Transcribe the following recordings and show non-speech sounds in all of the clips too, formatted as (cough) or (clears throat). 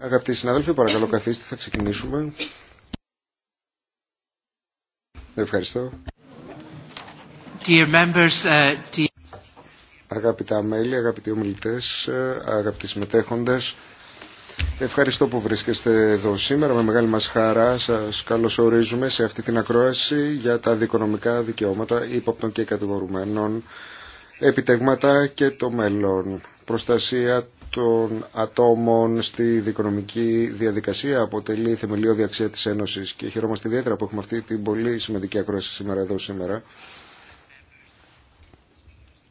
Αγαπητοί συνάδελφοι, παρακαλώ καθίστε, θα ξεκινήσουμε. Ευχαριστώ. Dear members, uh, dear... Αγαπητά μέλη, αγαπητοί ομιλητές, ε, αγαπητοί συμμετέχοντες, Ευχαριστώ που βρίσκεστε εδώ σήμερα. Με μεγάλη μας χαρά σας καλωσορίζουμε σε αυτή την ακρόαση για τα δικονομικά δικαιώματα ύποπτων και κατηγορουμένων επιτεγμάτα και το μέλλον προστασία των ατόμων στη δικονομική διαδικασία αποτελεί θεμελιώδη αξία της Ένωσης και χαιρόμαστε ιδιαίτερα που έχουμε αυτή την πολύ σημαντική ακρόαση σήμερα εδώ σήμερα.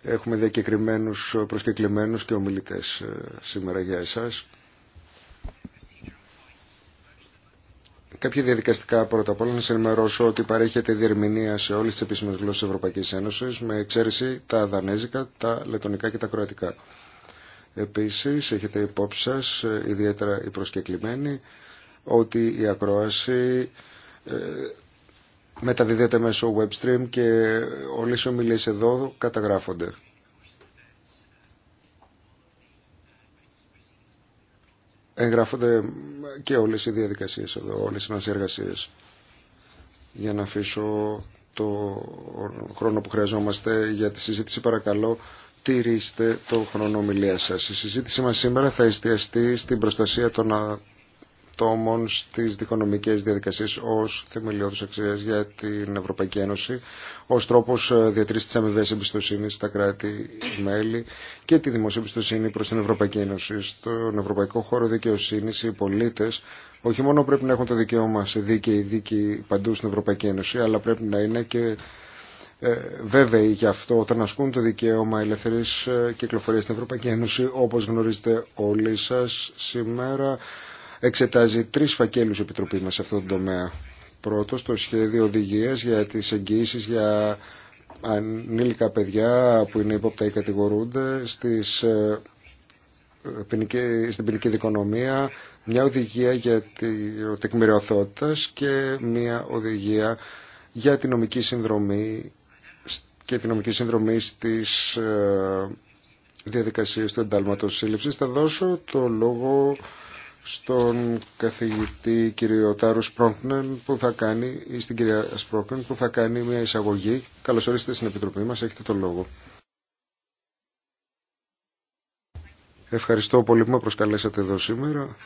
Έχουμε διακεκριμένους προσκεκλημένους και ομιλητές ε, σήμερα για εσάς. Κάποια διαδικαστικά πρώτα απ' όλα να σα ενημερώσω ότι παρέχεται διερμηνία σε όλε τι επίσημε γλώσσε Ευρωπαϊκή Ένωση, με εξαίρεση τα δανέζικα, τα λετονικά και τα κροατικά. Επίσης, έχετε υπόψη σας, ε, ιδιαίτερα οι προσκεκλημένοι, ότι η ακρόαση ε, μεταδίδεται μέσω web stream και όλες οι ομιλίες εδώ καταγράφονται. Εγγράφονται και όλες οι διαδικασίες εδώ, όλες οι μας εργασίες. Για να αφήσω το χρόνο που χρειαζόμαστε για τη συζήτηση παρακαλώ τηρήστε το χρόνο ομιλία σα. Η συζήτησή μα σήμερα θα εστιαστεί στην προστασία των ατόμων στι δικονομικέ διαδικασίε ω θεμελιώδου αξία για την Ευρωπαϊκή Ένωση, ω τρόπο ε, διατήρηση τη αμοιβή εμπιστοσύνη στα κράτη-μέλη και τη δημοσία εμπιστοσύνη προ την Ευρωπαϊκή Ένωση. Στον Ευρωπαϊκό χώρο δικαιοσύνη, οι πολίτε όχι μόνο πρέπει να έχουν το δικαίωμα σε δίκαιη δίκη παντού στην Ευρωπαϊκή Ένωση, αλλά πρέπει να είναι και ε, βέβαιοι γι' αυτό όταν ασκούν το δικαίωμα ελευθερής ε, κυκλοφορίας στην Ευρωπαϊκή Ένωση. Όπως γνωρίζετε όλοι σας, σήμερα εξετάζει τρεις φακέλους η Επιτροπή μας σε αυτόν τον τομέα. Πρώτος, το σχέδιο οδηγίας για τις εγγύησεις για ανήλικα παιδιά που είναι ύποπτα ή κατηγορούνται στις ε, στην ποινική δικονομία, μια οδηγία για τη τεκμηριωθότητα και μια οδηγία για την νομική συνδρομή και τη νομική συνδρομή στις ε, διαδικασία του εντάλματος σύλληψη. Θα δώσω το λόγο στον καθηγητή κύριο Τάρου Σπρόκνεν που θα κάνει, ή στην κυρία Σπρόκνεν που θα κάνει μια εισαγωγή. Καλώς ορίστε στην Επιτροπή μας, έχετε το λόγο. Ευχαριστώ πολύ που με προσκαλέσατε εδώ σήμερα.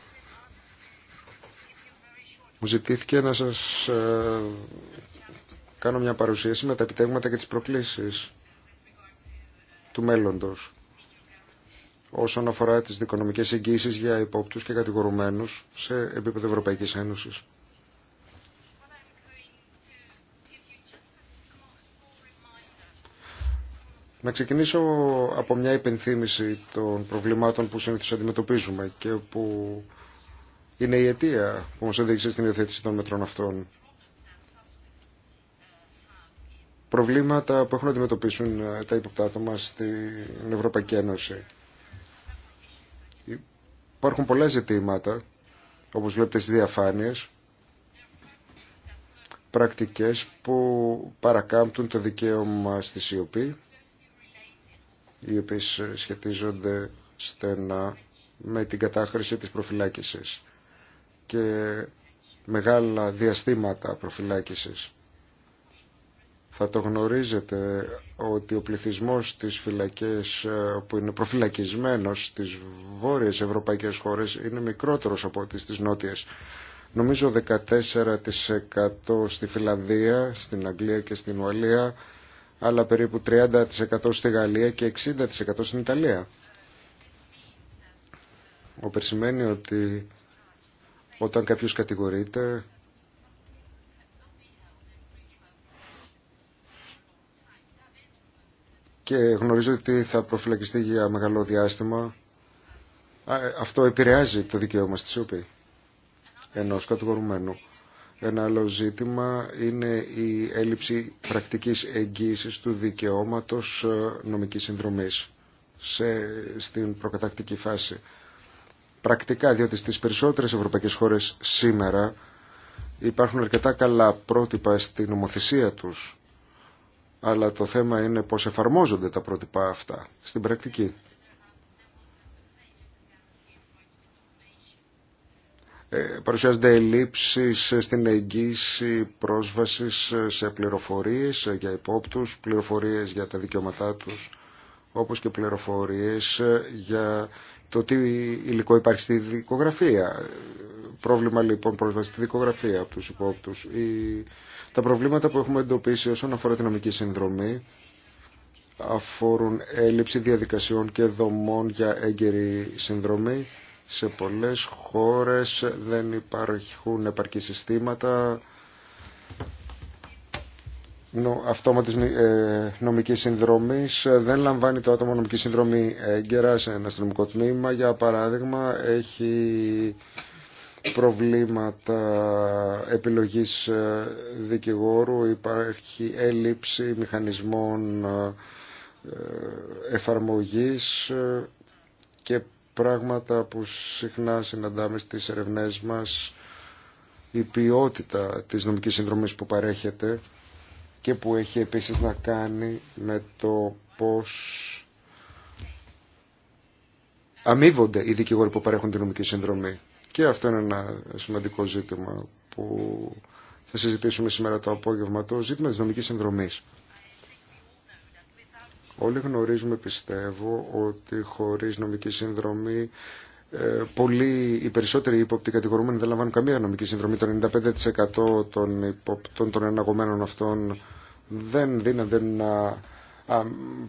Μου ζητήθηκε να σας ε, κάνω μια παρουσίαση με τα επιτεύγματα και τις προκλήσεις του μέλλοντος όσον αφορά τις δικονομικές εγγύσεις για υπόπτους και κατηγορουμένους σε επίπεδο Ευρωπαϊκής Ένωσης. Να ξεκινήσω από μια υπενθύμηση των προβλημάτων που συνήθως αντιμετωπίζουμε και που είναι η αιτία που μας οδήγησε στην υιοθέτηση των μετρών αυτών. προβλήματα που έχουν να αντιμετωπίσουν ε, τα ύποπτα στην Ευρωπαϊκή Ένωση. Υπάρχουν πολλά ζητήματα, όπως βλέπετε στις διαφάνειες, πρακτικές που παρακάμπτουν το δικαίωμα στη σιωπή, οι οποίες σχετίζονται στενά με την κατάχρηση της προφυλάκησης και μεγάλα διαστήματα προφυλάκησης. Θα το γνωρίζετε ότι ο πληθυσμός της φυλακές ε, που είναι προφυλακισμένος στις βόρειες ευρωπαϊκές χώρες είναι μικρότερος από ό,τι στις νότιες. Νομίζω 14% στη Φιλανδία, στην Αγγλία και στην Ουαλία, αλλά περίπου 30% στη Γαλλία και 60% στην Ιταλία. Ο σημαίνει ότι όταν κάποιος κατηγορείται και γνωρίζω ότι θα προφυλακιστεί για μεγάλο διάστημα. Ε, αυτό επηρεάζει το δικαίωμα στη σιωπή ενό κατηγορουμένου. Ένα άλλο ζήτημα είναι η έλλειψη πρακτικής εγγύησης του δικαιώματος ε, νομικής συνδρομής σε, στην προκατακτική φάση. Πρακτικά, διότι στις περισσότερες ευρωπαϊκές χώρες σήμερα υπάρχουν αρκετά καλά πρότυπα στην νομοθεσία τους αλλά το θέμα είναι πώς εφαρμόζονται τα πρότυπα αυτά στην πρακτική. Ε, παρουσιάζονται ελλείψεις στην εγγύηση πρόσβασης σε πληροφορίες για υπόπτους, πληροφορίες για τα δικαιώματά τους, όπως και πληροφορίες για το τι υλικό υπάρχει στη δικογραφία. Πρόβλημα λοιπόν πρόσβαση στη δικογραφία από τους υπόπτους. Τα προβλήματα που έχουμε εντοπίσει όσον αφορά την νομική συνδρομή αφορούν έλλειψη διαδικασιών και δομών για έγκαιρη συνδρομή. Σε πολλές χώρες δεν υπάρχουν επαρκή συστήματα αυτόματης ε, νομικής συνδρομής δεν λαμβάνει το άτομο νομική συνδρομή έγκαιρα σε ένα αστυνομικό τμήμα για παράδειγμα έχει προβλήματα επιλογής ε, δικηγόρου, υπάρχει έλλειψη μηχανισμών ε, ε, εφαρμογής και πράγματα που συχνά συναντάμε στις ερευνές μας η ποιότητα της νομικής συνδρομής που παρέχεται και που έχει επίσης να κάνει με το πώς αμείβονται οι δικηγόροι που παρέχουν τη νομική συνδρομή. Και αυτό είναι ένα σημαντικό ζήτημα που θα συζητήσουμε σήμερα το απόγευμα, το ζήτημα της νομικής συνδρομής. Όλοι γνωρίζουμε, πιστεύω, ότι χωρίς νομική συνδρομή ε, πολλοί, οι περισσότεροι ύποπτοι κατηγορούμενοι δεν λαμβάνουν καμία νομική συνδρομή. Το 95% των υποπτών των εναγωμένων αυτών δεν δίνονται να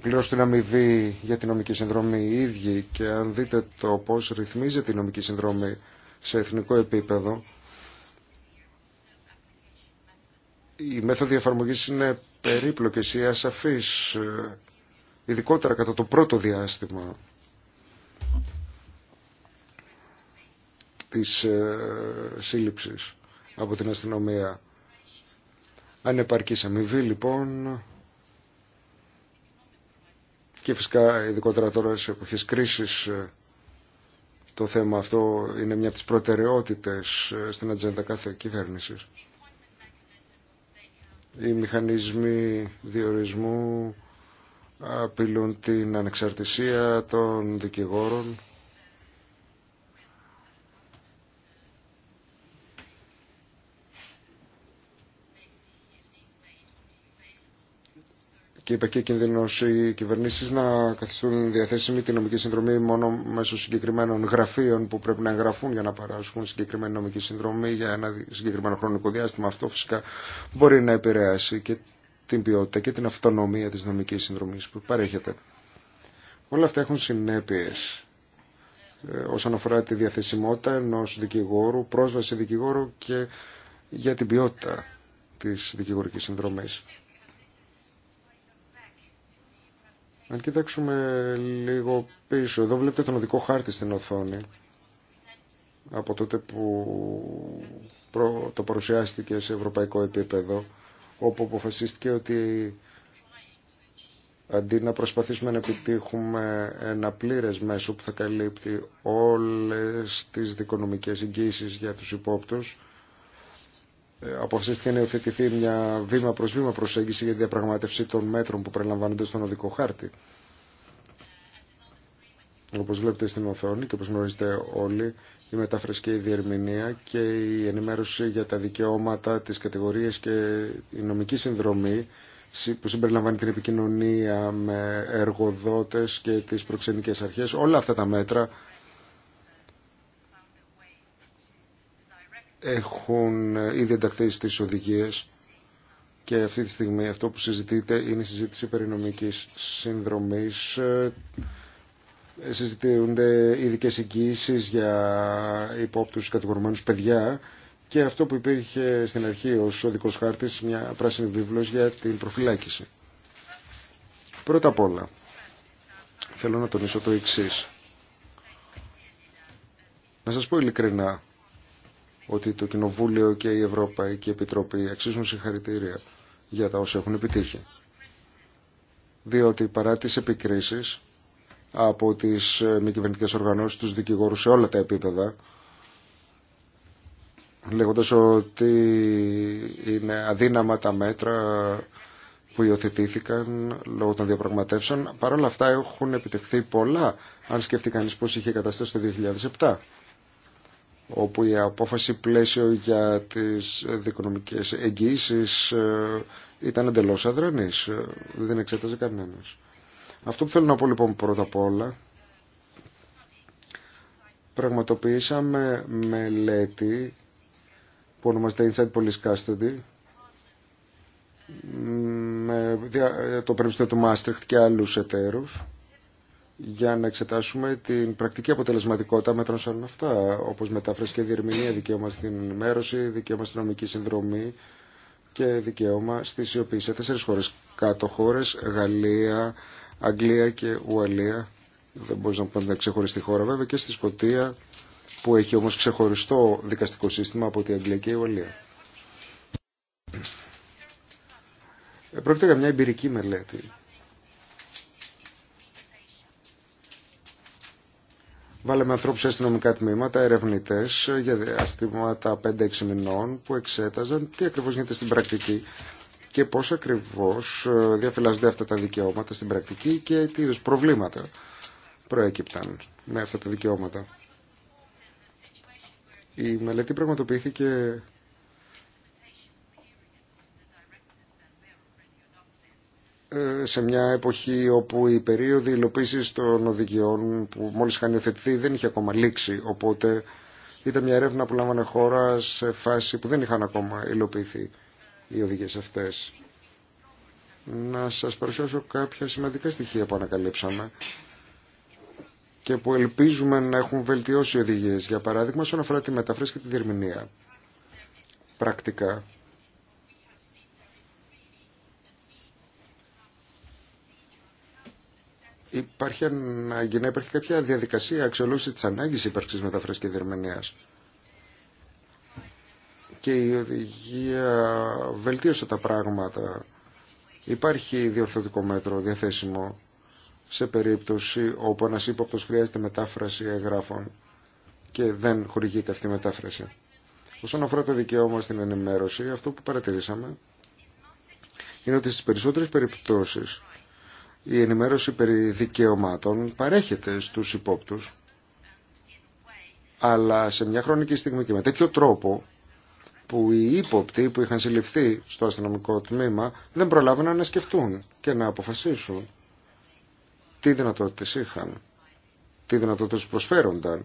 πληρώσουν την αμοιβή για τη νομική συνδρομή οι ίδιοι και αν δείτε το πώς ρυθμίζεται η νομική συνδρομή σε εθνικό επίπεδο οι μέθοδοι εφαρμογής είναι περίπλοκες ή ασαφείς, ε, ειδικότερα κατά το πρώτο διάστημα της ε, σύλληψης από την αστυνομία. Ανεπαρκής αμοιβή λοιπόν και φυσικά ειδικότερα τώρα σε εποχές κρίσης ε, το θέμα αυτό είναι μια από τις προτεραιότητες ε, στην ατζέντα κάθε κυβέρνησης. Οι μηχανισμοί διορισμού απειλούν την ανεξαρτησία των δικηγόρων και είπε και κινδυνό οι κυβερνήσει να καθιστούν διαθέσιμη τη νομική συνδρομή μόνο μέσω συγκεκριμένων γραφείων που πρέπει να εγγραφούν για να παράσχουν συγκεκριμένη νομική συνδρομή για ένα συγκεκριμένο χρονικό διάστημα. Αυτό φυσικά μπορεί να επηρεάσει και την ποιότητα και την αυτονομία τη νομική συνδρομή που παρέχεται. Όλα αυτά έχουν συνέπειε ε, όσον αφορά τη διαθεσιμότητα ενό δικηγόρου, πρόσβαση δικηγόρου και για την ποιότητα της δικηγορικής συνδρομής. Αν κοιτάξουμε λίγο πίσω, εδώ βλέπετε τον οδικό χάρτη στην οθόνη από τότε που το παρουσιάστηκε σε ευρωπαϊκό επίπεδο όπου αποφασίστηκε ότι αντί να προσπαθήσουμε να επιτύχουμε ένα πλήρες μέσο που θα καλύπτει όλες τις δικονομικές εγγύσεις για τους υπόπτους ε, αποφασίστηκε να υιοθετηθεί μια βήμα προς βήμα προσέγγιση για τη διαπραγμάτευση των μέτρων που περιλαμβάνονται στον οδικό χάρτη. Όπως βλέπετε στην οθόνη και όπως γνωρίζετε όλοι, η μετάφραση και η διερμηνία και η ενημέρωση για τα δικαιώματα, τις κατηγορίες και η νομική συνδρομή που συμπεριλαμβάνει την επικοινωνία με εργοδότες και τις προξενικές αρχές. Όλα αυτά τα μέτρα έχουν ε, ήδη ενταχθεί στις οδηγίες και αυτή τη στιγμή αυτό που συζητείται είναι η συζήτηση περινομικής συνδρομής. Ε, συζητούνται ειδικέ εγγύησει για υπόπτους κατηγορουμένους παιδιά και αυτό που υπήρχε στην αρχή ως οδικό χάρτης, μια πράσινη βίβλος για την προφυλάκηση. Πρώτα απ' όλα, θέλω να τονίσω το εξή. Να σας πω ειλικρινά ότι το Κοινοβούλιο και η Ευρωπαϊκή Επιτροπή αξίζουν συγχαρητήρια για τα όσα έχουν επιτύχει. Διότι παρά τις επικρίσεις από τις ε, μη κυβερνητικέ οργανώσεις, τους δικηγόρους σε όλα τα επίπεδα, λέγοντας ότι είναι αδύναμα τα μέτρα που υιοθετήθηκαν λόγω των διαπραγματεύσεων, παρόλα αυτά έχουν επιτευχθεί πολλά, αν σκεφτεί κανείς πώς είχε καταστήσει το 2007 όπου η απόφαση πλαίσιο για τις δικονομικές εγγύησεις ε, ήταν εντελώς αδρανής, ε, δεν εξέταζε κανένας. Αυτό που θέλω να πω λοιπόν πρώτα απ' όλα, πραγματοποιήσαμε μελέτη που ονομάζεται Inside Police Custody με το Πανεπιστήμιο του Μάστριχτ και άλλους εταίρους για να εξετάσουμε την πρακτική αποτελεσματικότητα μέτρων σαν αυτά, όπω μετάφραση και διερμηνία, δικαίωμα στην ενημέρωση, δικαίωμα στην νομική συνδρομή και δικαίωμα στη σιωπή σε τέσσερι χώρε. κάτω χώρε: Γαλλία, Αγγλία και Ουαλία. Δεν μπορεί να πούμε ξεχωριστή χώρα βέβαια και στη Σκωτία που έχει όμω ξεχωριστό δικαστικό σύστημα από την Αγγλία και η Ουαλία. Ε, πρόκειται για μια εμπειρική μελέτη Βάλαμε ανθρώπους σε αστυνομικά τμήματα, ερευνητές για αστήματα 5-6 μηνών που εξέταζαν τι ακριβώς γίνεται στην πρακτική και πώς ακριβώς ε, διαφυλάζονται αυτά τα δικαιώματα στην πρακτική και τι είδους προβλήματα προέκυπταν με αυτά τα δικαιώματα. Η μελέτη πραγματοποιήθηκε Ε, σε μια εποχή όπου η περίοδη υλοποίηση των οδηγιών που μόλις είχαν υιοθετηθεί δεν είχε ακόμα λήξει, οπότε ήταν μια έρευνα που λάμβανε χώρα σε φάση που δεν είχαν ακόμα υλοποιηθεί οι οδηγίες αυτές. Να σας παρουσιάσω κάποια σημαντικά στοιχεία που ανακαλύψαμε και που ελπίζουμε να έχουν βελτιώσει οι οδηγίες. Για παράδειγμα, όσον αφορά τη μεταφράση και τη διερμηνία. Πρακτικά, υπάρχει ανάγκη να υπάρχει κάποια διαδικασία αξιολόγηση της ανάγκης ύπαρξη μεταφράσης και Και η οδηγία βελτίωσε τα πράγματα. Υπάρχει διορθωτικό μέτρο διαθέσιμο σε περίπτωση όπου ένα ύποπτο χρειάζεται μετάφραση εγγράφων και δεν χορηγείται αυτή η μετάφραση. Όσον αφορά το δικαίωμα στην ενημέρωση, αυτό που παρατηρήσαμε είναι ότι στι περισσότερε περιπτώσει η ενημέρωση περί δικαιωμάτων παρέχεται στους υπόπτους αλλά σε μια χρονική στιγμή και με τέτοιο τρόπο που οι ύποπτοι που είχαν συλληφθεί στο αστυνομικό τμήμα δεν προλάβαιναν να σκεφτούν και να αποφασίσουν τι δυνατότητες είχαν, τι δυνατότητες προσφέρονταν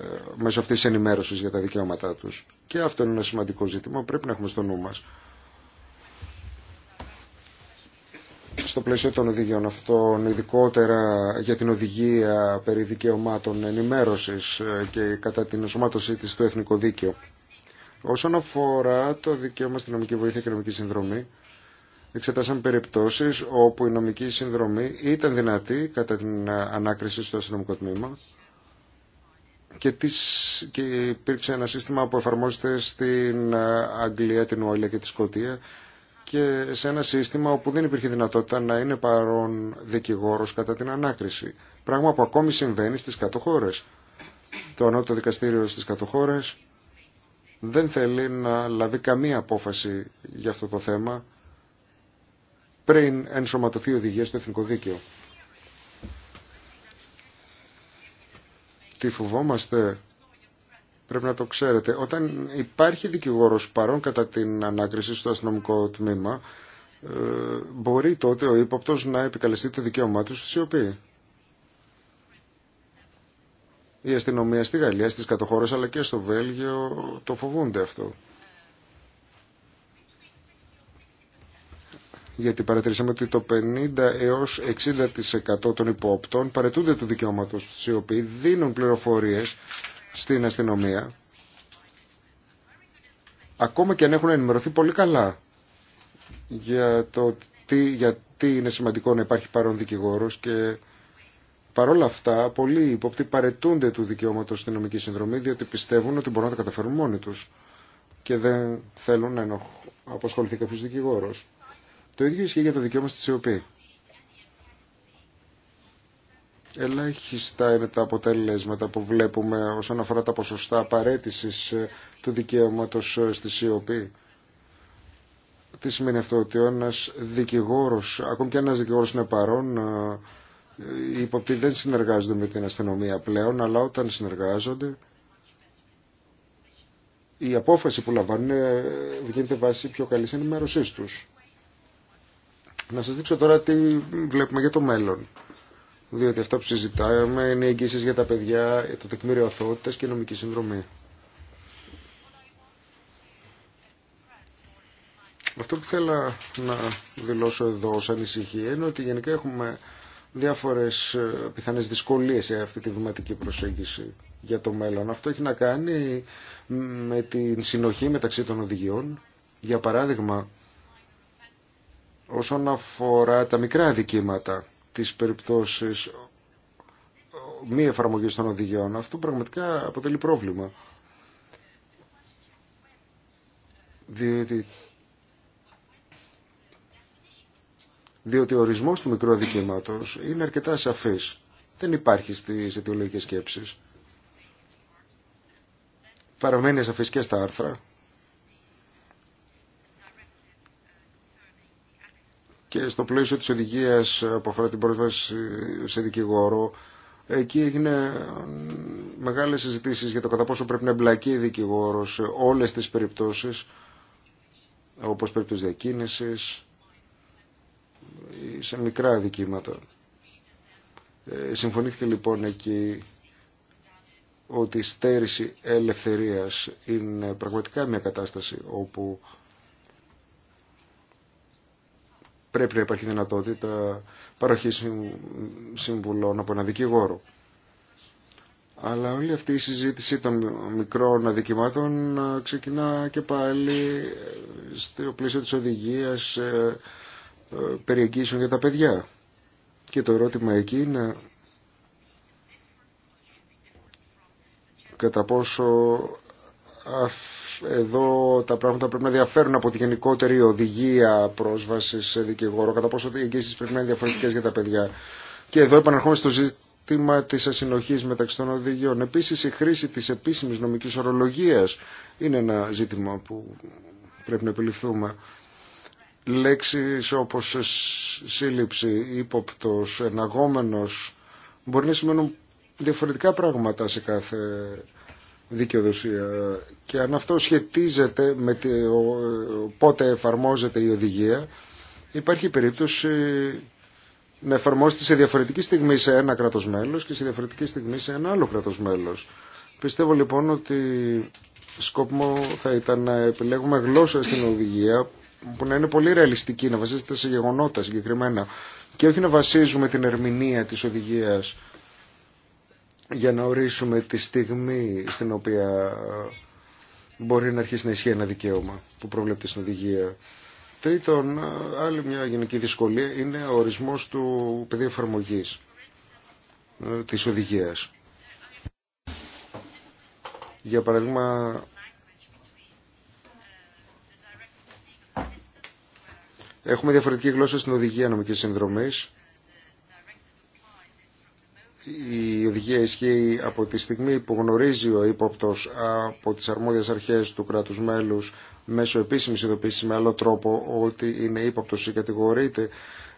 ε, μέσω αυτής της ενημέρωσης για τα δικαιώματά τους. Και αυτό είναι ένα σημαντικό ζήτημα που πρέπει να έχουμε στο νου μας στο πλαίσιο των οδηγιών αυτών, ειδικότερα για την οδηγία περί δικαιωμάτων ενημέρωσης ε, και κατά την ενσωμάτωσή της στο εθνικό δίκαιο. Όσον αφορά το δικαίωμα στην νομική βοήθεια και νομική συνδρομή, εξετάσαμε περιπτώσεις όπου η νομική συνδρομή ήταν δυνατή κατά την ανάκριση στο αστυνομικό τμήμα και, τις, και υπήρξε ένα σύστημα που εφαρμόζεται στην Αγγλία, την Ουαλία και τη Σκωτία και σε ένα σύστημα όπου δεν υπήρχε δυνατότητα να είναι παρόν δικηγόρος κατά την ανάκριση. Πράγμα που ακόμη συμβαίνει στις κατοχώρε. Το ανώτατο δικαστήριο στις κατοχώρες δεν θέλει να λαβεί καμία απόφαση για αυτό το θέμα πριν ενσωματωθεί η οδηγία στο εθνικό δίκαιο. Τι φοβόμαστε Πρέπει να το ξέρετε. Όταν υπάρχει δικηγόρος παρόν κατά την ανάκριση στο αστυνομικό τμήμα, ε, μπορεί τότε ο ύποπτο να επικαλεστεί το δικαίωμά του στη σιωπή. Η αστυνομία στη Γαλλία, στις κατοχώρες αλλά και στο Βέλγιο το φοβούνται αυτό. Γιατί παρατηρήσαμε ότι το 50 έως 60% των υπόπτων παρετούνται του δικαιώματος στη ΣΥΟΠΗ... δίνουν πληροφορίες στην αστυνομία ακόμα και αν έχουν ενημερωθεί πολύ καλά για το τι, γιατί είναι σημαντικό να υπάρχει παρόν δικηγόρος και παρόλα αυτά πολλοί υπόπτοι παρετούνται του δικαιώματος στην νομική συνδρομή διότι πιστεύουν ότι μπορούν να τα καταφέρουν μόνοι τους και δεν θέλουν να αποσχοληθεί κάποιο δικηγόρος. Το ίδιο ισχύει για το δικαίωμα στη ΣΥΟΠΗ. Ελάχιστα είναι τα αποτελέσματα που βλέπουμε όσον αφορά τα ποσοστά απαραίτησης ε, του δικαίωματος ε, στη σιωπή. Τι σημαίνει αυτό, ότι ένας δικηγόρος, ακόμη και ένας δικηγόρος είναι παρόν, ε, οι υποπτοί δεν συνεργάζονται με την αστυνομία πλέον, αλλά όταν συνεργάζονται, η απόφαση που λαμβάνουν βγαίνεται βάσει πιο καλή ενημέρωσή τους. Να σας δείξω τώρα τι βλέπουμε για το μέλλον διότι αυτά που συζητάμε είναι εγγύσεις για τα παιδιά, το τεκμήριο αθότητας και νομική συνδρομή. Αυτό που θέλω να δηλώσω εδώ ως ανησυχία είναι ότι γενικά έχουμε διάφορες ε, πιθανές δυσκολίες σε αυτή τη βηματική προσέγγιση για το μέλλον. Αυτό έχει να κάνει με την συνοχή μεταξύ των οδηγιών. Για παράδειγμα, όσον αφορά τα μικρά δικήματα τις περιπτώσεις μη εφαρμογή των οδηγιών. Αυτό πραγματικά αποτελεί πρόβλημα. Διότι, ο ορισμός του μικρού αδικήματος είναι αρκετά σαφής. Δεν υπάρχει στις αιτιολογικές σκέψεις. Παραμένει σαφής και στα άρθρα. και στο πλαίσιο της οδηγίας που αφορά την πρόσβαση σε δικηγόρο εκεί έγινε μεγάλες συζητήσεις για το κατά πόσο πρέπει να εμπλακεί η δικηγόρο σε όλες τις περιπτώσεις όπως περίπτωση διακίνησης ή σε μικρά αδικήματα. Ε, συμφωνήθηκε λοιπόν εκεί ότι η σε μικρα δικηματα ελευθερίας είναι πραγματικά μια κατάσταση όπου πρέπει να υπάρχει δυνατότητα παροχής συμβουλών από έναν δικηγόρο. Αλλά όλη αυτή η συζήτηση των μικρών αδικημάτων ξεκινά και πάλι ε, στο πλαίσιο της οδηγίας ε, ε, περιεγγύσεων για τα παιδιά. Και το ερώτημα εκεί είναι κατά πόσο εδώ τα πράγματα πρέπει να διαφέρουν από τη γενικότερη οδηγία πρόσβαση σε δικηγόρο, κατά πόσο οι εγγύσει πρέπει να είναι διαφορετικέ για τα παιδιά. Και εδώ επαναρχόμαστε στο ζήτημα τη ασυνοχή μεταξύ των οδηγιών. Επίση, η χρήση τη επίσημη νομική ορολογία είναι ένα ζήτημα που πρέπει να επιληφθούμε. Λέξει, όπω σύλληψη, ύποπτο, εναγόμενο, μπορεί να σημαίνουν διαφορετικά πράγματα σε κάθε δικαιοδοσία και αν αυτό σχετίζεται με πότε εφαρμόζεται η οδηγία υπάρχει περίπτωση να εφαρμόζεται σε διαφορετική στιγμή σε ένα κράτος μέλος και σε διαφορετική στιγμή σε ένα άλλο κράτος μέλος. Πιστεύω λοιπόν ότι σκόπιμο θα ήταν να επιλέγουμε γλώσσα στην οδηγία που να είναι πολύ ρεαλιστική, να βασίζεται σε γεγονότα συγκεκριμένα και όχι να βασίζουμε την ερμηνεία της οδηγίας για να ορίσουμε τη στιγμή στην οποία ε, μπορεί να αρχίσει να ισχύει ένα δικαίωμα που προβλέπεται στην οδηγία. Τρίτον, ε, άλλη μια γενική δυσκολία είναι ο ορισμός του πεδίου εφαρμογή ε, της οδηγίας. Για παράδειγμα, έχουμε διαφορετική γλώσσα στην οδηγία νομικής συνδρομής η οδηγία ισχύει από τη στιγμή που γνωρίζει ο ύποπτος από τις αρμόδιες αρχές του κράτους μέλους μέσω επίσημης ειδοποίησης με άλλο τρόπο ότι είναι ύποπτος ή κατηγορείται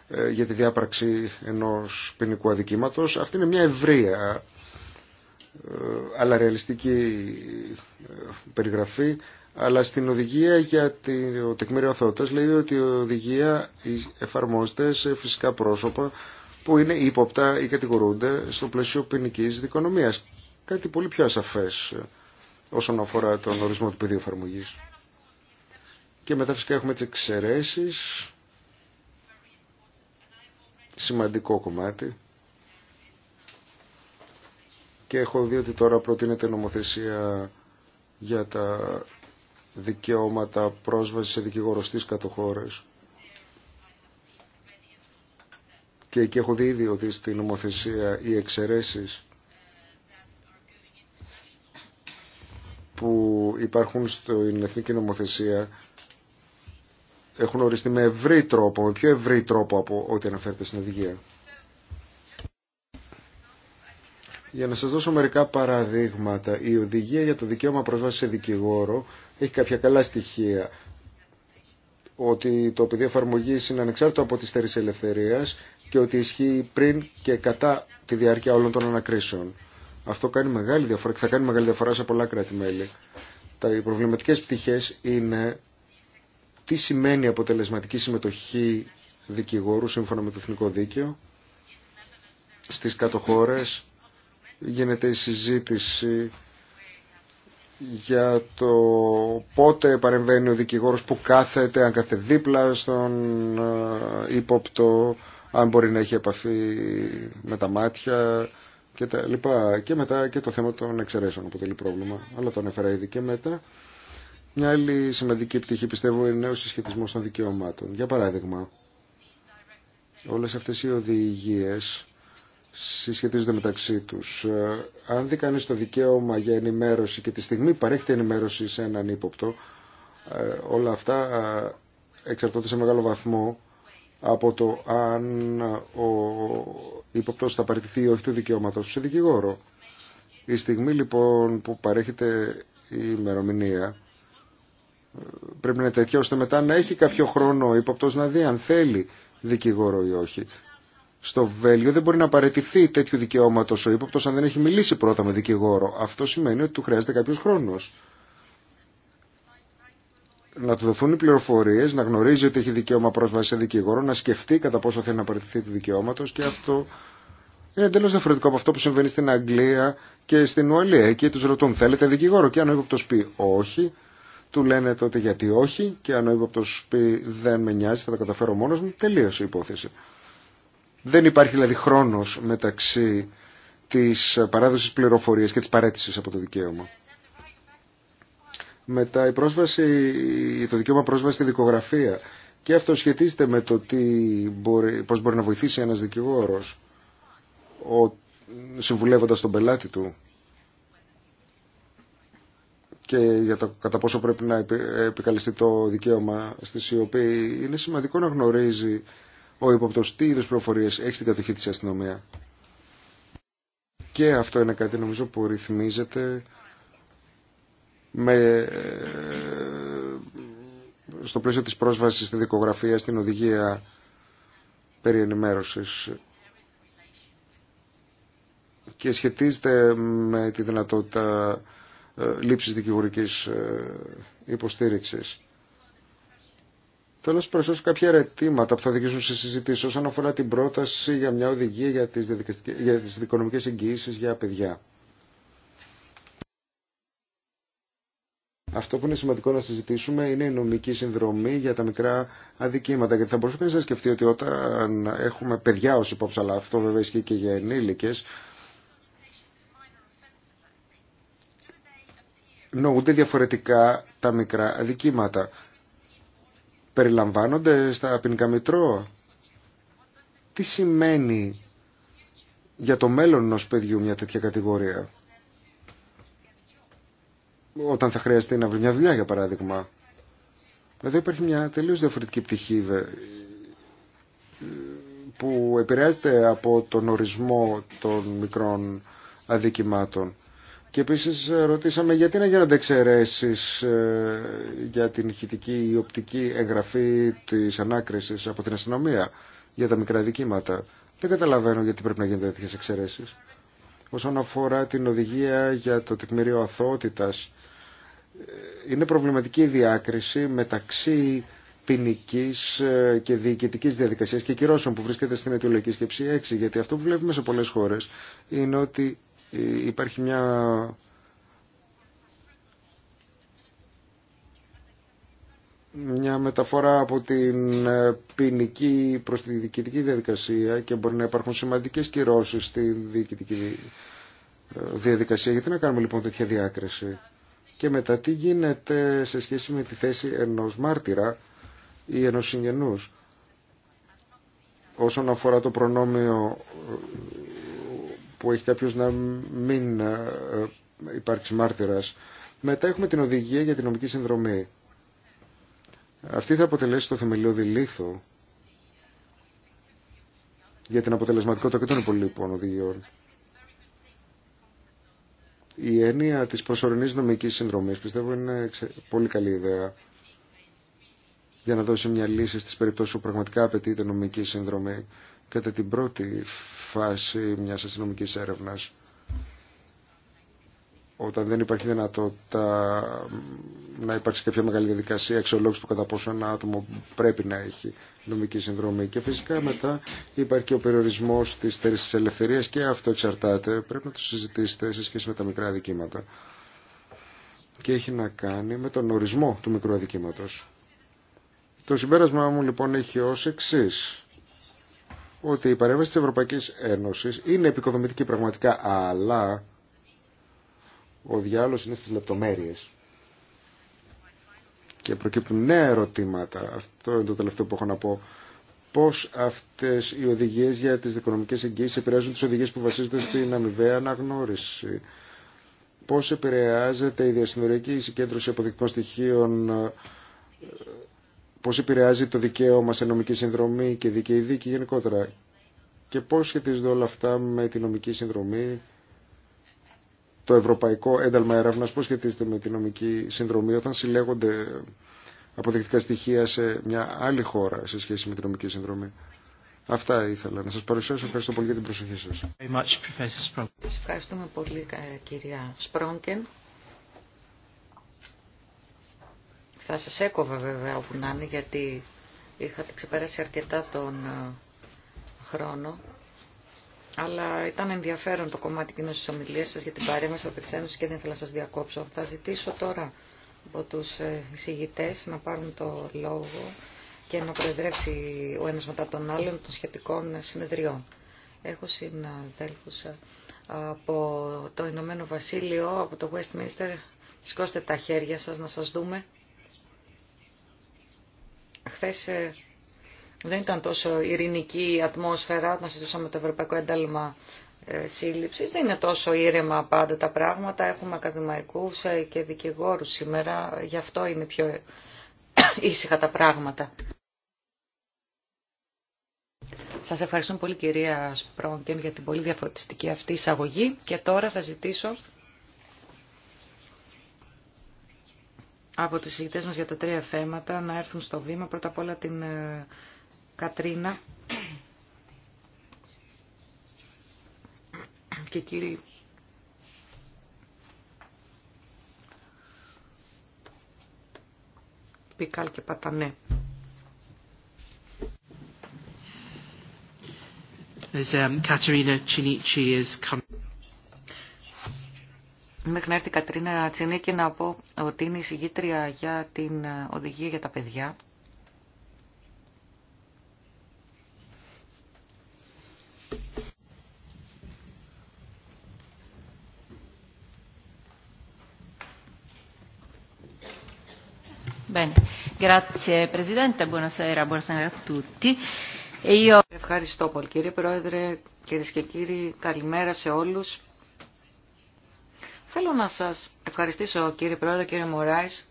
ε, για τη διάπραξη ενός ποινικού αδικήματος. Αυτή είναι μια ευρεία ε, αλλά ρεαλιστική ε, περιγραφή αλλά στην οδηγία για το τεκμήριο αθότητας λέει ότι η οδηγία εφαρμόζεται σε φυσικά πρόσωπα που είναι ύποπτα ή κατηγορούνται στο πλαίσιο ποινική δικονομία. Κάτι πολύ πιο ασαφέ ε, όσον αφορά τον ορισμό του πεδίου εφαρμογή. Και μετά φυσικά έχουμε τι εξαιρέσει. Σημαντικό κομμάτι. Και έχω δει ότι τώρα προτείνεται νομοθεσία για τα δικαιώματα πρόσβαση σε δικηγορο στις και εκεί έχω δει ήδη ότι στην νομοθεσία οι εξαιρέσει που υπάρχουν στην εθνική νομοθεσία έχουν οριστεί με ευρύ τρόπο, με πιο ευρύ τρόπο από ό,τι αναφέρεται στην οδηγία. Για να σας δώσω μερικά παραδείγματα, η οδηγία για το δικαίωμα προσβάση σε δικηγόρο έχει κάποια καλά στοιχεία ότι το πεδίο εφαρμογή είναι ανεξάρτητο από τι θέσει ελευθερία και ότι ισχύει πριν και κατά τη διάρκεια όλων των ανακρίσεων. Αυτό κάνει μεγάλη διαφορά και θα κάνει μεγάλη διαφορά σε πολλά κράτη-μέλη. Οι προβληματικέ πτυχέ είναι τι σημαίνει αποτελεσματική συμμετοχή δικηγόρου σύμφωνα με το εθνικό δίκαιο. στι κάτω γίνεται η συζήτηση για το πότε παρεμβαίνει ο δικηγόρος που κάθεται, αν κάθεται δίπλα στον ε, ύποπτο, αν μπορεί να έχει επαφή με τα μάτια και τα λοιπά. Και μετά και το θέμα των εξαιρέσεων αποτελεί πρόβλημα, αλλά το ανέφερα ήδη και μετά. Μια άλλη σημαντική πτυχή πιστεύω είναι ο συσχετισμός των δικαιωμάτων. Για παράδειγμα, όλες αυτές οι οδηγίες συσχετίζονται μεταξύ τους. Ε, αν δει κανείς το δικαίωμα για ενημέρωση και τη στιγμή παρέχεται ενημέρωση σε έναν ύποπτο, ε, όλα αυτά ε, εξαρτώνται σε μεγάλο βαθμό από το αν ο ύποπτος θα παραιτηθεί ή όχι του δικαιώματος σε δικηγόρο. Η στιγμή λοιπόν που παρέχεται η ημερομηνία πρέπει να είναι τέτοια ώστε μετά να έχει κάποιο χρόνο ο ύποπτος να δει αν θέλει δικηγόρο ή όχι στο Βέλγιο δεν μπορεί να παραιτηθεί τέτοιου δικαιώματο ο ύποπτο αν δεν έχει μιλήσει πρώτα με δικηγόρο. Αυτό σημαίνει ότι του χρειάζεται κάποιο χρόνο. Να του δοθούν οι πληροφορίε, να γνωρίζει ότι έχει δικαίωμα πρόσβαση σε δικηγόρο, να σκεφτεί κατά πόσο θέλει να παραιτηθεί του δικαιώματο και αυτό είναι εντελώ διαφορετικό από αυτό που συμβαίνει στην Αγγλία και στην Ουαλία. Εκεί του ρωτούν θέλετε δικηγόρο και αν ο ύποπτο πει όχι, του λένε τότε γιατί όχι και αν ο ύποπτο πει δεν με νοιάζει, θα τα καταφέρω μόνο μου, τελείωσε η υπόθεση. Δεν υπάρχει δηλαδή χρόνος μεταξύ της παράδοσης πληροφορίας και της παρέτησης από το δικαίωμα. Μετά η πρόσβαση, το δικαίωμα πρόσβαση στη δικογραφία. Και αυτό σχετίζεται με το τι μπορεί, πώς μπορεί να βοηθήσει ένας δικηγόρος ο, συμβουλεύοντας τον πελάτη του και για το κατά πόσο πρέπει να επικαλεστεί το δικαίωμα στη σιωπή. Είναι σημαντικό να γνωρίζει ο υποπτός τι είδους πληροφορίες έχει στην κατοχή της αστυνομία. Και αυτό είναι κάτι νομίζω που ρυθμίζεται με, ε, στο πλαίσιο της πρόσβασης στη δικογραφία, στην οδηγία περί ενημέρωσης και σχετίζεται με τη δυνατότητα ε, λήψης δικηγορικής ε, υποστήριξης. Θέλω να σα προσθέσω κάποια ερωτήματα που θα οδηγήσουν σε συζητήσει όσον αφορά την πρόταση για μια οδηγία για τι δικονομικέ εγγυήσει για παιδιά. Αυτό που είναι σημαντικό να συζητήσουμε είναι η νομική συνδρομή για τα μικρά αδικήματα. Γιατί θα μπορούσε κανεί να σκεφτεί ότι όταν έχουμε παιδιά ω υπόψη, αλλά αυτό βέβαια ισχύει και για ενήλικε, νοούνται διαφορετικά τα μικρά αδικήματα περιλαμβάνονται στα ποινικά μητρώα. Τι σημαίνει για το μέλλον ενός παιδιού μια τέτοια κατηγορία. Όταν θα χρειαστεί να βρει μια δουλειά για παράδειγμα. Εδώ υπάρχει μια τελείως διαφορετική πτυχή που επηρεάζεται από τον ορισμό των μικρών αδικημάτων. Και επίση ε, ρωτήσαμε γιατί να γίνονται εξαιρέσει ε, για την ηχητική ή οπτική εγγραφή τη ανάκριση από την αστυνομία για τα μικρά δικήματα. Δεν καταλαβαίνω γιατί πρέπει να γίνονται τέτοιε εξαιρέσει. Όσον αφορά την οδηγία για το τεκμήριο αθωότητας, ε, είναι προβληματική η διάκριση μεταξύ ποινική και διοικητική διαδικασία και κυρώσεων που βρίσκεται στην αιτιολογική σκέψη 6. Γιατί αυτό που βλέπουμε σε πολλέ χώρε είναι ότι Υπάρχει μια μια μεταφορά από την ε, ποινική προς τη διοικητική διαδικασία και μπορεί να υπάρχουν σημαντικές κυρώσεις στη διοικητική ε, διαδικασία. Γιατί να κάνουμε λοιπόν τέτοια διάκριση. Και μετά τι γίνεται σε σχέση με τη θέση ενός μάρτυρα ή ενός συγγενούς όσον αφορά το προνόμιο ε, που έχει κάποιο να μην ε, ε, υπάρξει μάρτυρα. Μετά έχουμε την οδηγία για την νομική συνδρομή. Αυτή θα αποτελέσει το θεμελιώδη λίθο για την αποτελεσματικότητα και των υπολείπων οδηγιών. Η έννοια της προσωρινής νομικής συνδρομής πιστεύω είναι πολύ καλή ιδέα για να δώσει μια λύση στις περιπτώσεις που πραγματικά απαιτείται νομική συνδρομή κατά την πρώτη φάση μιας αστυνομική έρευνας όταν δεν υπάρχει δυνατότητα να υπάρξει κάποια μεγάλη διαδικασία αξιολόγηση του κατά πόσο ένα άτομο πρέπει να έχει νομική συνδρομή. Και φυσικά μετά υπάρχει και ο περιορισμό τη τέρηση τη ελευθερία και αυτό εξαρτάται. Πρέπει να το συζητήσετε σε σχέση με τα μικρά αδικήματα. Και έχει να κάνει με τον ορισμό του μικρού αδικήματο. Το συμπέρασμά μου λοιπόν έχει ω εξή ότι η παρέμβαση της Ευρωπαϊκής Ένωσης είναι επικοδομητική πραγματικά, αλλά ο διάλογος είναι στις λεπτομέρειες. Και προκύπτουν νέα ερωτήματα. Αυτό είναι το τελευταίο που έχω να πω. Πώς αυτές οι οδηγίες για τις δικονομικές εγγύσεις επηρεάζουν τις οδηγίες που βασίζονται στην αμοιβαία αναγνώριση. Πώς επηρεάζεται η διασυνοριακή συγκέντρωση αποδεικτικών στοιχείων πώς επηρεάζει το δικαίωμα σε νομική συνδρομή και δικαιή δίκη γενικότερα και πώς σχετίζονται όλα αυτά με τη νομική συνδρομή το ευρωπαϊκό ένταλμα έρευνας πώς σχετίζεται με τη νομική συνδρομή όταν συλλέγονται αποδεικτικά στοιχεία σε μια άλλη χώρα σε σχέση με τη νομική συνδρομή. Αυτά ήθελα να σας παρουσιάσω. Ευχαριστώ πολύ για την προσοχή σας. ευχαριστούμε πολύ κυρία Σπρόγκεν. Θα σας έκοβα βέβαια όπου να είναι γιατί είχατε ξεπεράσει αρκετά τον ε, χρόνο. Αλλά ήταν ενδιαφέρον το κομμάτι κοινό της ομιλίας σας για την παρέμβαση από απεξένωση και δεν ήθελα να σας διακόψω. Θα ζητήσω τώρα από τους ε, εισηγητές να πάρουν το λόγο και να προεδρεύσει ο ένας μετά τον άλλον των σχετικών συνεδριών. Έχω συναδέλφους ε, από το Ηνωμένο Βασίλειο, από το Westminster. Σηκώστε τα χέρια σας να σας δούμε χθες ε, δεν ήταν τόσο ειρηνική η ατμόσφαιρα όταν συζητούσαμε το Ευρωπαϊκό Ένταλμα ε, Σύλληψης. Δεν είναι τόσο ήρεμα πάντα τα πράγματα. Έχουμε ακαδημαϊκούς ε, και δικηγόρους σήμερα. Γι' αυτό είναι πιο (coughs) ήσυχα τα πράγματα. Σας ευχαριστώ πολύ κυρία Σπρόγκεν για την πολύ διαφωτιστική αυτή εισαγωγή και τώρα θα ζητήσω από τους συζητητές μας για τα τρία θέματα να έρθουν στο βήμα. Πρώτα απ' όλα την ε, Κατρίνα και κύριοι Πικάλ και Πατανέ. As, um, Katerina is Μέχρι να έρθει η Κατρίνα Τσινίκη να πω ότι είναι η συγγήτρια για την οδηγία για τα παιδιά. E Ευχαριστώ πολύ κύριε Πρόεδρε, κυρίε και κύριοι. Καλημέρα σε όλους. Θέλω να σας ευχαριστήσω κύριε Πρόεδρε, κύριε Μωράης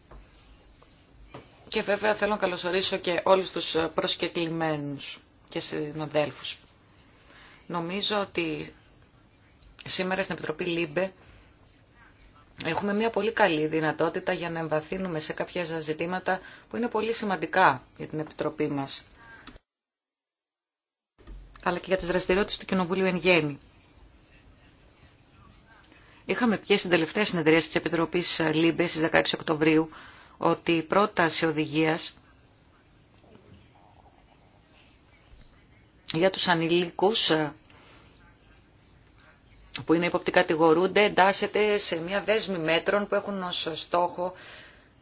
και βέβαια θέλω να καλωσορίσω και όλους τους προσκεκλημένους και συνοδέλφους. Νομίζω ότι σήμερα στην Επιτροπή ΛΥΜΠΕ έχουμε μια πολύ καλή δυνατότητα για να εμβαθύνουμε σε κάποια ζητήματα που είναι πολύ σημαντικά για την Επιτροπή μας αλλά και για τις δραστηριότητες του Κοινοβουλίου εν γέννη. Είχαμε πει στην τελευταία συνεδρία της Επιτροπής ε, Λίμπε στις 16 Οκτωβρίου ότι η πρόταση οδηγίας για τους ανηλίκους ε, που είναι υποπτικά κατηγορούνται εντάσσεται σε μια δέσμη μέτρων που έχουν ως στόχο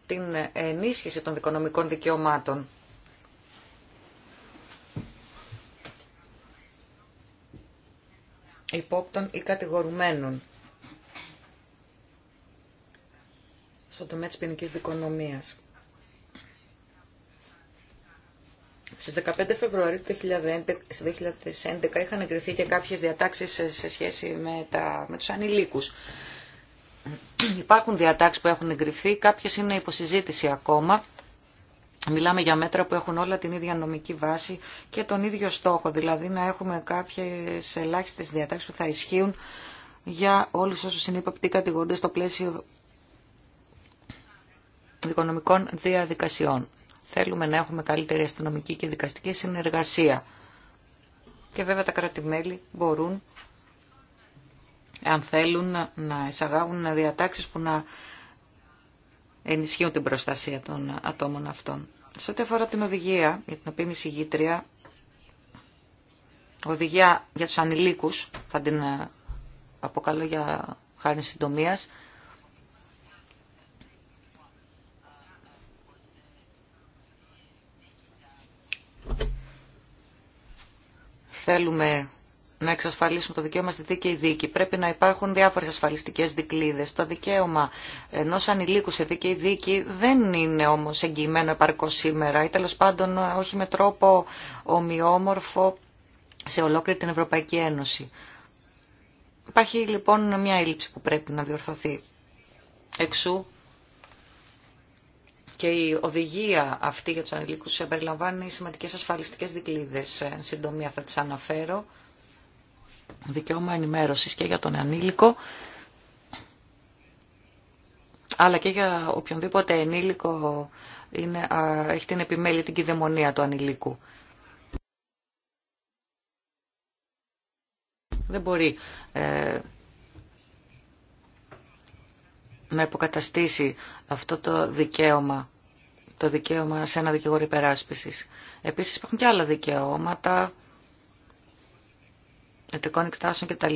την ενίσχυση των δικονομικών δικαιωμάτων. υπόπτων ή κατηγορουμένων. Στο τομέα της ποινικής δικονομίας. Στις 15 Φεβρουαρίου του 2011 είχαν εγκριθεί και κάποιες διατάξεις σε σχέση με, τα, με τους ανηλίκους. Υπάρχουν διατάξεις που έχουν εγκριθεί, κάποιες είναι υποσυζήτηση ακόμα. Μιλάμε για μέτρα που έχουν όλα την ίδια νομική βάση και τον ίδιο στόχο, δηλαδή να έχουμε κάποιες ελάχιστες διατάξεις που θα ισχύουν για όλους όσους είναι υποπτή κατηγορούνται στο πλαίσιο Οικονομικών διαδικασιών. Θέλουμε να έχουμε καλύτερη αστυνομική και δικαστική συνεργασία. Και βέβαια τα κράτη-μέλη μπορούν, αν θέλουν, να εισαγάγουν διατάξεις που να ενισχύουν την προστασία των ατόμων αυτών. Σε ό,τι αφορά την οδηγία, για την οποία είμαι συγγήτρια, οδηγία για τους ανηλίκους, θα την ε, αποκαλώ για χάρη συντομίας, θέλουμε να εξασφαλίσουμε το δικαίωμα στη δίκαιη δίκη. Πρέπει να υπάρχουν διάφορες ασφαλιστικές δικλείδε. Το δικαίωμα ενό ανηλίκου σε δίκαιη δίκη δεν είναι όμω εγγυημένο επαρκώ σήμερα ή τέλο πάντων όχι με τρόπο ομοιόμορφο σε ολόκληρη την Ευρωπαϊκή Ένωση. Υπάρχει λοιπόν μια έλλειψη που πρέπει να διορθωθεί. Εξού και η οδηγία αυτή για τους ανηλίκους περιλαμβάνει σημαντικές ασφαλιστικές δικλείδες. συντομία θα τις αναφέρω. Δικαίωμα ενημέρωσης και για τον ανήλικο, αλλά και για οποιονδήποτε ενήλικο είναι, έχει την επιμέλεια την κυδαιμονία του ανηλίκου. Δεν μπορεί ε, να υποκαταστήσει αυτό το δικαίωμα το δικαίωμα σε ένα δικηγόρο υπεράσπισης. Επίσης υπάρχουν και άλλα δικαιώματα, ετικών εξτάσεων κτλ.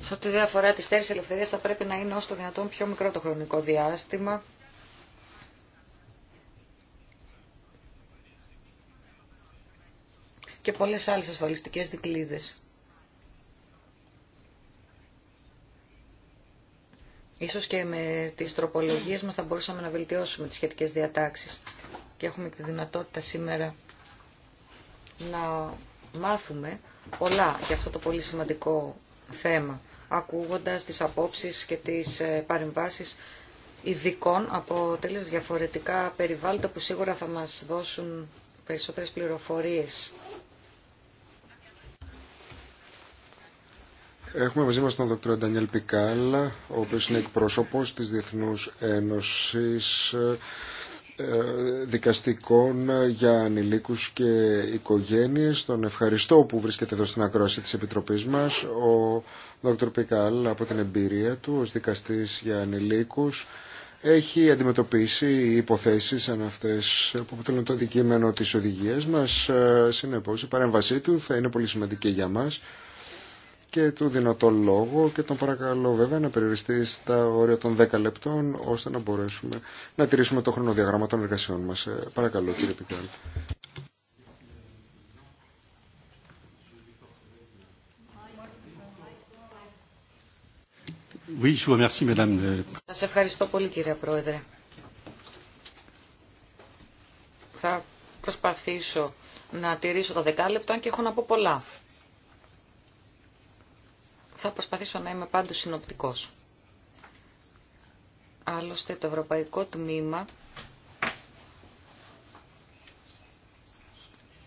Σε ό,τι αφορά τη στέρηση ελευθερία θα πρέπει να είναι όσο το δυνατόν πιο μικρό το χρονικό διάστημα. Και πολλές άλλες ασφαλιστικές δικλείδες. Ίσως και με τις τροπολογίες μας θα μπορούσαμε να βελτιώσουμε τις σχετικές διατάξεις. Και έχουμε τη δυνατότητα σήμερα να μάθουμε πολλά για αυτό το πολύ σημαντικό θέμα, ακούγοντας τις απόψεις και τις ε, παρεμβάσεις ειδικών από τελείως διαφορετικά περιβάλλοντα που σίγουρα θα μας δώσουν περισσότερες πληροφορίες Έχουμε μαζί μας τον Δ. Ντανιέλ Πικάλα, ο οποίος είναι εκπρόσωπος της Διεθνούς Ένωσης ε, δικαστικών για ανηλίκους και οικογένειες. Τον ευχαριστώ που βρίσκεται εδώ στην ακρόαση της Επιτροπής μας. Ο Δ. Πικάλ από την εμπειρία του ως δικαστής για ανηλίκους έχει αντιμετωπίσει υποθέσεις σαν αυτές που αποτελούν το αντικείμενο της οδηγίας μας. Ε, συνεπώς η παρέμβασή του θα είναι πολύ σημαντική για μας και του δίνω το λόγο και τον παρακαλώ βέβαια να περιοριστεί στα όρια των 10 λεπτών ώστε να μπορέσουμε να τηρήσουμε το χρονοδιαγράμμα των εργασιών μας. Ε, παρακαλώ κύριε Πικάλ. Σας ευχαριστώ πολύ κύριε Πρόεδρε. Θα προσπαθήσω να τηρήσω τα δεκάλεπτα λεπτά και έχω να πω πολλά. Θα προσπαθήσω να είμαι πάντως συνοπτικός. Άλλωστε το Ευρωπαϊκό Τμήμα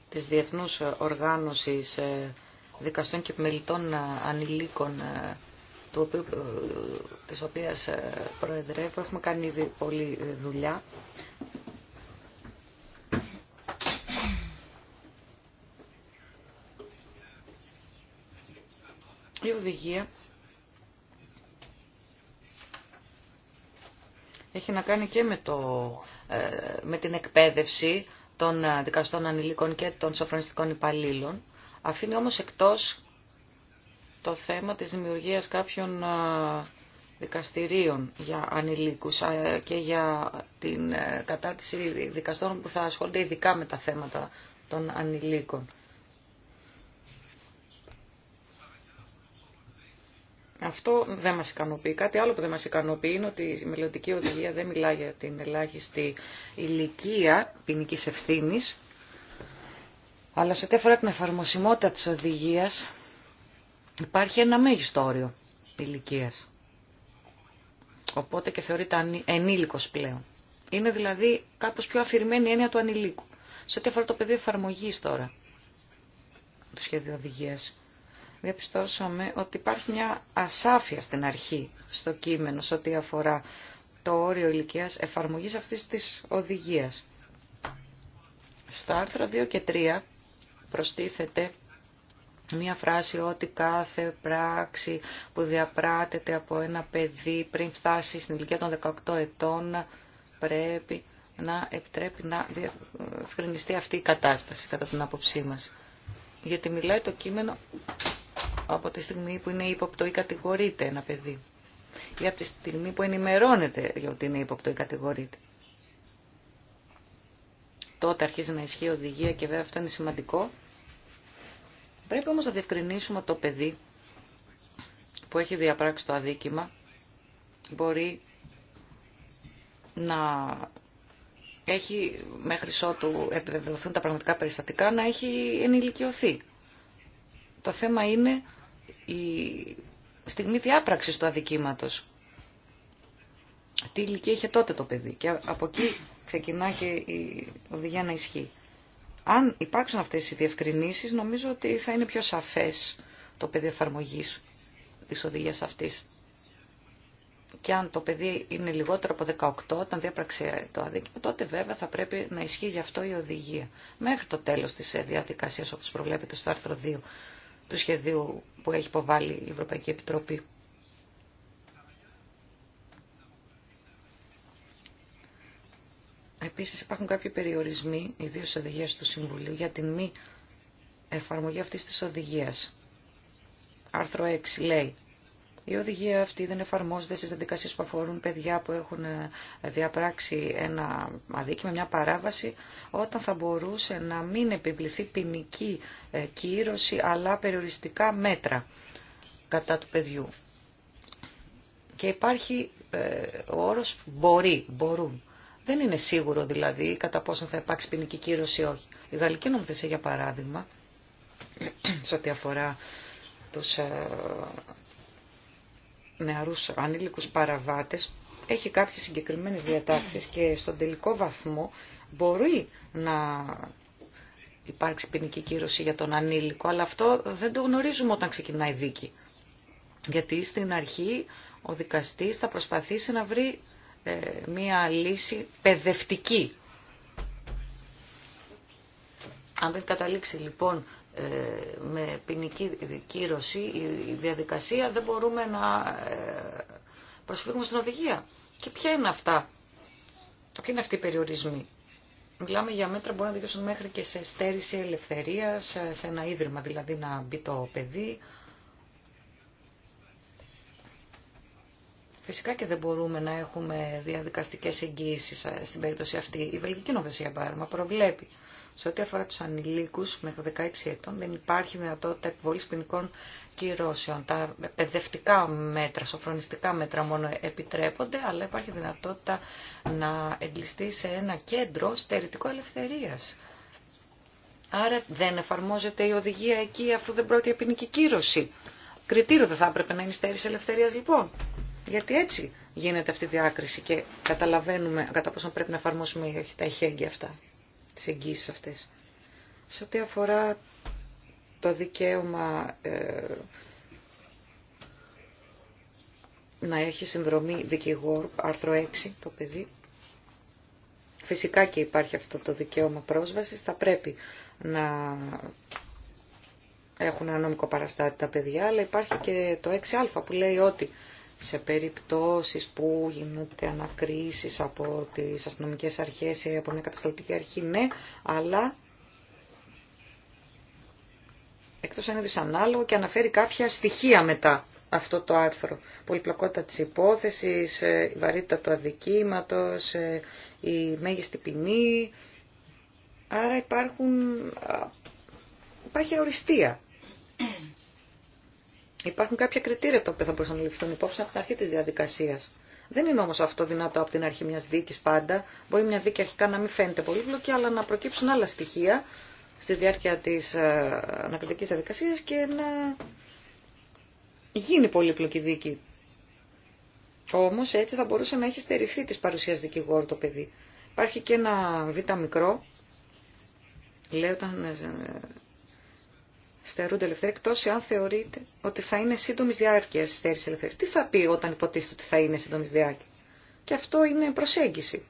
της Διεθνούς Οργάνωσης ε, Δικαστών και Επιμελητών ε, Ανηλίκων ε, του οποίου, της οποίας προεδρεύω. Έχουμε κάνει ήδη πολλή δουλειά η οδηγία έχει να κάνει και με, το, ε, με την εκπαίδευση των ε, δικαστών ανηλίκων και των σοφρονιστικών υπαλλήλων. Αφήνει όμως εκτός το θέμα της δημιουργίας κάποιων ε, δικαστηρίων για ανηλίκους και για την κατάρτιση δικαστών που θα ασχολούνται ειδικά με τα θέματα των ανηλίκων. Αυτό δεν μας ικανοποιεί. Κάτι άλλο που δεν μας ικανοποιεί είναι ότι η μελλοντική οδηγία δεν μιλάει για την ελάχιστη ηλικία ποινική ευθύνη, αλλά σε ό,τι αφορά την εφαρμοσιμότητα της οδηγίας υπάρχει ένα μέγιστο όριο ηλικία. Οπότε και θεωρείται ενήλικος πλέον. Είναι δηλαδή κάπως πιο αφηρημένη η έννοια του ανηλίκου. Σε ό,τι αφορά το πεδίο εφαρμογή τώρα του σχέδιου οδηγίας διαπιστώσαμε ότι υπάρχει μια ασάφεια στην αρχή στο κείμενο σε ό,τι αφορά το όριο ηλικίας εφαρμογής αυτής της οδηγίας. Στα άρθρα 2 και 3 προστίθεται μία φράση ότι κάθε πράξη που διαπράτεται από ένα παιδί πριν φτάσει στην ηλικία των 18 ετών πρέπει να επιτρέπει να διευκρινιστεί αυτή η κατάσταση κατά την άποψή μας. Γιατί μιλάει το κείμενο από τη στιγμή που είναι ύποπτο ή κατηγορείται ένα παιδί ή από τη στιγμή που ενημερώνεται για ότι είναι ύποπτο ή κατηγορείται. Τότε αρχίζει να ισχύει οδηγία και βέβαια αυτό είναι σημαντικό. Πρέπει όμως να διευκρινίσουμε το παιδί που έχει διαπράξει το αδίκημα μπορεί να έχει μέχρι ότου επιβεβαιωθούν τα πραγματικά περιστατικά να έχει ενηλικιωθεί. Το θέμα είναι η στιγμή διάπραξη του αδικήματος. Τι ηλικία είχε τότε το παιδί και από εκεί ξεκινά και η οδηγία να ισχύει. Αν υπάρξουν αυτές οι διευκρινήσεις, νομίζω ότι θα είναι πιο σαφές το παιδί εφαρμογή της οδηγίας αυτής. Και αν το παιδί είναι λιγότερο από 18, όταν διέπραξε το αδίκημα, τότε βέβαια θα πρέπει να ισχύει γι' αυτό η οδηγία. Μέχρι το τέλος της διαδικασίας, όπως προβλέπεται στο άρθρο 2 του σχεδίου που έχει υποβάλει η Ευρωπαϊκή Επιτροπή. Επίσης υπάρχουν κάποιοι περιορισμοί, ιδίως οδηγίες του Συμβουλίου, για την μη εφαρμογή αυτής της οδηγίας. Άρθρο 6 λέει η οδηγία αυτή δεν εφαρμόζεται στις διαδικασίες που αφορούν παιδιά που έχουν ε, διαπράξει ένα αδίκημα, μια παράβαση, όταν θα μπορούσε να μην επιβληθεί ποινική ε, κύρωση, αλλά περιοριστικά μέτρα κατά του παιδιού. Και υπάρχει ε, ο όρος μπορεί, μπορούν. Δεν είναι σίγουρο δηλαδή κατά πόσο θα υπάρξει ποινική κύρωση ή όχι. Η γαλλική νομοθεσία για παράδειγμα, (clears throat) σε ό,τι αφορά τους νεαρούς ανήλικους παραβάτες έχει κάποιες συγκεκριμένες διατάξεις και στον τελικό βαθμό μπορεί να υπάρξει ποινική κύρωση για τον ανήλικο, αλλά αυτό δεν το γνωρίζουμε όταν ξεκινάει δίκη. Γιατί στην αρχή ο δικαστής θα προσπαθήσει να βρει ε, μία λύση παιδευτική. Αν δεν καταλήξει λοιπόν ε, με ποινική κύρωση η διαδικασία δεν μπορούμε να ε, προσφύγουμε στην οδηγία. Και ποια είναι αυτά, ποια είναι αυτοί οι περιορισμοί. Μιλάμε για μέτρα που μπορούν να δικαιώσουν μέχρι και σε στέρηση ελευθερία, σε ένα ίδρυμα δηλαδή να μπει το παιδί. Φυσικά και δεν μπορούμε να έχουμε διαδικαστικές εγγύησεις ε, στην περίπτωση αυτή. Η Βελγική νομοθεσία, παράδειγμα, προβλέπει σε ό,τι αφορά τους ανηλίκους μέχρι 16 ετών δεν υπάρχει δυνατότητα επιβολής ποινικών κυρώσεων. Τα παιδευτικά μέτρα, σοφρονιστικά μέτρα μόνο επιτρέπονται, αλλά υπάρχει δυνατότητα να εγκλειστεί σε ένα κέντρο στερητικό ελευθερίας. Άρα δεν εφαρμόζεται η οδηγία εκεί αφού δεν πρόκειται για ποινική κύρωση. Κριτήριο δεν θα έπρεπε να είναι η στέρηση ελευθερίας λοιπόν. Γιατί έτσι γίνεται αυτή η διάκριση και καταλαβαίνουμε κατά πόσο πρέπει να εφαρμόσουμε τα ηχέγγυα αυτά τις εγγύσεις αυτές. Σε ό,τι αφορά το δικαίωμα ε, να έχει συνδρομή δικηγόρου, άρθρο 6 το παιδί, φυσικά και υπάρχει αυτό το δικαίωμα πρόσβασης, θα πρέπει να έχουν ένα νομικό παραστάτη τα παιδιά, αλλά υπάρχει και το 6α που λέει ότι σε περιπτώσεις που γίνονται ανακρίσεις από τις αστυνομικές αρχές ή από μια κατασταλτική αρχή, ναι, αλλά εκτός αν είναι δυσανάλογο και αναφέρει κάποια στοιχεία μετά αυτό το άρθρο. Πολυπλοκότητα της υπόθεσης, ε, η βαρύτητα του αδικήματος, ε, η μέγιστη ποινή. Άρα υπάρχουν, υπάρχει αοριστία Υπάρχουν κάποια κριτήρια τα οποία θα μπορούσαν να ληφθούν υπόψη από την αρχή τη διαδικασία. Δεν είναι όμω αυτό δυνατό από την αρχή μια δίκη πάντα. Μπορεί μια δίκη αρχικά να μην φαίνεται πολύπλοκη, αλλά να προκύψουν άλλα στοιχεία στη διάρκεια τη ε, ανακριτική διαδικασία και να γίνει πολύπλοκη δίκη. Όμω έτσι θα μπορούσε να έχει στερηθεί τη παρουσία δικηγόρου το παιδί. Υπάρχει και ένα β' μικρό, λέει όταν ε, στερούνται ελευθερία, εκτό αν θεωρείται... ότι θα είναι σύντομη διάρκεια η στέρηση ελευθερία. Τι θα πει όταν υποτίθεται ότι θα είναι σύντομη διάρκεια. Και αυτό είναι προσέγγιση.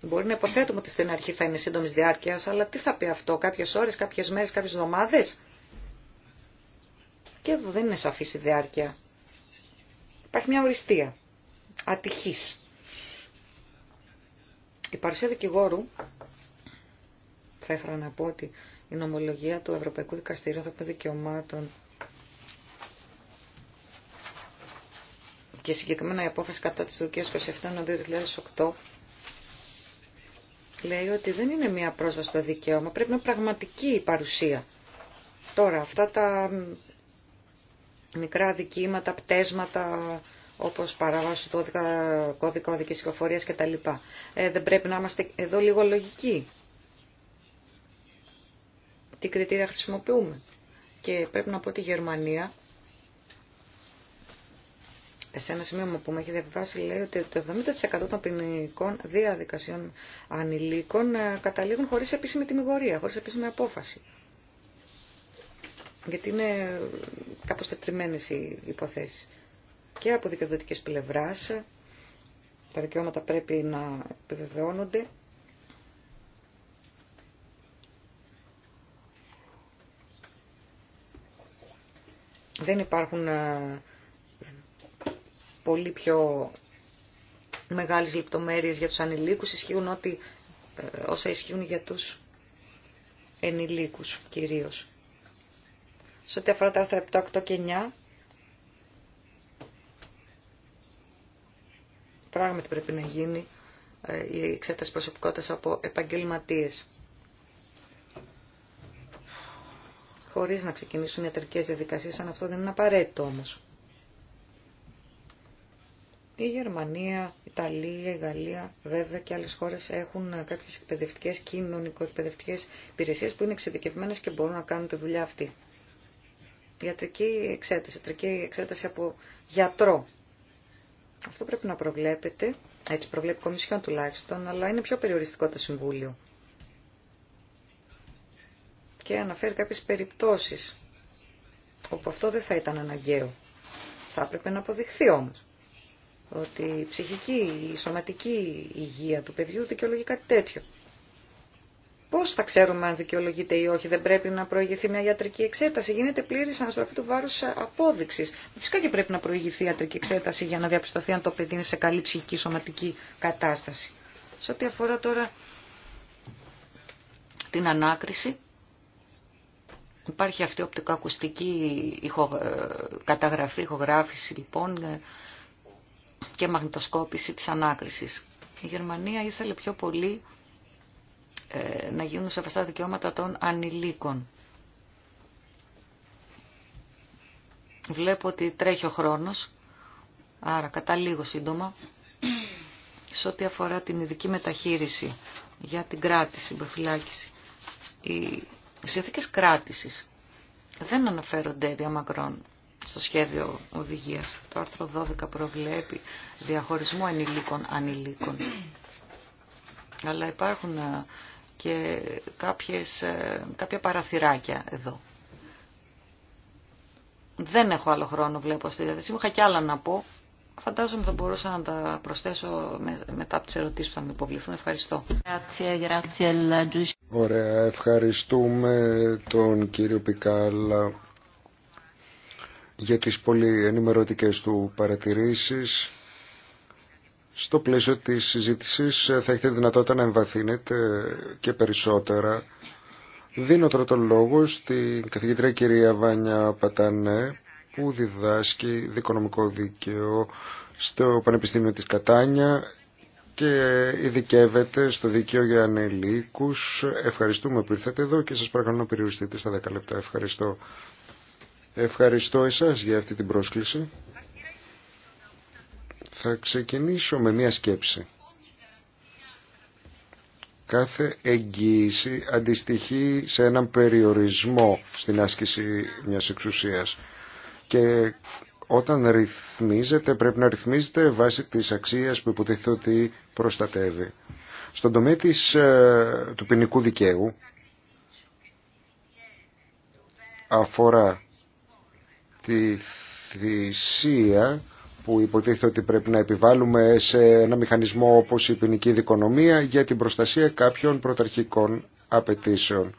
Μπορεί να υποθέτουμε ότι στην αρχή θα είναι σύντομη διάρκεια, αλλά τι θα πει αυτό, κάποιε ώρε, κάποιε μέρε, κάποιε εβδομάδε. Και εδώ δεν είναι σαφή η διάρκεια. Υπάρχει μια οριστία. Ατυχή. Η παρουσία δικηγόρου θα ήθελα να πω ότι η νομολογία του Ευρωπαϊκού Δικαστηρίου Ανθρωπίνων Δικαιωμάτων και συγκεκριμένα η απόφαση κατά της Τουρκίας 27 2008 λέει ότι δεν είναι μία πρόσβαση στο δικαίωμα, πρέπει να είναι πραγματική η παρουσία. Τώρα, αυτά τα μικρά δικήματα, πτέσματα, όπως παράβαση του κώδικα οδικής κυκλοφορίας κτλ. Ε, δεν πρέπει να είμαστε εδώ λίγο λογικοί τι κριτήρια χρησιμοποιούμε. Και πρέπει να πω ότι η Γερμανία, σε ένα σημείο που με έχει διαβιβάσει λέει ότι το 70% των ποινικών διαδικασιών ανηλίκων ε, καταλήγουν χωρίς επίσημη τιμιγορία, χωρίς επίσημη απόφαση. Γιατί είναι κάπως τετριμένες οι υποθέσεις. Και από δικαιοδοτικές πλευράς, τα δικαιώματα πρέπει να επιβεβαιώνονται δεν υπάρχουν ε, πολύ πιο μεγάλες λεπτομέρειες για τους ανηλίκους, ισχύουν ότι ε, όσα ισχύουν για τους ενηλίκους κυρίως. Σε ό,τι αφορά τα άρθρα 7, 8 και 9, πράγματι πρέπει να γίνει ε, η εξέταση προσωπικότητας από επαγγελματίες. χωρίς να ξεκινήσουν ιατρικές διαδικασίες, αν αυτό δεν είναι απαραίτητο όμως. Η Γερμανία, η Ιταλία, η Γαλλία, βέβαια και άλλες χώρες έχουν κάποιες εκπαιδευτικές, κοινωνικο-εκπαιδευτικές υπηρεσίες που είναι εξειδικευμένες και μπορούν να κάνουν τη δουλειά αυτή. Ιατρική εξέταση, ιατρική εξέταση από γιατρό. Αυτό πρέπει να προβλέπετε, έτσι προβλέπει η Κομισιόν τουλάχιστον, αλλά είναι πιο περιοριστικό το Συμβούλιο και αναφέρει κάποιες περιπτώσεις όπου αυτό δεν θα ήταν αναγκαίο. Θα έπρεπε να αποδειχθεί όμως ότι η ψυχική, η σωματική υγεία του παιδιού δικαιολογεί κάτι τέτοιο. Πώ θα ξέρουμε αν δικαιολογείται ή όχι, δεν πρέπει να προηγηθεί μια ιατρική εξέταση. Γίνεται πλήρη αναστροφή του βάρου απόδειξη. Φυσικά και πρέπει να προηγηθεί η ιατρική εξέταση για να διαπιστωθεί αν το παιδί είναι σε καλή ψυχική σωματική κατάσταση. Σε ό,τι αφορά τώρα την ανάκριση, Υπάρχει αυτή η οπτικοακουστική ηχο... Ε, καταγραφή, ηχογράφηση λοιπόν ε, και μαγνητοσκόπηση της ανάκρισης. Η Γερμανία ήθελε πιο πολύ ε, να γίνουν σεβαστά δικαιώματα των ανηλίκων. Βλέπω ότι τρέχει ο χρόνος, άρα κατά λίγο σύντομα, σε ό,τι αφορά την ειδική μεταχείριση για την κράτηση, την προφυλάκηση. Η οι συνθήκες κράτησης δεν αναφέρονται διαμακρών στο σχέδιο οδηγία. Το άρθρο 12 προβλέπει διαχωρισμό ενηλίκων-ανηλίκων. Αλλά υπάρχουν ε, και κάποιες, ε, κάποια παραθυράκια εδώ. Δεν έχω άλλο χρόνο, βλέπω στη διάθεσή μου. Είχα κι άλλα να πω, Φαντάζομαι θα μπορούσα να τα προσθέσω μετά από τι ερωτήσει που θα μου υποβληθούν. Ευχαριστώ. Ωραία, ευχαριστούμε τον κύριο Πικάλα για τις πολύ ενημερωτικές του παρατηρήσεις. Στο πλαίσιο της συζήτησης ε, θα έχετε δυνατότητα να εμβαθύνετε και περισσότερα. Δίνω τώρα τον λόγο στην καθηγητρία κυρία Βάνια Πατανέ που διδάσκει δικονομικό δίκαιο στο Πανεπιστήμιο της Κατάνια και ειδικεύεται στο δίκαιο για ανελίκους. Ευχαριστούμε που ήρθατε εδώ και σας παρακαλώ να περιοριστείτε στα 10 λεπτά. Ευχαριστώ. Ευχαριστώ εσάς για αυτή την πρόσκληση. Θα ξεκινήσω με μία σκέψη. Κάθε εγγύηση αντιστοιχεί σε έναν περιορισμό στην άσκηση μιας εξουσίας και όταν ρυθμίζεται πρέπει να ρυθμίζεται βάσει της αξίας που υποτίθεται ότι προστατεύει. Στον τομέα της, ε, του ποινικού δικαίου αφορά τη θυσία που υποτίθεται ότι πρέπει να επιβάλλουμε σε ένα μηχανισμό όπως η ποινική δικονομία για την προστασία κάποιων πρωταρχικών απαιτήσεων.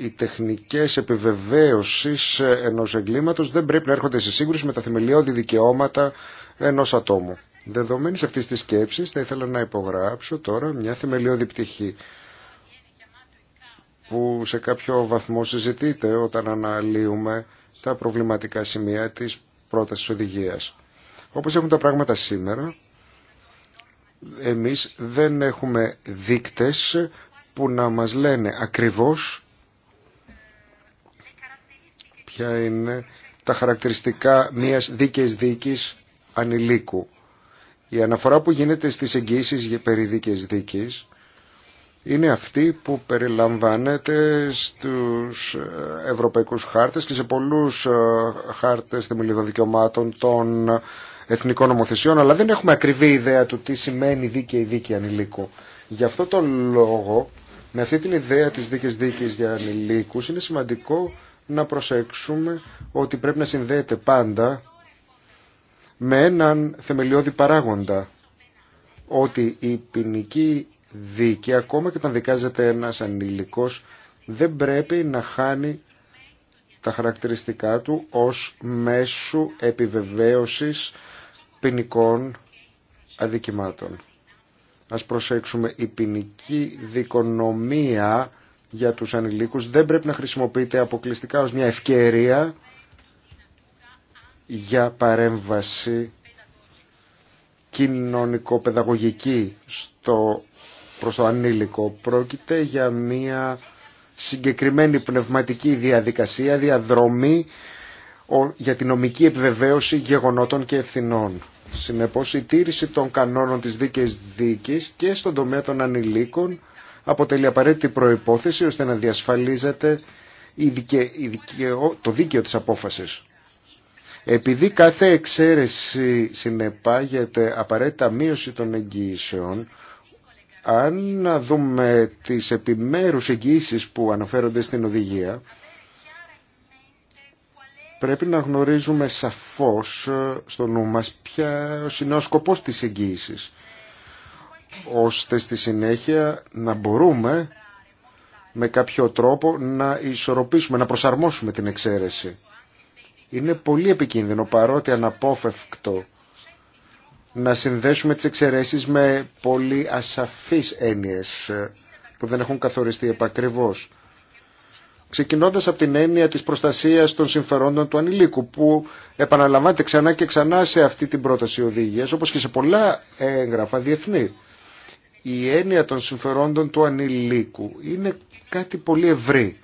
οι τεχνικές επιβεβαίωσης ενός εγκλήματος δεν πρέπει να έρχονται σε σύγκρουση με τα θεμελιώδη δικαιώματα ενός ατόμου. Δεδομένης αυτής της σκέψης θα ήθελα να υπογράψω τώρα μια θεμελιώδη πτυχή που σε κάποιο βαθμό συζητείται όταν αναλύουμε τα προβληματικά σημεία της πρότασης οδηγίας. Όπως έχουν τα πράγματα σήμερα, εμείς δεν έχουμε δίκτες που να μας λένε ακριβώς ποια είναι τα χαρακτηριστικά μιας δίκαιης δίκης ανηλίκου. Η αναφορά που γίνεται στις εγγύσεις για περί δίκαιης δίκης είναι αυτή που περιλαμβάνεται στους ε, ευρωπαϊκούς χάρτες και σε πολλούς ε, χάρτες θεμελιδών δικαιωμάτων των εθνικών νομοθεσιών, αλλά δεν έχουμε ακριβή ιδέα του τι σημαίνει δίκαιη δίκη ανηλίκου. Γι' αυτό τον λόγο, με αυτή την ιδέα της δίκης δίκης για ανηλίκους, είναι σημαντικό να προσέξουμε ότι πρέπει να συνδέεται πάντα με έναν θεμελιώδη παράγοντα ότι η ποινική δίκη ακόμα και όταν δικάζεται ένας ανηλικός δεν πρέπει να χάνει τα χαρακτηριστικά του ως μέσου επιβεβαίωσης ποινικών αδικημάτων. Ας προσέξουμε η ποινική δικονομία για τους ανηλίκους δεν πρέπει να χρησιμοποιείται αποκλειστικά ως μια ευκαιρία για παρέμβαση κοινωνικο-παιδαγωγική στο, προς το ανήλικο. Πρόκειται για μια συγκεκριμένη πνευματική διαδικασία, διαδρομή για την νομική επιβεβαίωση γεγονότων και ευθυνών. Συνεπώς η τήρηση των κανόνων της δίκαιης δίκης και στον τομέα των ανηλίκων αποτελεί απαραίτητη προϋπόθεση ώστε να διασφαλίζεται η το δίκαιο της απόφασης. Επειδή κάθε εξαίρεση συνεπάγεται απαραίτητα μείωση των εγγυήσεων, αν να δούμε τις επιμέρους εγγυήσεις που αναφέρονται στην οδηγία, πρέπει να γνωρίζουμε σαφώς στο νου μας ποιος είναι ο σκοπός της εγγύησης ώστε στη συνέχεια να μπορούμε με κάποιο τρόπο να ισορροπήσουμε, να προσαρμόσουμε την εξαίρεση. Είναι πολύ επικίνδυνο παρότι αναπόφευκτο να συνδέσουμε τις εξαιρέσεις με πολύ ασαφείς έννοιες που δεν έχουν καθοριστεί επακριβώς. Ξεκινώντας από την έννοια της προστασίας των συμφερόντων του ανηλίκου που επαναλαμβάνεται ξανά και ξανά σε αυτή την πρόταση οδηγίας όπως και σε πολλά έγγραφα διεθνή η έννοια των συμφερόντων του ανηλίκου είναι κάτι πολύ ευρύ.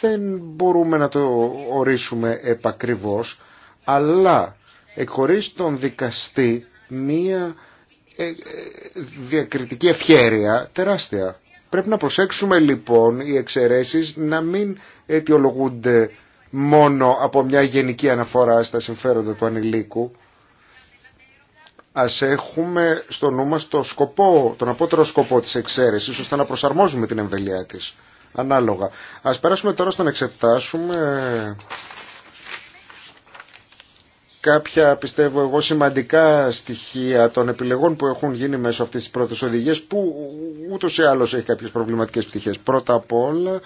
Δεν μπορούμε να το ορίσουμε επακριβώς, αλλά εκχωρείς τον δικαστή μία ε, ε, διακριτική ευχέρεια τεράστια. Πρέπει να προσέξουμε λοιπόν οι εξαιρέσει να μην αιτιολογούνται μόνο από μια γενική αναφορά στα συμφέροντα του ανηλίκου, ας έχουμε στο νου μας το σκοπό, τον απότερο σκοπό της εξαίρεσης, ώστε να προσαρμόζουμε την εμβελία της ανάλογα. Ας περάσουμε τώρα στο να εξετάσουμε κάποια πιστεύω εγώ σημαντικά στοιχεία των επιλεγών που έχουν γίνει μέσω αυτής της πρώτης οδηγίας που ούτως ή άλλως έχει κάποιες προβληματικές πτυχές. Πρώτα απ' όλα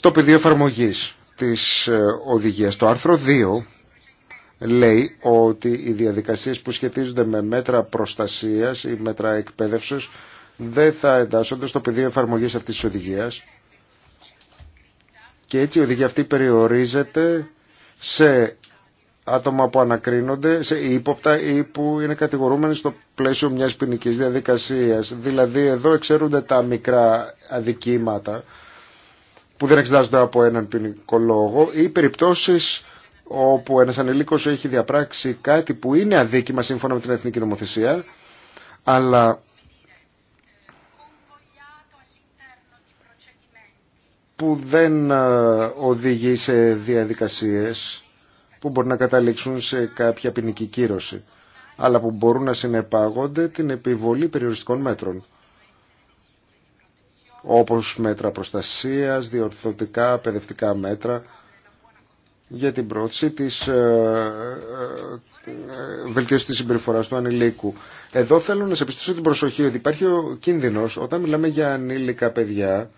το πεδίο εφαρμογή της ε, οδηγίας. Το άρθρο 2 λέει ότι οι διαδικασίες που σχετίζονται με μέτρα προστασίας ή μέτρα εκπαίδευσης δεν θα εντάσσονται στο πεδίο εφαρμογής αυτής της οδηγίας και έτσι η οδηγία αυτή περιορίζεται σε άτομα που ανακρίνονται, σε ύποπτα ή που είναι κατηγορούμενοι στο πλαίσιο μιας ποινική διαδικασίας. Δηλαδή εδώ εξαιρούνται τα μικρά αδικήματα που δεν εξετάζονται από έναν ποινικό λόγο ή περιπτώσεις όπου ένας ανηλίκος έχει διαπράξει κάτι που είναι αδίκημα σύμφωνα με την εθνική νομοθεσία, αλλά που δεν ε, οδηγεί σε διαδικασίες που μπορεί να καταλήξουν σε κάποια ποινική κύρωση, αλλά που μπορούν να συνεπάγονται την επιβολή περιοριστικών μέτρων, όπως μέτρα προστασίας, διορθωτικά, παιδευτικά μέτρα, για την πρόθεση της ε, ε, βελτίωσης της συμπεριφοράς του ανηλίκου. Εδώ θέλω να σε πιστήσω την προσοχή ότι υπάρχει ο κίνδυνος όταν μιλάμε για ανήλικα παιδιά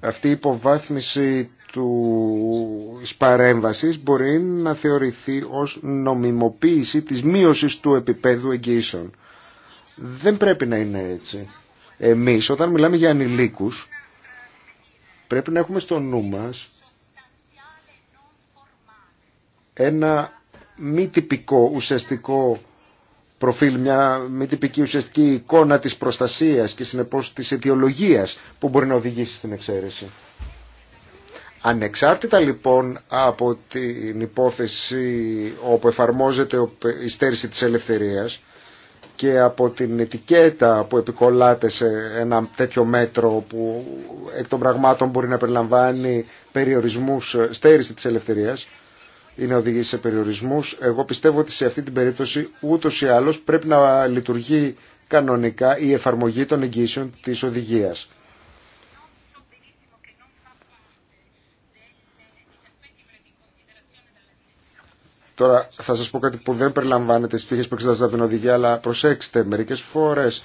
αυτή η υποβάθμιση του παρέμβαση μπορεί να θεωρηθεί ως νομιμοποίηση της μείωσης του επίπεδου εγγύσεων. Δεν πρέπει να είναι έτσι. Εμείς όταν μιλάμε για ανηλίκους πρέπει να έχουμε στο νου μας ένα μη τυπικό ουσιαστικό προφίλ, μια μη τυπική ουσιαστική εικόνα της προστασίας και συνεπώς της αιτιολογίας που μπορεί να οδηγήσει στην εξαίρεση. Ανεξάρτητα λοιπόν από την υπόθεση όπου εφαρμόζεται η στέρηση της ελευθερίας, και από την ετικέτα που επικολλάται σε ένα τέτοιο μέτρο που εκ των πραγμάτων μπορεί να περιλαμβάνει περιορισμούς, στέρηση της ελευθερίας, είναι οδηγήσει σε περιορισμούς. Εγώ πιστεύω ότι σε αυτή την περίπτωση ούτως ή άλλως πρέπει να λειτουργεί κανονικά η εφαρμογή των εγγύσεων της οδηγίας. Τώρα θα σας πω κάτι που δεν περιλαμβάνεται στις πτυχές που εξετάζονται από την οδηγία, αλλά προσέξτε, μερικές φορές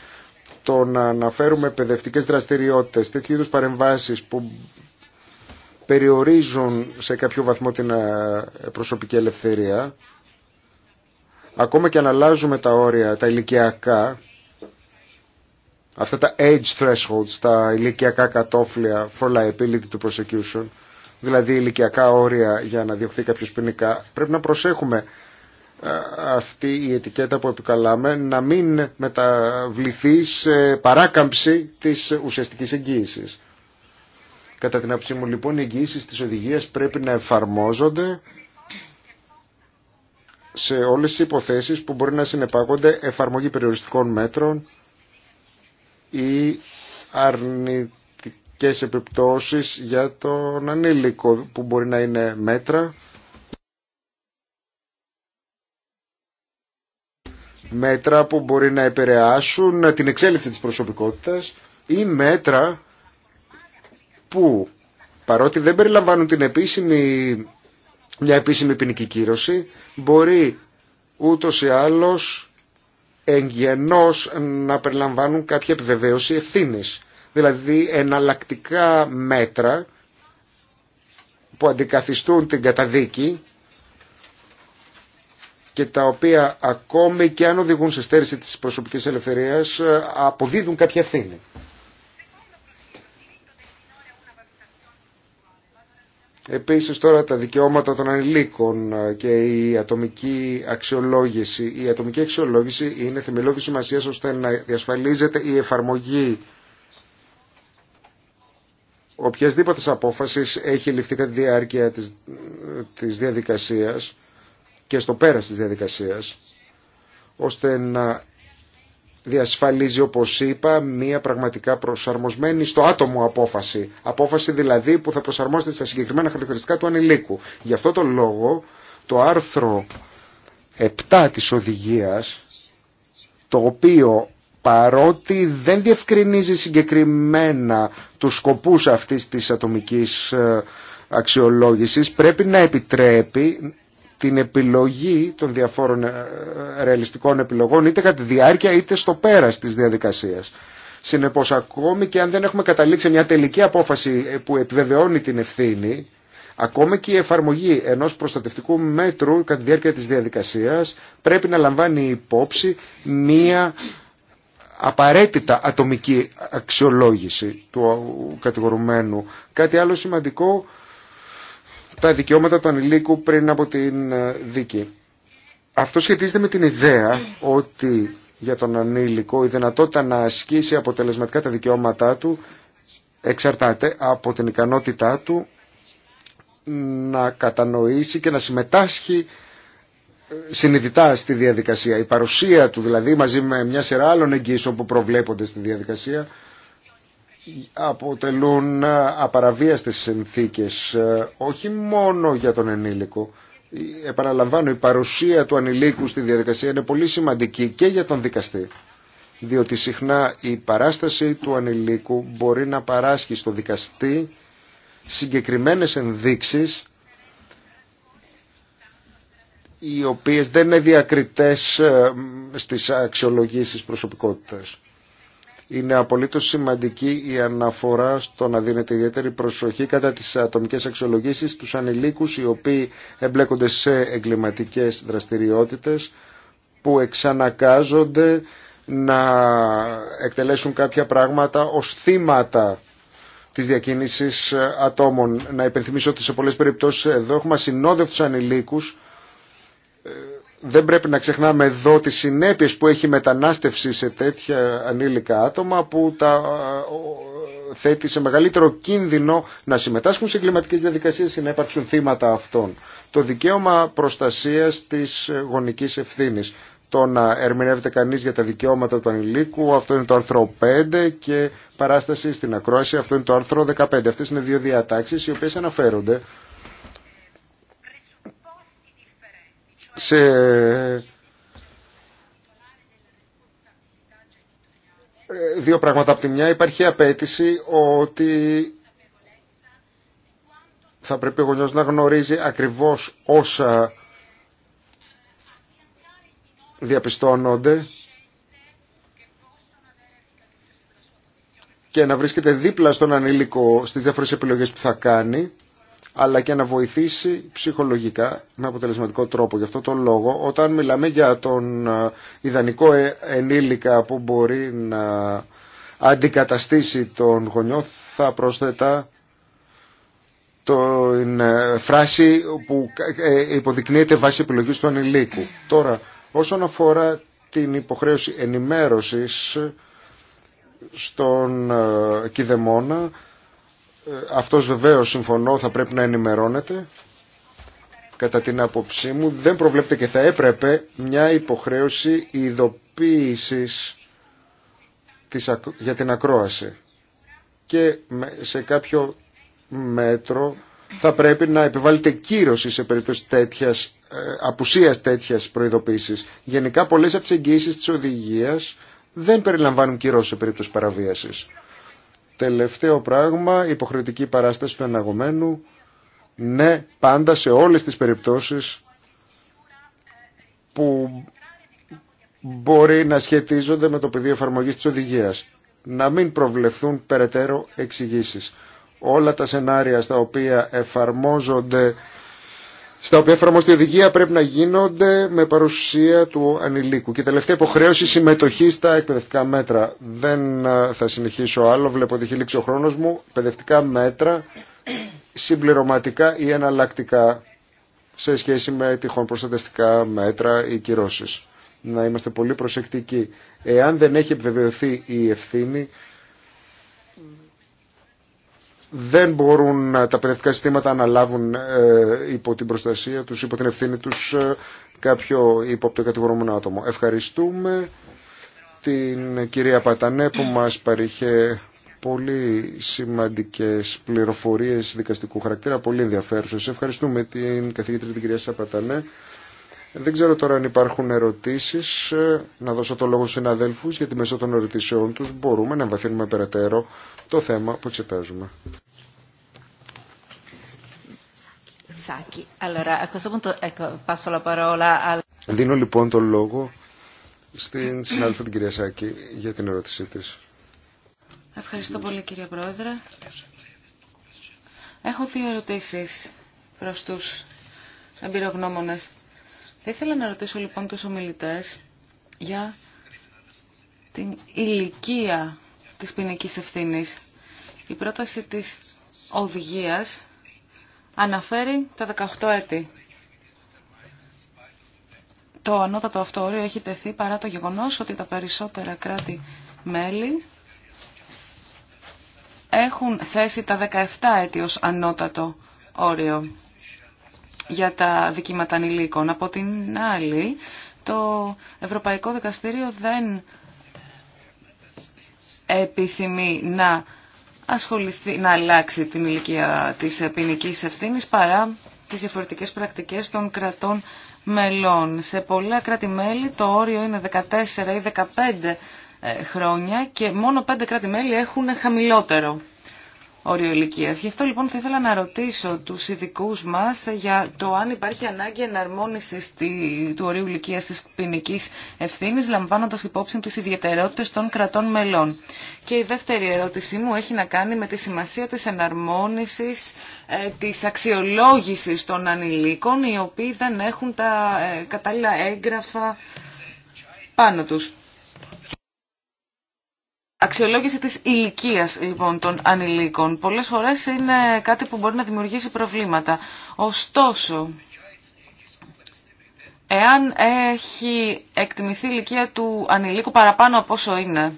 το να αναφέρουμε παιδευτικές δραστηριότητες, τέτοιου είδους παρεμβάσεις που περιορίζουν σε κάποιο βαθμό την ε, προσωπική ελευθερία, ακόμα και αν αλλάζουμε τα όρια, τα ηλικιακά, αυτά τα age thresholds, τα ηλικιακά κατόφλια for liability to prosecution, δηλαδή ηλικιακά όρια για να διωχθεί κάποιο ποινικά, πρέπει να προσέχουμε ε, αυτή η ετικέτα που επικαλάμε να μην μεταβληθεί σε παράκαμψη της ουσιαστικής εγγύησης. Κατά την άποψή μου λοιπόν οι εγγύησεις της οδηγίας πρέπει να εφαρμόζονται σε όλες τις υποθέσεις που μπορεί να συνεπάγονται εφαρμογή περιοριστικών μέτρων ή αρνη και σε επιπτώσεις για τον ανήλικο που μπορεί να είναι μέτρα μέτρα που μπορεί να επηρεάσουν την εξέλιξη της προσωπικότητας ή μέτρα που παρότι δεν περιλαμβάνουν την επίσημη, μια επίσημη ποινική κύρωση μπορεί ούτως ή άλλως εγγενώς να περιλαμβάνουν κάποια επιβεβαίωση ευθύνης δηλαδή εναλλακτικά μέτρα που αντικαθιστούν την καταδίκη και τα οποία ακόμη και αν οδηγούν σε στέρηση της προσωπικής ελευθερίας ε, αποδίδουν κάποια ευθύνη. Επίσης τώρα τα δικαιώματα των ανηλίκων ε, και η ατομική αξιολόγηση. Η ατομική αξιολόγηση είναι θεμελιώδη σημασία ώστε να διασφαλίζεται η εφαρμογή οποιασδήποτε απόφαση έχει ληφθεί κατά τη διάρκεια της, της διαδικασίας και στο πέρας της διαδικασίας ώστε να διασφαλίζει όπως είπα μία πραγματικά προσαρμοσμένη στο άτομο απόφαση. Απόφαση δηλαδή που θα προσαρμόζεται στα συγκεκριμένα χαρακτηριστικά του ανηλίκου. Γι' αυτό το λόγο το άρθρο 7 της οδηγίας το οποίο παρότι δεν διευκρινίζει συγκεκριμένα τους σκοπούς αυτής της ατομικής ε, αξιολόγησης, πρέπει να επιτρέπει την επιλογή των διαφόρων ε, ρεαλιστικών επιλογών είτε κατά τη διάρκεια είτε στο πέρας της διαδικασίας. Συνεπώς ακόμη και αν δεν έχουμε καταλήξει μια τελική απόφαση που επιβεβαιώνει την ευθύνη, ακόμη και η εφαρμογή ενός προστατευτικού μέτρου κατά τη διάρκεια της διαδικασίας πρέπει να λαμβάνει υπόψη μια απαραίτητα ατομική αξιολόγηση του κατηγορουμένου. Κάτι άλλο σημαντικό, τα δικαιώματα του ανηλίκου πριν από την ε, δίκη. Αυτό σχετίζεται με την ιδέα ότι για τον ανήλικο η δυνατότητα να ασκήσει αποτελεσματικά τα δικαιώματά του εξαρτάται από την ικανότητά του να κατανοήσει και να συμμετάσχει συνειδητά στη διαδικασία. Η παρουσία του δηλαδή μαζί με μια σειρά άλλων εγγύσεων που προβλέπονται στη διαδικασία αποτελούν ε, απαραβίαστες συνθήκες ε, όχι μόνο για τον ενήλικο. Επαναλαμβάνω, η παρουσία του ανηλίκου στη διαδικασία είναι πολύ σημαντική και για τον δικαστή. Διότι συχνά η παράσταση του ανηλίκου μπορεί να παράσχει στο δικαστή συγκεκριμένες ενδείξεις οι οποίες δεν είναι διακριτές ε, στις αξιολογήσεις προσωπικότητας. Είναι απολύτως σημαντική η αναφορά στο να δίνεται ιδιαίτερη προσοχή κατά τις ατομικές αξιολογήσεις τους ανηλίκους οι οποίοι εμπλέκονται σε εγκληματικές δραστηριότητες που εξανακάζονται να εκτελέσουν κάποια πράγματα ως θύματα της διακίνησης ατόμων. Να υπενθυμίσω ότι σε πολλές περιπτώσεις εδώ έχουμε ανηλίκους δεν πρέπει να ξεχνάμε εδώ τις συνέπειες που έχει μετανάστευση σε τέτοια ανήλικα άτομα που τα ε, θέτει σε μεγαλύτερο κίνδυνο να συμμετάσχουν σε κλιματικές διαδικασίες ή να υπάρξουν θύματα αυτών. Το δικαίωμα προστασίας της γονικής ευθύνης. Το να ερμηνεύεται κανείς για τα δικαιώματα του ανηλίκου, αυτό είναι το άρθρο 5 και παράσταση στην ακρόαση, αυτό είναι το άρθρο 15. Αυτές είναι δύο διατάξεις οι οποίες αναφέρονται σε δύο πράγματα. Από τη μια υπάρχει απέτηση ότι θα πρέπει ο γονιός να γνωρίζει ακριβώς όσα διαπιστώνονται και να βρίσκεται δίπλα στον ανήλικο στις διάφορες επιλογές που θα κάνει αλλά και να βοηθήσει ψυχολογικά με αποτελεσματικό τρόπο. Γι' αυτό τον λόγο, όταν μιλάμε για τον ε, ιδανικό ε, ενήλικα που μπορεί να αντικαταστήσει τον γονιό, θα πρόσθετα την ε, φράση που υποδεικνύεται βάσει επιλογής του ανηλίκου. Τώρα, όσον αφορά την υποχρέωση ενημέρωσης στον κηδεμόνα, ε, αυτός βεβαίως συμφωνώ θα πρέπει να ενημερώνεται κατά την άποψή μου δεν προβλέπεται και θα έπρεπε μια υποχρέωση ειδοποίησης της, για την ακρόαση και σε κάποιο μέτρο θα πρέπει να επιβάλλεται κύρωση σε περίπτωση τέτοιας, ε, απουσίας τέτοιας προειδοποίησης. Γενικά πολλές από τις εγγύησεις της οδηγίας δεν περιλαμβάνουν κύρωση σε περίπτωση παραβίασης. Τελευταίο πράγμα, υποχρεωτική παράσταση του εναγωμένου. Ναι, πάντα σε όλες τις περιπτώσεις που μπορεί να σχετίζονται με το πεδίο εφαρμογής της οδηγίας. Να μην προβλεφθούν περαιτέρω εξηγήσει. Όλα τα σενάρια στα οποία εφαρμόζονται στα οποία εφαρμοστεί η οδηγία πρέπει να γίνονται με παρουσία του ανηλίκου. Και τελευταία υποχρέωση συμμετοχή στα εκπαιδευτικά μέτρα. Δεν ε, θα συνεχίσω άλλο, βλέπω ότι έχει λήξει ο χρόνος μου. Εκπαιδευτικά μέτρα συμπληρωματικά ή εναλλακτικά σε σχέση με τυχόν προστατευτικά μέτρα ή κυρώσεις. Να είμαστε πολύ προσεκτικοί. Εάν δεν έχει επιβεβαιωθεί η ευθύνη, δεν μπορούν ε, τα παιδευτικά συστήματα να λάβουν ε, υπό την προστασία τους, υπό την ευθύνη τους ε, κάποιο ύποπτο κατηγορούμενο άτομο. Ευχαριστούμε την κυρία Πατανέ που μας παρήχε πολύ σημαντικές πληροφορίες δικαστικού χαρακτήρα, πολύ ενδιαφέρουσες. Ευχαριστούμε την καθηγήτρια την κυρία Σαπατανέ. Δεν ξέρω τώρα αν υπάρχουν ερωτήσεις. Ε, να δώσω το λόγο στους συναδέλφους γιατί μέσω των ερωτήσεών τους μπορούμε να εμβαθύνουμε περαιτέρω το θέμα που εξετάζουμε. Δίνω λοιπόν το λόγο στην συνάδελφα την κυρία Σάκη για την ερώτησή της. Ευχαριστώ πολύ κύριε Πρόεδρε. Έχω δύο ερωτήσεις προς τους εμπειρογνώμονες. Θα ήθελα να ρωτήσω λοιπόν τους ομιλητές για την ηλικία της ποινική ευθύνη. Η πρόταση της οδηγίας αναφέρει τα 18 έτη. Το ανώτατο αυτό όριο έχει τεθεί παρά το γεγονός ότι τα περισσότερα κράτη-μέλη έχουν θέσει τα 17 έτη ως ανώτατο όριο για τα δικήματα ανηλίκων. Από την άλλη, το Ευρωπαϊκό Δικαστήριο δεν επιθυμεί να ασχοληθεί, να αλλάξει την ηλικία της ποινική ευθύνης παρά τις διαφορετικές πρακτικές των κρατών μελών. Σε πολλά κράτη-μέλη το όριο είναι 14 ή 15 ε, χρόνια και μόνο 5 κράτη-μέλη έχουν χαμηλότερο όριο ηλικία. Γι' αυτό λοιπόν θα ήθελα να ρωτήσω τους ειδικού μας για το αν υπάρχει ανάγκη εναρμόνισης του ορίου ηλικία της ποινική ευθύνη, λαμβάνοντας υπόψη τι ιδιαιτερότητες των κρατών μελών. Και η δεύτερη ερώτησή μου έχει να κάνει με τη σημασία της εναρμόνισης ε, της αξιολόγησης των ανηλίκων, οι οποίοι δεν έχουν τα ε, κατάλληλα έγγραφα πάνω τους. Αξιολόγηση της ηλικία λοιπόν των ανηλίκων πολλές φορές είναι κάτι που μπορεί να δημιουργήσει προβλήματα. Ωστόσο, εάν έχει εκτιμηθεί η ηλικία του ανηλίκου παραπάνω από όσο είναι,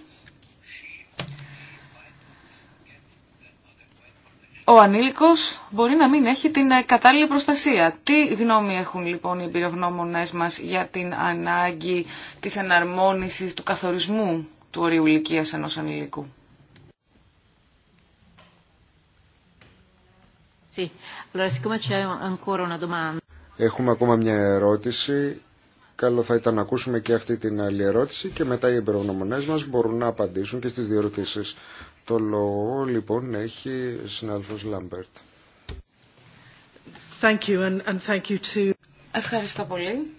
ο ανήλικος μπορεί να μην έχει την κατάλληλη προστασία. Τι γνώμη έχουν λοιπόν οι εμπειρογνώμονές μας για την ανάγκη της εναρμόνισης του καθορισμού του ορίου ηλικία ενό ανηλίκου. Έχουμε ακόμα μια ερώτηση. Καλό θα ήταν να ακούσουμε και αυτή την άλλη ερώτηση και μετά οι εμπειρογνωμονές μα μπορούν να απαντήσουν και στι δύο ερωτήσει. Το λόγο λοιπόν έχει συνάδελφο Λάμπερτ. Ευχαριστώ πολύ.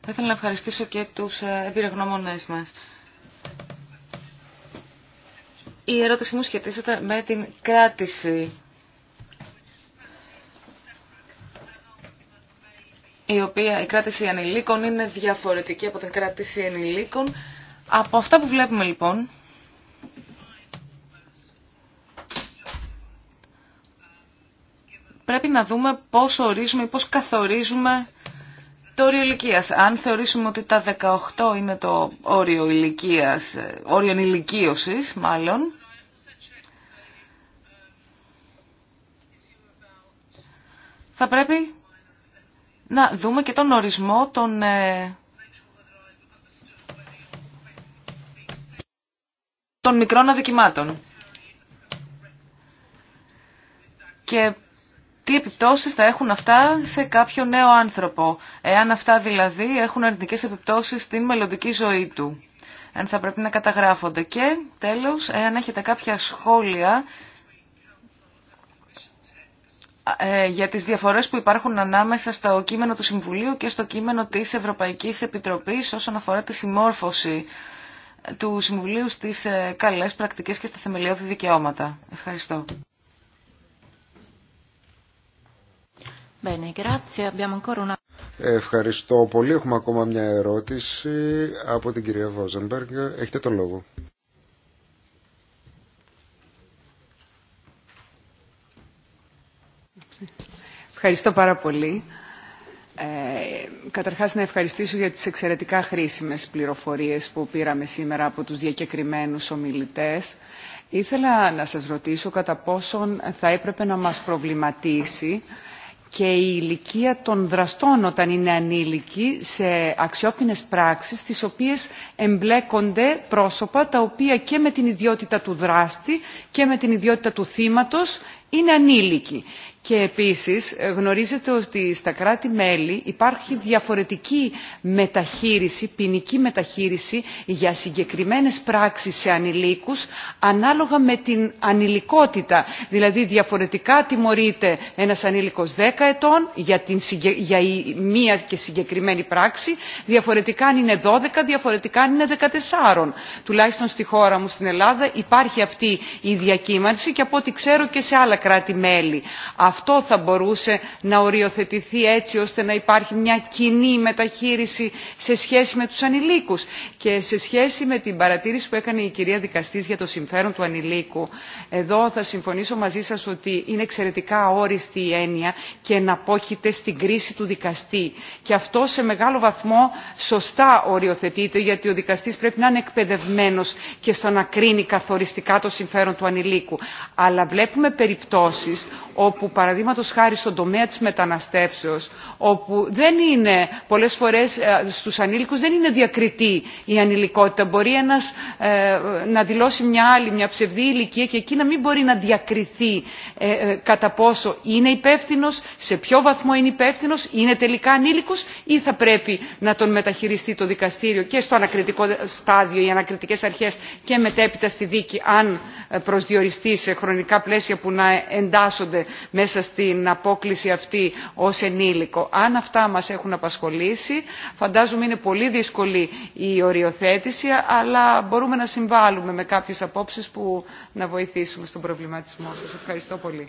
Θα ήθελα να ευχαριστήσω και τους ε, εμπειρογνώμονές μας. Η ερώτηση μου σχετίζεται με την κράτηση η οποία η κράτηση ανηλίκων είναι διαφορετική από την κράτηση ενηλίκων. Από αυτά που βλέπουμε λοιπόν, πρέπει να δούμε πώς ορίζουμε ή πώς καθορίζουμε το όριο ηλικία. Αν θεωρήσουμε ότι τα 18 είναι το όριο ηλικία, ε, όριο ηλικίωση μάλλον, θα πρέπει να δούμε και τον ορισμό των. Ε, των μικρών αδικημάτων. Και τι επιπτώσεις θα έχουν αυτά σε κάποιο νέο άνθρωπο, εάν αυτά δηλαδή έχουν αρνητικές επιπτώσεις στην μελλοντική ζωή του, αν θα πρέπει να καταγράφονται. Και τέλος, εάν έχετε κάποια σχόλια ε, για τις διαφορές που υπάρχουν ανάμεσα στο κείμενο του Συμβουλίου και στο κείμενο της Ευρωπαϊκής Επιτροπής όσον αφορά τη συμμόρφωση του Συμβουλίου στις ε, καλές πρακτικές και στα θεμελιώδη δικαιώματα. Ευχαριστώ. Ευχαριστώ πολύ. Έχουμε ακόμα μια ερώτηση από την κυρία Βόζενμπεργκ. Έχετε τον λόγο. Ευχαριστώ πάρα πολύ. Ε, καταρχάς να ευχαριστήσω για τις εξαιρετικά χρήσιμες πληροφορίες που πήραμε σήμερα από τους διακεκριμένους ομιλητές. Ήθελα να σας ρωτήσω κατά πόσον θα έπρεπε να μας προβληματίσει και η ηλικία των δραστών όταν είναι ανήλικοι σε αξιόπινες πράξεις τις οποίες εμπλέκονται πρόσωπα τα οποία και με την ιδιότητα του δράστη και με την ιδιότητα του θύματος είναι ανήλικοι. Και επίσης ε, γνωρίζετε ότι στα κράτη-μέλη υπάρχει διαφορετική μεταχείριση, ποινική μεταχείριση για συγκεκριμένες πράξεις σε ανηλίκους ανάλογα με την ανηλικότητα. Δηλαδή διαφορετικά τιμωρείται ένας ανήλικος 10 ετών για, την, για μία και συγκεκριμένη πράξη, διαφορετικά αν είναι 12, διαφορετικά αν είναι 14. Τουλάχιστον στη χώρα μου στην Ελλάδα υπάρχει αυτή η διακύμανση και από ό,τι ξέρω και σε άλλα άλλα κράτη-μέλη. Αυτό θα μπορούσε να οριοθετηθεί έτσι ώστε να υπάρχει μια κοινή μεταχείριση σε σχέση με τους ανηλίκους και σε σχέση με την παρατήρηση που έκανε η κυρία δικαστής για το συμφέρον του ανηλίκου. Εδώ θα συμφωνήσω μαζί σας ότι είναι εξαιρετικά όριστη η έννοια και εναπόκειται στην κρίση του δικαστή. Και αυτό σε μεγάλο βαθμό σωστά οριοθετείται γιατί ο δικαστής πρέπει να είναι εκπαιδευμένος και στο να κρίνει καθοριστικά το συμφέρον του ανηλίκου. Αλλά βλέπουμε περιπτώσεις περιπτώσεις όπου παραδείγματο χάρη στον τομέα της μεταναστεύσεως όπου δεν είναι πολλές φορές ε, στους ανήλικους δεν είναι διακριτή η ανηλικότητα. Μπορεί ένας ε, να δηλώσει μια άλλη, μια ψευδή ηλικία και εκεί να μην μπορεί να διακριθεί ε, κατά πόσο είναι υπεύθυνο, σε ποιο βαθμό είναι υπεύθυνο, είναι τελικά ανήλικος ή θα πρέπει να τον μεταχειριστεί το δικαστήριο και στο ανακριτικό στάδιο, οι ανακριτικές αρχές και μετέπειτα στη δίκη αν προσδιοριστεί σε χρονικά πλαίσια που να εντάσσονται μέσα στην απόκληση αυτή ως ενήλικο. Αν αυτά μας έχουν απασχολήσει, φαντάζομαι είναι πολύ δύσκολη η οριοθέτηση, αλλά μπορούμε να συμβάλλουμε με κάποιες απόψεις που να βοηθήσουμε στον προβληματισμό σας. Ευχαριστώ πολύ.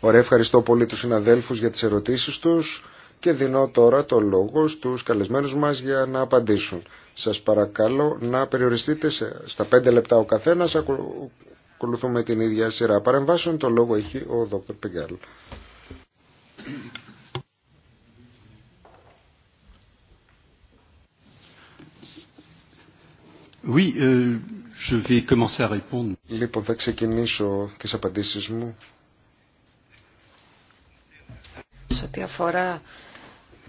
Ωραία, ευχαριστώ πολύ τους συναδέλφους για τις ερωτήσεις τους και δίνω τώρα το λόγο στους καλεσμένους μας για να απαντήσουν. Σας παρακαλώ να περιοριστείτε στα πέντε λεπτά ο καθένας. Ακολουθούμε την ίδια σειρά παρεμβάσεων. Το λόγο έχει ο Δ. Πιγκάλ. Oui, euh, je vais Λοιπόν, θα ξεκινήσω τις απαντήσεις μου. Σε ό,τι αφορά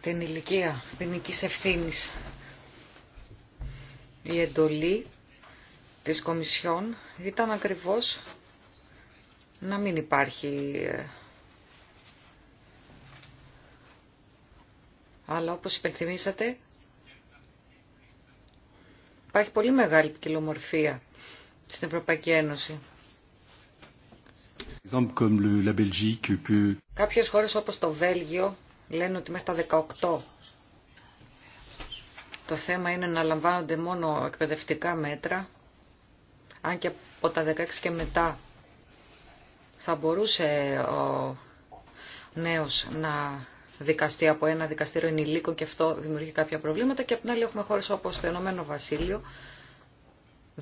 την ηλικία ποινική ευθύνη η εντολή της Κομισιόν ήταν ακριβώς να μην υπάρχει ε, αλλά όπως υπενθυμίσατε υπάρχει πολύ μεγάλη ποικιλομορφία στην Ευρωπαϊκή Ένωση. Κάποιες χώρες όπως το Βέλγιο λένε ότι μέχρι τα 18 το θέμα είναι να λαμβάνονται μόνο εκπαιδευτικά μέτρα, αν και από τα 16 και μετά θα μπορούσε ο νέος να δικαστεί από ένα δικαστήριο ενηλίκων και αυτό δημιουργεί κάποια προβλήματα και απ' την άλλη έχουμε χώρες όπως το Ενωμένο Βασίλειο,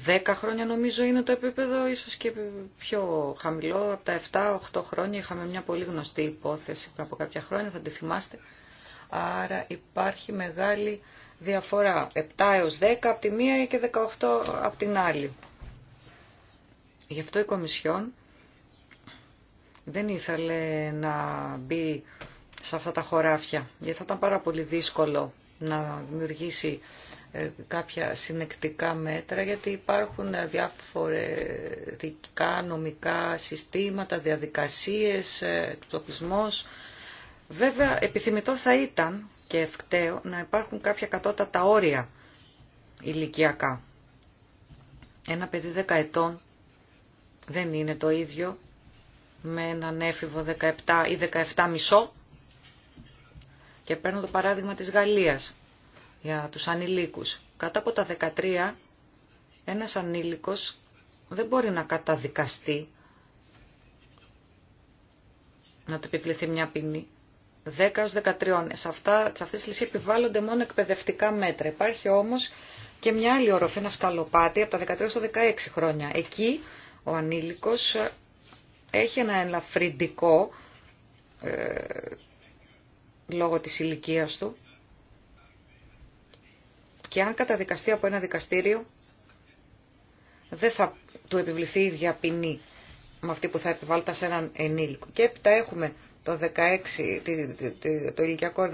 10 χρόνια νομίζω είναι το επίπεδο, ίσως και πιο χαμηλό, από τα 7-8 χρόνια είχαμε μια πολύ γνωστή υπόθεση από κάποια χρόνια, θα τη θυμάστε. Άρα υπάρχει μεγάλη διαφορά 7 έως 10 από τη μία και 18 από την άλλη. Γι' αυτό η Κομισιόν δεν ήθελε να μπει σε αυτά τα χωράφια, γιατί θα ήταν πάρα πολύ δύσκολο να δημιουργήσει ε, κάποια συνεκτικά μέτρα, γιατί υπάρχουν διαφορετικά νομικά συστήματα, διαδικασίες, ε, εκπλοκισμός Βέβαια, επιθυμητό θα ήταν και ευκταίο να υπάρχουν κάποια κατώτατα όρια ηλικιακά. Ένα παιδί 10 ετών δεν είναι το ίδιο με έναν έφηβο 17 ή 17 μισό. Και παίρνω το παράδειγμα της Γαλλίας για τους ανηλίκους. Κατά από τα 13, ένας ανήλικος δεν μπορεί να καταδικαστεί να του επιβληθεί μια ποινή. 10-13. Σε, αυτά, σε αυτές τις επιβάλλονται μόνο εκπαιδευτικά μέτρα. Υπάρχει όμως και μια άλλη όροφη, ένα σκαλοπάτι από τα 13 στα 16 χρόνια. Εκεί ο ανήλικος έχει ένα ελαφρυντικό ε, λόγω της ηλικία του και αν καταδικαστεί από ένα δικαστήριο δεν θα του επιβληθεί η ίδια ποινή με αυτή που θα επιβάλλεται σε έναν ενήλικο. Και έπειτα έχουμε το, 16, το ηλικιακο όρο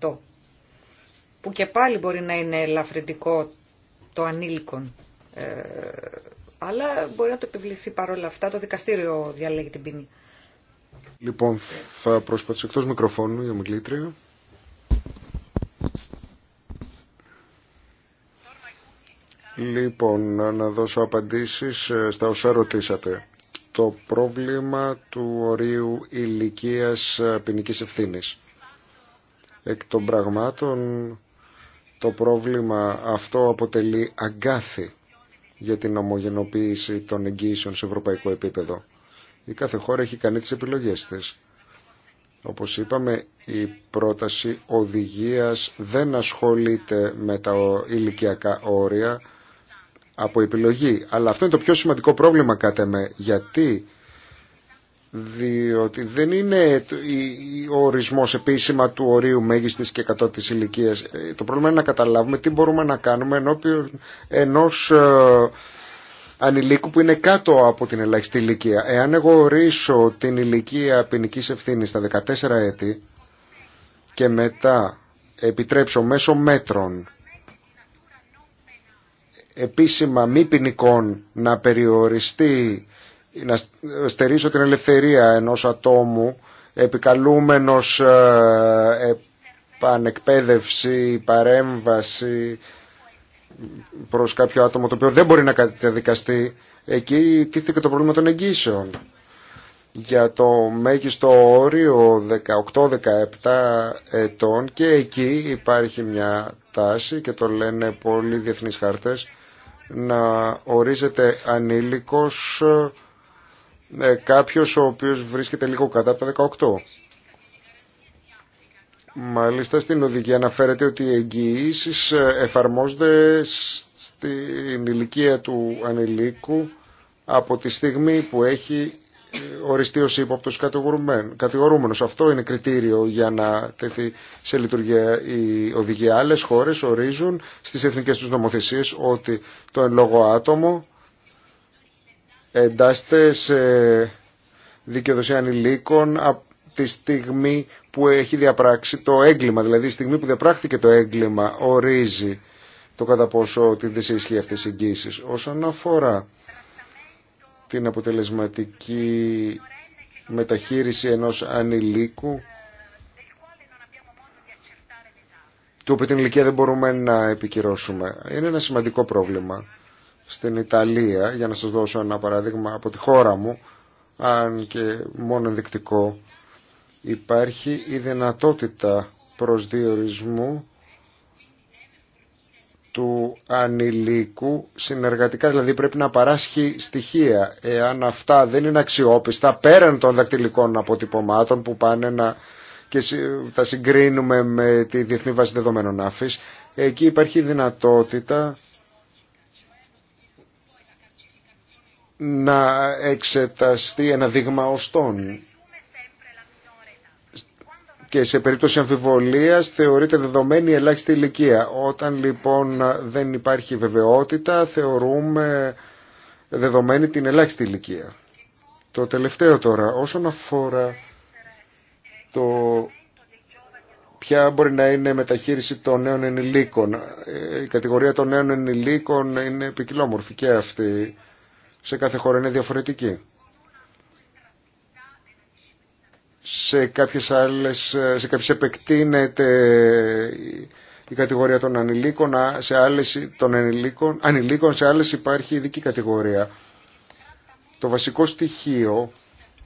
16-18, που και πάλι μπορεί να είναι ελαφρυντικό το ανήλικον, ε, αλλά μπορεί να το επιβληθεί παρόλα αυτά, το δικαστήριο διαλέγει την ποινή. Λοιπόν, θα προσπαθήσω εκτός μικροφώνου για μιλήτρια. Λοιπόν, να δώσω απαντήσεις ε, στα όσα ρωτήσατε το πρόβλημα του ορίου ηλικίας ποινική ευθύνη. Εκ των πραγμάτων το πρόβλημα αυτό αποτελεί αγκάθι για την ομογενοποίηση των εγγύσεων σε ευρωπαϊκό επίπεδο. Η κάθε χώρα έχει κάνει τις επιλογές της. Όπως είπαμε, η πρόταση οδηγίας δεν ασχολείται με τα ηλικιακά όρια, από επιλογή. Αλλά αυτό είναι το πιο σημαντικό πρόβλημα κατά με. Γιατί διότι δεν είναι ο ορισμός επίσημα του ορίου μέγιστης και κατώτης ηλικία. Ε, το πρόβλημα είναι να καταλάβουμε τι μπορούμε να κάνουμε ενώπιον ενός ε, ανηλίκου που είναι κάτω από την ελάχιστη ηλικία. Εάν εγώ ορίσω την ηλικία ποινική ευθύνη στα 14 έτη και μετά επιτρέψω μέσω μέτρων επίσημα μη ποινικών να περιοριστεί, να στερήσω την ελευθερία ενός ατόμου επικαλούμενος ε, πανεκπαίδευση, παρέμβαση προς κάποιο άτομο το οποίο δεν μπορεί να καταδικαστεί εκεί τίθεται το πρόβλημα των εγγύσεων για το μέγιστο όριο 18-17 ετών και εκεί υπάρχει μια τάση και το λένε πολλοί διεθνείς χάρτες να ορίζεται ανήλικος ε, κάποιος ο οποίος βρίσκεται λίγο κατά από τα 18. Μάλιστα στην οδηγία αναφέρεται ότι οι εγγυήσει ε, εφαρμόζονται στην ηλικία του ανηλίκου από τη στιγμή που έχει οριστεί ως ύποπτος κατηγορούμενος. Αυτό είναι κριτήριο για να τεθεί σε λειτουργία η οδηγία. Άλλες χώρες ορίζουν στις εθνικές τους νομοθεσίες ότι το εν λόγω άτομο εντάσσεται σε δικαιοδοσία ανηλίκων από τη στιγμή που έχει διαπράξει το έγκλημα. Δηλαδή η στιγμή που διαπράχθηκε το έγκλημα ορίζει το κατά πόσο δεν σε ισχύει αυτές οι εγγύσεις. Όσον αφορά την αποτελεσματική μεταχείριση ενός ανηλίκου του οποίου την ηλικία δεν μπορούμε να επικυρώσουμε. Είναι ένα σημαντικό πρόβλημα. Στην Ιταλία, για να σας δώσω ένα παράδειγμα από τη χώρα μου, αν και μόνο ενδεικτικό, υπάρχει η δυνατότητα προσδιορισμού του ανηλίκου συνεργατικά, δηλαδή πρέπει να παράσχει στοιχεία. Εάν αυτά δεν είναι αξιόπιστα, πέραν των δακτυλικών αποτυπωμάτων που πάνε να και τα συγκρίνουμε με τη Διεθνή Βάση Δεδομένων Άφης, εκεί υπάρχει δυνατότητα να εξεταστεί ένα δείγμα οστών και σε περίπτωση αμφιβολίας θεωρείται δεδομένη η ελάχιστη ηλικία. Όταν λοιπόν δεν υπάρχει βεβαιότητα θεωρούμε δεδομένη την ελάχιστη ηλικία. Το τελευταίο τώρα όσον αφορά το ποια μπορεί να είναι μεταχείριση των νέων ενηλίκων. Ε, η κατηγορία των νέων ενηλίκων είναι επικοινόμορφη και αυτή σε κάθε χώρα είναι διαφορετική. σε κάποιες άλλες, ε, σε κάποιες επεκτείνεται η κατηγορία των ανηλίκων, σε άλλες των ανηλίκων, ανηλίκων, σε άλλες υπάρχει ειδική κατηγορία. Το βασικό στοιχείο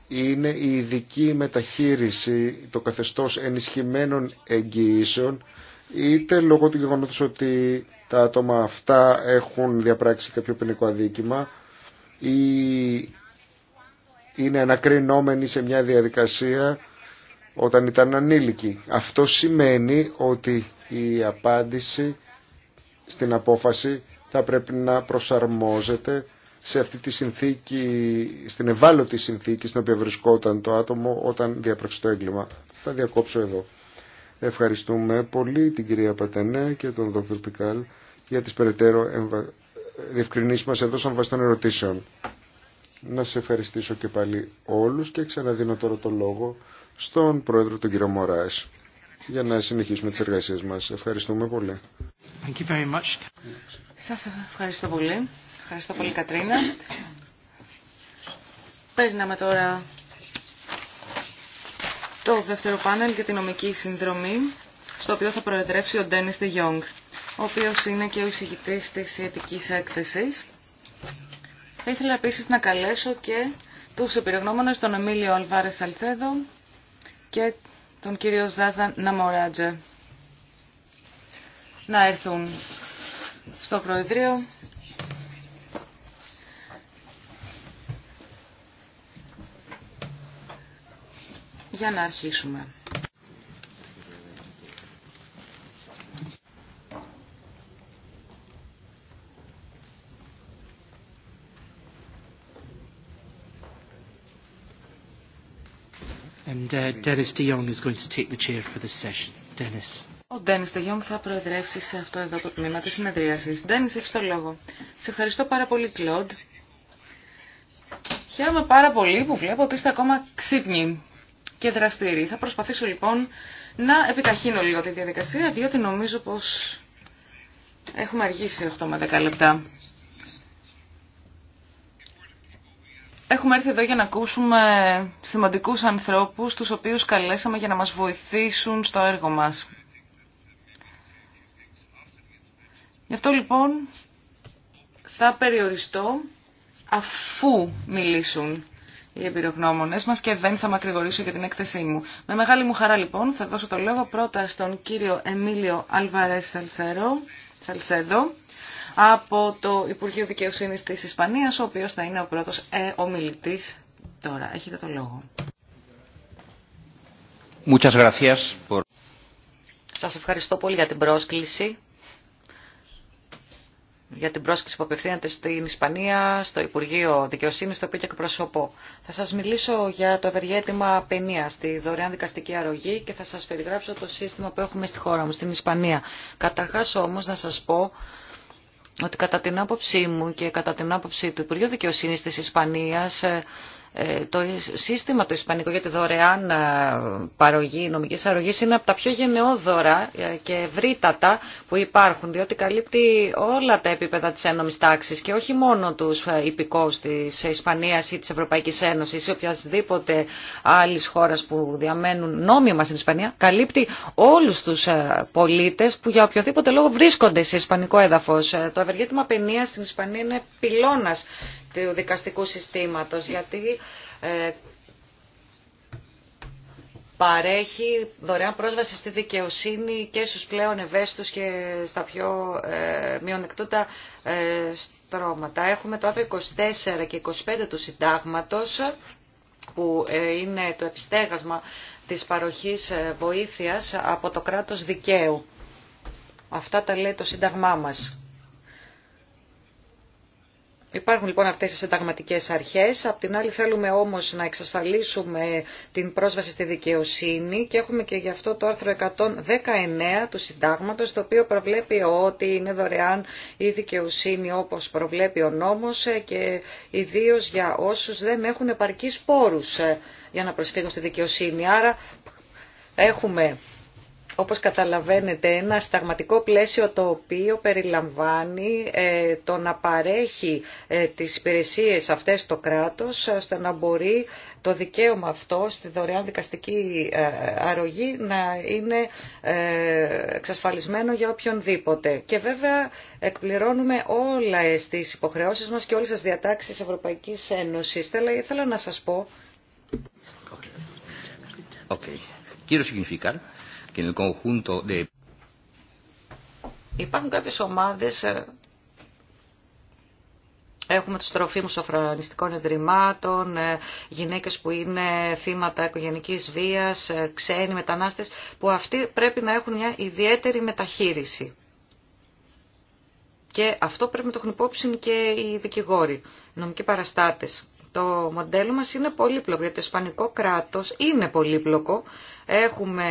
είναι η ειδική μεταχείριση, το καθεστώς ενισχυμένων εγγυήσεων, είτε λόγω του γεγονότος ότι τα άτομα αυτά έχουν διαπράξει κάποιο ποινικό αδίκημα, ή είναι ανακρινόμενοι σε μια διαδικασία όταν ήταν ανήλικοι. Αυτό σημαίνει ότι η απάντηση στην απόφαση θα πρέπει να προσαρμόζεται σε αυτή τη συνθήκη, στην ευάλωτη συνθήκη στην οποία βρισκόταν το άτομο όταν διαπράξει το έγκλημα. Θα διακόψω εδώ. Ευχαριστούμε πολύ την κυρία Πατενέ και τον Δ. Πικάλ για τις περαιτέρω διευκρινήσεις μας εδώ σαν ερωτήσεων να σε ευχαριστήσω και πάλι όλους και ξαναδίνω τώρα το λόγο στον Πρόεδρο τον κύριο Μωράς για να συνεχίσουμε τις εργασίες μας. Ευχαριστούμε πολύ. Thank you very much. Σας ευχαριστώ πολύ. Ευχαριστώ πολύ Κατρίνα. Παίρναμε τώρα στο δεύτερο πάνελ για τη νομική συνδρομή, στο οποίο θα προεδρεύσει ο Ντένις Τε ο οποίος είναι και ο εισηγητής της ιετικής έκθεσης. Θα ήθελα επίσης να καλέσω και τους επιρρογνώμονες, τον Εμίλιο Αλβάρες Αλτσέδο και τον κύριο Ζάζαν Ναμοράτζε να έρθουν στο Προεδρείο. για να αρχίσουμε. Uh, Dennis de Jong is going to take the chair for this session. Dennis. Ο Ντένις Διόγκ θα προεδρεύσει σε αυτό εδώ το τμήμα της συνεδρίασης. Ντένις, έχεις το λόγο. Σε ευχαριστώ πάρα πολύ, Κλοντ. Χαίρομαι πάρα πολύ που βλέπω ότι είστε ακόμα ξύπνοι και δραστηροί. Θα προσπαθήσω λοιπόν να επιταχύνω λίγο τη διαδικασία, διότι νομίζω πως έχουμε αργήσει 8 με 10 λεπτά. Έχουμε έρθει εδώ για να ακούσουμε σημαντικούς ανθρώπους, τους οποίους καλέσαμε για να μας βοηθήσουν στο έργο μας. Γι' αυτό λοιπόν θα περιοριστώ αφού μιλήσουν οι εμπειρογνώμονε μα και δεν θα μακρηγορήσω για την έκθεσή μου. Με μεγάλη μου χαρά λοιπόν θα δώσω το λόγο πρώτα στον κύριο Εμίλιο Αλβαρέ Σαλσέδο, από το Υπουργείο Δικαιοσύνη τη Ισπανία, ο οποίο θα είναι ο πρώτο ε, ομιλητής τώρα. Έχετε το λόγο. Muchas por... Σας ευχαριστώ πολύ για την πρόσκληση. Για την πρόσκληση που απευθύνεται στην Ισπανία, στο Υπουργείο Δικαιοσύνης, το οποίο και εκπροσωπώ. Θα σας μιλήσω για το ευεργέτημα παινία στη δωρεάν δικαστική αρρωγή και θα σας περιγράψω το σύστημα που έχουμε στη χώρα μου, στην Ισπανία. Καταρχάς όμως να σας πω ότι κατά την άποψή μου και κατά την άποψη του Υπουργείου Δικαιοσύνης της Ισπανίας ε, ε, το σύστημα το ισπανικό για τη δωρεάν ε, παρογή, νομική αρρωγής είναι από τα πιο γενναιόδωρα ε, και ευρύτατα που υπάρχουν, διότι καλύπτει όλα τα επίπεδα της ένωμης τάξης και όχι μόνο τους υπηκόους της Ισπανία ή της Ευρωπαϊκής Ένωσης ή οποιασδήποτε άλλης χώρας που διαμένουν νόμιμα στην Ισπανία, καλύπτει όλους τους πολίτες που για οποιοδήποτε λόγο βρίσκονται σε ισπανικό έδαφος. Το ευεργέτημα παινία στην Ισπανία είναι πυλώνα του δικαστικού συστήματος, γιατί ε, παρέχει δωρεάν πρόσβαση στη δικαιοσύνη και στους πλέον ευαίσθητους και στα πιο ε, μειονεκτούτα ε, στρώματα. Έχουμε το άρθρο 24 και 25 του συντάγματος που ε, είναι το επιστέγασμα της παροχής βοήθειας από το κράτος δικαίου. Αυτά τα λέει το σύνταγμά μας. Υπάρχουν λοιπόν αυτές οι συνταγματικές αρχές, απ' την άλλη θέλουμε όμως να εξασφαλίσουμε την πρόσβαση στη δικαιοσύνη και έχουμε και γι' αυτό το άρθρο 119 του συντάγματος, το οποίο προβλέπει ότι είναι δωρεάν η δικαιοσύνη όπως προβλέπει ο νόμος ε, και ιδίως για όσους δεν έχουν επαρκείς πόρους ε, για να προσφύγουν στη δικαιοσύνη. Άρα έχουμε όπως καταλαβαίνετε, ένα σταγματικό πλαίσιο το οποίο περιλαμβάνει ε, το να παρέχει ε, τις υπηρεσίες αυτές στο κράτος, ώστε να μπορεί το δικαίωμα αυτό στη δωρεάν δικαστική ε, αρρωγή να είναι εξασφαλισμένο για οποιονδήποτε. Και βέβαια εκπληρώνουμε όλα τις υποχρεώσεις μας και όλες τις διατάξεις Ευρωπαϊκής Ένωσης. Θέλω, ήθελα να σας πω... Okay. Okay en el Υπάρχουν κάποιες ομάδες, ε, έχουμε τους τροφίμους σοφρανιστικών ιδρυμάτων, ε, γυναίκες που είναι θύματα οικογενικής βίας, ε, ξένοι μετανάστες, που αυτοί πρέπει να έχουν μια ιδιαίτερη μεταχείριση. Και αυτό πρέπει να το έχουν υπόψη και οι δικηγόροι, οι νομικοί παραστάτες. Το μοντέλο μας είναι πολύπλοκο, γιατί το Ισπανικό κράτος είναι πολύπλοκο Έχουμε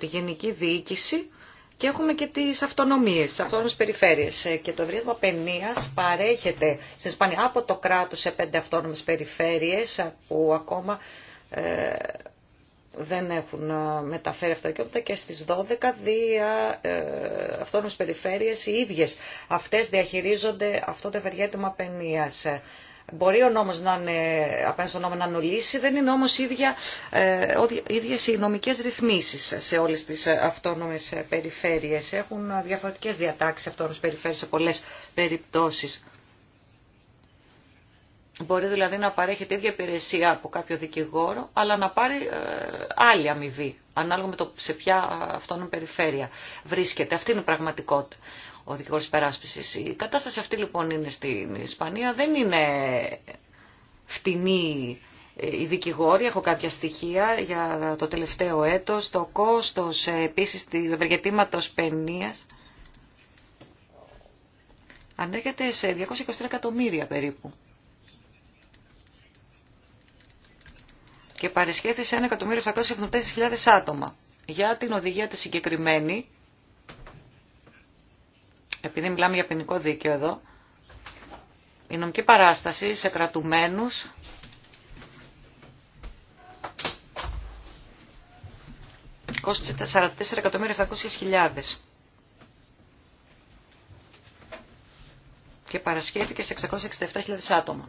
τη γενική διοίκηση και έχουμε και τις αυτονομίες, τις αυτόνομες περιφέρειες. Ε, και το Ευρύτερο παινίας παρέχεται στην Ισπανία από το κράτος σε πέντε αυτόνομες περιφέρειες ε, που ακόμα ε, δεν έχουν μεταφέρει αυτά τα και στις 12 δια ε, αυτόνομες περιφέρειες οι ίδιες αυτές διαχειρίζονται αυτό το ευεργέτημα παινίας. Μπορεί ο νόμος να είναι, απέναντι στον νόμο να νολίσει, δεν είναι όμως ίδια, ε, ίδιες οι νομικές ρυθμίσεις σε όλες τις ε, αυτόνομες ε, περιφέρειες. Έχουν διαφορετικές διατάξεις αυτόνομες περιφέρειες σε πολλές περιπτώσεις. Μπορεί δηλαδή να την ίδια υπηρεσία από κάποιο δικηγόρο, αλλά να πάρει άλλη αμοιβή, ανάλογα με το σε ποια αυτόνομη περιφέρεια βρίσκεται. Αυτή είναι η πραγματικότητα ο δικηγόρος υπεράσπισης. Η κατάσταση αυτή λοιπόν είναι στην Ισπανία. Δεν είναι φτηνή η ε, δικηγόρη. έχω κάποια στοιχεία για το τελευταίο έτος, το κόστος ε, επίσης του ευεργετήματος παινίας ανέρχεται σε 223 εκατομμύρια περίπου. Και παρεσχέθησε 1.774.000 άτομα. Για την οδηγία τη συγκεκριμένη, επειδή μιλάμε για ποινικό δίκαιο εδώ, η νομική παράσταση σε κρατουμένους κόστησε 44.700.000 και παρασχέθηκε σε 667.000 άτομα.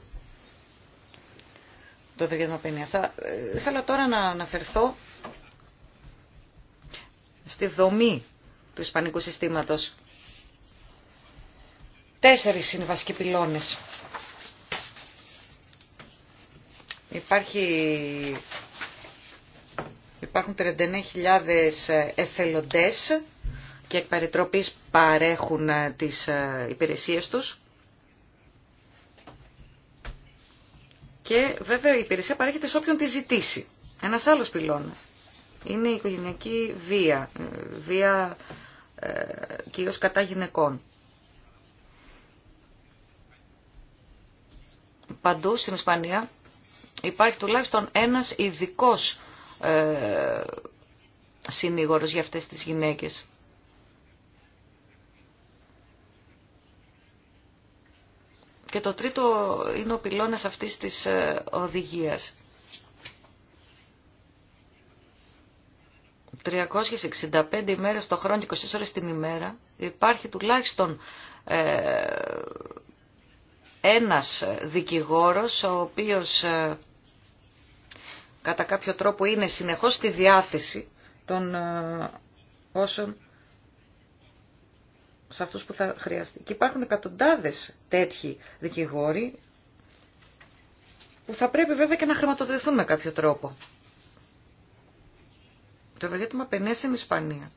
Το δικαίωμα ποινία. Θα, ε, θέλω τώρα να αναφερθώ στη δομή του Ισπανικού συστήματος Τέσσερις είναι βασικοί πυλώνες. Υπάρχει, υπάρχουν 39.000 εθελοντές και εκ παρέχουν ε, τις ε, υπηρεσίες τους. Και βέβαια η υπηρεσία παρέχεται σε όποιον τη ζητήσει. Ένας άλλος πυλώνας. Είναι η οικογενειακή βία. Ε, βία ε, κυρίως κατά γυναικών. παντού στην Ισπανία υπάρχει τουλάχιστον ένας ειδικό ε, συνήγορος για αυτές τις γυναίκες. Και το τρίτο είναι ο πυλώνας αυτής της ε, οδηγίας. 365 ημέρες το χρόνο 24 ώρες την ημέρα υπάρχει τουλάχιστον ε, ένας δικηγόρος ο οποίος ε, κατά κάποιο τρόπο είναι συνεχώς στη διάθεση των ε, όσων σε αυτούς που θα χρειαστεί. Και υπάρχουν εκατοντάδες τέτοιοι δικηγόροι που θα πρέπει βέβαια και να χρηματοδοτηθούν με κάποιο τρόπο. Το ευεργέτημα πενέσει στην Ισπανία.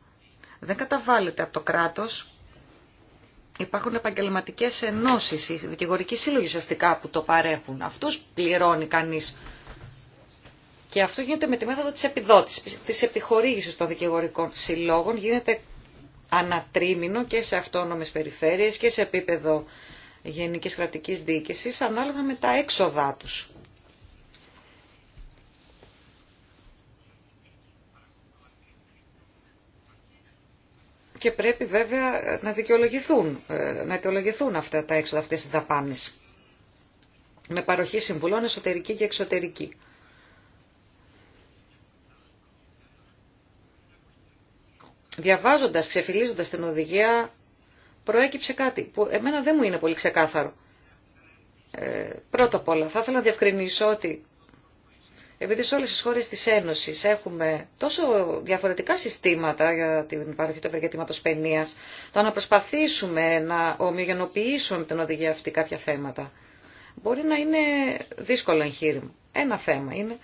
Δεν καταβάλλεται από το κράτος Υπάρχουν επαγγελματικέ ενώσει, οι δικηγορικοί σύλλογοι ουσιαστικά που το παρέχουν. Αυτού πληρώνει κανεί. Και αυτό γίνεται με τη μέθοδο τη επιδότηση, τη επιχορήγηση των δικηγορικών συλλόγων. Γίνεται ανατρίμηνο και σε αυτόνομε περιφέρειες και σε επίπεδο γενικής κρατικής διοίκηση, ανάλογα με τα έξοδά του. και πρέπει βέβαια να δικαιολογηθούν, ε, να αιτιολογηθούν αυτά τα έξοδα, αυτές οι δαπάνες. Με παροχή συμβουλών εσωτερική και εξωτερική. Διαβάζοντας, ξεφυλίζοντας την οδηγία, προέκυψε κάτι που εμένα δεν μου είναι πολύ ξεκάθαρο. Ε, πρώτα απ' όλα, θα ήθελα να διευκρινίσω ότι επειδή σε όλες τις χώρες της Ένωσης έχουμε τόσο διαφορετικά συστήματα για την παροχή του ευεργετήματος παινίας, το να προσπαθήσουμε να ομοιογενοποιήσουμε την οδηγία αυτή κάποια θέματα, μπορεί να είναι δύσκολο εγχείρημα. Ένα θέμα είναι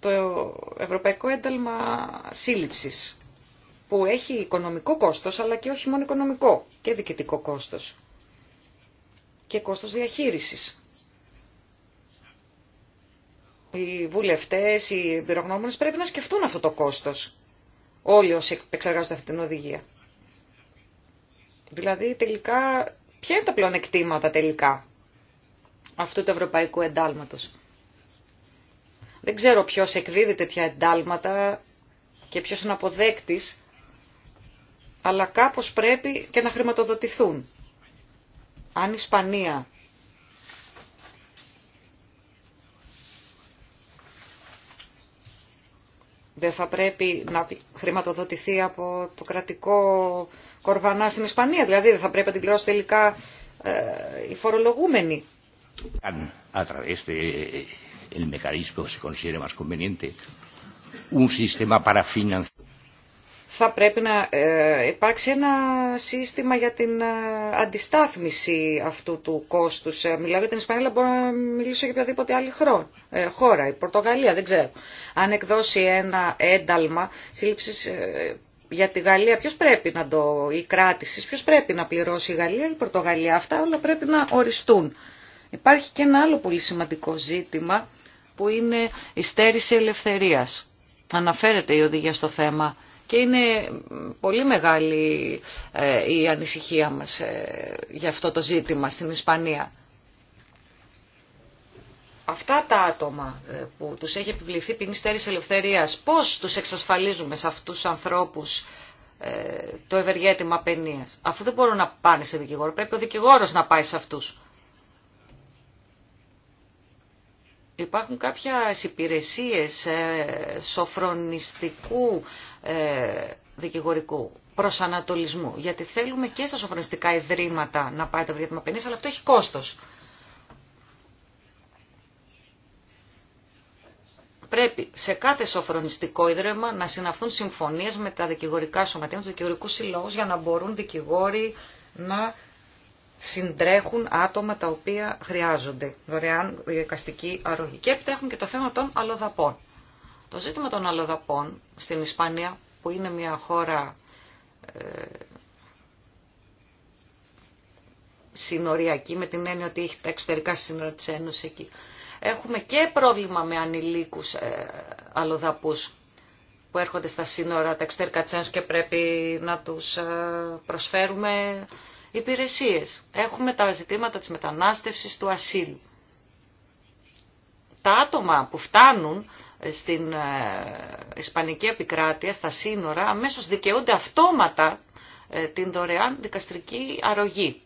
το Ευρωπαϊκό Ένταλμα Σύλληψης, που έχει οικονομικό κόστος, αλλά και όχι μόνο οικονομικό, και διοικητικό κόστος και κόστος διαχείρισης οι βουλευτές, οι εμπειρογνώμονες πρέπει να σκεφτούν αυτό το κόστος. Όλοι όσοι εξεργάζονται αυτή την οδηγία. Δηλαδή τελικά ποια είναι τα πλεονεκτήματα τελικά αυτού του ευρωπαϊκού εντάλματος. Δεν ξέρω ποιος εκδίδει τέτοια εντάλματα και ποιος είναι αποδέκτης, αλλά κάπως πρέπει και να χρηματοδοτηθούν. Αν η Ισπανία δεν θα πρέπει να χρηματοδοτηθεί από το κρατικό κορβανά στην Ισπανία. Δηλαδή δεν θα πρέπει να την πληρώσει τελικά ε, οι φορολογούμενοι. Αν ατραβήστε το μεχαρίσμα που que se considere más conveniente un sistema para θα πρέπει να ε, υπάρξει ένα σύστημα για την ε, αντιστάθμιση αυτού του κόστους. Ε, μιλάω για την Ισπανία, αλλά μπορώ να μιλήσω για οποιαδήποτε άλλη χώρα, η Πορτογαλία, δεν ξέρω. Αν εκδώσει ένα ένταλμα σύλληψης για τη Γαλλία, ποιος πρέπει να το, η κράτηση, ποιος πρέπει να πληρώσει η Γαλλία ή η Πορτογαλία. Αυτά όλα πρέπει να οριστούν. Υπάρχει και ένα άλλο πολύ σημαντικό ζήτημα που είναι η στέρηση ελευθερίας. Αναφέρεται η οδηγία στο θέμα και είναι πολύ μεγάλη ε, η ανησυχία μας ε, για αυτό το ζήτημα στην Ισπανία. Αυτά τα άτομα ε, που τους έχει επιβληθεί ποινή στέρης ελευθερίας, πώς τους εξασφαλίζουμε σε αυτούς τους ανθρώπους το ευεργέτημα παινίας. Αφού δεν μπορούν να πάνε σε δικηγόρο, πρέπει ο δικηγόρος να πάει σε αυτούς. Υπάρχουν κάποιες υπηρεσίες ε, σοφρονιστικού ε, δικηγορικού προσανατολισμού, γιατί θέλουμε και στα σοφρονιστικά ιδρύματα να πάει το ευρύτημα παινής, αλλά αυτό έχει κόστος. Πρέπει σε κάθε σοφρονιστικό ίδρυμα να συναυθούν συμφωνίες με τα δικηγορικά σωματεία, με τους δικηγορικούς συλλόγους, για να μπορούν δικηγόροι να συντρέχουν άτομα τα οποία χρειάζονται δωρεάν διακαστική αρρωγή. Και έπειτα έχουν και το θέμα των αλλοδαπών. Το ζήτημα των αλλοδαπών στην Ισπανία, που είναι μια χώρα ε, συνοριακή, με την έννοια ότι έχει τα εξωτερικά σύνορα της Ένωσης εκεί, έχουμε και πρόβλημα με ανηλίκους ε, που έρχονται στα σύνορα τα εξωτερικά της Ένωσης και πρέπει να τους ε, προσφέρουμε υπηρεσίες. Έχουμε τα ζητήματα της μετανάστευσης του ασύλου. Τα άτομα που φτάνουν ε, στην ε, Ισπανική επικράτεια, στα σύνορα, αμέσως δικαιούνται αυτόματα ε, την δωρεάν δικαστρική αρρωγή.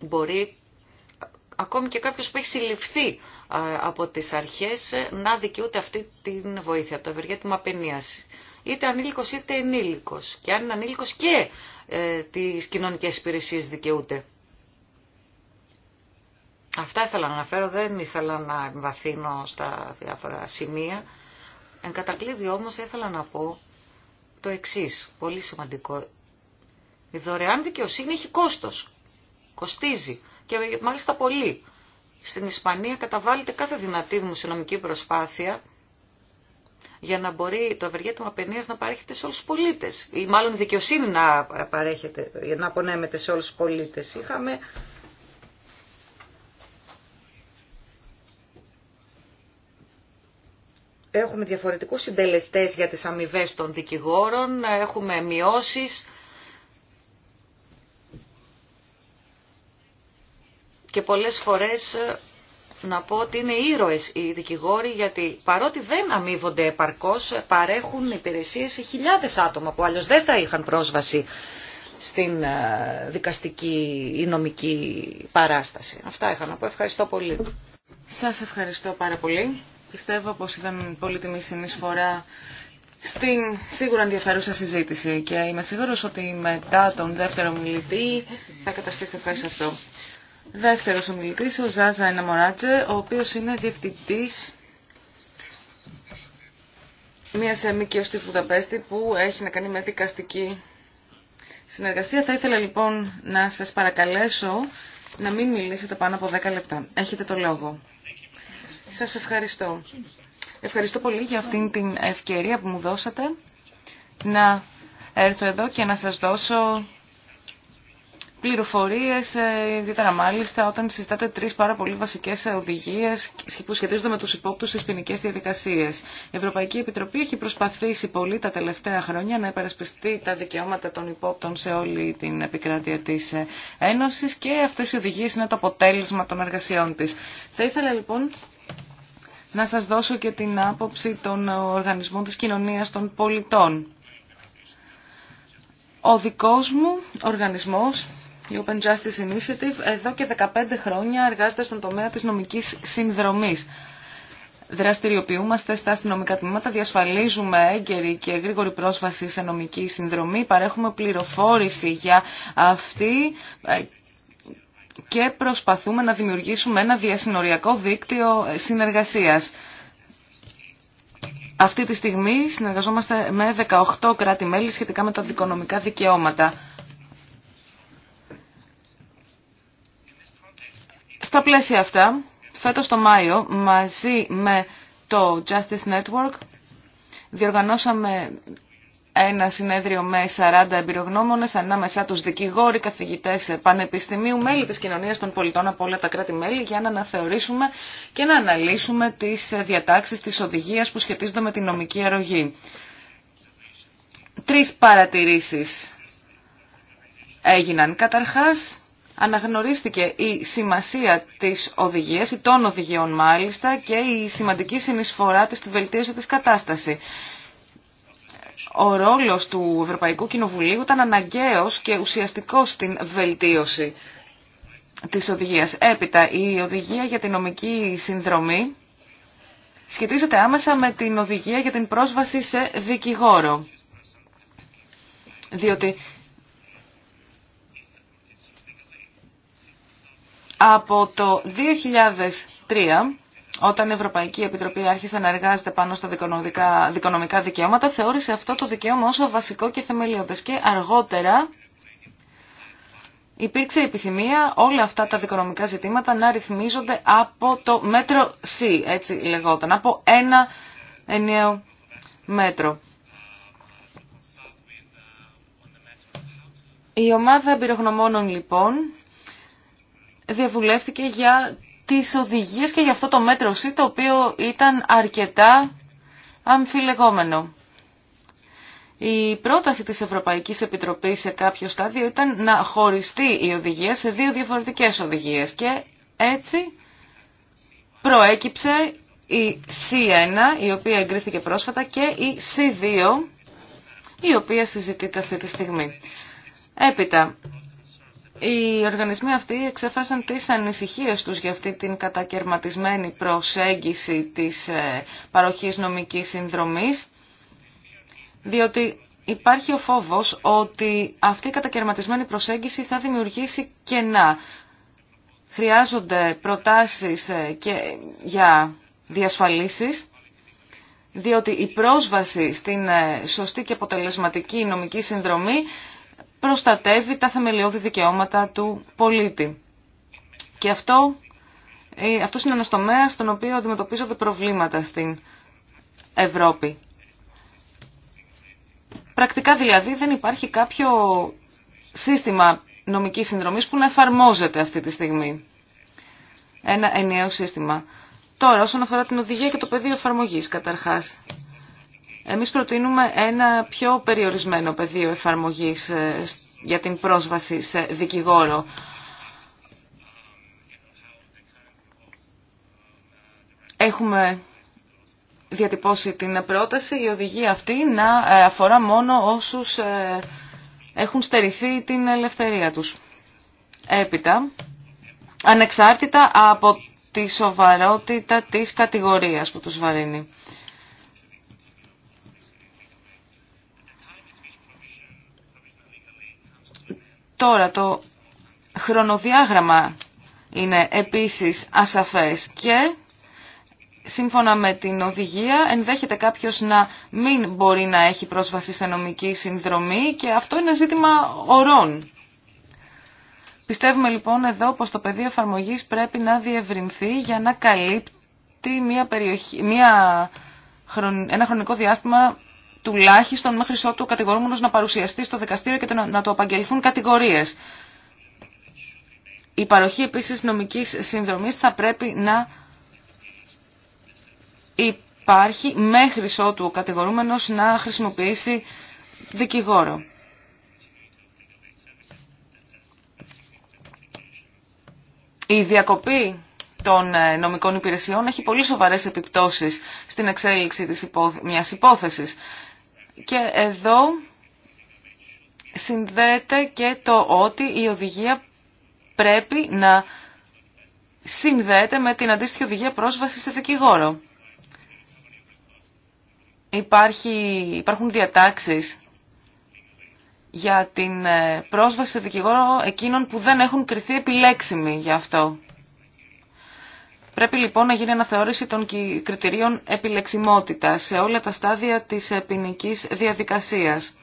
Μπορεί ακόμη και κάποιος που έχει συλληφθεί από τις αρχές να δικαιούται αυτή την βοήθεια, το ευεργέτημα απενίαση είτε ανήλικο είτε ενήλικο Και αν είναι ανήλικο και ε, τις κοινωνικές υπηρεσίες δικαιούται. Αυτά ήθελα να αναφέρω, δεν ήθελα να εμβαθύνω στα διάφορα σημεία. Εν κατακλείδη όμως ήθελα να πω το εξής, πολύ σημαντικό. Η δωρεάν δικαιοσύνη έχει κόστος, κοστίζει και μάλιστα πολύ. Στην Ισπανία καταβάλλεται κάθε δυνατή δημοσιονομική προσπάθεια για να μπορεί το ευεργέτημα παινίας να παρέχεται σε όλους τους πολίτες ή μάλλον η δικαιοσύνη να παρέχεται, να απονέμεται σε όλους τους πολίτες. Είχαμε Έχουμε διαφορετικούς συντελεστές για τις αμοιβέ των δικηγόρων, έχουμε μειώσεις και πολλές φορές να πω ότι είναι ήρωες οι δικηγόροι γιατί παρότι δεν αμείβονται επαρκώς παρέχουν υπηρεσίες σε χιλιάδες άτομα που αλλιώς δεν θα είχαν πρόσβαση στην ε, δικαστική ή νομική παράσταση. Αυτά είχα να πω. Ευχαριστώ πολύ. Σας ευχαριστώ πάρα πολύ. Πιστεύω πως ήταν πολύ τιμή συνεισφορά στην σίγουρα ενδιαφέρουσα συζήτηση και είμαι σίγουρος ότι μετά τον δεύτερο μιλητή θα καταστήσει ευχαριστώ αυτό. Δεύτερος ομιλητής, ο Ζάζα Εναμοράτζε, ο οποίος είναι διευθυντής μια ΜΚΟ στη Βουδαπέστη που έχει να κάνει με δικαστική συνεργασία. Θα ήθελα λοιπόν να σας παρακαλέσω να μην μιλήσετε πάνω από 10 λεπτά. Έχετε το λόγο. Σας ευχαριστώ. Ευχαριστώ πολύ για αυτήν την ευκαιρία που μου δώσατε να έρθω εδώ και να σας δώσω Πληροφορίε, ε, ιδιαίτερα μάλιστα όταν συζητάτε τρει πάρα πολύ βασικέ οδηγίε που σχετίζονται με του υπόπτου στι ποινικέ διαδικασίε. Η Ευρωπαϊκή Επιτροπή έχει προσπαθήσει πολύ τα τελευταία χρόνια να υπερασπιστεί τα δικαιώματα των υπόπτων σε όλη την επικράτεια τη ε, Ένωση και αυτέ οι οδηγίε είναι το αποτέλεσμα των εργασιών τη. Θα ήθελα λοιπόν να σας δώσω και την άποψη των οργανισμών της κοινωνίας των πολιτών. Ο δικός μου οργανισμός η Open Justice Initiative εδώ και 15 χρόνια εργάζεται στον τομέα της νομικής συνδρομής. Δραστηριοποιούμαστε στα αστυνομικά τμήματα, διασφαλίζουμε έγκαιρη και γρήγορη πρόσβαση σε νομική συνδρομή, παρέχουμε πληροφόρηση για αυτή ε, και προσπαθούμε να δημιουργήσουμε ένα διασυνοριακό δίκτυο ε, συνεργασίας. Αυτή τη στιγμή συνεργαζόμαστε με 18 κράτη-μέλη σχετικά με τα δικονομικά δικαιώματα. Στα πλαίσια αυτά, φέτος το Μάιο, μαζί με το Justice Network, διοργανώσαμε ένα συνέδριο με 40 εμπειρογνώμονες ανάμεσά τους δικηγόροι, καθηγητές πανεπιστημίου, μέλη της κοινωνίας των πολιτών από όλα τα κράτη-μέλη για να αναθεωρήσουμε και να αναλύσουμε τις διατάξεις της οδηγίας που σχετίζονται με την νομική αρρωγή. Τρεις παρατηρήσεις έγιναν. Καταρχάς, αναγνωρίστηκε η σημασία της οδηγίας, ή των οδηγιών μάλιστα, και η σημαντική συνεισφορά της στη βελτίωση της κατάστασης. Ο ρόλος του Ευρωπαϊκού Κοινοβουλίου ήταν αναγκαίος και ουσιαστικός στην βελτίωση της οδηγίας. Έπειτα, η οδηγία για την νομική συνδρομή σχετίζεται άμεσα με την οδηγία για την πρόσβαση σε δικηγόρο. Διότι Από το 2003 όταν η Ευρωπαϊκή Επιτροπή άρχισε να εργάζεται πάνω στα δικονομικά δικαιώματα, θεώρησε αυτό το δικαίωμα όσο βασικό και θεμελιώδες. Και αργότερα υπήρξε επιθυμία όλα αυτά τα δικονομικά ζητήματα να ρυθμίζονται από το μέτρο C, έτσι λεγόταν, από ένα ενιαίο μέτρο. Η ομάδα εμπειρογνωμόνων λοιπόν διαβουλεύτηκε για τις οδηγίες και για αυτό το μέτρο C, το οποίο ήταν αρκετά αμφιλεγόμενο. Η πρόταση της Ευρωπαϊκής Επιτροπής σε κάποιο στάδιο ήταν να χωριστεί η οδηγία σε δύο διαφορετικές οδηγίες και έτσι προέκυψε η C1 η οποία εγκρίθηκε πρόσφατα και η C2 η οποία συζητείται αυτή τη στιγμή. Έπειτα, οι οργανισμοί αυτοί εξέφασαν τις ανησυχίες τους για αυτή την κατακαιρματισμένη προσέγγιση της ε, παροχής νομικής συνδρομής, διότι υπάρχει ο φόβος ότι αυτή η κατακαιρματισμένη προσέγγιση θα δημιουργήσει κενά. Χρειάζονται προτάσεις ε, και για διασφαλίσεις, διότι η πρόσβαση στην ε, σωστή και αποτελεσματική νομική συνδρομή προστατεύει τα θεμελιώδη δικαιώματα του πολίτη. Και αυτό ε, αυτός είναι ένας τομέας στον οποίο αντιμετωπίζονται προβλήματα στην Ευρώπη. Πρακτικά δηλαδή δεν υπάρχει κάποιο σύστημα νομικής συνδρομής που να εφαρμόζεται αυτή τη στιγμή. Ένα ενιαίο σύστημα. Τώρα, όσον αφορά την οδηγία και το πεδίο εφαρμογής, καταρχάς. Εμείς προτείνουμε ένα πιο περιορισμένο πεδίο εφαρμογής ε, για την πρόσβαση σε δικηγόρο. Έχουμε διατυπώσει την πρόταση η οδηγία αυτή να ε, αφορά μόνο όσους ε, έχουν στερηθεί την ελευθερία τους. Έπειτα, ανεξάρτητα από τη σοβαρότητα της κατηγορίας που τους βαρύνει. Τώρα το χρονοδιάγραμμα είναι επίσης ασαφές και σύμφωνα με την οδηγία ενδέχεται κάποιος να μην μπορεί να έχει πρόσβαση σε νομική συνδρομή και αυτό είναι ζήτημα ορών. Πιστεύουμε λοιπόν εδώ πως το πεδίο εφαρμογή πρέπει να διευρυνθεί για να καλύπτει μια περιοχή, μια, ένα χρονικό διάστημα τουλάχιστον μέχρι ότου ο κατηγορούμενος να παρουσιαστεί στο δικαστήριο και να του απαγγελθούν κατηγορίες. Η παροχή επίση νομικής συνδρομής θα πρέπει να υπάρχει μέχρι ότου ο κατηγορούμενος να χρησιμοποιήσει δικηγόρο. Η διακοπή των ε, νομικών υπηρεσιών έχει πολύ σοβαρές επιπτώσεις στην εξέλιξη της μιας υπόθεσης. Και εδώ συνδέεται και το ότι η οδηγία πρέπει να συνδέεται με την αντίστοιχη οδηγία πρόσβαση σε δικηγόρο. Υπάρχει, υπάρχουν διατάξεις για την ε, πρόσβαση σε δικηγόρο εκείνων που δεν έχουν κριθεί επιλέξιμοι για αυτό. Πρέπει λοιπόν να γίνει αναθεώρηση των κριτηρίων επιλεξιμότητας σε όλα τα στάδια της ε, ποινική διαδικασίας.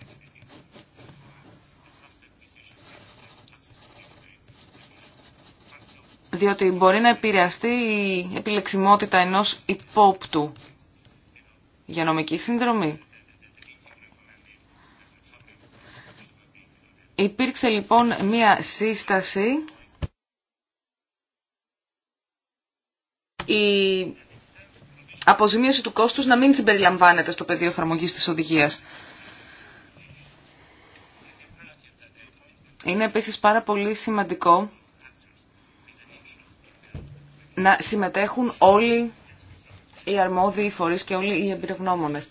διότι μπορεί να επηρεαστεί η επιλεξιμότητα ενός υπόπτου για νομική συνδρομή. Υπήρξε λοιπόν μία σύσταση η αποζημίωση του κόστους να μην συμπεριλαμβάνεται στο πεδίο εφαρμογής της οδηγίας. Είναι επίσης πάρα πολύ σημαντικό να συμμετέχουν όλοι οι αρμόδιοι φορείς και όλοι οι εμπειρογνώμονες.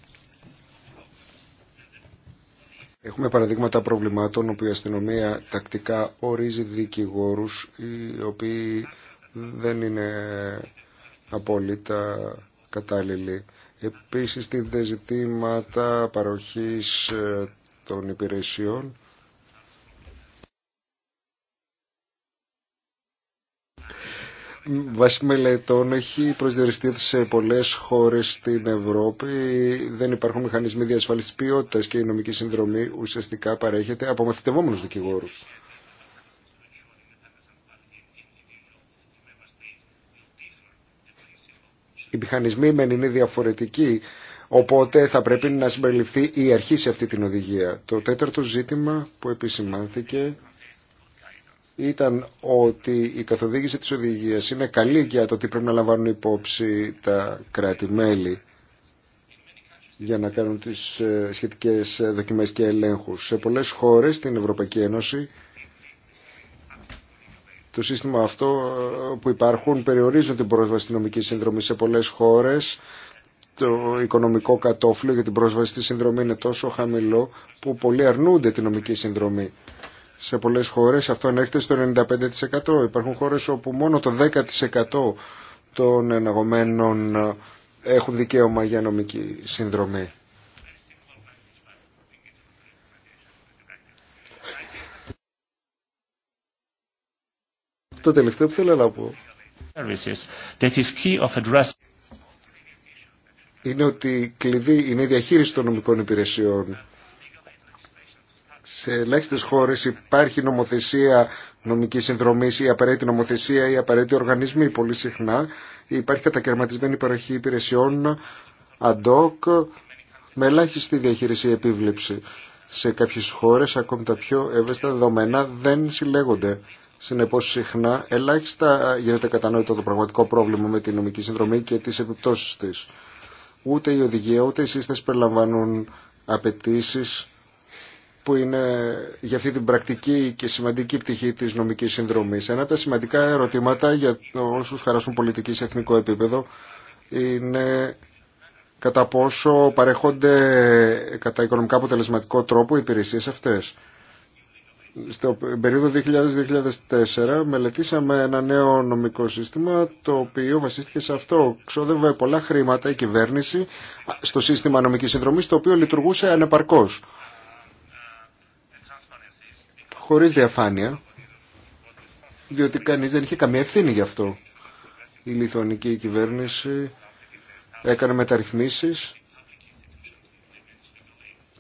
Έχουμε παραδείγματα προβλημάτων όπου η αστυνομία τακτικά ορίζει δικηγόρους οι οποίοι δεν είναι απόλυτα κατάλληλη. Επίσης, τη ζητήματα παροχής ε, των υπηρεσιών. Βάσει μελετών έχει προσδιοριστεί σε πολλές χώρες στην Ευρώπη. Δεν υπάρχουν μηχανισμοί διασφάλισης ποιότητας και η νομική συνδρομή ουσιαστικά παρέχεται από μαθητευόμενους δικηγόρους. οι μηχανισμοί μεν είναι διαφορετικοί, οπότε θα πρέπει να συμπεριληφθεί η αρχή σε αυτή την οδηγία. Το τέταρτο ζήτημα που επισημάνθηκε ήταν ότι η καθοδήγηση της οδηγίας είναι καλή για το ότι πρέπει να λαμβάνουν υπόψη τα κράτη-μέλη για να κάνουν τις ε, σχετικές ε, δοκιμές και ελέγχους. Σε πολλές χώρες στην Ευρωπαϊκή Ένωση το σύστημα αυτό ε, που υπάρχουν περιορίζουν την πρόσβαση στη νομική συνδρομή σε πολλές χώρες. Το οικονομικό κατόφλιο για την πρόσβαση στη συνδρομή είναι τόσο χαμηλό που πολλοί αρνούνται τη νομική συνδρομή. Σε πολλές χώρες αυτό ανέρχεται στο 95%. Υπάρχουν χώρες όπου μόνο το 10% των εναγωμένων ε, έχουν δικαίωμα για νομική συνδρομή. Το τελευταίο που θέλω να πω είναι ότι κλειδί είναι η διαχείριση των νομικών υπηρεσιών. Σε ελάχιστε χώρε υπάρχει νομοθεσία νομική συνδρομή ή απαραίτητη νομοθεσία ή απαραίτητοι οργανισμοί πολύ συχνά. Υπάρχει κατακαιρματισμένη παροχή υπηρεσιών ad hoc με ελάχιστη διαχείριση επίβλεψη. Σε κάποιε χώρε ακόμη τα πιο ευαίσθητα δεδομένα δεν συλλέγονται Συνεπώ συχνά ελάχιστα γίνεται κατανόητο το πραγματικό πρόβλημα με τη νομική συνδρομή και τι επιπτώσει τη. Ούτε η οδηγία ούτε οι σύσταση περιλαμβάνουν απαιτήσει που είναι για αυτή την πρακτική και σημαντική πτυχή τη νομική σύνδρομή. Ένα από τα σημαντικά ερωτήματα για όσου χαράσουν πολιτική σε εθνικό επίπεδο είναι κατά πόσο παρέχονται κατά οικονομικά αποτελεσματικό τρόπο οι υπηρεσίε αυτέ. Στο περίοδο 2000-2004 μελετήσαμε ένα νέο νομικό σύστημα το οποίο βασίστηκε σε αυτό. Ξόδευε πολλά χρήματα η κυβέρνηση στο σύστημα νομικής συνδρομής το οποίο λειτουργούσε ανεπαρκώς. Χωρίς διαφάνεια, διότι κανείς δεν είχε καμία ευθύνη γι' αυτό. Η λιθωνική κυβέρνηση έκανε μεταρρυθμίσεις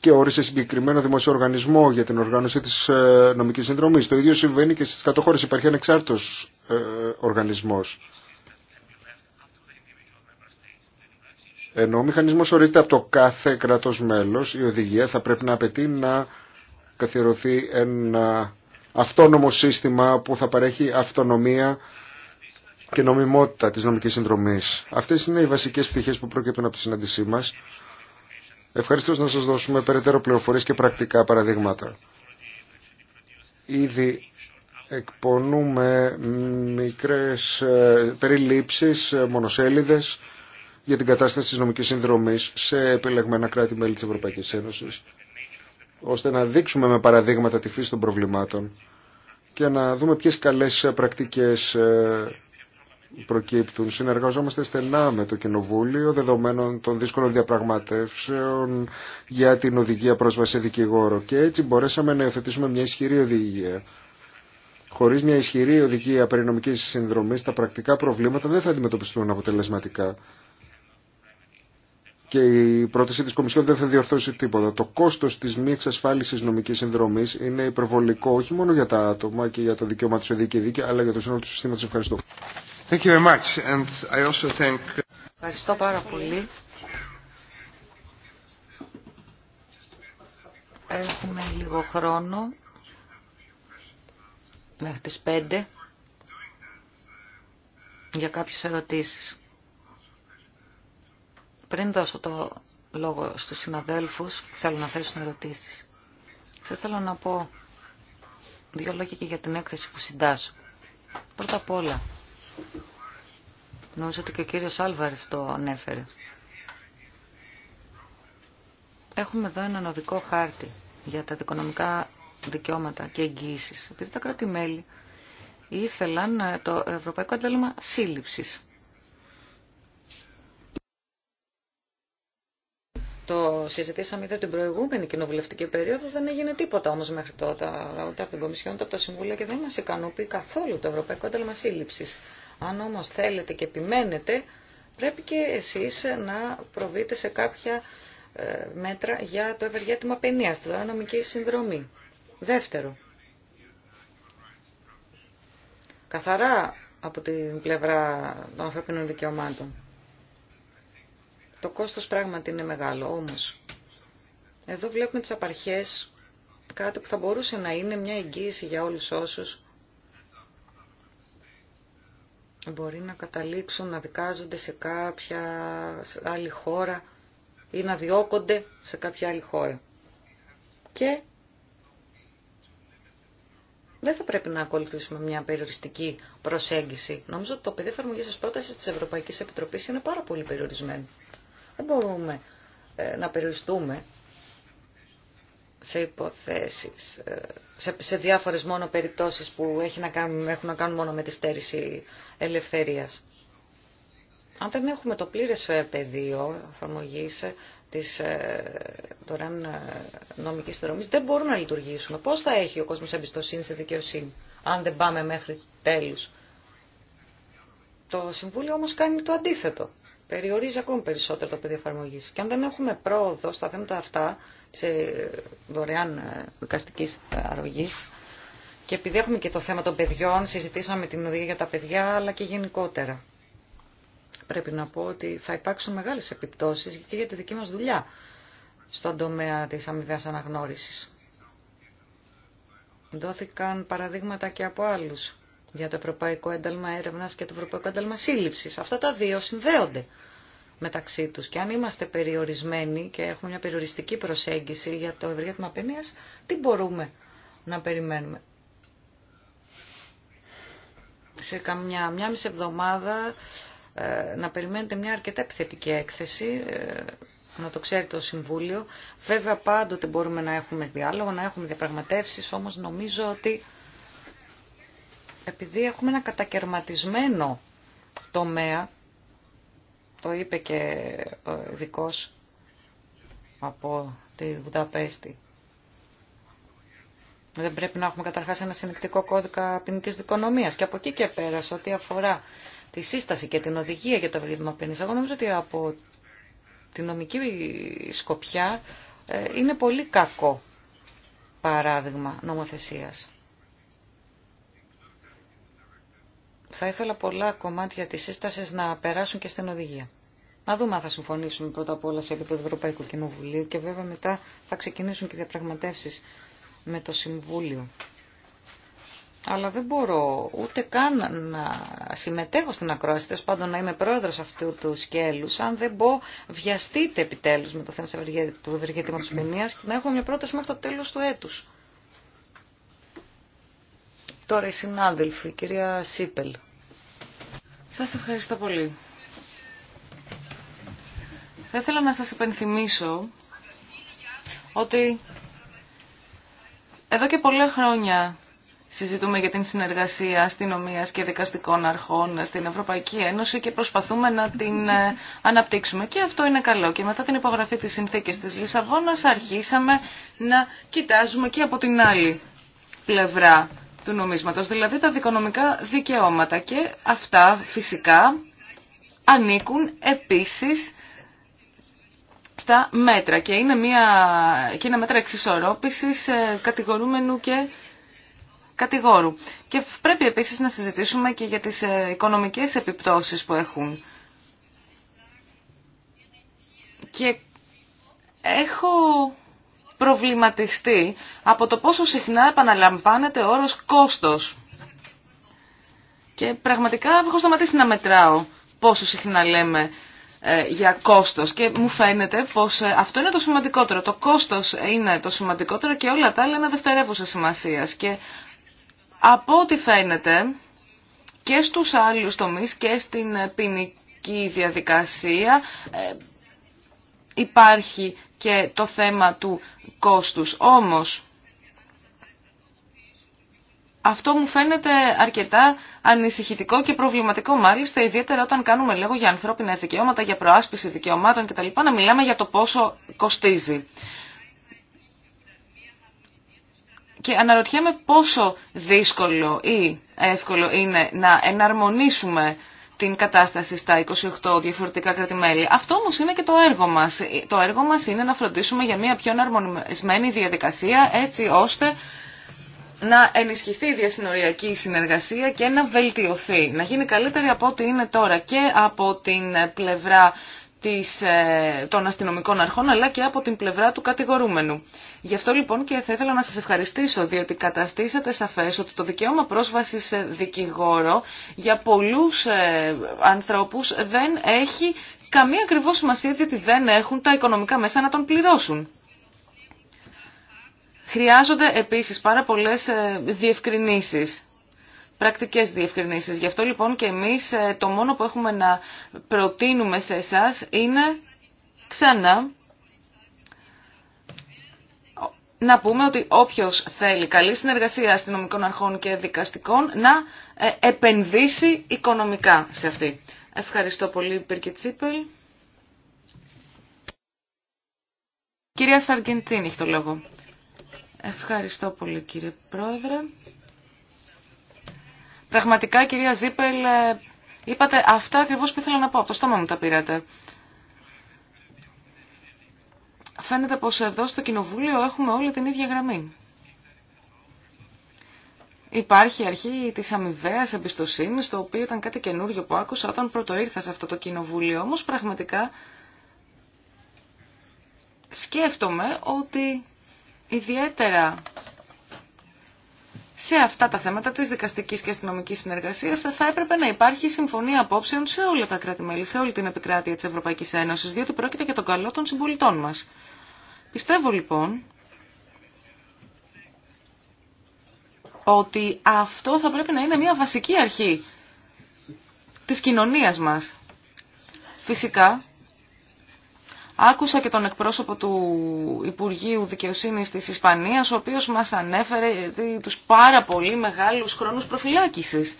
και όρισε συγκεκριμένο δημοσιο οργανισμό για την οργάνωση της ε, νομικής συνδρομής. Το ίδιο συμβαίνει και στις κατοχώρες. Υπάρχει ανεξάρτητος ε, οργανισμός. Ενώ ο μηχανισμός ορίζεται από το κάθε κράτος μέλος, η οδηγία θα πρέπει να απαιτεί να καθιερωθεί ένα αυτόνομο σύστημα που θα παρέχει αυτονομία και νομιμότητα της νομικής συνδρομής. Αυτές είναι οι βασικές πτυχές που προκύπτουν από τη συνάντησή μας Ευχαριστώ να σας δώσουμε περαιτέρω πληροφορίες και πρακτικά παραδείγματα. Ήδη εκπονούμε μικρές ε, περιλήψεις, ε, μονοσέλιδες για την κατάσταση της νομικής συνδρομής σε επιλεγμένα κράτη-μέλη της Ευρωπαϊκής Ένωσης ώστε να δείξουμε με παραδείγματα τη φύση των προβλημάτων και να δούμε ποιες καλές πρακτικές ε, προκύπτουν. Συνεργαζόμαστε στενά με το Κοινοβούλιο δεδομένων των δύσκολων διαπραγματεύσεων για την οδηγία πρόσβαση δικηγόρο και έτσι μπορέσαμε να υιοθετήσουμε μια ισχυρή οδηγία. Χωρίς μια ισχυρή οδηγία περινομικής συνδρομής τα πρακτικά προβλήματα δεν θα αντιμετωπιστούν αποτελεσματικά και η πρόταση της Κομισιόν δεν θα διορθώσει τίποτα. Το κόστος της μη εξασφάλισης νομικής συνδρομής είναι υπερβολικό όχι μόνο για τα άτομα και για το δικαίωμα του σε δίκαιη αλλά για το σύνολο του συστήματος. Ευχαριστώ. Thank you very much. And I also thank... Ευχαριστώ πάρα πολύ. Έχουμε λίγο χρόνο μέχρι τις 5 για κάποιες ερωτήσεις. Πριν δώσω το λόγο στους συναδέλφους που θέλουν να θέσουν ερωτήσεις, Θα θέλω να πω δύο λόγια και για την έκθεση που συντάσσω. Πρώτα απ' όλα, νομίζω ότι και ο κύριος Άλβαρης το ανέφερε. Έχουμε εδώ έναν οδικό χάρτη για τα δικονομικά δικαιώματα και εγγύησεις, επειδή τα κράτη-μέλη ήθελαν το ευρωπαϊκό αντέλεμα σύλληψης. Το συζητήσαμε ήδη την προηγούμενη κοινοβουλευτική περίοδο, δεν έγινε τίποτα όμως μέχρι τότε, ούτε από την Κομισιόν, ούτε από το Συμβούλιο και δεν μα ικανοποιεί καθόλου το Ευρωπαϊκό Ένταλμα σύλληψη. Αν όμως θέλετε και επιμένετε, πρέπει και εσείς να προβείτε σε κάποια ε, μέτρα για το ευεργέτημα παινίας, τη νομική συνδρομή. Δεύτερο, καθαρά από την πλευρά των ανθρωπίνων δικαιωμάτων. Το κόστος πράγματι είναι μεγάλο, όμως εδώ βλέπουμε τις απαρχές, κάτι που θα μπορούσε να είναι μια εγγύηση για όλους όσους μπορεί να καταλήξουν να δικάζονται σε κάποια άλλη χώρα ή να διώκονται σε κάποια άλλη χώρα. Και δεν θα πρέπει να ακολουθήσουμε μια περιοριστική προσέγγιση. Νομίζω ότι το παιδί εφαρμογή τη πρόταση τη Ευρωπαϊκή Επιτροπή είναι πάρα πολύ περιορισμένο. Δεν μπορούμε ε, να περιοριστούμε σε υποθέσεις, ε, σε, σε διάφορες μόνο περιπτώσεις που έχει να κάνουν, έχουν να κάνουν μόνο με τη στέρηση ελευθερίας. Αν δεν έχουμε το πλήρες ε, πεδίο εφαρμογή της δωρεάν νομικής δρομής, δεν μπορούμε να λειτουργήσουμε. Πώς θα έχει ο κόσμος εμπιστοσύνη σε δικαιοσύνη, αν δεν πάμε μέχρι τέλους. Το Συμβούλιο όμως κάνει το αντίθετο περιορίζει ακόμη περισσότερο το πεδίο εφαρμογή. Και αν δεν έχουμε πρόοδο στα θέματα αυτά σε δωρεάν ε, δικαστική ε, αρρωγή, και επειδή έχουμε και το θέμα των παιδιών, συζητήσαμε την οδηγία για τα παιδιά, αλλά και γενικότερα. Πρέπει να πω ότι θα υπάρξουν μεγάλες επιπτώσεις και για τη δική μας δουλειά στον τομέα της αμοιβαία αναγνώριση. Δόθηκαν παραδείγματα και από άλλους για το Ευρωπαϊκό Ένταλμα Έρευνας και το Ευρωπαϊκό Ένταλμα Σύλληψης. Αυτά τα δύο συνδέονται μεταξύ τους. Και αν είμαστε περιορισμένοι και έχουμε μια περιοριστική προσέγγιση για το ευρύτημα πενίας τι μπορούμε να περιμένουμε. Σε καμιά μια μισή εβδομάδα ε, να περιμένετε μια αρκετά επιθετική έκθεση, ε, να το ξέρει το Συμβούλιο. Βέβαια πάντοτε μπορούμε να έχουμε διάλογο, να έχουμε διαπραγματεύσεις, όμως νομίζω ότι επειδή έχουμε ένα κατακαιρματισμένο τομέα, το είπε και ο ειδικό από τη Βουδαπέστη, δεν πρέπει να έχουμε καταρχάς ένα συνεκτικό κώδικα ποινική δικονομίας και από εκεί και πέρα σε ό,τι αφορά τη σύσταση και την οδηγία για το βλήμα ποινής. Εγώ νομίζω ότι από τη νομική σκοπιά ε, είναι πολύ κακό παράδειγμα νομοθεσίας. Θα ήθελα πολλά κομμάτια της σύστασης να περάσουν και στην οδηγία. Να δούμε αν θα συμφωνήσουμε πρώτα απ' όλα σε επίπεδο Ευρωπαϊκού Κοινοβουλίου και βέβαια μετά θα ξεκινήσουν και διαπραγματεύσεις με το Συμβούλιο. Αλλά δεν μπορώ ούτε καν να συμμετέχω στην ακρόαση, τέλο πάντων να είμαι πρόεδρο αυτού του σκέλου, αν δεν μπω βιαστείτε επιτέλου με το θέμα του τη ποινία και να έχω μια πρόταση μέχρι το τέλο του έτου. Τώρα οι συνάδελφοι, η κυρία Σίπελ. Σας ευχαριστώ πολύ. Θα ήθελα να σας υπενθυμίσω ότι εδώ και πολλά χρόνια συζητούμε για την συνεργασία αστυνομία και δικαστικών αρχών στην Ευρωπαϊκή Ένωση και προσπαθούμε να την ε, αναπτύξουμε. Και αυτό είναι καλό. Και μετά την υπογραφή της συνθήκης της Λισαβόνας αρχίσαμε να κοιτάζουμε και από την άλλη πλευρά του νομίσματος, δηλαδή τα δικονομικά δικαιώματα και αυτά φυσικά ανήκουν επίσης στα μέτρα και είναι, μια, και είναι μέτρα εξισορρόπησης ε, κατηγορούμενου και κατηγόρου. Και πρέπει επίσης να συζητήσουμε και για τις ε, οικονομικές επιπτώσεις που έχουν. Και έχω προβληματιστεί από το πόσο συχνά επαναλαμβάνεται ο όρος κόστος. Και πραγματικά έχω σταματήσει να μετράω πόσο συχνά λέμε ε, για κόστος και μου φαίνεται πως ε, αυτό είναι το σημαντικότερο. Το κόστος είναι το σημαντικότερο και όλα τα άλλα είναι δευτερεύουσα σημασίας. Και από ό,τι φαίνεται και στους άλλους τομείς και στην ποινική διαδικασία ε, υπάρχει και το θέμα του κόστους. Όμως, αυτό μου φαίνεται αρκετά ανησυχητικό και προβληματικό μάλιστα, ιδιαίτερα όταν κάνουμε λόγο για ανθρώπινα δικαιώματα, για προάσπιση δικαιωμάτων κτλ. Να μιλάμε για το πόσο κοστίζει. Και αναρωτιέμαι πόσο δύσκολο ή εύκολο είναι να εναρμονίσουμε την κατάσταση στα 28 διαφορετικά κρατημέλη. Αυτό όμω είναι και το έργο μα. Το έργο μα είναι να φροντίσουμε για μια πιο εναρμονισμένη διαδικασία έτσι ώστε να ενισχυθεί η διασυνοριακή συνεργασία και να βελτιωθεί, να γίνει καλύτερη από ό,τι είναι τώρα και από την πλευρά ε, των αστυνομικών αρχών αλλά και από την πλευρά του κατηγορούμενου. Γι' αυτό λοιπόν και θα ήθελα να σας ευχαριστήσω διότι καταστήσατε σαφές ότι το δικαίωμα πρόσβασης σε δικηγόρο για πολλούς ε, ανθρώπους δεν έχει καμία ακριβώς σημασία διότι δεν έχουν τα οικονομικά μέσα να τον πληρώσουν. Χρειάζονται επίσης πάρα πολλές ε, διευκρινήσεις πρακτικές διευκρινήσεις. Γι' αυτό λοιπόν και εμείς ε, το μόνο που έχουμε να προτείνουμε σε εσάς είναι ξανά να πούμε ότι όποιος θέλει καλή συνεργασία αστυνομικών αρχών και δικαστικών να ε, επενδύσει οικονομικά σε αυτή. Ευχαριστώ πολύ Πύρκη Τσίπελ. Κυρία Σαργεντίνη έχει το λόγο. Ευχαριστώ πολύ κύριε Πρόεδρε. Πραγματικά, κυρία Ζίπελ, ε, είπατε αυτά ακριβώς που ήθελα να πω. Από το στόμα μου τα πήρατε. Φαίνεται πως εδώ στο Κοινοβούλιο έχουμε όλη την ίδια γραμμή. Υπάρχει αρχή της αμοιβαία εμπιστοσύνη, το οποίο ήταν κάτι καινούριο που άκουσα όταν πρώτο ήρθα σε αυτό το κοινοβούλιο. Όμως, πραγματικά σκέφτομαι ότι ιδιαίτερα σε αυτά τα θέματα της δικαστικής και αστυνομικής συνεργασίας θα έπρεπε να υπάρχει συμφωνία απόψεων σε όλα τα κράτη-μέλη, σε όλη την επικράτεια της Ευρωπαϊκής Ένωσης, διότι πρόκειται για τον καλό των συμπολιτών μας. Πιστεύω λοιπόν ότι αυτό θα πρέπει να είναι μια βασική αρχή της κοινωνίας μας. Φυσικά, Άκουσα και τον εκπρόσωπο του Υπουργείου Δικαιοσύνης της Ισπανίας, ο οποίος μας ανέφερε ε, τους πάρα πολύ μεγάλους χρόνους προφυλάκησης.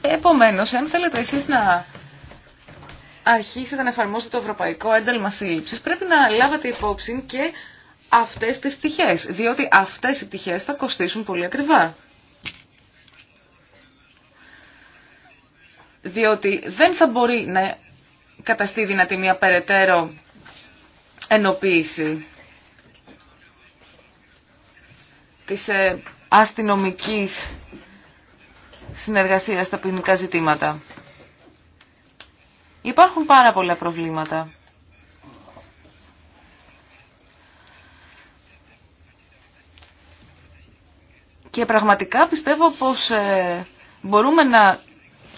Επομένως, αν θέλετε εσείς να αρχίσετε να εφαρμόσετε το ευρωπαϊκό ένταλμα σύλληψης, πρέπει να λάβατε υπόψη και αυτές τις πτυχές, διότι αυτές οι πτυχές θα κοστίσουν πολύ ακριβά. διότι δεν θα μπορεί να καταστεί δυνατή μια περαιτέρω ενοποίηση της ε, αστυνομικής συνεργασίας στα ποινικά ζητήματα. Υπάρχουν πάρα πολλά προβλήματα. Και πραγματικά πιστεύω πως ε, μπορούμε να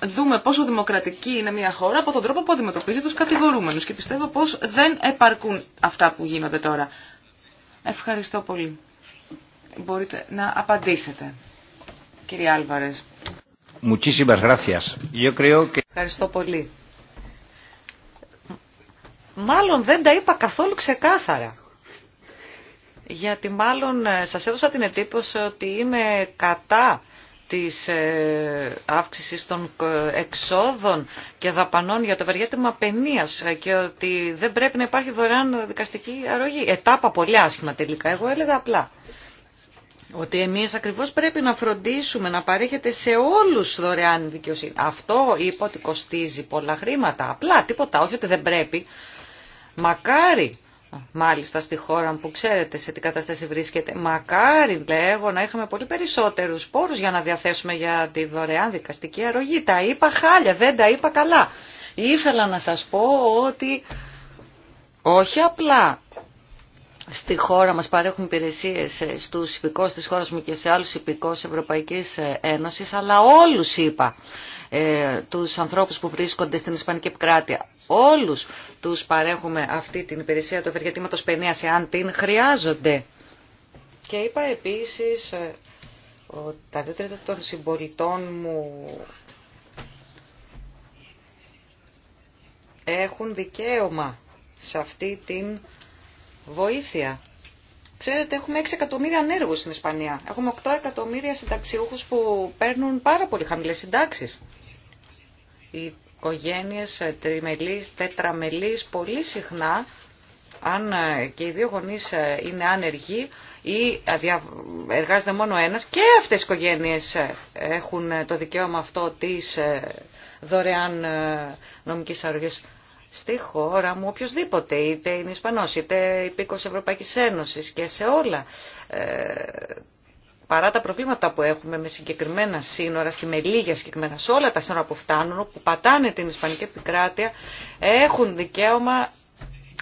δούμε πόσο δημοκρατική είναι μια χώρα από τον τρόπο που αντιμετωπίζει τους κατηγορούμενους και πιστεύω πως δεν επαρκούν αυτά που γίνονται τώρα. Ευχαριστώ πολύ. Μπορείτε να απαντήσετε, κύριε Άλβαρες. Ευχαριστώ πολύ. Μάλλον δεν τα είπα καθόλου ξεκάθαρα. Γιατί μάλλον ε, σας έδωσα την εντύπωση ότι είμαι κατά της ε, αύξησης των ε, εξόδων και δαπανών για το ευεργέτημα παινίας ε, και ότι δεν πρέπει να υπάρχει δωρεάν δικαστική αρρωγή. Ετάπα πολύ άσχημα τελικά, εγώ έλεγα απλά. Ότι εμείς ακριβώς πρέπει να φροντίσουμε να παρέχεται σε όλους δωρεάν δικαιοσύνη. Αυτό είπα ότι κοστίζει πολλά χρήματα, απλά τίποτα, όχι ότι δεν πρέπει. Μακάρι μάλιστα στη χώρα μου που ξέρετε σε τι κατάσταση βρίσκεται. Μακάρι λέγω να είχαμε πολύ περισσότερους πόρους για να διαθέσουμε για τη δωρεάν δικαστική αρρωγή. Τα είπα χάλια, δεν τα είπα καλά. Ήθελα να σας πω ότι όχι απλά στη χώρα μας παρέχουν υπηρεσίες ε, στους υπηκόους της χώρας μου και σε άλλους υπηκόους Ευρωπαϊκής ε, Ένωσης, αλλά όλους είπα ε, τους ανθρώπους που βρίσκονται στην Ισπανική επικράτεια. Όλους τους παρέχουμε αυτή την υπηρεσία του ευεργετήματος παινίας, εάν την χρειάζονται. Και είπα επίσης ότι ε, τα δεύτερα των συμπολιτών μου έχουν δικαίωμα σε αυτή την βοήθεια. Ξέρετε, έχουμε 6 εκατομμύρια ανέργου στην Ισπανία. Έχουμε 8 εκατομμύρια συνταξιούχου που παίρνουν πάρα πολύ χαμηλέ συντάξει. Οι οικογένειε τριμελής, τετραμελής, πολύ συχνά, αν ε, και οι δύο γονεί ε, είναι άνεργοι ή εργάζεται μόνο ένας, και αυτές οι οικογένειε ε, έχουν το δικαίωμα αυτό τη δωρεάν νομική αρρωγή στη χώρα μου οποιοδήποτε, είτε είναι Ισπανός, είτε υπήκος Ευρωπαϊκής Ένωσης και σε όλα. Ε, παρά τα προβλήματα που έχουμε με συγκεκριμένα σύνορα, στη Μελίγια συγκεκριμένα, σε όλα τα σύνορα που φτάνουν, που πατάνε την Ισπανική επικράτεια, έχουν δικαίωμα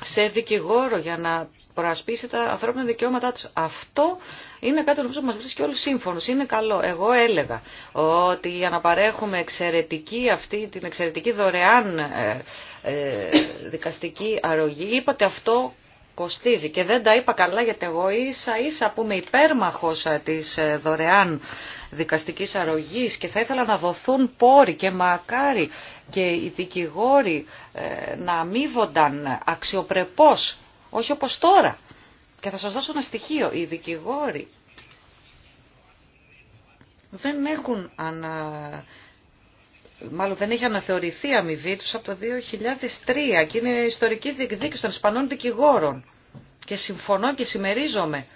σε δικηγόρο για να προασπίσει τα ανθρώπινα δικαιώματά του. Αυτό είναι κάτι νομίζω, που μα βρίσκει όλου σύμφωνο. Είναι καλό. Εγώ έλεγα ότι για να παρέχουμε εξαιρετική αυτή, την εξαιρετική δωρεάν ε, ε, δικαστική αρρωγή, είπατε αυτό κοστίζει. Και δεν τα είπα καλά γιατί εγώ ίσα ίσα που είμαι υπέρμαχος ε, της ε, δωρεάν δικαστικής αρρωγής και θα ήθελα να δοθούν πόροι και μακάρι και οι δικηγόροι ε, να αμείβονταν αξιοπρεπώς όχι όπως τώρα. Και θα σας δώσω ένα στοιχείο. Οι δικηγόροι δεν έχουν ανα... Μάλλον δεν έχει αναθεωρηθεί αμοιβή τους από το 2003 και είναι ιστορική διεκδίκηση των Ισπανών δικηγόρων. Και συμφωνώ και συμμερίζομαι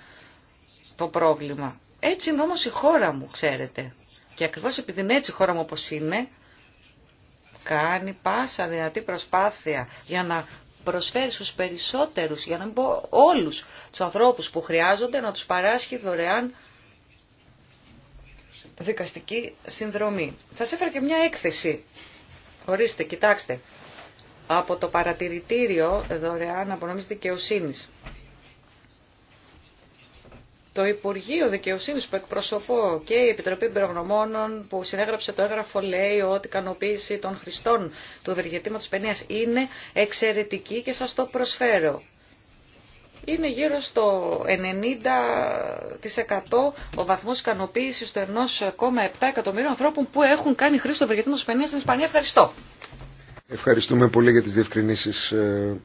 το πρόβλημα. Έτσι είναι όμως η χώρα μου, ξέρετε. Και ακριβώς επειδή είναι έτσι η χώρα μου όπως είναι, κάνει πάσα δυνατή προσπάθεια για να προσφέρει στους περισσότερους, για να μην πω όλους τους ανθρώπους που χρειάζονται, να τους παράσχει δωρεάν δικαστική συνδρομή. Σας έφερα και μια έκθεση. Ορίστε, κοιτάξτε. Από το παρατηρητήριο δωρεάν απονομής δικαιοσύνης το Υπουργείο Δικαιοσύνης που εκπροσωπώ και η Επιτροπή Εμπειρογνωμόνων που συνέγραψε το έγγραφο λέει ότι η ικανοποίηση των χρηστών του ευεργετήματος παινίας είναι εξαιρετική και σας το προσφέρω. Είναι γύρω στο 90% ο βαθμός ικανοποίηση του 1,7 εκατομμύριων ανθρώπων που έχουν κάνει χρήση του ευεργετήματος παινίας στην Ισπανία. Ευχαριστώ. Ευχαριστούμε πολύ για τις διευκρινήσεις ε,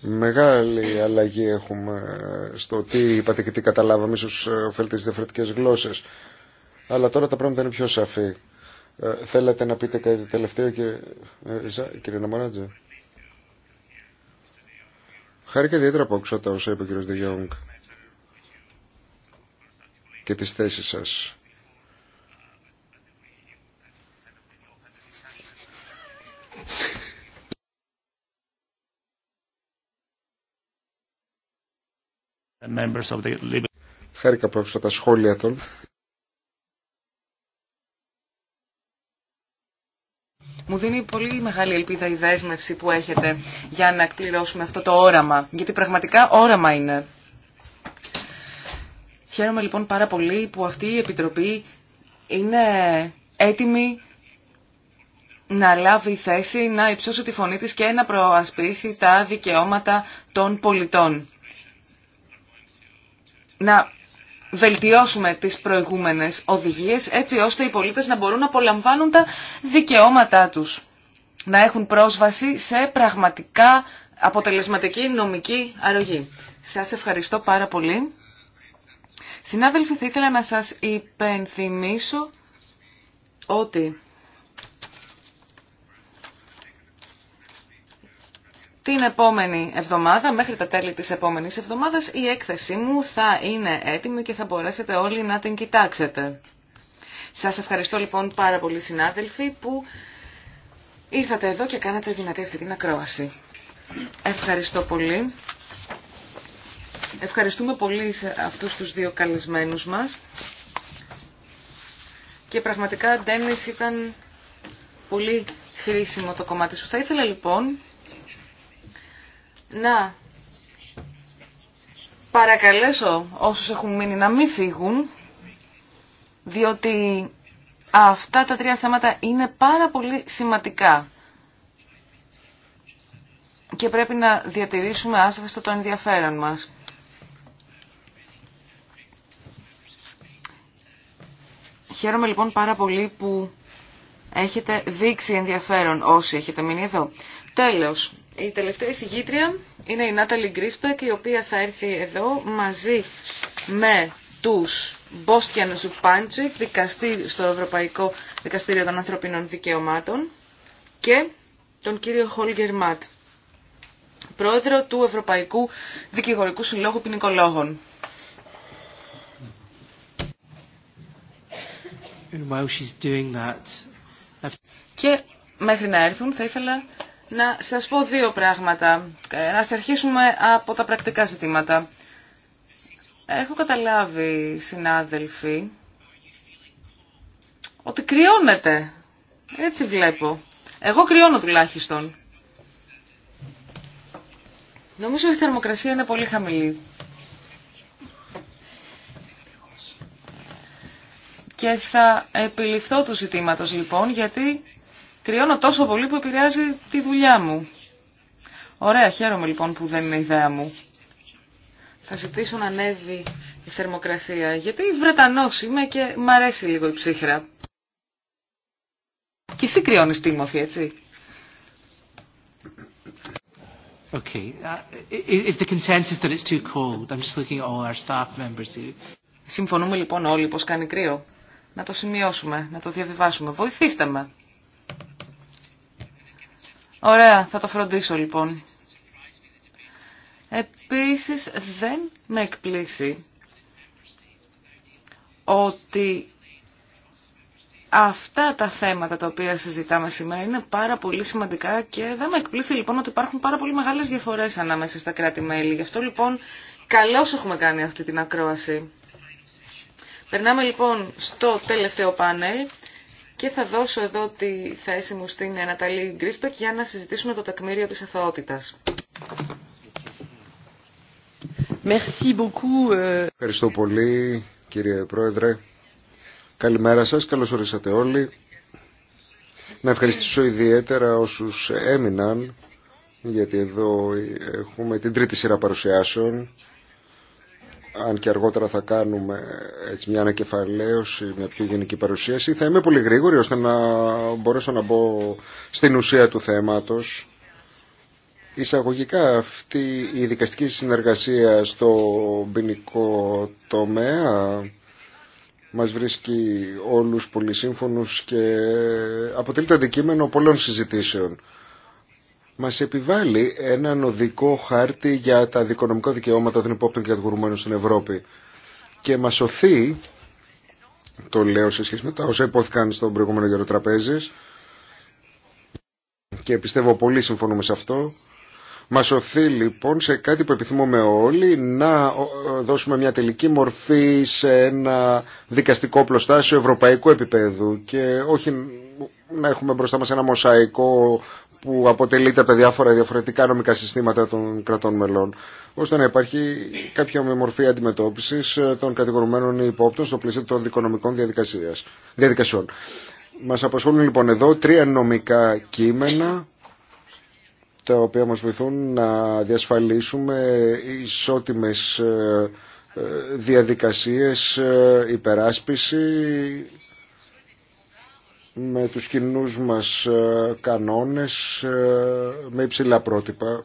Μεγάλη αλλαγή έχουμε στο τι είπατε και τι καταλάβαμε, ίσως ε, ωφελτε τι διαφορετικέ γλώσσες. Αλλά τώρα τα πράγματα είναι πιο σαφή. Ε, θέλατε να πείτε κάτι τελευταίο κύριε, ε, κύριε Ναμαράτζε. Χάρηκα ιδιαίτερα από τα όσα είπε ο κύριος Δεγιόγκ και τις θέσεις σας members of the Χάρηκα που άκουσα τα σχόλια των. Μου δίνει πολύ μεγάλη ελπίδα η δέσμευση που έχετε για να εκπληρώσουμε αυτό το όραμα, γιατί πραγματικά όραμα είναι. Χαίρομαι λοιπόν πάρα πολύ που αυτή η Επιτροπή είναι έτοιμη να λάβει θέση, να υψώσει τη φωνή της και να προασπίσει τα δικαιώματα των πολιτών να βελτιώσουμε τις προηγούμενες οδηγίες έτσι ώστε οι πολίτες να μπορούν να απολαμβάνουν τα δικαιώματά τους. Να έχουν πρόσβαση σε πραγματικά αποτελεσματική νομική αρρωγή. Σας ευχαριστώ πάρα πολύ. Συνάδελφοι, θα ήθελα να σας υπενθυμίσω ότι Την επόμενη εβδομάδα, μέχρι τα τέλη της επόμενης εβδομάδας, η έκθεσή μου θα είναι έτοιμη και θα μπορέσετε όλοι να την κοιτάξετε. Σας ευχαριστώ λοιπόν πάρα πολύ συνάδελφοι που ήρθατε εδώ και κάνατε δυνατή αυτή την ακρόαση. Ευχαριστώ πολύ. Ευχαριστούμε πολύ σε αυτούς τους δύο καλεσμένους μας. Και πραγματικά, Ντένις, ήταν πολύ χρήσιμο το κομμάτι σου. Θα ήθελα λοιπόν να παρακαλέσω όσους έχουν μείνει να μην φύγουν, διότι αυτά τα τρία θέματα είναι πάρα πολύ σημαντικά και πρέπει να διατηρήσουμε άσβεστο το ενδιαφέρον μας. Χαίρομαι λοιπόν πάρα πολύ που έχετε δείξει ενδιαφέρον όσοι έχετε μείνει εδώ. Τέλος, η τελευταία εισηγήτρια είναι η Νάταλι Γκρίσπεκ, η οποία θα έρθει εδώ μαζί με τους Μπόστιαν Ζουπάντσικ, δικαστή στο Ευρωπαϊκό Δικαστήριο των Ανθρωπίνων Δικαιωμάτων και τον κύριο Χόλγκερ Μάτ, πρόεδρο του Ευρωπαϊκού Δικηγορικού Συλλόγου Ποινικολόγων. Και μέχρι να έρθουν θα ήθελα να σας πω δύο πράγματα. Να ε, σας αρχίσουμε από τα πρακτικά ζητήματα. Έχω καταλάβει, συνάδελφοι, ότι κρυώνεται. Έτσι βλέπω. Εγώ κρυώνω τουλάχιστον. Νομίζω ότι η θερμοκρασία είναι πολύ χαμηλή. Και θα επιληφθώ του ζητήματος λοιπόν, γιατί κρυώνω τόσο πολύ που επηρεάζει τη δουλειά μου. Ωραία, χαίρομαι λοιπόν που δεν είναι ιδέα μου. Θα ζητήσω να ανέβει η θερμοκρασία, γιατί Βρετανός είμαι και μ' αρέσει λίγο η ψύχρα. Και εσύ κρυώνεις Τίμωθη, έτσι. Okay. Uh, is the consensus that it's too cold? I'm just looking at all our staff members Συμφωνούμε λοιπόν όλοι πως κάνει κρύο. Να το σημειώσουμε, να το διαβιβάσουμε. Βοηθήστε με. Ωραία, θα το φροντίσω λοιπόν. Επίσης δεν με εκπλήσει ότι αυτά τα θέματα τα οποία συζητάμε σήμερα είναι πάρα πολύ σημαντικά και δεν με εκπλήσει λοιπόν ότι υπάρχουν πάρα πολύ μεγάλες διαφορές ανάμεσα στα κράτη-μέλη. Γι' αυτό λοιπόν καλώς έχουμε κάνει αυτή την ακρόαση. Περνάμε λοιπόν στο τελευταίο πάνελ και θα δώσω εδώ τη θέση μου στην Αναταλή Γκρίσπεκ για να συζητήσουμε το τεκμήριο της αθωότητας. Ε. Ευχαριστώ πολύ κύριε Πρόεδρε. Καλημέρα σας, καλώς ορίσατε όλοι. Να ευχαριστήσω ιδιαίτερα όσους έμειναν, γιατί εδώ έχουμε την τρίτη σειρά παρουσιάσεων αν και αργότερα θα κάνουμε έτσι μια ανακεφαλαίωση, μια πιο γενική παρουσίαση. Θα είμαι πολύ γρήγορη ώστε να μπορέσω να μπω στην ουσία του θέματος. Εισαγωγικά αυτή η δικαστική συνεργασία στο ποινικό τομέα μας βρίσκει όλους πολύ σύμφωνους και αποτελεί το αντικείμενο πολλών συζητήσεων μας επιβάλλει έναν οδικό χάρτη για τα δικονομικά δικαιώματα των υπόπτων και κατηγορουμένων στην Ευρώπη και μας σωθεί, το λέω σε σχέση με τα όσα υπόθηκαν στον προηγούμενο γερο και πιστεύω πολύ συμφωνούμε σε αυτό, μας σωθεί λοιπόν σε κάτι που επιθυμούμε όλοι να δώσουμε μια τελική μορφή σε ένα δικαστικό πλωστάσιο ευρωπαϊκού επίπεδου και όχι να έχουμε μπροστά μας ένα μοσαϊκό που αποτελείται από διάφορα διαφορετικά νομικά συστήματα των κρατών μελών, ώστε να υπάρχει κάποια μορφή αντιμετώπισης ε, των κατηγορουμένων υπόπτων στο πλαίσιο των δικονομικών διαδικασιών. Μας αποσχολούν λοιπόν εδώ τρία νομικά κείμενα τα οποία μας βοηθούν να διασφαλίσουμε ισότιμες ε, ε, διαδικασίες υπεράσπιση με τους κοινούς μας ε, κανόνες, ε, με υψηλά πρότυπα,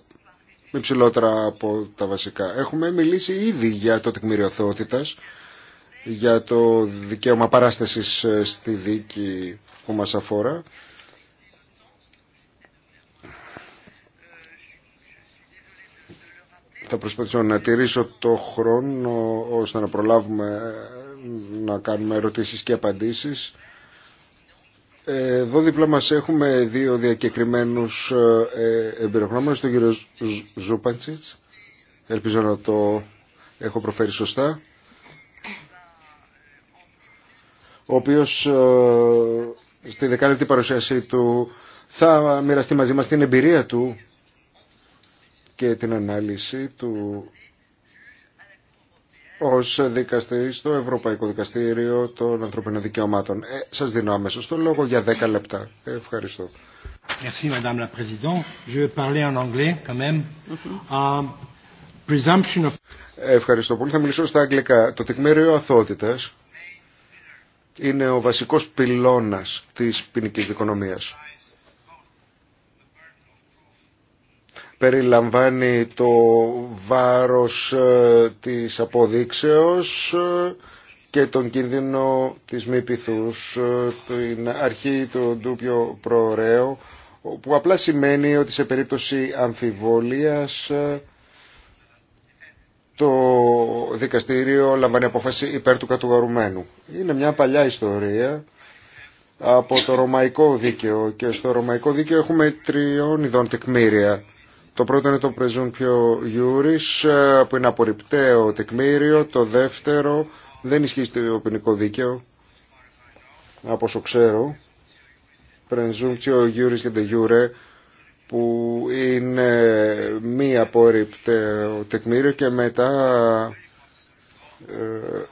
με υψηλότερα από τα βασικά. Έχουμε μιλήσει ήδη για το τεκμήριο για το δικαίωμα παράστασης ε, στη δίκη που μας αφορά. Θα προσπαθήσω να τηρήσω το χρόνο ώστε να προλάβουμε να κάνουμε ερωτήσεις και απαντήσεις. Εδώ δίπλα μας έχουμε δύο διακεκριμένους ε, εμπειρογνώμενους, τον κύριο Ζούπαντσιτς. Ελπίζω να το έχω προφέρει σωστά. Ο οποίος ε, στη δεκάλεπτη παρουσίασή του θα μοιραστεί μαζί μας την εμπειρία του και την ανάλυση του ως δίκαστη στο Ευρωπαϊκό Δικαστήριο των Ανθρωπίνων Δικαιωμάτων. Ε, σας δίνω αμέσω το λόγο για 10 λεπτά. Ε, ευχαριστώ. Merci Madame la Présidente. Je vais parler en anglais quand même. Mm-hmm. Ah, presumption of... Ευχαριστώ πολύ. Θα μιλήσω στα αγγλικά. Το τεκμήριο αθότητας είναι ο βασικός πυλώνας της ποινική δικονομίας. περιλαμβάνει το βάρος ε, της αποδείξεως ε, και τον κίνδυνο της μη πειθούς, ε, την αρχή του ντούπιο προωραίου που απλά σημαίνει ότι σε περίπτωση αμφιβολίας το δικαστήριο λαμβάνει απόφαση υπέρ του κατουγαρουμένου. Είναι μια παλιά ιστορία από το ρωμαϊκό δίκαιο και στο ρωμαϊκό δίκαιο έχουμε τριών ειδών τεκμήρια το πρώτο είναι το Presumptio Juris ε, που είναι απορριπταίο τεκμήριο. Το δεύτερο δεν ισχύει στο ποινικό δίκαιο από όσο ξέρω. Presumptio Juris και De Jure που είναι μη απορριπταίο τεκμήριο και μετά ε, ε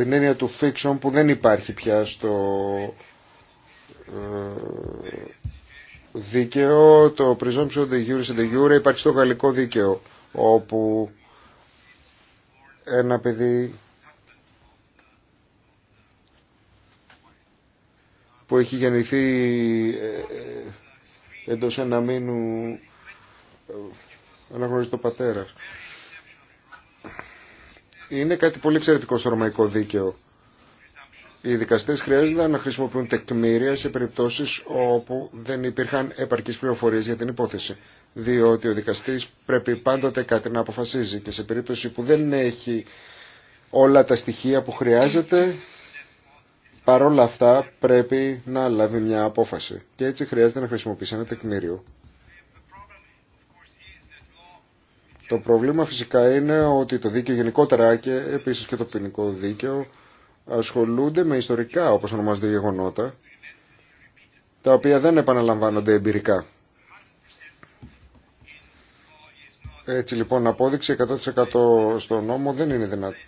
η έννοια του fiction που δεν υπάρχει πια στο ε, δίκαιο, το presumption de jure de jure υπάρχει στο γαλλικό δίκαιο, όπου ένα παιδί που έχει γεννηθεί ε, ε, εντός ένα μήνου ε, αναγνωρίζει το πατέρα. Είναι κάτι πολύ εξαιρετικό στο ρωμαϊκό δίκαιο. Οι δικαστές χρειάζονταν να χρησιμοποιούν τεκμήρια σε περιπτώσεις όπου δεν υπήρχαν επαρκείς πληροφορίες για την υπόθεση. Διότι ο δικαστή πρέπει πάντοτε κάτι να αποφασίζει και σε περίπτωση που δεν έχει όλα τα στοιχεία που χρειάζεται, παρόλα αυτά πρέπει να λάβει μια απόφαση. Και έτσι χρειάζεται να χρησιμοποιήσει ένα τεκμήριο. Το πρόβλημα φυσικά είναι ότι το δίκαιο γενικότερα και επίσης και το ποινικό δίκαιο ασχολούνται με ιστορικά, όπως ονομάζονται γεγονότα, τα οποία δεν επαναλαμβάνονται εμπειρικά. Έτσι λοιπόν απόδειξη 100% στο νόμο δεν είναι δυνατή.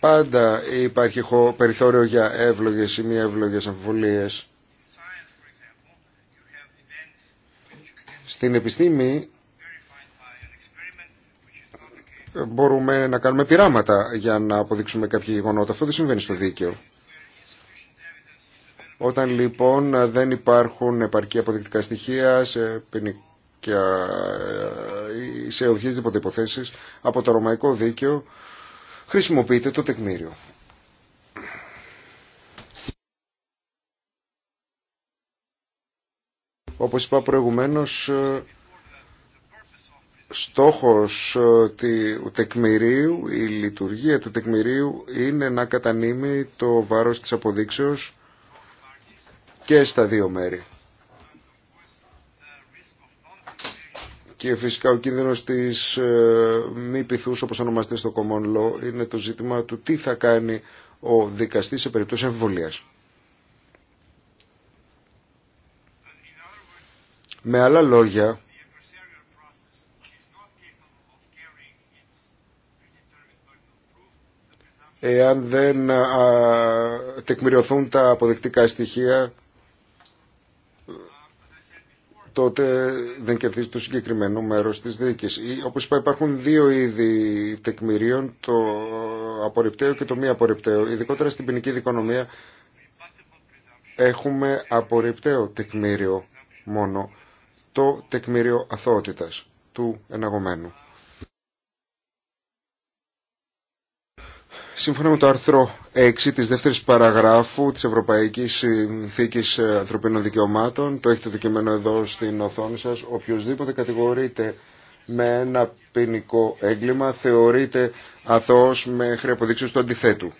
Πάντα υπάρχει περιθώριο για εύλογες ή μη εύλογες αμφιβολίες. Στην επιστήμη μπορούμε να κάνουμε πειράματα για να αποδείξουμε κάποια γεγονότα. Αυτό δεν συμβαίνει στο δίκαιο. Όταν λοιπόν δεν υπάρχουν επαρκή αποδεικτικά στοιχεία σε ποινικά ή σε οποιασδήποτε υποθέσει από το ρωμαϊκό δίκαιο, χρησιμοποιείται το τεκμήριο. Όπως είπα προηγουμένως, στόχος ε, του τεκμηρίου, η λειτουργία του τεκμηρίου είναι να κατανείμει το βάρος της αποδείξεως και στα δύο μέρη. Και φυσικά ο κίνδυνος της ε, μη πειθούς, όπως ονομαστεί στο common law, είναι το ζήτημα του τι θα κάνει ο δικαστής σε περίπτωση εμβολίας. Με άλλα λόγια, εάν δεν τεκμηριωθούν τα αποδεκτικά στοιχεία τότε δεν κερδίζει το συγκεκριμένο μέρος της δίκης. Όπως είπα υπάρχουν δύο είδη τεκμηρίων, το απορριπταίο και το μη απορριπταίο. Ειδικότερα στην ποινική δικονομία έχουμε απορριπταίο τεκμήριο μόνο, το τεκμήριο αθότητας του εναγωμένου. Σύμφωνα με το άρθρο 6 της δεύτερης παραγράφου της Ευρωπαϊκής Συνθήκης Ανθρωπίνων Δικαιωμάτων, το έχετε το εδώ στην οθόνη σας, οποιοδήποτε κατηγορείται με ένα ποινικό έγκλημα θεωρείται αθώος μέχρι αποδείξεις του αντιθέτου.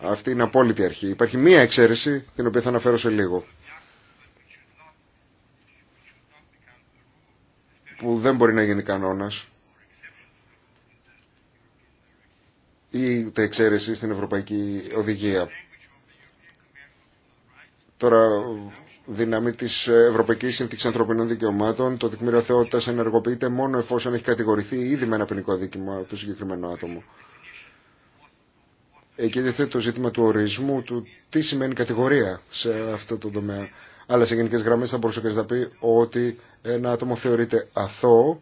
Αυτή είναι απόλυτη αρχή. Υπάρχει μία εξαίρεση, την οποία θα αναφέρω σε λίγο. Που δεν μπορεί να γίνει κανόνας. ή τα εξαίρεση στην Ευρωπαϊκή Οδηγία. Τώρα, δύναμη τη Ευρωπαϊκή Σύνθηξη Ανθρωπινών Δικαιωμάτων, το τεκμήριο θεότητα ενεργοποιείται μόνο εφόσον έχει κατηγορηθεί ήδη με ένα ποινικό δίκημα του συγκεκριμένου άτομου. Εκεί διαθέτει το ζήτημα του ορισμού, του τι σημαίνει κατηγορία σε αυτό το τομέα. Αλλά σε γενικέ γραμμέ θα μπορούσε κανεί να πει ότι ένα άτομο θεωρείται αθώο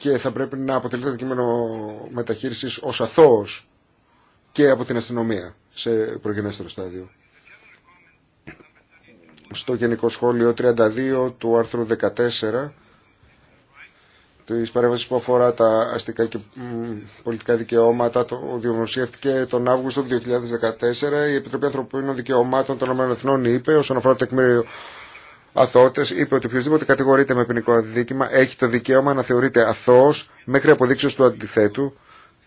και θα πρέπει να αποτελεί το αντικείμενο μεταχείρισης ως αθώος και από την αστυνομία σε προγενέστερο στάδιο. Στο Γενικό Σχόλιο 32 του άρθρου 14 τη παρέμβαση που αφορά τα αστικά και πολιτικά δικαιώματα το δημοσιεύτηκε τον Αύγουστο του 2014 η Επιτροπή Ανθρωπίνων Δικαιωμάτων των ΗΠΑ είπε όσον αφορά το τεκμήριο αθώτε είπε ότι οποιοδήποτε κατηγορείται με ποινικό αδίκημα έχει το δικαίωμα να θεωρείται αθώο μέχρι αποδείξεω του αντιθέτου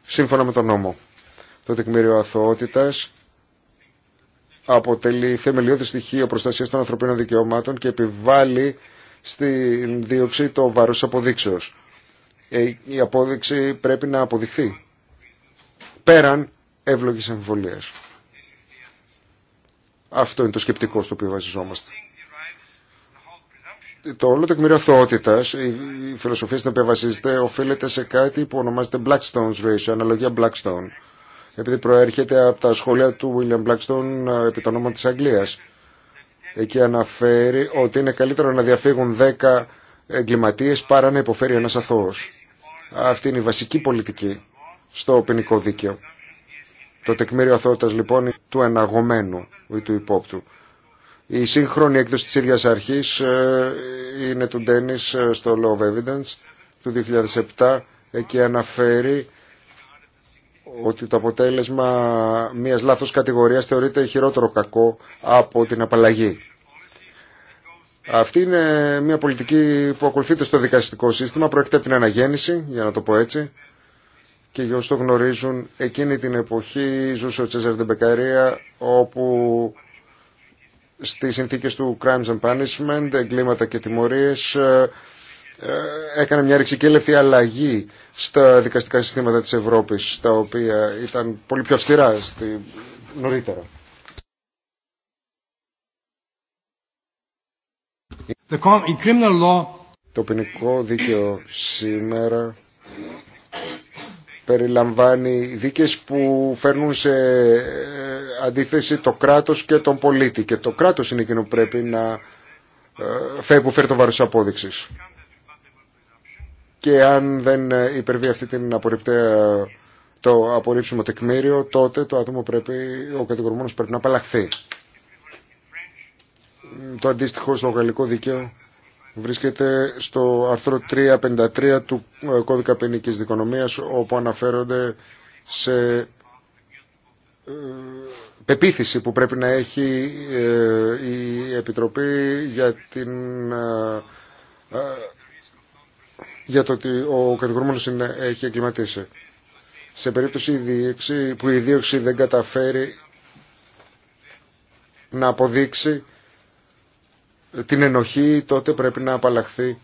σύμφωνα με τον νόμο. Το τεκμήριο αθωότητα αποτελεί θεμελιώδη στοιχείο προστασία των ανθρωπίνων δικαιωμάτων και επιβάλλει στην δίωξη το βάρο αποδείξεω. Ε, η απόδειξη πρέπει να αποδειχθεί πέραν εύλογης εμβολίας. Αυτό είναι το σκεπτικό στο οποίο βασιζόμαστε το όλο αθωότητας, η φιλοσοφία στην οποία βασίζεται, οφείλεται σε κάτι που ονομάζεται Blackstone's Ratio, αναλογία Blackstone. Επειδή προέρχεται από τα σχόλια του William Blackstone ε, επί το όνομα της Αγγλίας. Εκεί αναφέρει ότι είναι καλύτερο να διαφύγουν 10 εγκληματίες παρά να υποφέρει ένας αθώος. Αυτή είναι η βασική πολιτική στο ποινικό δίκαιο. Το τεκμήριο αθώοτας λοιπόν του εναγωμένου ή του υπόπτου. Η σύγχρονη έκδοση της ίδιας αρχής ε, είναι του Ντένις ε, στο Law of Evidence του 2007 και αναφέρει ότι το αποτέλεσμα μιας λάθος κατηγορίας θεωρείται χειρότερο κακό από την απαλλαγή. Αυτή είναι μια πολιτική που ακολουθείται στο δικαστικό σύστημα, προέρχεται από την αναγέννηση, για να το πω έτσι, και για το γνωρίζουν, εκείνη την εποχή ζούσε ο Τσέζαρ Μπεκαρία όπου στις συνθήκες του Crimes and Punishment, εγκλήματα και τιμωρίες, ε, ε, έκανε μια ρηξικέλευτη αλλαγή στα δικαστικά συστήματα της Ευρώπης, τα οποία ήταν πολύ πιο αυστηρά στη... νωρίτερα. Το ποινικό δίκαιο σήμερα περιλαμβάνει δίκες που φέρνουν σε ε, αντίθεση το κράτος και τον πολίτη και το κράτος είναι εκείνο που πρέπει να ε, φέρει, που φέρει το βάρος απόδειξης. Και αν δεν ε, υπερβεί αυτή την το απορρίψιμο τεκμήριο, τότε το άτομο πρέπει, ο κατηγορούμενος πρέπει να απαλλαχθεί. Το αντίστοιχο στο γαλλικό δίκαιο βρίσκεται στο άρθρο 353 του ε, κώδικα ποινικής δικονομίας όπου αναφέρονται σε ε, πεποίθηση που πρέπει να έχει ε, η Επιτροπή για, την, για το ότι ο κατηγορούμενος έχει εγκληματίσει. Σε περίπτωση που η δίωξη δεν καταφέρει να αποδείξει την ενοχή, τότε πρέπει να απαλλαχθεί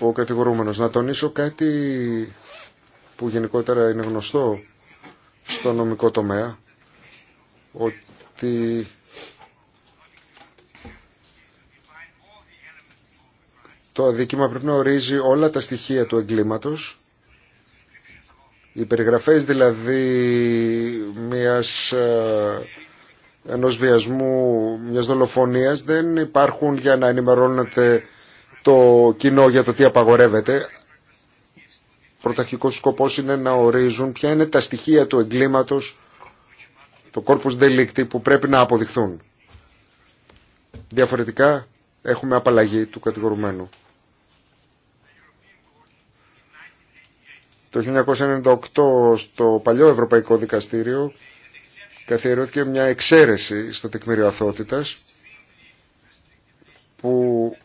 ο κατηγορούμενος. Να τονίσω κάτι που γενικότερα είναι γνωστό στο νομικό τομέα, ότι το αδίκημα πρέπει να ορίζει όλα τα στοιχεία του εγκλήματος, οι περιγραφές δηλαδή μιας ε, ενός βιασμού, μιας δολοφονίας δεν υπάρχουν για να ενημερώνεται το κοινό για το τι απαγορεύεται. Πρωταρχικός σκοπός είναι να ορίζουν ποια είναι τα στοιχεία του εγκλήματος, το corpus delicti που πρέπει να αποδειχθούν. Διαφορετικά έχουμε απαλλαγή του κατηγορουμένου. Το 1998 στο παλιό Ευρωπαϊκό Δικαστήριο καθιερώθηκε μια εξαίρεση στο τεκμήριο αθότητας που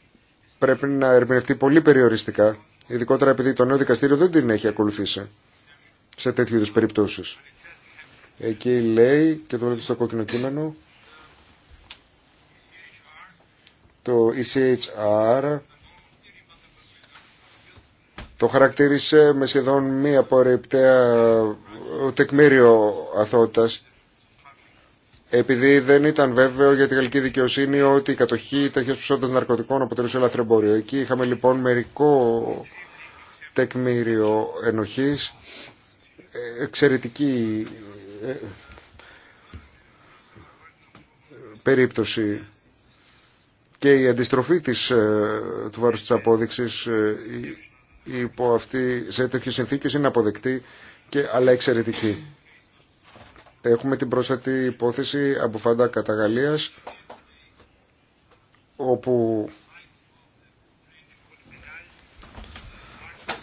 πρέπει να ερμηνευτεί πολύ περιοριστικά, ειδικότερα επειδή το νέο δικαστήριο δεν την έχει ακολουθήσει σε τέτοιου είδου περιπτώσεις. Εκεί λέει, και το βλέπετε στο κόκκινο κείμενο, το ECHR το χαρακτήρισε με σχεδόν μία πορευταία τεκμήριο αθότητας επειδή δεν ήταν βέβαιο για τη γαλλική δικαιοσύνη ότι η κατοχή τέτοιες ποσότητας ναρκωτικών αποτελούσε λαθρεμπόριο. Εκεί είχαμε λοιπόν μερικό τεκμήριο ενοχής, εξαιρετική ε, περίπτωση και η αντιστροφή της, ε, του βάρους της απόδειξης ε, υπό αυτή, σε τέτοιες συνθήκες είναι αποδεκτή και, αλλά εξαιρετική. Έχουμε την πρόσθετη υπόθεση από φαντά Καταγαλίας όπου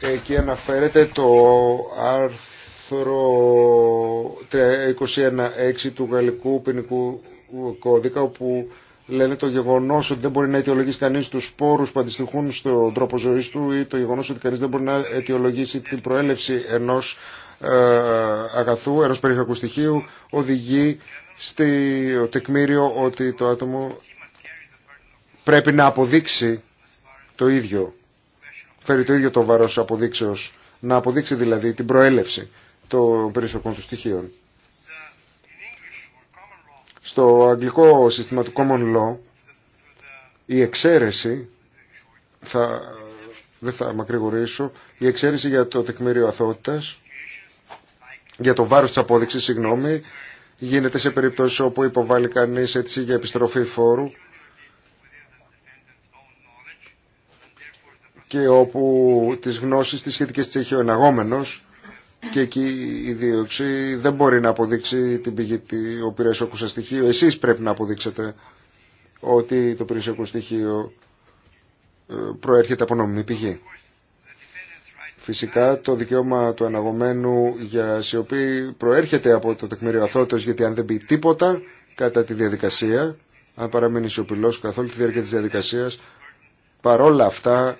εκεί αναφέρεται το άρθρο 21.6 του Γαλλικού Ποινικού Κώδικα, όπου λένε το γεγονός ότι δεν μπορεί να αιτιολογήσει κανείς του σπόρους που αντιστοιχούν στον τρόπο ζωής του ή το γεγονός ότι κανείς δεν μπορεί να αιτιολογήσει την προέλευση ενός ε, αγαθού, περιφερειακού στοιχείου, οδηγεί στο τεκμήριο ότι το άτομο πρέπει να αποδείξει το ίδιο, φέρει το ίδιο το βαρός αποδείξεως, να αποδείξει δηλαδή την προέλευση των περιφερειακών του στοιχείων. Στο αγγλικό σύστημα του Common Law η εξαίρεση, θα, δεν θα μακρηγορήσω, η εξαίρεση για το τεκμήριο αθότητας για το βάρος της απόδειξης, συγγνώμη, γίνεται σε περιπτώσεις όπου υποβάλλει κανείς έτσι για επιστροφή φόρου και όπου τις γνώσεις της σχετικής της έχει ο εναγόμενος και εκεί η δίωξη δεν μπορεί να αποδείξει την πηγή του περιουσιακού σας Εσείς πρέπει να αποδείξετε ότι το περιουσιακό στοιχείο ε, προέρχεται από νομιμή πηγή. Φυσικά το δικαίωμα του αναγωμένου για σιωπή προέρχεται από το τεκμήριο γιατί αν δεν πει τίποτα κατά τη διαδικασία, αν παραμείνει σιωπηλός καθ' τη διάρκεια της διαδικασίας, παρόλα αυτά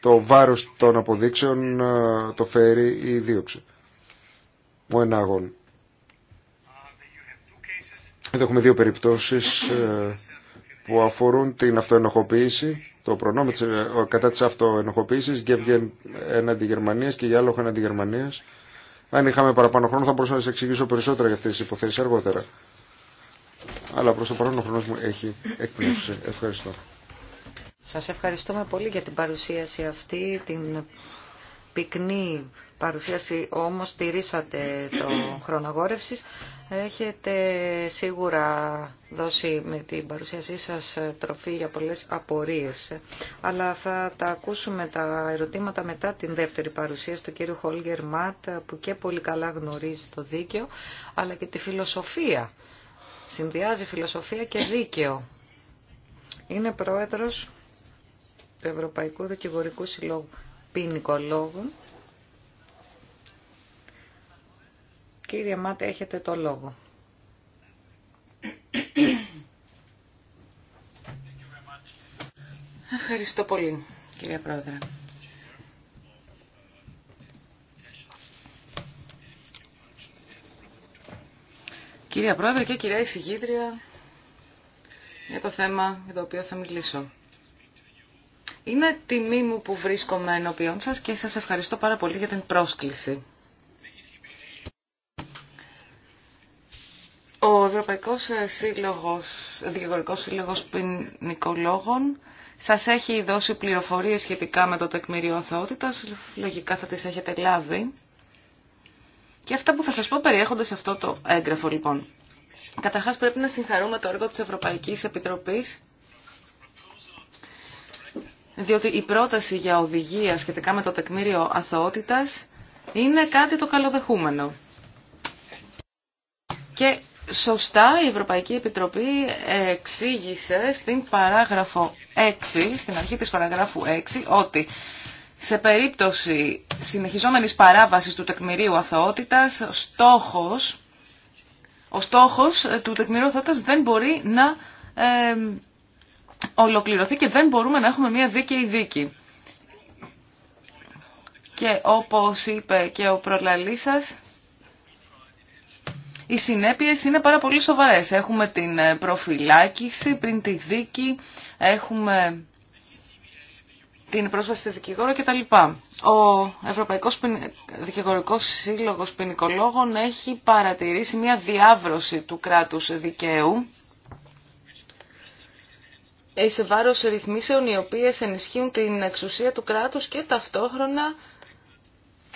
το βάρος των αποδείξεων το φέρει η δίωξη. Ο ενάγων. Εδώ έχουμε δύο περιπτώσεις που αφορούν την αυτοενοχοποίηση, το προνόμιο ε, κατά της αυτοενοχοποίησης, Γκέβγεν έναντι Γερμανίας και Γιάλοχ έναντι Γερμανίας. Αν είχαμε παραπάνω χρόνο θα μπορούσα να σας εξηγήσω περισσότερα για αυτές τις υποθέσεις αργότερα. Αλλά προς το παρόν ο χρόνος μου έχει εκπνεύσει. Ευχαριστώ. Σας ευχαριστούμε πολύ για την παρουσίαση αυτή, πυκνή παρουσίαση όμως στηρίσατε το χρονογόρευσης. Έχετε σίγουρα δώσει με την παρουσίασή σας τροφή για πολλές απορίες. Αλλά θα τα ακούσουμε τα ερωτήματα μετά την δεύτερη παρουσίαση του κύριου Χόλγερ Μάτ που και πολύ καλά γνωρίζει το δίκαιο αλλά και τη φιλοσοφία. Συνδυάζει φιλοσοφία και δίκαιο. Είναι πρόεδρος του Ευρωπαϊκού Δικηγορικού Συλλόγου ποινικό Κύριε Μάτε, έχετε το λόγο. Ευχαριστώ πολύ, κύριε Πρόεδρε. Κυρία Πρόεδρε και κυρία Εισηγήτρια, για το θέμα για το οποίο θα μιλήσω. Είναι τιμή μου που βρίσκομαι ενώπιον σας και σας ευχαριστώ πάρα πολύ για την πρόσκληση. Ο Ευρωπαϊκός Σύλλογος, Σύλλογο Σύλλογος Ποινικολόγων σας έχει δώσει πληροφορίες σχετικά με το τεκμήριο αθωότητας, λογικά θα τις έχετε λάβει. Και αυτά που θα σας πω περιέχονται σε αυτό το έγγραφο λοιπόν. Καταρχάς πρέπει να συγχαρούμε το έργο της Ευρωπαϊκής Επιτροπής διότι η πρόταση για οδηγία σχετικά με το τεκμήριο αθωότητας είναι κάτι το καλοδεχούμενο. Και σωστά η Ευρωπαϊκή Επιτροπή εξήγησε στην παράγραφο 6, στην αρχή της παραγράφου 6, ότι σε περίπτωση συνεχιζόμενης παράβασης του τεκμηρίου αθωότητας, στόχος, ο στόχος του τεκμηρίου αθωότητας δεν μπορεί να ε, ολοκληρωθεί και δεν μπορούμε να έχουμε μια δίκαιη δίκη. Και όπως είπε και ο προλαλής σας, οι συνέπειες είναι πάρα πολύ σοβαρές. Έχουμε την ε, προφυλάκηση πριν τη δίκη, έχουμε την πρόσβαση σε δικηγόρο κτλ. Ο Ευρωπαϊκός Δικηγορικός Σύλλογος Ποινικολόγων έχει παρατηρήσει μια διάβρωση του κράτους δικαίου σε βάρος ρυθμίσεων οι οποίες ενισχύουν την εξουσία του κράτους και ταυτόχρονα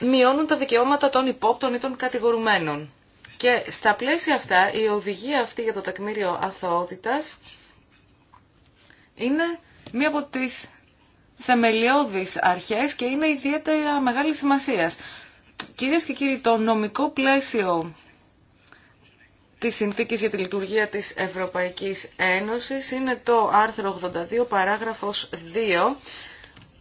μειώνουν τα δικαιώματα των υπόπτων ή των κατηγορουμένων. Και στα πλαίσια αυτά, η οδηγία αυτή για το τεκμήριο αθωότητας είναι μία από τις θεμελιώδεις αρχές και είναι ιδιαίτερα μεγάλη σημασίας. Κυρίες και κύριοι, το νομικό πλαίσιο της Συνθήκης για τη Λειτουργία της Ευρωπαϊκής Ένωσης είναι το άρθρο 82 παράγραφος 2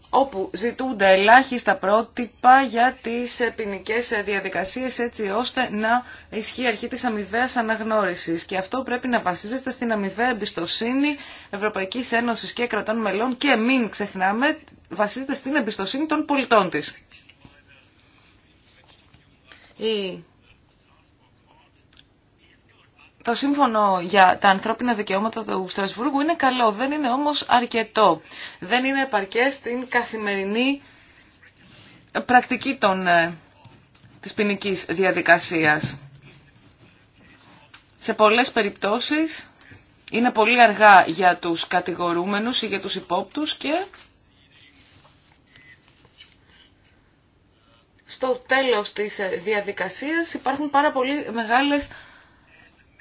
όπου ζητούνται ελάχιστα πρότυπα για τις ποινικέ διαδικασίες έτσι ώστε να ισχύει αρχή της αμοιβαία αναγνώρισης και αυτό πρέπει να βασίζεται στην αμοιβαία εμπιστοσύνη Ευρωπαϊκής Ένωσης και κρατών μελών και μην ξεχνάμε βασίζεται στην εμπιστοσύνη των πολιτών της το σύμφωνο για τα ανθρώπινα δικαιώματα του Στρασβούργου είναι καλό, δεν είναι όμως αρκετό. Δεν είναι επαρκές στην καθημερινή πρακτική των, ε, της ποινική διαδικασίας. Σε πολλές περιπτώσεις είναι πολύ αργά για τους κατηγορούμενους ή για τους υπόπτους και στο τέλος της ε, διαδικασίας υπάρχουν πάρα πολύ μεγάλες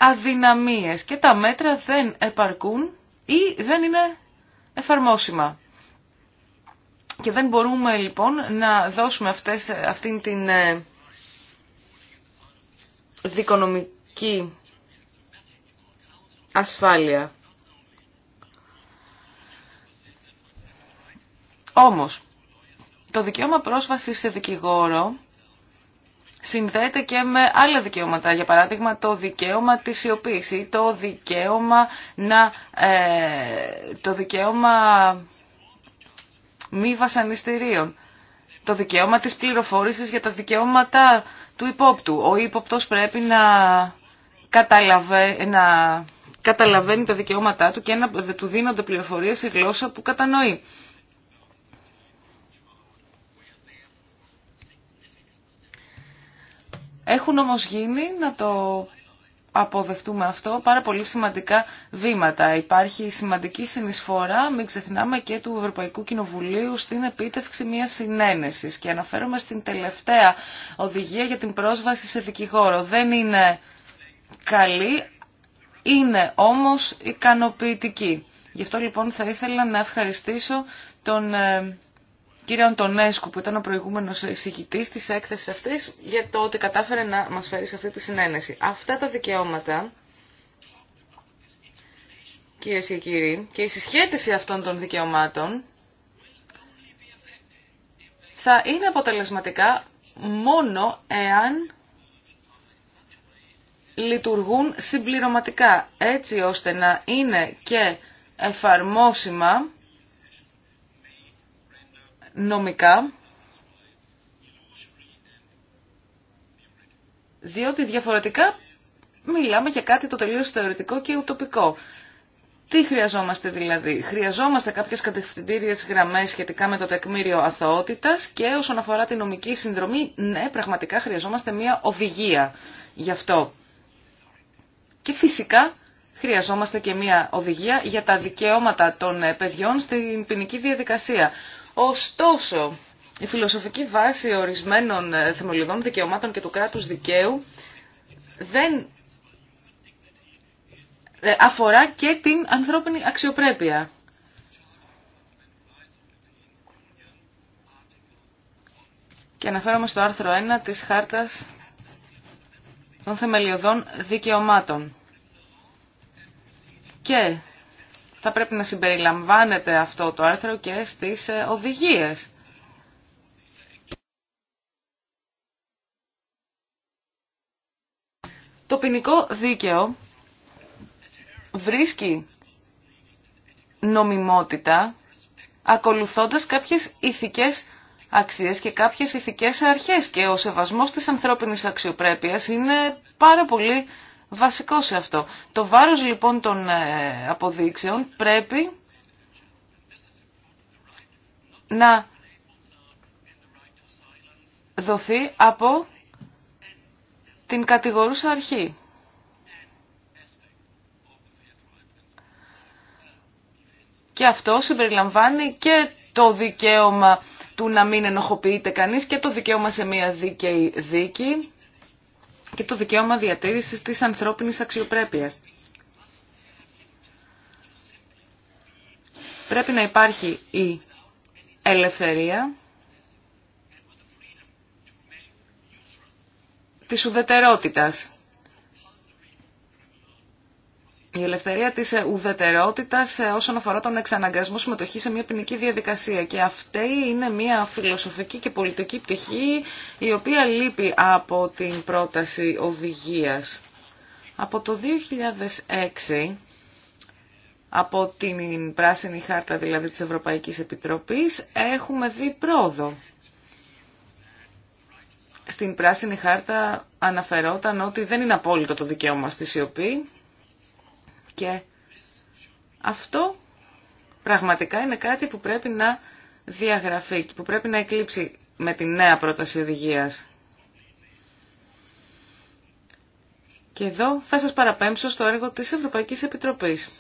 αδυναμίες και τα μέτρα δεν επαρκούν ή δεν είναι εφαρμόσιμα. Και δεν μπορούμε λοιπόν να δώσουμε αυτές, αυτήν την ε, δικονομική ασφάλεια. Όμως, το δικαίωμα πρόσβασης σε δικηγόρο συνδέεται και με άλλα δικαιώματα. Για παράδειγμα το δικαίωμα της σιωπής ή το δικαίωμα, να, ε, το δικαίωμα μη βασανιστήριων. Το δικαίωμα της πληροφόρησης για τα δικαιώματα του υπόπτου. Ο υπόπτος πρέπει να, να καταλαβαίνει τα δικαιώματά του και να του δίνονται πληροφορίες σε γλώσσα που κατανοεί. Έχουν όμως γίνει, να το αποδεχτούμε αυτό, πάρα πολύ σημαντικά βήματα. Υπάρχει σημαντική συνεισφορά, μην ξεχνάμε, και του Ευρωπαϊκού Κοινοβουλίου στην επίτευξη μιας συνένεσης. Και αναφέρομαι στην τελευταία οδηγία για την πρόσβαση σε δικηγόρο. Δεν είναι καλή, είναι όμως ικανοποιητική. Γι' αυτό λοιπόν θα ήθελα να ευχαριστήσω τον ε, τον Αντωνέσκου που ήταν ο προηγούμενος εισηγητής της έκθεσης αυτής για το ότι κατάφερε να μας φέρει σε αυτή τη συνένεση. Αυτά τα δικαιώματα, κυρίε και κύριοι, και η συσχέτιση αυτών των δικαιωμάτων θα είναι αποτελεσματικά μόνο εάν λειτουργούν συμπληρωματικά, έτσι ώστε να είναι και εφαρμόσιμα νομικά, διότι διαφορετικά μιλάμε για κάτι το τελείως θεωρητικό και ουτοπικό. Τι χρειαζόμαστε δηλαδή. Χρειαζόμαστε κάποιες κατευθυντήριες γραμμές σχετικά με το τεκμήριο αθωότητας και όσον αφορά τη νομική συνδρομή, ναι, πραγματικά χρειαζόμαστε μια οδηγία γι' αυτό. Και φυσικά χρειαζόμαστε και μια οδηγία για τα δικαιώματα των παιδιών στην ποινική διαδικασία. Ωστόσο, η φιλοσοφική βάση ορισμένων ε, θεμελιωδών δικαιωμάτων και του κράτους δικαίου δεν ε, αφορά και την ανθρώπινη αξιοπρέπεια. Και αναφέρομαι στο άρθρο 1 της Χάρτας των Θεμελιωδών Δικαιωμάτων. Και θα πρέπει να συμπεριλαμβάνεται αυτό το άρθρο και στις ε, οδηγίες. Το ποινικό δίκαιο βρίσκει νομιμότητα ακολουθώντας κάποιες ηθικές αξίες και κάποιες ηθικές αρχές και ο σεβασμός της ανθρώπινης αξιοπρέπειας είναι πάρα πολύ βασικό σε αυτό. Το βάρος λοιπόν των ε, αποδείξεων πρέπει να δοθεί από την κατηγορούσα αρχή. Και αυτό συμπεριλαμβάνει και το δικαίωμα του να μην ενοχοποιείται κανείς και το δικαίωμα σε μια δίκαιη δίκη και το δικαίωμα διατήρησης της ανθρώπινης αξιοπρέπειας. Πρέπει να υπάρχει η ελευθερία της ουδετερότητας η ελευθερία της ε, ουδετερότητας ε, όσον αφορά τον εξαναγκασμό συμμετοχή σε μια ποινική διαδικασία. Και αυτή είναι μια φιλοσοφική και πολιτική πτυχή η οποία λείπει από την πρόταση οδηγίας. Από το 2006, από την πράσινη χάρτα δηλαδή της Ευρωπαϊκής Επιτροπής, έχουμε δει πρόοδο. Στην πράσινη χάρτα αναφερόταν ότι δεν είναι απόλυτο το δικαίωμα στη σιωπή, και αυτό πραγματικά είναι κάτι που πρέπει να διαγραφεί και που πρέπει να εκλείψει με τη νέα πρόταση οδηγία. Και εδώ θα σας παραπέμψω στο έργο της Ευρωπαϊκής Επιτροπής.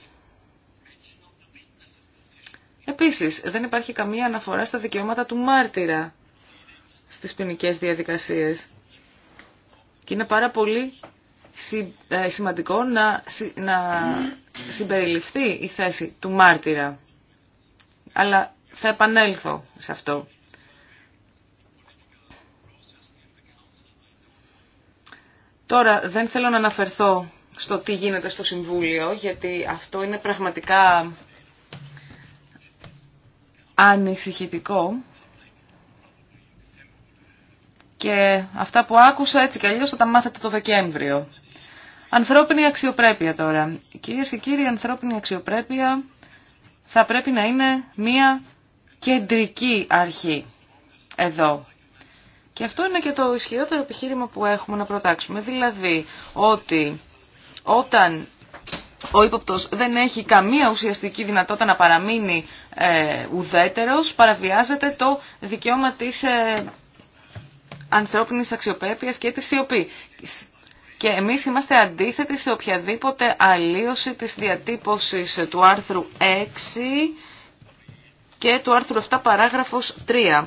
Επίσης, δεν υπάρχει καμία αναφορά στα δικαιώματα του μάρτυρα στις ποινικέ διαδικασίες. Και είναι πάρα πολύ ε, σημαντικό να, να συμπεριληφθεί η θέση του μάρτυρα. Αλλά θα επανέλθω σε αυτό. Τώρα δεν θέλω να αναφερθώ στο τι γίνεται στο Συμβούλιο, γιατί αυτό είναι πραγματικά ανησυχητικό. Και αυτά που άκουσα έτσι κι αλλιώς θα τα μάθετε το Δεκέμβριο. Ανθρώπινη αξιοπρέπεια τώρα. Κυρίες και κύριοι, η ανθρώπινη αξιοπρέπεια θα πρέπει να είναι μία κεντρική αρχή εδώ. Και αυτό είναι και το ισχυρότερο επιχείρημα που έχουμε να προτάξουμε. Δηλαδή ότι όταν ο ύποπτο δεν έχει καμία ουσιαστική δυνατότητα να παραμείνει ε, ουδέτερος, παραβιάζεται το δικαίωμα της ε, ανθρώπινης αξιοπρέπειας και της σιωπή και εμείς είμαστε αντίθετοι σε οποιαδήποτε αλλίωση της διατύπωσης του άρθρου 6 και του άρθρου 7 παράγραφος 3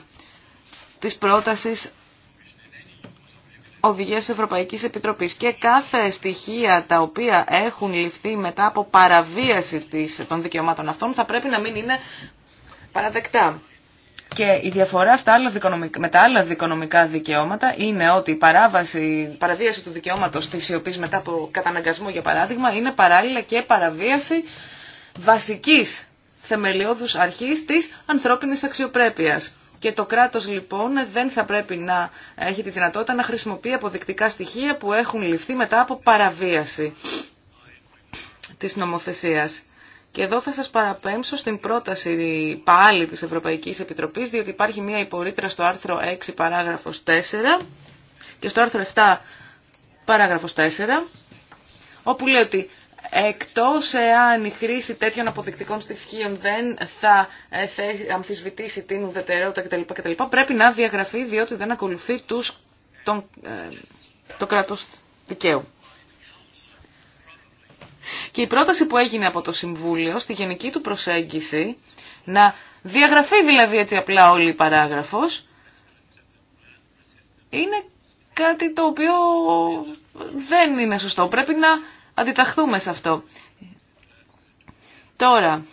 της πρότασης Οδηγίας Ευρωπαϊκής Επιτροπής και κάθε στοιχεία τα οποία έχουν ληφθεί μετά από παραβίαση της, των δικαιωμάτων αυτών θα πρέπει να μην είναι παραδεκτά. Και η διαφορά στα άλλα με τα άλλα δικονομικά δικαιώματα είναι ότι η παραβίαση του δικαιώματο τη σιωπή μετά από καταναγκασμό για παράδειγμα είναι παράλληλα και παραβίαση βασική θεμελιώδους αρχής της ανθρώπινης αξιοπρέπειας. Και το κράτος λοιπόν δεν θα πρέπει να έχει τη δυνατότητα να χρησιμοποιεί αποδεικτικά στοιχεία που έχουν ληφθεί μετά από παραβίαση της νομοθεσίας. Και εδώ θα σας παραπέμψω στην πρόταση πάλι της Ευρωπαϊκής Επιτροπής, διότι υπάρχει μία υπορήτρα στο άρθρο 6 παράγραφος 4 και στο άρθρο 7 παράγραφος 4, όπου λέει ότι εκτός εάν η χρήση τέτοιων αποδεικτικών στοιχείων δεν θα ε, αμφισβητήσει την ουδετερότητα κτλ, κτλ πρέπει να διαγραφεί διότι δεν ακολουθεί τους, τον, ε, το κράτος δικαίου. Και η πρόταση που έγινε από το Συμβούλιο στη γενική του προσέγγιση να διαγραφεί δηλαδή έτσι απλά όλη η παράγραφος είναι κάτι το οποίο δεν είναι σωστό. Πρέπει να αντιταχθούμε σε αυτό. Τώρα,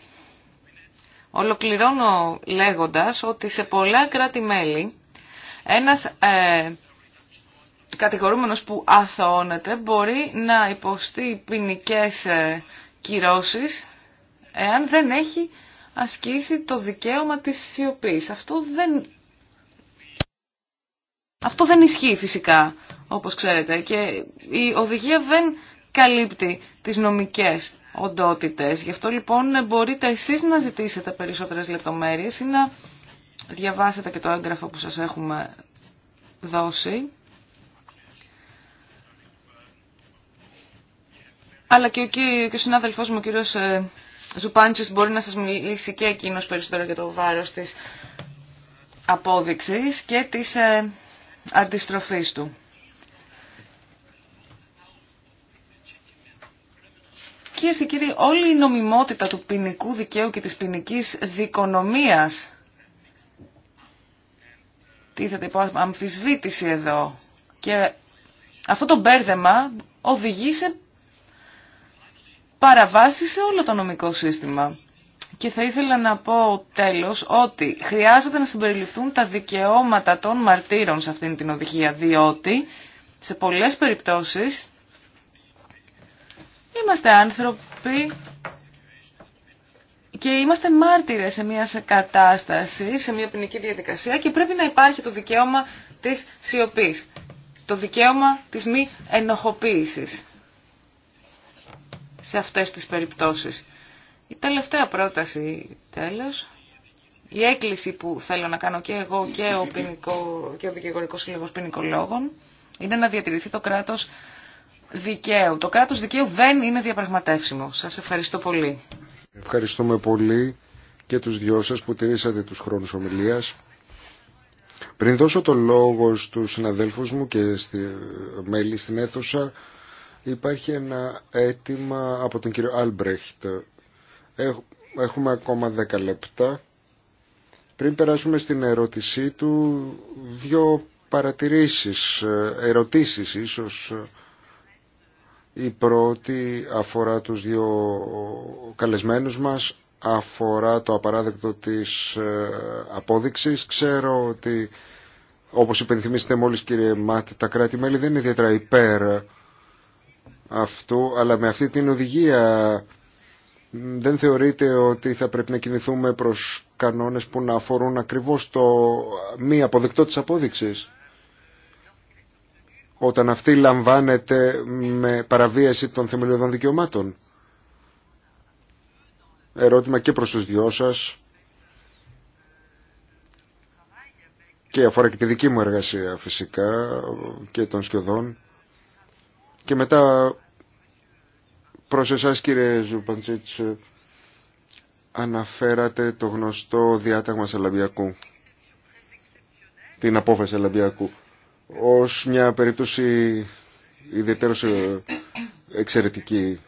ολοκληρώνω λέγοντας ότι σε πολλά κράτη-μέλη ένας ε, κατηγορούμενος που αθωώνεται μπορεί να υποστεί ποινικέ ε, κυρώσεις εάν δεν έχει ασκήσει το δικαίωμα της σιωπής. Αυτό δεν... Αυτό δεν ισχύει φυσικά, όπως ξέρετε, και η οδηγία δεν καλύπτει τις νομικές οντότητες. Γι' αυτό λοιπόν μπορείτε εσείς να ζητήσετε περισσότερες λεπτομέρειες ή να διαβάσετε και το έγγραφο που σας έχουμε δώσει. αλλά και ο, και συνάδελφός μου, ο κύριος ε, Ζουπάντσης, μπορεί να σας μιλήσει και εκείνος περισσότερο για το βάρος της απόδειξης και της ε, αντιστροφής του. Κύριε και κύριοι, όλη η νομιμότητα του ποινικού δικαίου και της ποινική δικονομίας τίθεται υπό αμφισβήτηση εδώ και αυτό το μπέρδεμα οδηγεί σε παραβάσει σε όλο το νομικό σύστημα. Και θα ήθελα να πω τέλος ότι χρειάζεται να συμπεριληφθούν τα δικαιώματα των μαρτύρων σε αυτήν την οδηγία, διότι σε πολλές περιπτώσεις είμαστε άνθρωποι και είμαστε μάρτυρες σε μια κατάσταση, σε μια ποινική διαδικασία και πρέπει να υπάρχει το δικαίωμα της σιωπής, το δικαίωμα της μη ενοχοποίησης σε αυτές τις περιπτώσεις. Η τελευταία πρόταση τέλος, η έκκληση που θέλω να κάνω και εγώ και ο, ποινικό, και ο δικηγορικός σύλλογος ποινικολόγων είναι να διατηρηθεί το κράτος δικαίου. Το κράτος δικαίου δεν είναι διαπραγματεύσιμο. Σας ευχαριστώ πολύ. Ευχαριστούμε πολύ και τους δυο σας που τηρήσατε τους χρόνους ομιλίας. Πριν δώσω το λόγο στους συναδέλφους μου και στη μέλη στην αίθουσα, Υπάρχει ένα αίτημα από τον κύριο Άλμπρεχτ. Έχουμε ακόμα 10 λεπτά. Πριν περάσουμε στην ερώτησή του, δύο παρατηρήσεις, ερωτήσεις ίσως. Η πρώτη αφορά τους δύο καλεσμένους μας, αφορά το απαράδεκτο της ε, απόδειξης. Ξέρω ότι, όπως υπενθυμίσετε μόλις κύριε Μάτ, τα κράτη-μέλη δεν είναι ιδιαίτερα υπέρ αυτό, αλλά με αυτή την οδηγία δεν θεωρείτε ότι θα πρέπει να κινηθούμε προς κανόνες που να αφορούν ακριβώς το μη αποδεκτό της απόδειξης. Όταν αυτή λαμβάνεται με παραβίαση των θεμελιωδών δικαιωμάτων. Ερώτημα και προς τους δυο σας. Και αφορά και τη δική μου εργασία φυσικά και των σκιωδών. Και μετά Προς εσάς κύριε Ζουπαντσίτς αναφέρατε το γνωστό διάταγμα Σαλαμπιακού, την απόφαση Σαλαμπιακού, ως μια περίπτωση ιδιαίτερως ε, εξαιρετική.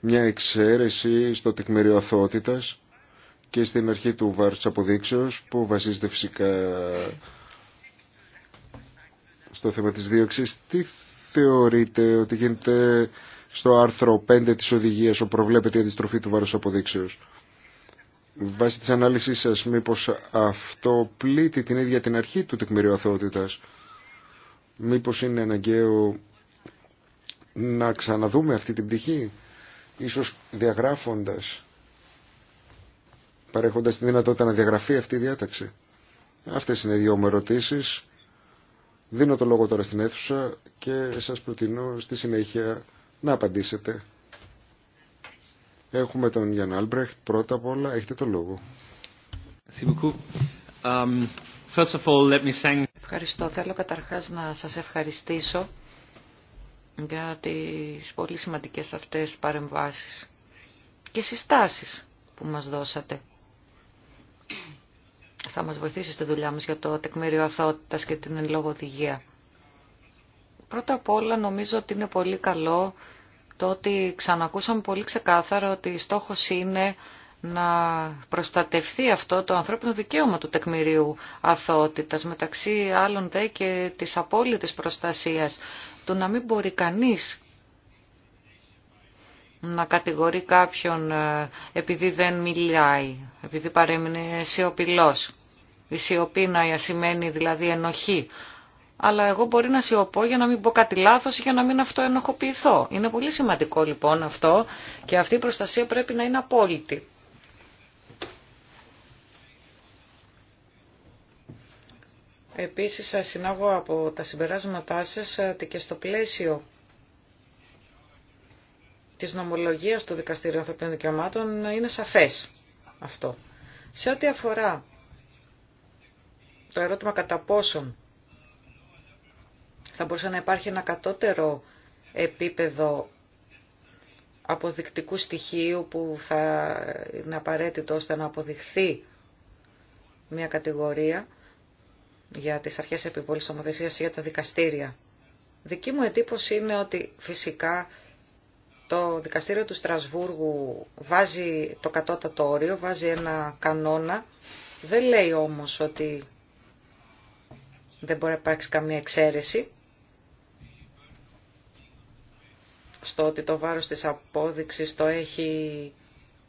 Μια εξαίρεση στο τεκμήριο αθωότητας και στην αρχή του βάρους αποδείξεως που βασίζεται φυσικά στο θέμα της δίωξης. Τι θεωρείτε ότι γίνεται στο άρθρο 5 της οδηγίας όπου προβλέπεται η αντιστροφή του βάρους αποδείξεως. Βάσει της ανάλυσης σας μήπως αυτό πλήττει την ίδια την αρχή του τεκμηρίου αθωότητας. Μήπως είναι αναγκαίο να ξαναδούμε αυτή την πτυχή ίσως διαγράφοντας παρέχοντας τη δυνατότητα να διαγραφεί αυτή η διάταξη. Αυτές είναι οι δυο μου Δίνω το λόγο τώρα στην αίθουσα και σας προτείνω στη συνέχεια να απαντήσετε. Έχουμε τον Γιάνν Άλμπρεχτ πρώτα απ' όλα. Έχετε το λόγο. Um, Ευχαριστώ. Θέλω καταρχάς να σας ευχαριστήσω για τις πολύ σημαντικές αυτές παρεμβάσεις και συστάσεις που μας δώσατε θα μας βοηθήσει στη δουλειά μας για το τεκμήριο αθότητας και την λόγω οδηγία. Πρώτα απ' όλα νομίζω ότι είναι πολύ καλό το ότι ξανακούσαμε πολύ ξεκάθαρο ότι στόχος είναι να προστατευτεί αυτό το ανθρώπινο δικαίωμα του τεκμηρίου αθότητας μεταξύ άλλων δε και της απόλυτης προστασίας του να μην μπορεί κανείς να κατηγορεί κάποιον ε, επειδή δεν μιλάει, επειδή παρέμεινε σιωπηλός. Η σιωπή να σημαίνει δηλαδή ενοχή. Αλλά εγώ μπορεί να σιωπώ για να μην πω κάτι λάθο ή για να μην αυτοενοχοποιηθώ. Είναι πολύ σημαντικό λοιπόν αυτό και αυτή η προστασία πρέπει να είναι απόλυτη. Επίσης σας συνάγω από τα συμπεράσματά σας ότι και στο πλαίσιο της νομολογίας του Δικαστηρίου Ανθρωπίνων Δικαιωμάτων είναι σαφές αυτό. Σε ό,τι αφορά το ερώτημα κατά πόσον θα μπορούσε να υπάρχει ένα κατώτερο επίπεδο αποδεικτικού στοιχείου που θα είναι απαραίτητο ώστε να αποδειχθεί μια κατηγορία για τις αρχές επιβολής ομοθεσίας ή για τα δικαστήρια. Δική μου εντύπωση είναι ότι φυσικά το δικαστήριο του Στρασβούργου βάζει το κατώτατο όριο, βάζει ένα κανόνα, δεν λέει όμως ότι δεν μπορεί να υπάρξει καμία εξαίρεση στο ότι το βάρος της απόδειξης το έχει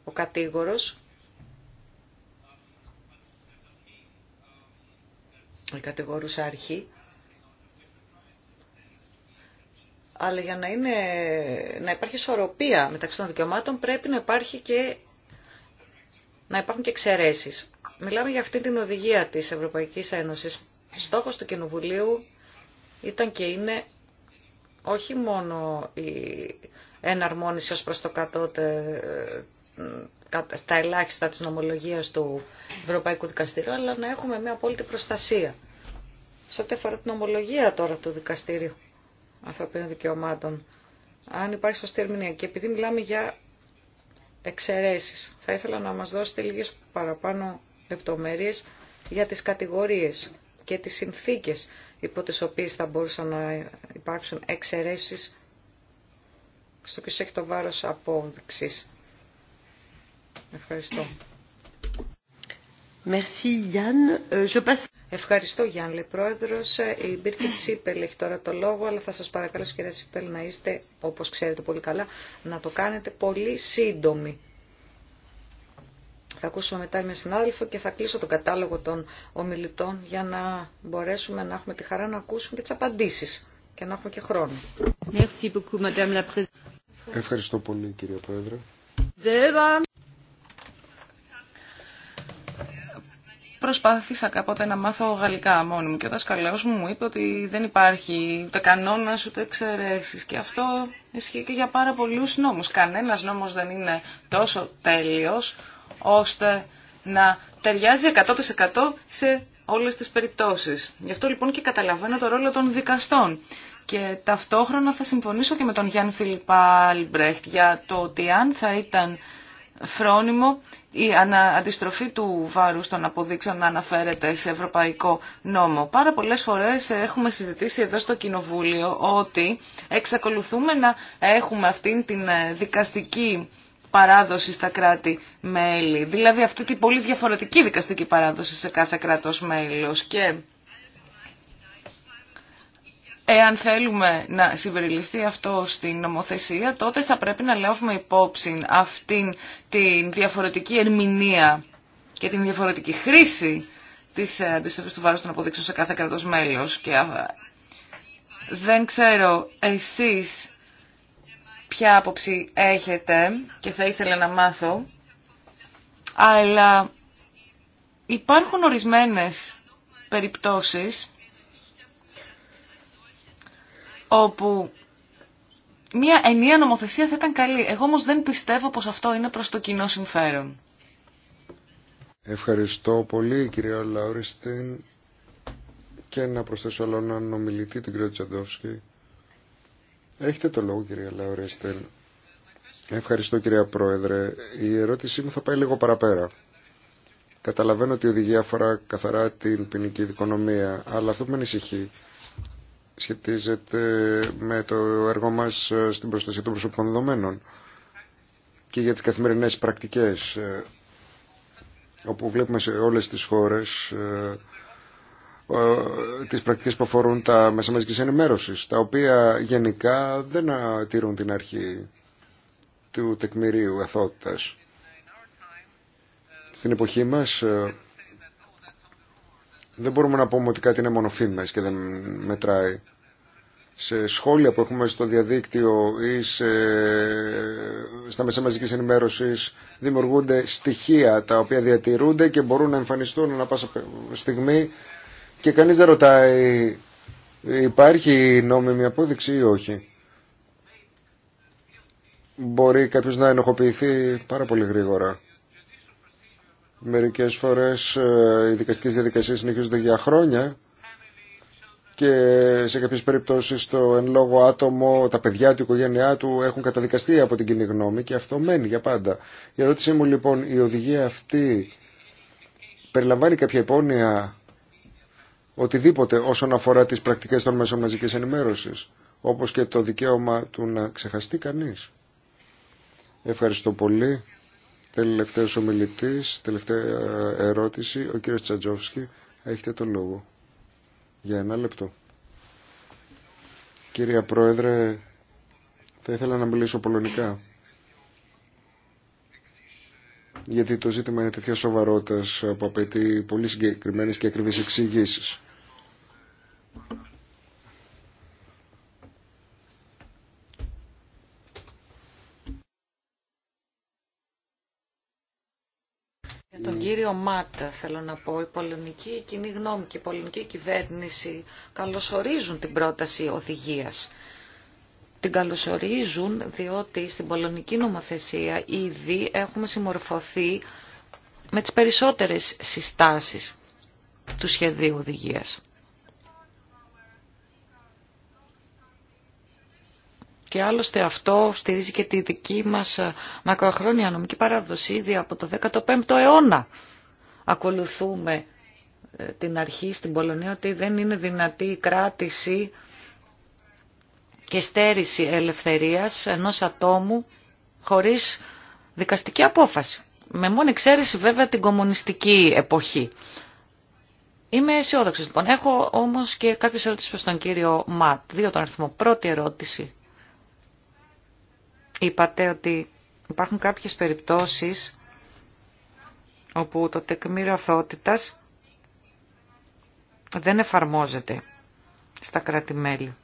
ο κατήγορος. Η κατηγορούσα αρχή. Αλλά για να, υπάρχει ισορροπία μεταξύ των δικαιωμάτων πρέπει να, υπάρχει και, να υπάρχουν και εξαιρέσεις. Μιλάμε για αυτή την οδηγία της Ευρωπαϊκής Ένωσης Στόχος του Κοινοβουλίου ήταν και είναι όχι μόνο η εναρμόνιση ως προς το κατώτε, ε, στα ελάχιστα της νομολογίας του Ευρωπαϊκού Δικαστηρίου, αλλά να έχουμε μια απόλυτη προστασία. Σε ό,τι αφορά την ομολογία τώρα του δικαστήριου ανθρωπίνων δικαιωμάτων, αν υπάρχει σωστή ερμηνεία και επειδή μιλάμε για εξαιρέσεις, θα ήθελα να μας δώσετε λίγες παραπάνω λεπτομέρειες για τις κατηγορίες και τις συνθήκες υπό τις οποίες θα μπορούσαν να υπάρξουν εξαιρέσεις στο οποίο έχει το βάρος απόδειξης. Ευχαριστώ. Merci, Yann. Ε, je Ευχαριστώ Γιάννη λέει Πρόεδρος. Ε, η Μπίρκη Τσίπελ έχει τώρα το λόγο, αλλά θα σας παρακαλώ κυρία Τσίπελ να είστε, όπως ξέρετε πολύ καλά, να το κάνετε πολύ σύντομη. Θα ακούσουμε μετά μια συνάδελφο και θα κλείσω τον κατάλογο των ομιλητών για να μπορέσουμε να έχουμε τη χαρά να ακούσουμε και τις απαντήσεις και να έχουμε και χρόνο. Ευχαριστώ πολύ κύριε Πρόεδρε. Προσπάθησα κάποτε να μάθω γαλλικά μόνη μου και ο δασκαλός μου μου είπε ότι δεν υπάρχει ούτε κανόνας ούτε εξαιρέσεις και αυτό ισχύει και για πάρα πολλούς νόμους. Κανένας νόμος δεν είναι τόσο τέλειος ώστε να ταιριάζει 100% σε όλες τις περιπτώσεις. Γι' αυτό λοιπόν και καταλαβαίνω το ρόλο των δικαστών. Και ταυτόχρονα θα συμφωνήσω και με τον Γιάννη Φιλιππά Αλμπρέχτ για το ότι αν θα ήταν φρόνιμο η αντιστροφή του βάρου των αποδείξεων να αναφέρεται σε ευρωπαϊκό νόμο. Πάρα πολλές φορές έχουμε συζητήσει εδώ στο Κοινοβούλιο ότι εξακολουθούμε να έχουμε αυτήν την ε, δικαστική παράδοση στα κράτη-μέλη. Δηλαδή αυτή την πολύ διαφορετική δικαστική παράδοση σε κάθε κράτος μέλος. Και εάν θέλουμε να συμπεριληφθεί αυτό στην νομοθεσία, τότε θα πρέπει να λάβουμε υπόψη αυτήν την διαφορετική ερμηνεία και την διαφορετική χρήση της αντιστροφής του βάρους των αποδείξεων σε κάθε κράτος μέλος. Και δεν ξέρω εσείς ποια άποψη έχετε και θα ήθελα να μάθω, αλλά υπάρχουν ορισμένες περιπτώσεις όπου μια ενιαία νομοθεσία θα ήταν καλή. Εγώ όμως δεν πιστεύω πως αυτό είναι προς το κοινό συμφέρον. Ευχαριστώ πολύ κυρία Λαουριστίν και να προσθέσω άλλο έναν ομιλητή, την κυρία Τσαντόφσκη. Έχετε το λόγο κυρία Λαουρέστελ. Ευχαριστώ κυρία Πρόεδρε. Η ερώτησή μου θα πάει λίγο παραπέρα. Καταλαβαίνω ότι η οδηγία αφορά καθαρά την ποινική δικονομία, αλλά αυτό που με ανησυχεί σχετίζεται με το έργο μας ε, στην προστασία των προσωπικών δεδομένων και για τις καθημερινές πρακτικές ε, όπου βλέπουμε σε όλες τις χώρες ε, ε, τις πρακτικές που αφορούν τα μέσα μαζικής ενημέρωσης, τα οποία γενικά δεν τηρούν την αρχή του τεκμηρίου αθότητας. Στην εποχή μας ε, δεν μπορούμε να πούμε ότι κάτι είναι μονοφήμες και δεν μετράει. Σε σχόλια που έχουμε στο διαδίκτυο ή στα μέσα μαζικής ενημέρωσης δημιουργούνται στοιχεία τα οποία διατηρούνται και μπορούν να εμφανιστούν ανά πάσα στιγμή και κανείς δεν ρωτάει υπάρχει νόμιμη απόδειξη ή όχι. Μπορεί κάποιος να ενοχοποιηθεί πάρα πολύ γρήγορα. Μερικές φορές ε, οι δικαστικές διαδικασίες συνεχίζονται για χρόνια και σε κάποιες περιπτώσεις το εν λόγω άτομο, τα παιδιά του, η οικογένειά του έχουν καταδικαστεί από την κοινή γνώμη και αυτό μένει για πάντα. Η ερώτησή μου λοιπόν, η οδηγία αυτή περιλαμβάνει κάποια υπόνοια οτιδήποτε όσον αφορά τις πρακτικές των μέσων μαζικής ενημέρωσης, όπως και το δικαίωμα του να ξεχαστεί κανείς. Ευχαριστώ πολύ. Τελευταίος ομιλητής, τελευταία ερώτηση, ο κύριος Τσαντζόφσκι, Έχετε το λόγο. Για ένα λεπτό. Κύριε Πρόεδρε, θα ήθελα να μιλήσω πολωνικά. Γιατί το ζήτημα είναι τέτοια σοβαρότητα που απαιτεί πολύ συγκεκριμένε και ακριβεί εξηγήσει. Για τον κύριο Μάτα θέλω να πω, η πολωνική κοινή γνώμη και η πολωνική κυβέρνηση καλωσορίζουν την πρόταση οδηγίας. Την καλωσορίζουν διότι στην πολωνική νομοθεσία ήδη έχουμε συμμορφωθεί με τις περισσότερες συστάσεις του σχεδίου οδηγίας. Και άλλωστε αυτό στηρίζει και τη δική μας ε, μακροχρόνια νομική παράδοση. Ήδη από το 15ο αιώνα ακολουθούμε ε, την αρχή στην Πολωνία ότι δεν είναι δυνατή η κράτηση και στέρηση ελευθερίας ενός ατόμου χωρίς δικαστική απόφαση. Με μόνη εξαίρεση βέβαια την κομμουνιστική εποχή. Είμαι αισιόδοξο λοιπόν. Έχω όμω και κάποιε ερωτήσει προ τον κύριο Ματ. Δύο τον αριθμό. Πρώτη ερώτηση. Είπατε ότι υπάρχουν κάποιες περιπτώσεις όπου το τεκμήριο αθότητας δεν εφαρμόζεται στα κράτη-μέλη.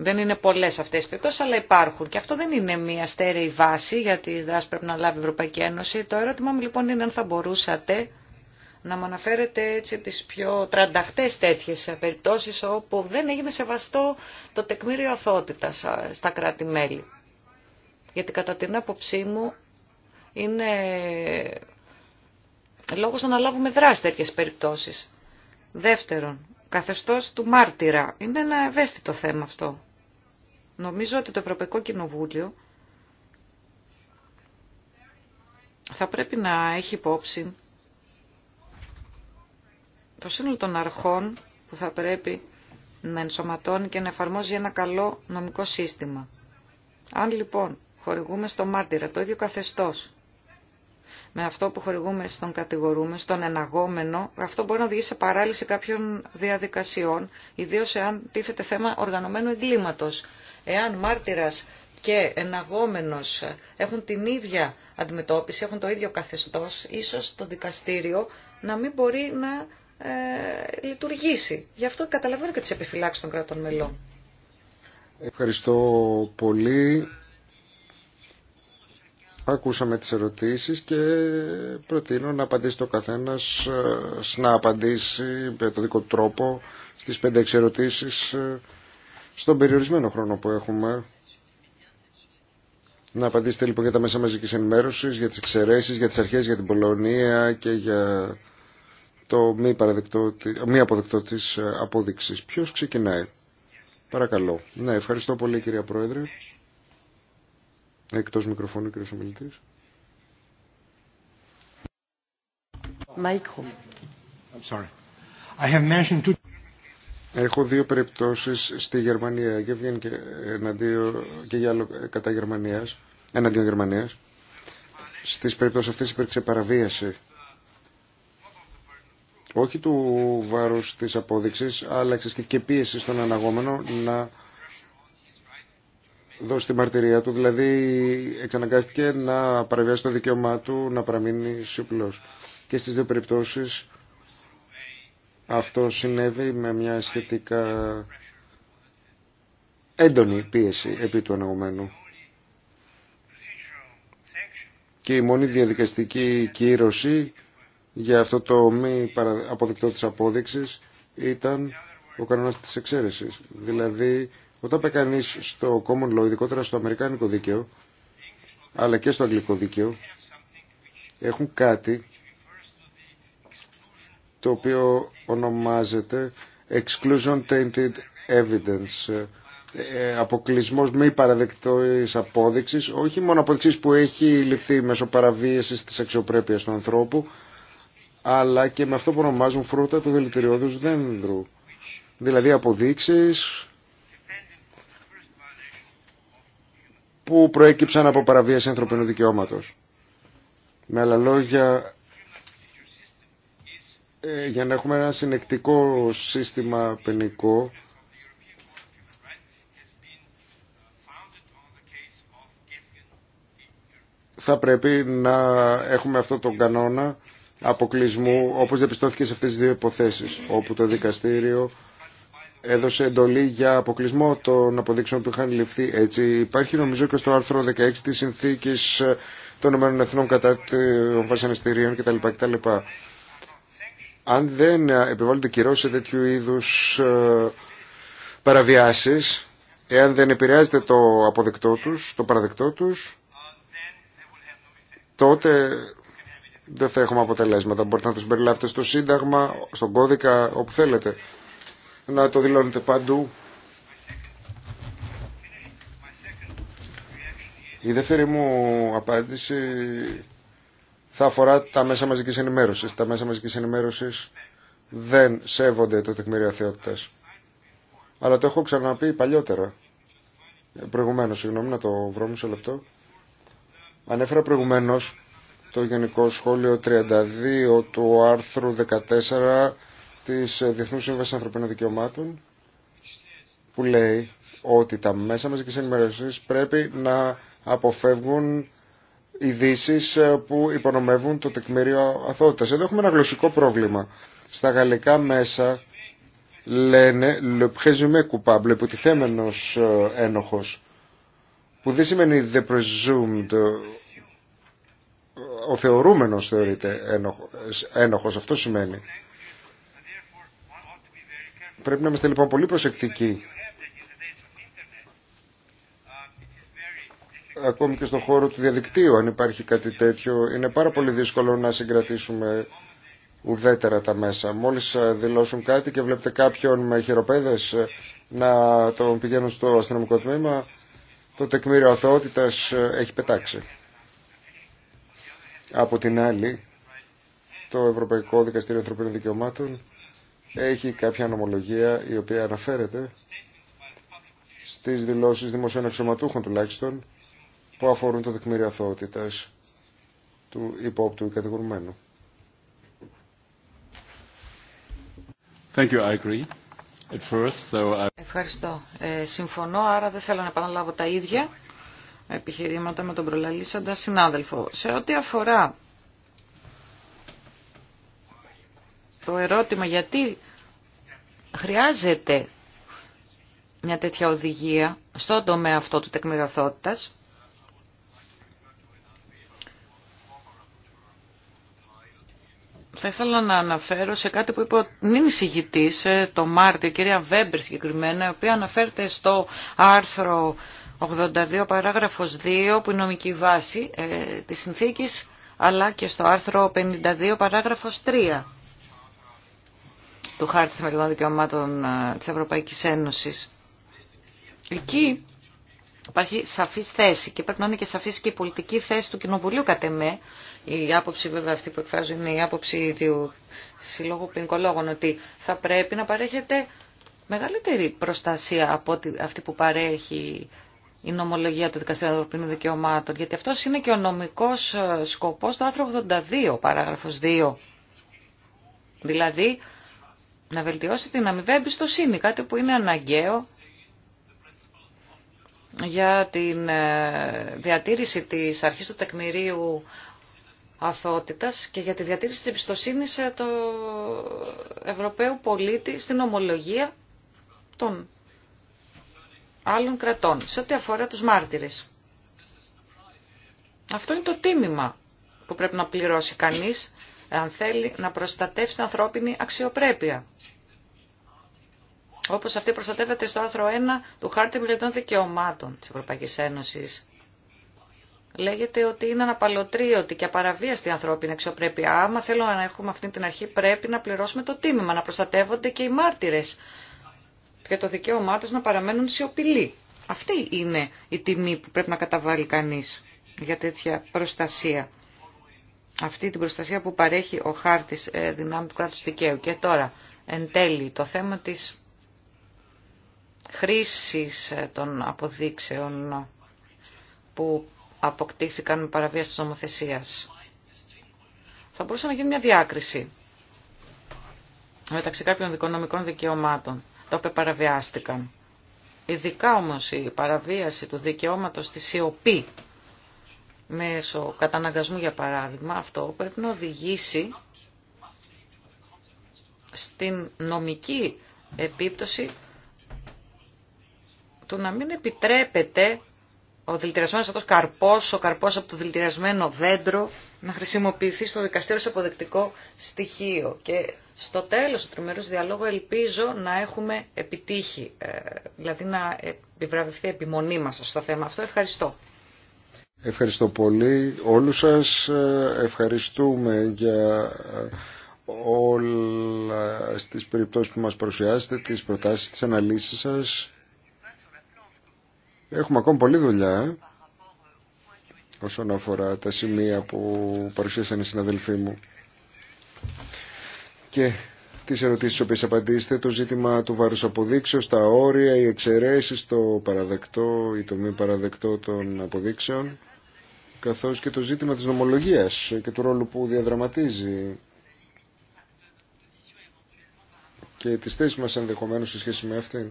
Δεν είναι πολλές αυτές οι περιπτώσεις, αλλά υπάρχουν. Και αυτό δεν είναι μια στέρεη βάση για τις δράσεις που πρέπει να λάβει η Ευρωπαϊκή Ένωση. Το ερώτημα μου λοιπόν είναι αν θα μπορούσατε να μου αναφέρετε έτσι τις πιο τρανταχτές τέτοιες περιπτώσεις όπου δεν έγινε σεβαστό το τεκμήριο αθότητας στα κράτη-μέλη. Γιατί κατά την άποψή μου είναι λόγος να αναλάβουμε δράση τέτοιες περιπτώσεις. Δεύτερον, καθεστώς του μάρτυρα. Είναι ένα ευαίσθητο θέμα αυτό. Νομίζω ότι το Ευρωπαϊκό Κοινοβούλιο θα πρέπει να έχει υπόψη το σύνολο των αρχών που θα πρέπει να ενσωματώνει και να εφαρμόζει ένα καλό νομικό σύστημα. Αν λοιπόν χορηγούμε στο μάρτυρα το ίδιο καθεστώς με αυτό που χορηγούμε στον κατηγορούμε, στον εναγόμενο, αυτό μπορεί να οδηγήσει σε παράλυση κάποιων διαδικασιών, ιδίω εάν τίθεται θέμα οργανωμένου εγκλήματος. Εάν μάρτυρας και εναγόμενος έχουν την ίδια αντιμετώπιση, έχουν το ίδιο καθεστώς, ίσως το δικαστήριο να μην μπορεί να ε, λειτουργήσει. Γι' αυτό καταλαβαίνω και τις επιφυλάξεις των κρατών μελών. Ευχαριστώ πολύ. Ακούσαμε τις ερωτήσεις και προτείνω να απαντήσει το καθένας, ε, να απαντήσει με το δικό του τρόπο στις 5-6 ερωτήσεις ε, στον περιορισμένο χρόνο που έχουμε. Να απαντήσετε λοιπόν για τα μέσα μαζικής ενημέρωσης, για τις εξαιρέσεις, για τις αρχές, για την Πολωνία και για το μη, αποδεκτό της ε, απόδειξης. Ποιος ξεκινάει. Παρακαλώ. Ναι, ευχαριστώ πολύ κυρία Πρόεδρε. Εκτός μικροφώνου κύριος ομιλητής. Έχω δύο περιπτώσεις στη Γερμανία και βγαίνει και, εναντίο, και για άλλο κατά Γερμανίας, εναντίον Γερμανίας. Στις περιπτώσεις αυτές υπήρξε παραβίαση όχι του βάρου της απόδειξης, αλλά και πίεση στον αναγόμενο να δώσει τη μαρτυρία του, δηλαδή εξαναγκάστηκε να παραβιάσει το δικαίωμά του να παραμείνει σιωπηλός. Και στις δύο περιπτώσεις αυτό συνέβη με μια σχετικά έντονη πίεση επί του αναγωμένου. Και η μόνη διαδικαστική κύρωση για αυτό το μη αποδεκτό της απόδειξης ήταν ο κανόνας της εξαίρεσης. Δηλαδή, όταν πάει στο common law, ειδικότερα στο αμερικάνικο δίκαιο, αλλά και στο αγγλικό δίκαιο, έχουν κάτι το οποίο ονομάζεται exclusion tainted evidence, ε, ε, αποκλεισμό μη παραδεκτό απόδειξη, όχι μόνο απόδειξη που έχει ληφθεί μέσω παραβίαση τη αξιοπρέπεια του ανθρώπου, αλλά και με αυτό που ονομάζουν φρούτα του δηλητηριώδους δένδρου. Δηλαδή αποδείξεις που προέκυψαν από παραβίαση ανθρωπίνου δικαιώματος. Με άλλα λόγια, ε, για να έχουμε ένα συνεκτικό σύστημα πενικό, θα πρέπει να έχουμε αυτό τον κανόνα αποκλεισμού όπως διαπιστώθηκε σε αυτές τις δύο υποθέσεις όπου το δικαστήριο έδωσε εντολή για αποκλεισμό των αποδείξεων που είχαν ληφθεί έτσι. Υπάρχει νομίζω και στο άρθρο 16 της συνθήκης ε, των ΗΕ κατά των βασανιστήριων κτλ. κτλ. Αν δεν ε, επιβάλλονται κυρώσεις σε τέτοιου είδους ε, παραβιάσεις, εάν δεν επηρεάζεται το αποδεκτό τους, το παραδεκτό τους, τότε δεν θα έχουμε αποτελέσματα. Μπορείτε να τους περιλάβετε στο Σύνταγμα, στον κώδικα, όπου θέλετε. Να το δηλώνετε παντού. Η δεύτερη μου απάντηση θα αφορά τα μέσα μαζικής ενημέρωσης. Τα μέσα μαζικής ενημέρωσης δεν σέβονται το τεκμήριο αθεότητας. Αλλά το έχω ξαναπεί παλιότερα. Ε, προηγουμένως, συγγνώμη να το βρω μισό λεπτό. Ανέφερα προηγουμένως το Γενικό Σχόλιο 32 του άρθρου 14 της Διεθνούς Σύμβασης Ανθρωπίνων Δικαιωμάτων που λέει ότι τα μέσα μαζικής ενημέρωσης πρέπει να αποφεύγουν ειδήσει που υπονομεύουν το τεκμήριο αθότητας. Εδώ έχουμε ένα γλωσσικό πρόβλημα. Στα γαλλικά μέσα λένε «le présumé coupable», υποτιθέμενος ένοχος, που δεν σημαίνει «the presumed ο θεωρούμενος θεωρείται ένοχος, Αυτό σημαίνει. Πρέπει να είμαστε λοιπόν πολύ προσεκτικοί. Ακόμη και στον χώρο του διαδικτύου, αν υπάρχει κάτι τέτοιο, είναι πάρα πολύ δύσκολο να συγκρατήσουμε ουδέτερα τα μέσα. Μόλις ε, δηλώσουν κάτι και βλέπετε κάποιον με χειροπέδες ε, να τον πηγαίνουν στο αστυνομικό τμήμα, το τεκμήριο αθωότητας ε, έχει πετάξει. Από την άλλη, το Ευρωπαϊκό Δικαστήριο Ανθρωπίνων Δικαιωμάτων έχει κάποια νομολογία η οποία αναφέρεται στις δηλώσεις δημοσίων αξιωματούχων τουλάχιστον που αφορούν το δεκμήριο αθωότητας του υπόπτου κατηγορουμένου. Ευχαριστώ. Ε, συμφωνώ, άρα δεν θέλω να επαναλάβω τα ίδια επιχειρήματα με τον προλαλήσαντα συνάδελφο. Σε ό,τι αφορά το ερώτημα γιατί χρειάζεται μια τέτοια οδηγία στον τομέα αυτό του τεκμηριωθότητας, θα ήθελα να αναφέρω σε κάτι που είπε ο νυν ε, το Μάρτιο, η κυρία Βέμπερ συγκεκριμένα, η οποία αναφέρεται στο άρθρο 82 παράγραφος 2 που είναι νομική βάση ε, της συνθήκης αλλά και στο άρθρο 52 παράγραφος 3 του Χάρτη μελλοντικών Δικαιωμάτων ε, της Ευρωπαϊκής Ένωσης. Εκεί υπάρχει σαφής θέση και πρέπει να είναι και σαφής και η πολιτική θέση του Κοινοβουλίου κατ' εμέ. Η άποψη βέβαια αυτή που εκφράζω είναι η άποψη του Συλλόγου Ποινικολόγων ότι θα πρέπει να παρέχεται μεγαλύτερη προστασία από αυτή που παρέχει η νομολογία του Δικαστήριου Ανθρωπίνων Δικαιωμάτων, γιατί αυτό είναι και ο νομικός ε, σκοπός του άρθρου 82, παράγραφος 2. Δηλαδή, να βελτιώσει την αμοιβή εμπιστοσύνη, κάτι που είναι αναγκαίο για την ε, διατήρηση της αρχής του τεκμηρίου αθότητας και για τη διατήρηση της εμπιστοσύνης ε, του Ευρωπαίου πολίτη στην ομολογία των άλλων κρατών, σε ό,τι αφορά τους μάρτυρες. Αυτό είναι το τίμημα που πρέπει να πληρώσει κανείς αν θέλει να προστατεύσει την ανθρώπινη αξιοπρέπεια. Όπως αυτή προστατεύεται στο άρθρο 1 του Χάρτη Μιλετών Δικαιωμάτων της Ευρωπαϊκής Ένωσης. Λέγεται ότι είναι αναπαλωτρίωτη και απαραβίαστη η ανθρώπινη αξιοπρέπεια. Άμα θέλω να έχουμε αυτή την αρχή πρέπει να πληρώσουμε το τίμημα, να προστατεύονται και οι μάρτυρες και το δικαίωμά τους να παραμένουν σιωπηλοί. Αυτή είναι η τιμή που πρέπει να καταβάλει κανείς για τέτοια προστασία. Αυτή την προστασία που παρέχει ο χάρτης ε, δυνάμει του κράτους δικαίου. Και τώρα, εν τέλει, το θέμα της χρήσης ε, των αποδείξεων που αποκτήθηκαν με παραβίαση τη νομοθεσία. Θα μπορούσε να γίνει μια διάκριση μεταξύ κάποιων δικονομικών δικαιωμάτων το οποία παραβιάστηκαν. Ειδικά όμως η παραβίαση του δικαιώματος στη σιωπή μέσω καταναγκασμού για παράδειγμα, αυτό πρέπει να οδηγήσει στην νομική επίπτωση του να μην επιτρέπεται ο δηλητηριασμένο αυτό καρπό, ο καρπός από το δηλητηριασμένο δέντρο να χρησιμοποιηθεί στο δικαστήριο σε αποδεκτικό στοιχείο. Και στο τέλος του τριμερού διαλόγου ελπίζω να έχουμε επιτύχει, ε, δηλαδή να επιβραβευτεί επιμονή μας στο θέμα αυτό. Ευχαριστώ. Ευχαριστώ πολύ όλους σας. Ε, ευχαριστούμε για ε, όλα στις περιπτώσεις που μας παρουσιάσετε, τις προτάσεις, τις αναλύσεις σας. Έχουμε ακόμη πολλή δουλειά ε, όσον αφορά τα σημεία που παρουσίασαν οι συναδελφοί μου. Και τις ερωτήσεις οποίες απαντήσετε, το ζήτημα του βάρους αποδείξεως, τα όρια, οι εξαιρέσεις, το παραδεκτό ή το μη παραδεκτό των αποδείξεων, καθώς και το ζήτημα της νομολογίας και του ρόλου που διαδραματίζει και τις θέσεις μας ενδεχομένως σε σχέση με αυτήν.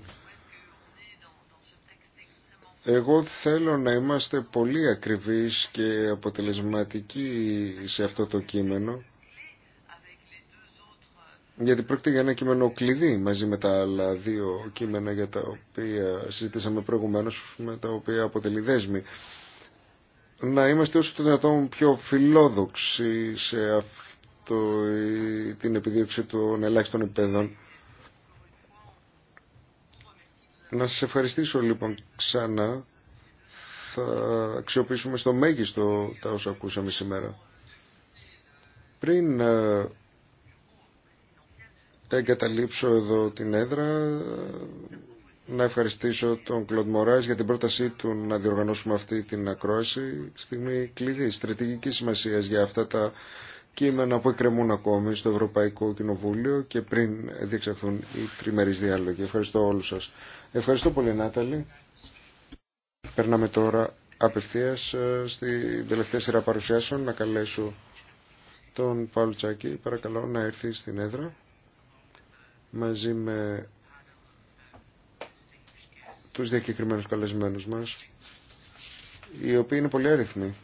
Εγώ θέλω να είμαστε πολύ ακριβείς και αποτελεσματικοί σε αυτό το κείμενο γιατί πρόκειται για ένα κείμενο κλειδί μαζί με τα άλλα δύο κείμενα για τα οποία συζητήσαμε προηγουμένως με τα οποία αποτελεί δέσμη. Να είμαστε όσο το δυνατόν πιο φιλόδοξοι σε αυτό, την επιδίωξη των ελάχιστων επέδων να σας ευχαριστήσω λοιπόν ξανά. Θα αξιοποιήσουμε στο μέγιστο τα όσα ακούσαμε σήμερα. Πριν ε, εγκαταλείψω εδώ την έδρα, να ευχαριστήσω τον Κλοντ Μοράς για την πρότασή του να διοργανώσουμε αυτή την ακρόαση. Στιγμή κλειδί στρατηγική σημασία για αυτά τα κείμενα που εκκρεμούν ακόμη στο Ευρωπαϊκό Κοινοβούλιο και πριν διεξαχθούν οι τριμερείς διάλογοι. Ευχαριστώ όλους σας. Ευχαριστώ πολύ Νάταλη. Περνάμε τώρα απευθείας ε, στη τελευταία σειρά παρουσιάσεων να καλέσω τον Παύλο Τσάκη παρακαλώ να έρθει στην έδρα μαζί με τους διακεκριμένους καλεσμένους μας οι οποίοι είναι πολύ αριθμοί.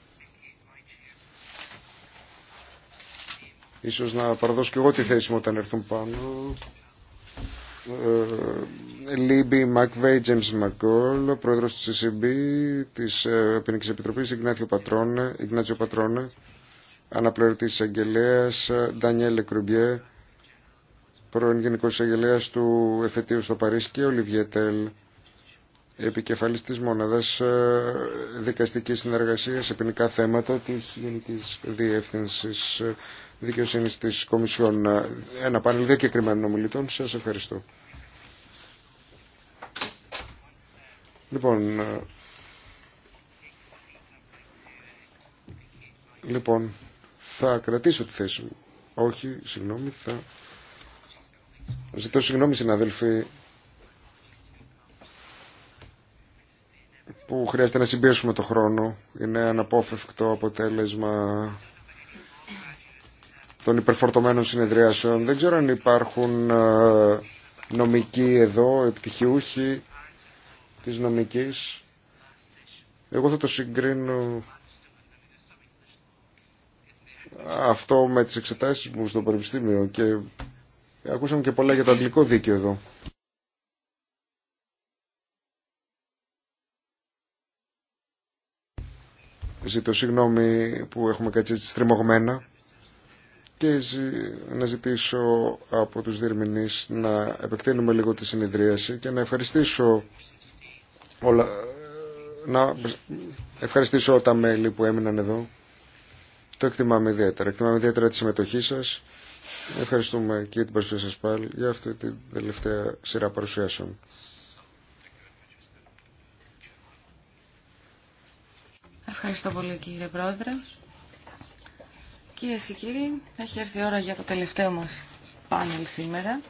Ίσως να παραδώσω και εγώ τη θέση μου όταν έρθουν πάνω. Ε, Λίμπι Μακβέι, Τζέμις Μακόλ, πρόεδρος του CCB, της e ε, Ποινικής Επιτροπής, Ιγνάτιο Πατρόνε, Ιγνάτιο Πατρόνε αναπληρωτής εισαγγελέας, ε, Ντανιέλ Κρουμπιέ, πρώην Γενικός Εισαγγελέας του Εφετίου στο Παρίσι και Ολιβιέ Τελ, επικεφαλής της Μοναδάς Δικαστικής Συνεργασίας σε ποινικά θέματα της Γενικής Διεύθυνσης δικαιοσύνη της Κομισιόν. Ε, ένα πάνελ διακεκριμένων ομιλητών. Σα ευχαριστώ. Λοιπόν, ε, λοιπόν, θα κρατήσω τη θέση μου. Όχι, συγγνώμη, θα... Ζητώ συγγνώμη, συναδέλφοι, που χρειάζεται να συμπίεσουμε το χρόνο. Είναι αναπόφευκτο αποτέλεσμα των υπερφορτωμένων συνεδριάσεων. Δεν ξέρω αν υπάρχουν ε, νομικοί εδώ, επιτυχιούχοι της νομικής. Εγώ θα το συγκρίνω αυτό με τις εξετάσεις μου στο Πανεπιστήμιο και ακούσαμε και πολλά για το αγγλικό δίκαιο εδώ. Ζητώ συγγνώμη που έχουμε κάτι έτσι στριμωγμένα και να ζητήσω από τους διερμηνείς να επεκτείνουμε λίγο τη συνειδρίαση και να ευχαριστήσω όλα, να ευχαριστήσω τα μέλη που έμειναν εδώ. Το εκτιμάμε ιδιαίτερα. Εκτιμάμε ιδιαίτερα τη συμμετοχή σας. Ευχαριστούμε και την παρουσία σας πάλι για αυτή τη τελευταία σειρά παρουσιάσεων. Ευχαριστώ πολύ κύριε Πρόεδρε. Κυρίε και κύριοι, έχει έρθει η ώρα για το τελευταίο μας πάνελ σήμερα.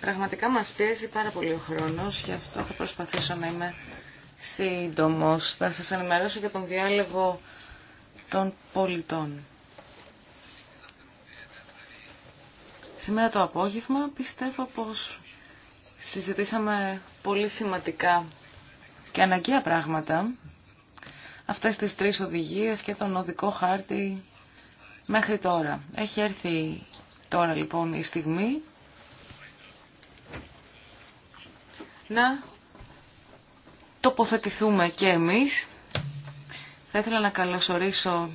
Πραγματικά μας πιέζει πάρα πολύ ο χρόνος, γι' αυτό θα προσπαθήσω να είμαι σύντομος. Θα σας ενημερώσω για τον διάλογο των πολιτών. Σήμερα το απόγευμα πιστεύω πως συζητήσαμε πολύ σημαντικά και αναγκαία πράγματα αυτές τις τρεις οδηγίες και τον οδικό χάρτη μέχρι τώρα. Έχει έρθει τώρα λοιπόν η στιγμή να τοποθετηθούμε και εμείς. Θα ήθελα να καλωσορίσω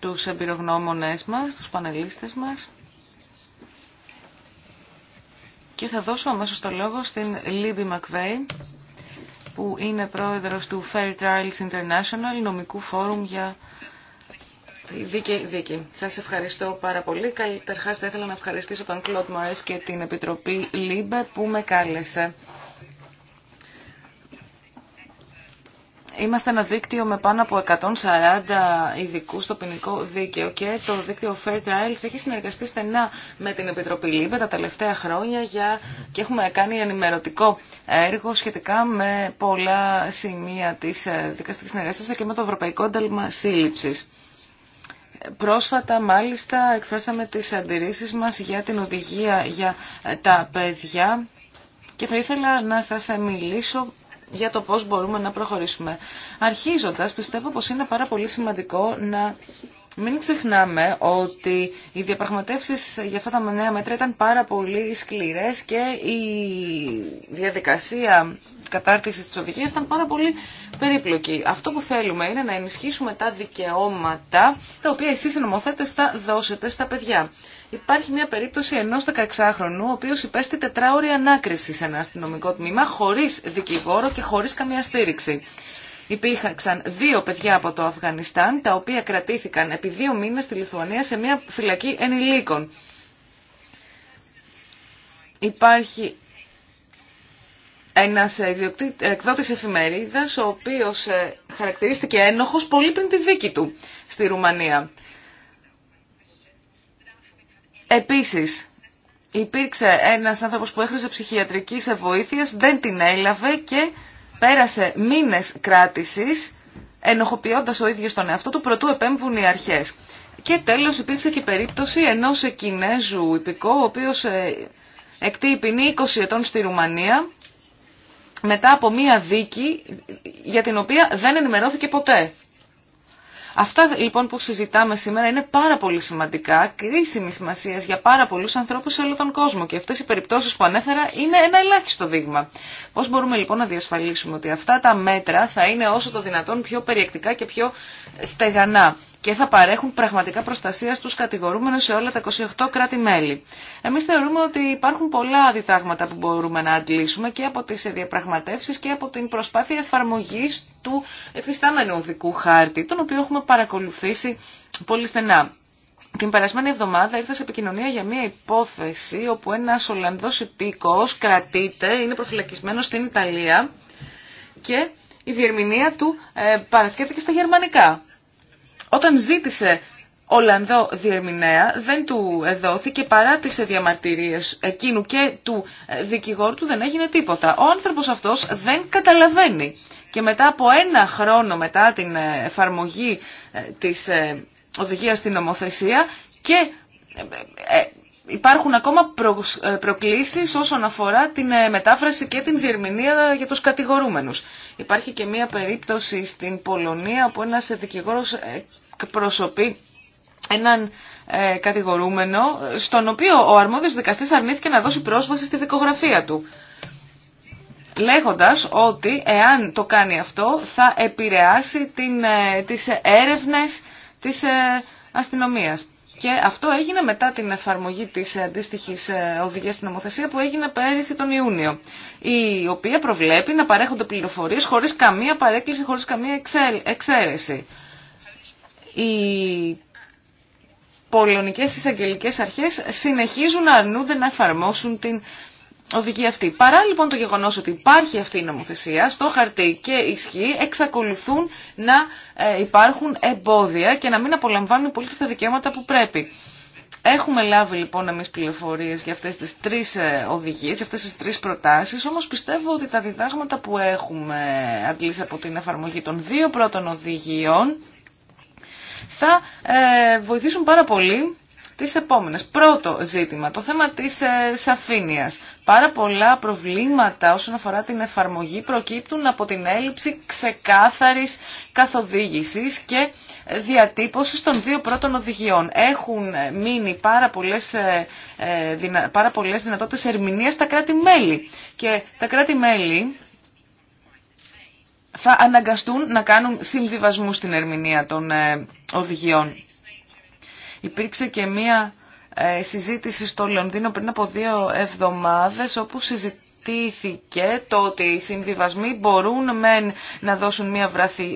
τους εμπειρογνώμονές μας, τους πανελίστες μας. Και θα δώσω αμέσως το λόγο στην Λίμπη Μακβέη, που είναι πρόεδρος του Fair Trials International, νομικού φόρουμ για τη δίκαιη δίκη. Σας ευχαριστώ πάρα πολύ. και θα ήθελα να ευχαριστήσω τον Κλοντ Μαρές και την Επιτροπή ΛΥΜΠΕ που με κάλεσε. Είμαστε ένα δίκτυο με πάνω από 140 ειδικού στο ποινικό δίκαιο και το δίκτυο Fair Trials έχει συνεργαστεί στενά με την Επιτροπή ΛΥΜΠΕ τα τελευταία χρόνια για... και έχουμε κάνει ενημερωτικό έργο σχετικά με πολλά σημεία τη ε, δικαστική συνεργασία και με το Ευρωπαϊκό Ένταλμα Σύλληψης. Πρόσφατα μάλιστα εκφράσαμε τι αντιρρήσει μα για την οδηγία για ε, τα παιδιά και θα ήθελα να σας μιλήσω για το πώς μπορούμε να προχωρήσουμε. Αρχίζοντας, πιστεύω πως είναι πάρα πολύ σημαντικό να μην ξεχνάμε ότι οι διαπραγματεύσεις για αυτά τα νέα μέτρα ήταν πάρα πολύ σκληρές και η διαδικασία κατάρτισης της οδηγίας ήταν πάρα πολύ περίπλοκη. Αυτό που θέλουμε είναι να ενισχύσουμε τα δικαιώματα τα οποία εσείς οι νομοθέτες τα δώσετε στα παιδιά. Υπάρχει μια περίπτωση ενός 16χρονου ο οποίος υπέστη τετράωρη ανάκριση σε ένα αστυνομικό τμήμα χωρίς δικηγόρο και χωρίς καμία στήριξη υπήρχαν δύο παιδιά από το Αφγανιστάν, τα οποία κρατήθηκαν επί δύο μήνες στη Λιθουανία σε μια φυλακή ενηλίκων. Υπάρχει ένας εκδότης εφημερίδας, ο οποίος ε, χαρακτηρίστηκε ένοχος πολύ πριν τη δίκη του στη Ρουμανία. Επίσης, υπήρξε ένας άνθρωπος που ψυχιατρική ψυχιατρική βοήθεια, δεν την έλαβε και πέρασε μήνες κράτησης, ενοχοποιώντας ο ίδιος τον εαυτό του, προτού επέμβουν οι αρχές. Και τέλος υπήρξε και η περίπτωση ενός Κινέζου υπηκό, ο οποίος ε, εκτεί ποινή 20 ετών στη Ρουμανία, μετά από μία δίκη για την οποία δεν ενημερώθηκε ποτέ. Αυτά λοιπόν που συζητάμε σήμερα είναι πάρα πολύ σημαντικά, κρίσιμη σημασία για πάρα πολλού ανθρώπου σε όλο τον κόσμο και αυτέ οι περιπτώσει που ανέφερα είναι ένα ελάχιστο δείγμα. Πώ μπορούμε λοιπόν να διασφαλίσουμε ότι αυτά τα μέτρα θα είναι όσο το δυνατόν πιο περιεκτικά και πιο στεγανά και θα παρέχουν πραγματικά προστασία στους κατηγορούμενους σε όλα τα 28 κράτη-μέλη. Εμείς θεωρούμε ότι υπάρχουν πολλά διδάγματα που μπορούμε να αντλήσουμε και από τις διαπραγματεύσεις και από την προσπάθεια εφαρμογής του εφιστάμενου οδικού χάρτη, τον οποίο έχουμε παρακολουθήσει πολύ στενά. Την περασμένη εβδομάδα ήρθα σε επικοινωνία για μια υπόθεση όπου ένας Ολλανδός υπήκοος κρατείται, είναι προφυλακισμένος στην Ιταλία και η διερμηνία του ε, στα γερμανικά. Όταν ζήτησε Ολλανδό διερμηνέα δεν του δόθηκε παρά τις διαμαρτυρίες εκείνου και του ε, δικηγόρου του δεν έγινε τίποτα. Ο άνθρωπος αυτός δεν καταλαβαίνει. Και μετά από ένα χρόνο μετά την ε, εφαρμογή ε, της οδηγίας στην νομοθεσία και υπάρχουν ακόμα ε, προκλήσεις όσον αφορά την ε, μετάφραση και την διερμηνία για τους κατηγορούμενους. Υπάρχει και μία περίπτωση στην Πολωνία όπου ένας δικηγόρος εκπροσωπεί έναν ε, κατηγορούμενο στον οποίο ο αρμόδιος δικαστής αρνήθηκε να δώσει πρόσβαση στη δικογραφία του λέγοντας ότι εάν το κάνει αυτό θα επηρεάσει την, τις έρευνες της αστυνομίας. Και αυτό έγινε μετά την εφαρμογή της ε, αντίστοιχη ε, οδηγίας στην νομοθεσία που έγινε πέρυσι τον Ιούνιο, η οποία προβλέπει να παρέχονται πληροφορίες χωρίς καμία παρέκκληση, χωρίς καμία εξαίρεση. Οι πολωνικές εισαγγελικές αρχές συνεχίζουν να αρνούνται να εφαρμόσουν την αυτή. Παρά λοιπόν το γεγονό ότι υπάρχει αυτή η νομοθεσία, στο χαρτί και ισχύει, εξακολουθούν να ε, υπάρχουν εμπόδια και να μην απολαμβάνουν οι τα δικαιώματα που πρέπει. Έχουμε λάβει λοιπόν εμεί πληροφορίες για αυτές τις τρεις ε, οδηγίες, για αυτές τις τρεις προτάσεις, όμως πιστεύω ότι τα διδάγματα που έχουμε αντλήσει από την εφαρμογή των δύο πρώτων οδηγιών θα ε, βοηθήσουν πάρα πολύ τις επόμενες. Πρώτο ζήτημα, το θέμα της ε, Πάρα πολλά προβλήματα όσον αφορά την εφαρμογή προκύπτουν από την έλλειψη ξεκάθαρης καθοδήγησης και ε, διατύπωσης των δύο πρώτων οδηγιών. Έχουν ε, μείνει πάρα πολλές, ε, ε δυνα, δυνατότητες ερμηνείας στα κράτη-μέλη και τα κράτη-μέλη θα αναγκαστούν να κάνουν συμβιβασμού στην ερμηνεία των οδηγιών. Υπήρξε και μία ε, συζήτηση στο Λονδίνο πριν από δύο εβδομάδες όπου συζητήθηκε το ότι οι συμβιβασμοί μπορούν μεν να δώσουν μια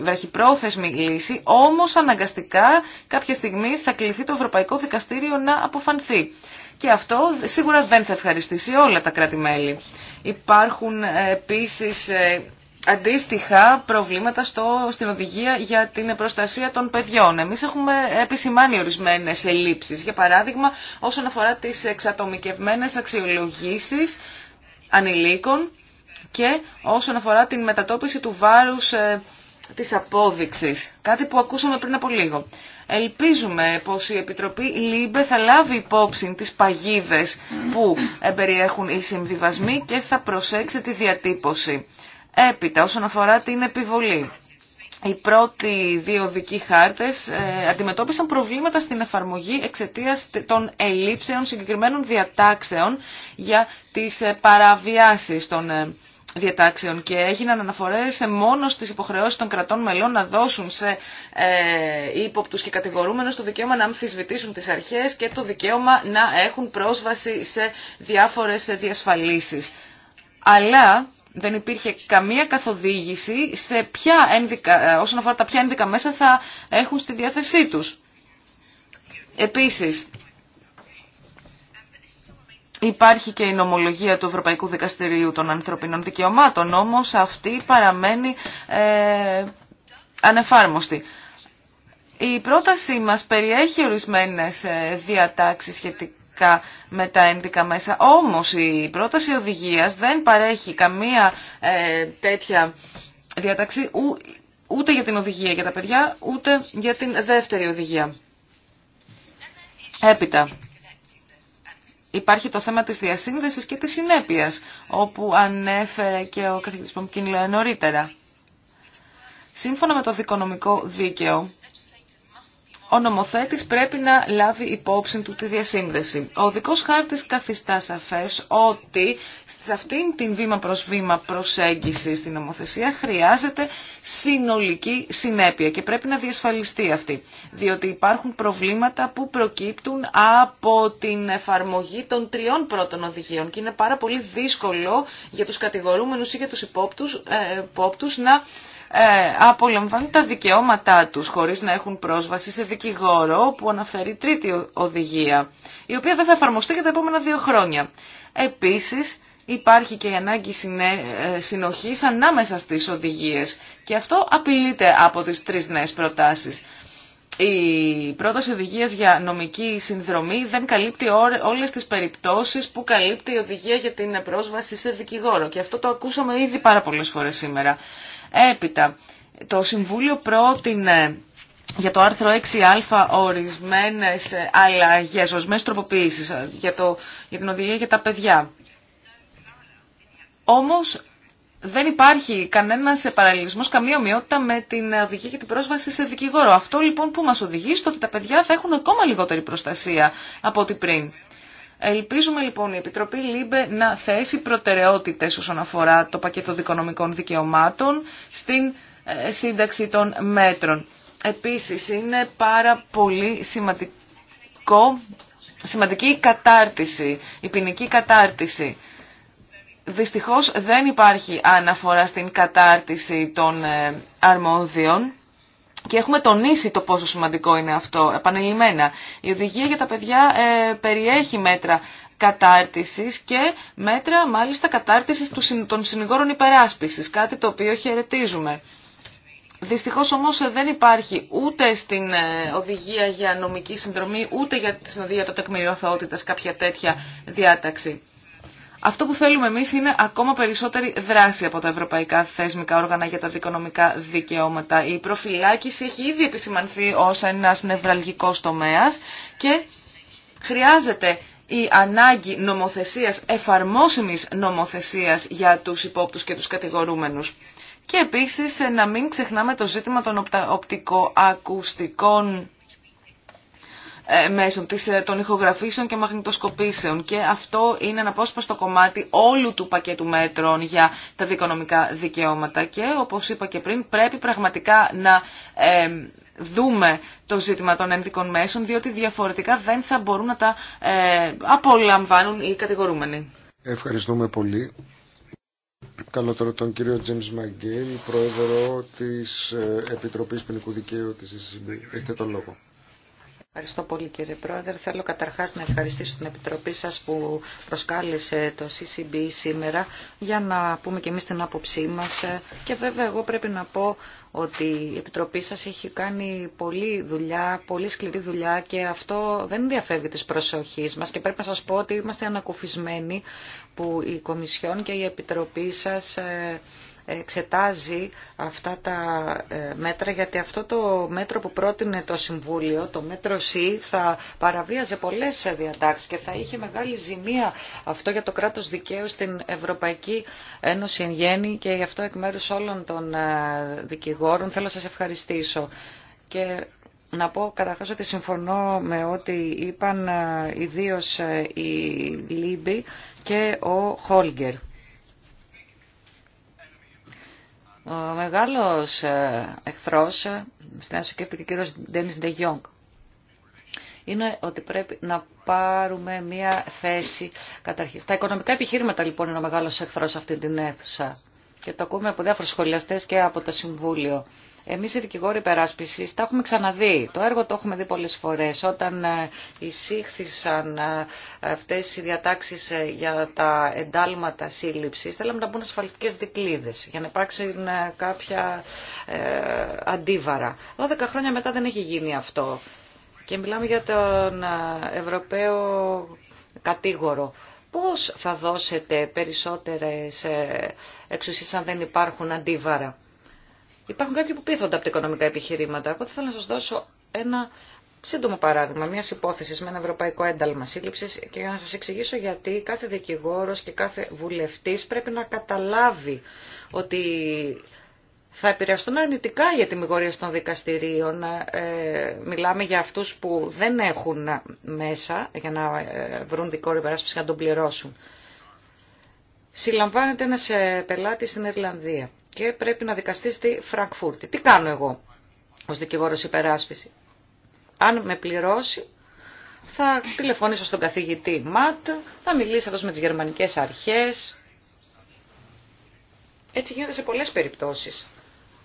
βραχυπρόθεσμη λύση, όμως αναγκαστικά κάποια στιγμή θα κληθεί το Ευρωπαϊκό Δικαστήριο να αποφανθεί. Και αυτό σίγουρα δεν θα ευχαριστήσει όλα τα κράτη-μέλη. Υπάρχουν ε, επίσης ε, αντίστοιχα προβλήματα στο, στην οδηγία για την προστασία των παιδιών. Εμείς έχουμε επισημάνει ορισμένες ελλείψεις. Για παράδειγμα, όσον αφορά τις εξατομικευμένες αξιολογήσεις ανηλίκων και όσον αφορά την μετατόπιση του βάρους ε, της απόδειξης. Κάτι που ακούσαμε πριν από λίγο. Ελπίζουμε πως η Επιτροπή ΛΥΜΠΕ θα λάβει υπόψη τις παγίδες που περιέχουν οι συμβιβασμοί και θα προσέξει τη διατύπωση. Έπειτα, όσον αφορά την επιβολή. Οι πρώτοι δύο δικοί χάρτες ε, αντιμετώπισαν προβλήματα στην εφαρμογή εξαιτίας των ελλείψεων συγκεκριμένων διατάξεων για τις ε, παραβιάσεις των ε, διατάξεων και έγιναν αναφορές μόνο στις υποχρεώσεις των κρατών μελών να δώσουν σε ε, και κατηγορούμενους το δικαίωμα να αμφισβητήσουν τις αρχές και το δικαίωμα να έχουν πρόσβαση σε διάφορες διασφαλίσεις. Αλλά δεν υπήρχε καμία καθοδήγηση σε ποια ένδικα, ε, όσον αφορά τα ποια ένδικα μέσα θα έχουν στη διάθεσή τους. Επίσης, υπάρχει και η νομολογία του Ευρωπαϊκού Δικαστηρίου των Ανθρωπίνων Δικαιωμάτων, όμως αυτή παραμένει ε, ανεφάρμοστη. Η πρότασή μας περιέχει ορισμένες ε, διατάξεις σχετικά σχετικά με τα ένδικα μέσα. Όμως η πρόταση οδηγίας δεν παρέχει καμία ε, τέτοια διαταξή ού, ούτε για την οδηγία για τα παιδιά, ούτε για την δεύτερη οδηγία. Έπειτα, υπάρχει το θέμα της διασύνδεσης και της συνέπειας, όπου ανέφερε και ο καθηγητής Πομπκίνλε νωρίτερα. Σύμφωνα με το δικονομικό δίκαιο, ο νομοθέτης πρέπει να λάβει υπόψη του τη διασύνδεση. Ο δικός χάρτης καθιστά σαφές ότι σε αυτήν την βήμα προς βήμα προσέγγιση στην νομοθεσία χρειάζεται συνολική συνέπεια και πρέπει να διασφαλιστεί αυτή, διότι υπάρχουν προβλήματα που προκύπτουν από την εφαρμογή των τριών πρώτων οδηγίων και είναι πάρα πολύ δύσκολο για τους κατηγορούμενους ή για τους υπόπτους, ε, υπόπτους να ε, απολαμβάνουν τα δικαιώματά τους χωρίς να έχουν πρόσβαση σε δικηγόρο που αναφέρει τρίτη οδηγία, η οποία δεν θα εφαρμοστεί για τα επόμενα δύο χρόνια. Επίσης, υπάρχει και η ανάγκη ε, συνοχής ανάμεσα στις οδηγίες και αυτό απειλείται από τις τρεις νέες προτάσεις. Η πρόταση οδηγίας για νομική συνδρομή δεν καλύπτει όλες τις περιπτώσεις που καλύπτει η οδηγία για την πρόσβαση σε δικηγόρο και αυτό το ακούσαμε ήδη πάρα πολλές φορές σήμερα. Έπειτα, το Συμβούλιο πρότεινε για το άρθρο 6α ορισμένες αλλαγές, ορισμένες τροποποίησεις για, το, για την οδηγία για τα παιδιά. Όμως δεν υπάρχει κανένας παραλληλισμός, καμία ομοιότητα με την οδηγία για την πρόσβαση σε δικηγόρο. Αυτό λοιπόν που μας οδηγεί στο ότι τα παιδιά θα έχουν ακόμα λιγότερη προστασία από ό,τι πριν. Ελπίζουμε λοιπόν η Επιτροπή ΛΥΜΠΕ να θέσει προτεραιότητες όσον αφορά το πακέτο δικονομικών δικαιωμάτων στην ε, σύνταξη των μέτρων. Επίσης είναι πάρα πολύ σημαντικό, σημαντική η κατάρτιση, η ποινική κατάρτιση. Δυστυχώς δεν υπάρχει αναφορά στην κατάρτιση των ε, αρμόδιων και έχουμε τονίσει το πόσο σημαντικό είναι αυτό επανειλημμένα. Η οδηγία για τα παιδιά ε, περιέχει μέτρα κατάρτισης και μέτρα μάλιστα κατάρτισης των συνηγόρων υπεράσπισης, κάτι το οποίο χαιρετίζουμε. Δυστυχώς όμως ε, δεν υπάρχει ούτε στην ε, οδηγία για νομική συνδρομή, ούτε για την οδηγία των τεκμηριωθότητας κάποια τέτοια διάταξη. Αυτό που θέλουμε εμείς είναι ακόμα περισσότερη δράση από τα ευρωπαϊκά θεσμικά όργανα για τα δικονομικά δικαιώματα. Η προφυλάκηση έχει ήδη επισημανθεί ως ένας νευραλγικός τομέας και χρειάζεται η ανάγκη νομοθεσίας, εφαρμόσιμης νομοθεσίας για τους υπόπτους και τους κατηγορούμενους. Και επίσης να μην ξεχνάμε το ζήτημα των οπτικοακουστικών ε, μέσων, της, ε, των ηχογραφήσεων και μαγνητοσκοπήσεων και αυτό είναι ένα απόσπαστο κομμάτι όλου του πακέτου μέτρων για τα δικονομικά δικαιώματα και όπως είπα και πριν πρέπει πραγματικά να ε, δούμε το ζήτημα των ενδικών μέσων διότι διαφορετικά δεν θα μπορούν να τα ε, απολαμβάνουν οι κατηγορούμενοι. Ευχαριστούμε πολύ. Καλότερο τον κύριο Τζέμις Μαγγέλ, πρόεδρο της Επιτροπής Ποινικού Δικαίου της ΕΣΥΜΠΗ. Έχετε τον λόγο. Ευχαριστώ πολύ κύριε Πρόεδρε. Θέλω καταρχάς να ευχαριστήσω την Επιτροπή σας που προσκάλεσε το CCB σήμερα για να πούμε και εμείς την άποψή μας. Και βέβαια εγώ πρέπει να πω ότι η Επιτροπή σας έχει κάνει πολλή δουλειά, πολύ σκληρή δουλειά και αυτό δεν διαφεύγει της προσοχής μας και πρέπει να σας πω ότι είμαστε ανακουφισμένοι που η Κομισιόν και η Επιτροπή σας ε, εξετάζει αυτά τα ε, μέτρα, γιατί αυτό το μέτρο που πρότεινε το Συμβούλιο, το μέτρο C, θα παραβίαζε πολλές διατάξεις και θα είχε μεγάλη ζημία αυτό για το κράτος δικαίου στην Ευρωπαϊκή Ένωση εν γέννη και γι' αυτό εκ μέρους όλων των ε, δικηγόρων θέλω να σας ευχαριστήσω. Και να πω καταρχάς ότι συμφωνώ με ό,τι είπαν ε, ιδίως οι Λίμποι και ο Χόλγκερ. Ο μεγάλος ε, εχθρός, ε, στην Άσο και ο κύριος Ντένις Ντεγιόγκ είναι ότι πρέπει να πάρουμε μία θέση καταρχήν. Τα οικονομικά επιχείρηματα λοιπόν είναι ο μεγάλος εχθρός αυτή την αίθουσα. Και το ακούμε από διάφορους σχολιαστές και από το Συμβούλιο. Εμείς οι δικηγόροι υπεράσπισης τα έχουμε ξαναδεί. Το έργο το έχουμε δει πολλέ φορές. Όταν ε, εισήχθησαν ε, αυτές οι διατάξει ε, για τα εντάλματα σύλληψη. θέλαμε να μπουν ασφαλιστικέ δικλείδε για να υπάρξουν κάποια αντίβαρα. 12 χρόνια μετά δεν έχει γίνει αυτό. Και μιλάμε για τον Ευρωπαίο κατήγορο. Πώς θα δώσετε περισσότερες εξουσίες αν δεν υπάρχουν αντίβαρα. Υπάρχουν κάποιοι που πείθονται από τα οικονομικά επιχειρήματα. Οπότε θέλω να σα δώσω ένα σύντομο παράδειγμα μια υπόθεση με ένα ευρωπαϊκό ένταλμα σύλληψη και για να σα εξηγήσω γιατί κάθε δικηγόρο και κάθε βουλευτή πρέπει να καταλάβει ότι θα επηρεαστούν αρνητικά για τη μηγορία των δικαστηρίων. Ε, μιλάμε για αυτούς που δεν έχουν μέσα για να ε, βρουν δικόρη περάσπιση και να τον πληρώσουν. Συλλαμβάνεται ένας ε, πελάτης στην Ιρλανδία και πρέπει να δικαστεί στη Φραγκφούρτη. Τι κάνω εγώ ως δικηγόρος υπεράσπιση. Αν με πληρώσει θα τηλεφωνήσω στον καθηγητή ΜΑΤ, θα μιλήσω εδώ με τις γερμανικές αρχές. Έτσι γίνεται σε πολλές περιπτώσεις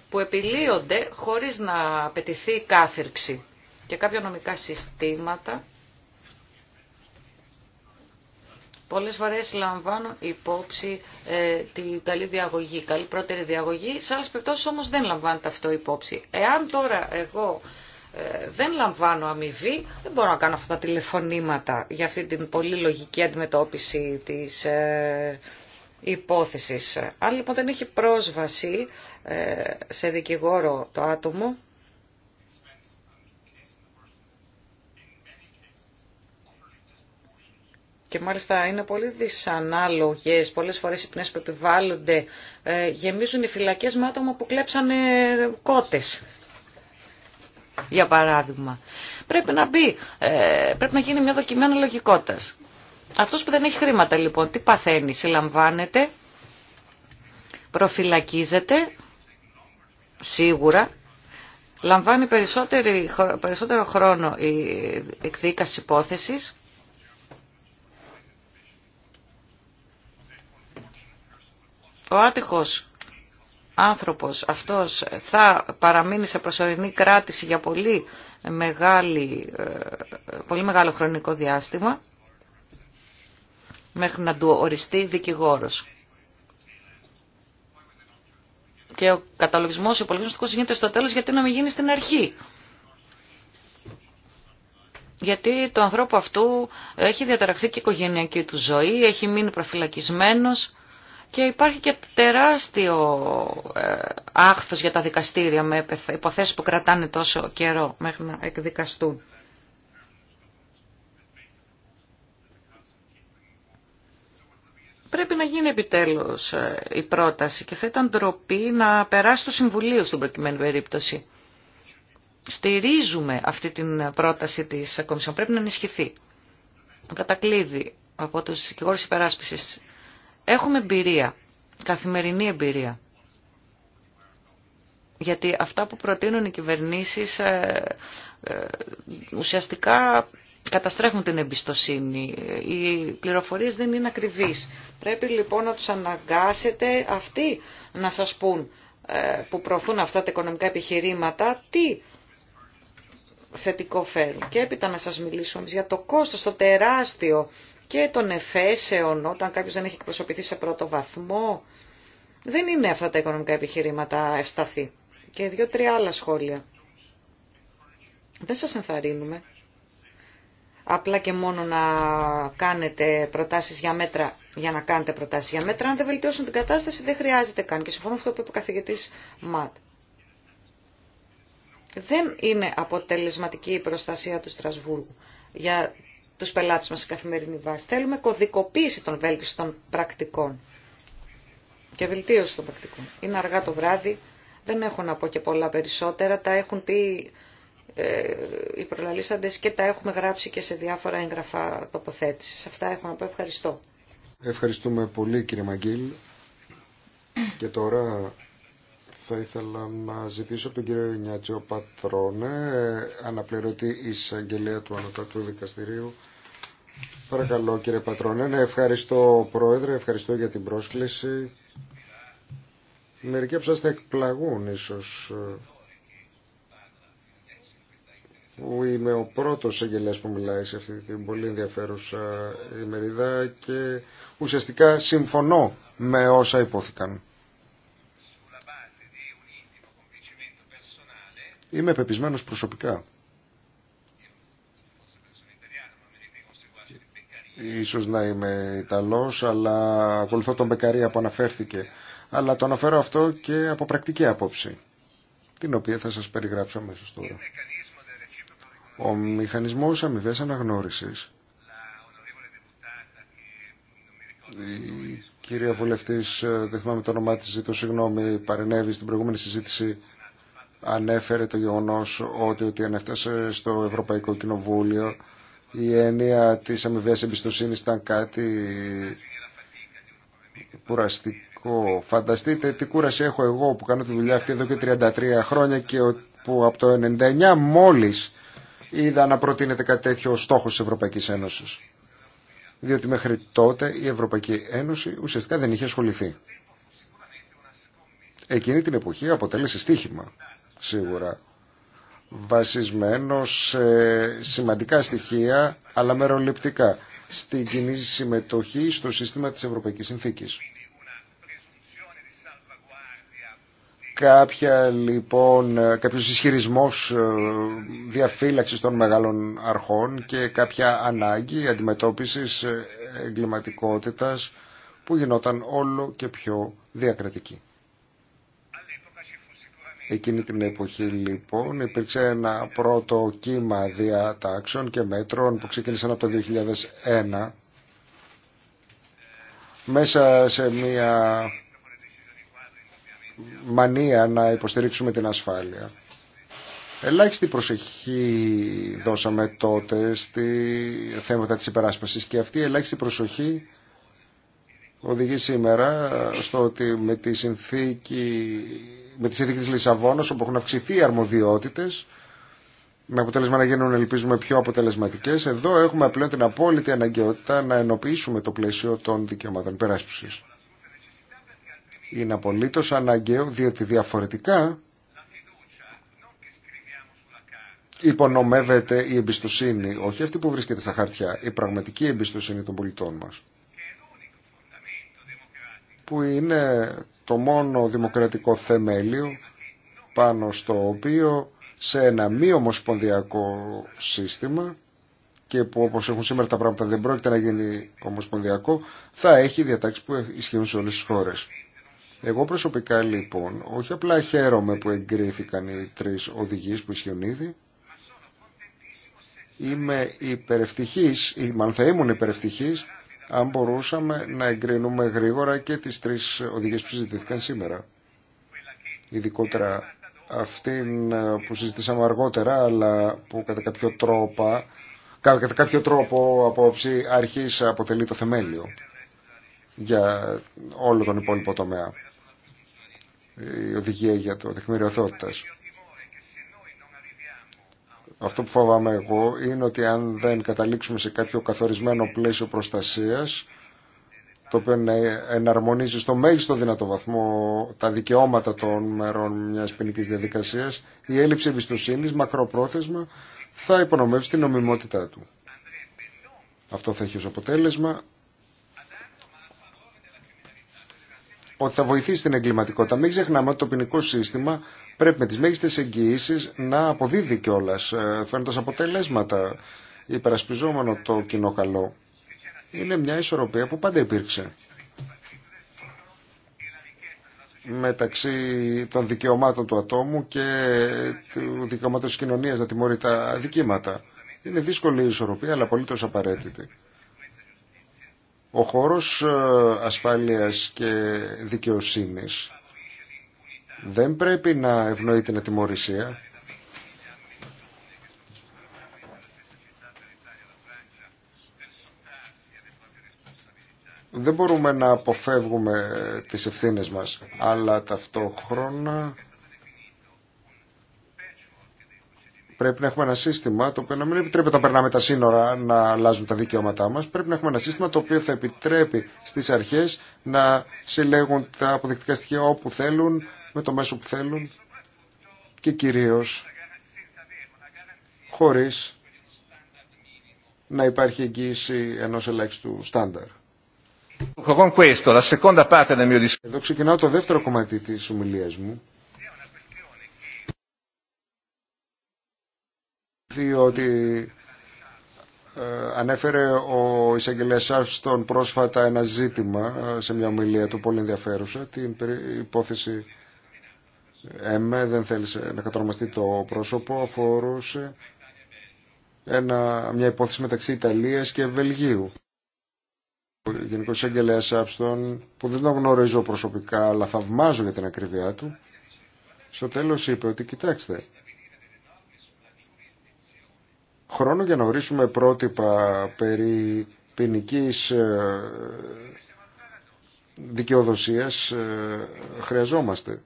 που επιλύονται χωρίς να απαιτηθεί κάθυρξη. Και κάποια νομικά συστήματα πολλές φορές λαμβάνω υπόψη ε, την καλή διαγωγή, καλή πρώτερη διαγωγή. Σε άλλες περιπτώσεις όμως δεν λαμβάνεται αυτό υπόψη. Εάν τώρα εγώ ε, δεν λαμβάνω αμοιβή, δεν μπορώ να κάνω αυτά τα τηλεφωνήματα για αυτή την πολύ λογική αντιμετώπιση της ε, υπόθεσης. Αν λοιπόν δεν έχει πρόσβαση ε, σε δικηγόρο το άτομο, Και μάλιστα είναι πολύ δυσανάλογες. Πολλές φορές οι που επιβάλλονται ε, γεμίζουν οι φυλακές με άτομα που κλέψανε ε, κότες. Για παράδειγμα. Πρέπει να μπει, ε, πρέπει να γίνει μια δοκιμή αναλογικότητας. Αυτός που δεν έχει χρήματα λοιπόν, τι παθαίνει, συλλαμβάνεται, προφυλακίζεται, σίγουρα, λαμβάνει περισσότερο χρόνο η εκδίκαση υπόθεσης, Ο άτυχος άνθρωπος αυτός θα παραμείνει σε προσωρινή κράτηση για πολύ, ε, πολύ μεγάλο χρονικό διάστημα μέχρι να του οριστεί δικηγόρος. Και ο καταλογισμός, ο υπολογισμός γίνεται στο τέλος γιατί να μην γίνει στην αρχή. Γιατί το ανθρώπου αυτού έχει διαταραχθεί και η οικογενειακή του ζωή, έχει μείνει προφυλακισμένος και υπάρχει και τεράστιο ε, άχθος για τα δικαστήρια με υποθέσεις που κρατάνε τόσο καιρό μέχρι να εκδικαστούν. Πρέπει να γίνει επιτέλους ε, η πρόταση και θα ήταν ντροπή να περάσει το Συμβουλίο στην προκειμένη περίπτωση. Στηρίζουμε αυτή την πρόταση της Κομισιόν. Πρέπει να ενισχυθεί. Κατακλείδη από τους δικηγόρους υπεράσπισης Έχουμε εμπειρία, καθημερινή εμπειρία. Γιατί αυτά που προτείνουν οι κυβερνήσεις ε, ε, ουσιαστικά καταστρέφουν την εμπιστοσύνη. Οι πληροφορίες δεν είναι ακριβείς. Πρέπει λοιπόν να τους αναγκάσετε αυτοί να σας πούν ε, που προωθούν αυτά τα οικονομικά επιχειρήματα τι θετικό φέρουν. Και έπειτα να σας μιλήσω για το κόστος, το τεράστιο και των εφέσεων όταν κάποιος δεν έχει εκπροσωπηθεί σε πρώτο βαθμό. Δεν είναι αυτά τα οικονομικά επιχειρήματα ευσταθή. Και δύο-τρία άλλα σχόλια. Δεν σας ενθαρρύνουμε απλά και μόνο να κάνετε προτάσεις για μέτρα, για να κάνετε προτάσεις για μέτρα, αν δεν βελτιώσουν την κατάσταση δεν χρειάζεται καν. Και συμφωνώ αυτό που είπε ο καθηγητής Ματ. Δεν είναι αποτελεσματική η προστασία του Στρασβούργου για τους πελάτες μας σε καθημερινή βάση. Θέλουμε κωδικοποίηση των βέλτιστων πρακτικών και βελτίωση των πρακτικών. Είναι αργά το βράδυ, δεν έχω να πω και πολλά περισσότερα, τα έχουν πει ε, οι προλαλήσαντες και τα έχουμε γράψει και σε διάφορα έγγραφα τοποθέτησης. Αυτά έχω να πω. Ευχαριστώ. Ευχαριστούμε πολύ κύριε Μαγγίλ. Και τώρα θα ήθελα να ζητήσω από τον κύριο Ινιάτσιο Πατρόνε, αναπληρωτή εισαγγελέα του Ανωτατού Δικαστηρίου, Παρακαλώ κύριε Πατρόνε. Ναι, ευχαριστώ πρόεδρε, ευχαριστώ για την πρόσκληση. Μερικοί από σας θα εκπλαγούν ίσως που είμαι ο πρώτος εγγελέας που μιλάει σε αυτή την πολύ ενδιαφέρουσα ημερίδα και ουσιαστικά συμφωνώ με όσα υπόθηκαν. Είμαι πεπισμένος προσωπικά Ίσως να είμαι Ιταλός, αλλά ακολουθώ τον Μπεκαρία που αναφέρθηκε. Αλλά το αναφέρω αυτό και από πρακτική άποψη, την οποία θα σας περιγράψω αμέσως τώρα. Ο μηχανισμός αμοιβέ αναγνώρισης η κυρία βουλευτής, ε, δεν θυμάμαι το όνομά της, ζητώ συγγνώμη, παρενέβη στην προηγούμενη συζήτηση, ανέφερε το γεγονός ότι, ότι ανέφτασε στο Ευρωπαϊκό Κοινοβούλιο η έννοια της αμοιβαίας εμπιστοσύνης ήταν κάτι κουραστικό. Φανταστείτε τι κούραση έχω εγώ που κάνω τη δουλειά αυτή εδώ και 33 χρόνια και που από το 99 μόλις είδα να προτείνεται κάτι τέτοιο στόχος της Ευρωπαϊκής Ένωσης. Διότι μέχρι τότε η Ευρωπαϊκή Ένωση ουσιαστικά δεν είχε ασχοληθεί. Εκείνη την εποχή αποτέλεσε στοίχημα, σίγουρα βασισμένο σε σημαντικά στοιχεία αλλά μεροληπτικά στην κοινή συμμετοχή στο σύστημα της Ευρωπαϊκής Συνθήκης. Κάποια, λοιπόν, κάποιος ισχυρισμός ε, διαφύλαξης των μεγάλων αρχών και κάποια ανάγκη αντιμετώπισης ε, εγκληματικότητας που γινόταν όλο και πιο διακρατική. Εκείνη την εποχή λοιπόν υπήρξε ένα πρώτο κύμα διατάξεων και μέτρων που ξεκίνησαν από το 2001 μέσα σε μια μανία να υποστηρίξουμε την ασφάλεια. Ελάχιστη προσοχή δώσαμε τότε στη θέματα της υπεράσπασης και αυτή η ελάχιστη προσοχή οδηγεί σήμερα στο ότι με τη συνθήκη με τη συνθήκη της Λισαβόνα όπου έχουν αυξηθεί οι αρμοδιότητες με αποτέλεσμα να γίνουν ελπίζουμε πιο αποτελεσματικέ, Εδώ έχουμε πλέον την απόλυτη αναγκαιότητα να ενοποιήσουμε το πλαίσιο των δικαιωμάτων υπεράσπιση. Είναι απολύτω αναγκαίο διότι διαφορετικά υπονομεύεται η εμπιστοσύνη, όχι αυτή που βρίσκεται στα χάρτια, η πραγματική εμπιστοσύνη των πολιτών μας που είναι το μόνο δημοκρατικό θεμέλιο πάνω στο οποίο σε ένα μη ομοσπονδιακό σύστημα και που όπως έχουν σήμερα τα πράγματα δεν πρόκειται να γίνει ομοσπονδιακό θα έχει διατάξεις που ισχύουν σε όλες τις χώρες. Εγώ προσωπικά λοιπόν όχι απλά χαίρομαι που εγκρίθηκαν οι τρεις οδηγίες που ισχύουν ήδη είμαι υπερευτυχής ή μάλλον θα ήμουν υπερευτυχής αν μπορούσαμε να εγκρίνουμε γρήγορα και τις τρεις οδηγίες που συζητήθηκαν σήμερα. Ειδικότερα αυτήν ε, που συζητήσαμε αργότερα, αλλά που κατά κάποιο τρόπο, κατά κάποιο τρόπο απόψη αρχής αποτελεί το θεμέλιο για όλο τον υπόλοιπο τομέα. Η οδηγία για το δεχμήριο αυτό που φοβάμαι εγώ είναι ότι αν δεν καταλήξουμε σε κάποιο καθορισμένο πλαίσιο προστασίας, το οποίο να εναρμονίζει στο μέγιστο δυνατό βαθμό τα δικαιώματα των μερών μιας ποινική διαδικασίας, η έλλειψη εμπιστοσύνη μακροπρόθεσμα θα υπονομεύσει την νομιμότητά του. Αυτό θα έχει ως αποτέλεσμα ότι θα βοηθήσει την εγκληματικότητα. Μην ξεχνάμε ότι το ποινικό σύστημα πρέπει με τις μέγιστες εγγυήσεις να αποδίδει κιόλα ε, φαίνοντας αποτελέσματα υπερασπιζόμενο το κοινό καλό. Είναι μια ισορροπία που πάντα υπήρξε μεταξύ των δικαιωμάτων του ατόμου και του δικαιωμάτων της κοινωνίας να τιμωρεί τα δικήματα. Είναι δύσκολη η ισορροπία, αλλά απολύτως απαραίτητη. Ο χώρος ε, ασφάλειας και δικαιοσύνης δεν πρέπει να ευνοεί την ατιμορρησία. Δεν μπορούμε να αποφεύγουμε τις ευθύνες μας, αλλά ταυτόχρονα πρέπει να έχουμε ένα σύστημα το οποίο να μην επιτρέπει να περνάμε τα σύνορα να αλλάζουν τα δικαιώματά μας. Πρέπει να έχουμε ένα σύστημα το οποίο θα επιτρέπει στις αρχές να συλλέγουν τα αποδεικτικά στοιχεία όπου θέλουν, με το μέσο που θέλουν και κυρίως χωρίς να υπάρχει εγγύηση ενός ελάχιστου στάνταρ. Εδώ ξεκινάω το δεύτερο κομμάτι της ομιλίας μου. Διότι ε, ανέφερε ο εισαγγελέας Σάρφστον πρόσφατα ένα ζήτημα ε, σε μια ομιλία του πολύ ενδιαφέρουσα, την υπόθεση ΕΜΕ δεν θέλησε να κατονομαστεί το πρόσωπο αφορούσε ένα, μια υπόθεση μεταξύ Ιταλίας και Βελγίου. Ο Γενικό Εγγελέα Άπστον, που δεν τον γνωρίζω προσωπικά, αλλά θαυμάζω για την ακριβιά του, στο τέλο είπε ότι κοιτάξτε, χρόνο για να ορίσουμε πρότυπα περί ποινική ε, δικαιοδοσίας ε, χρειαζόμαστε.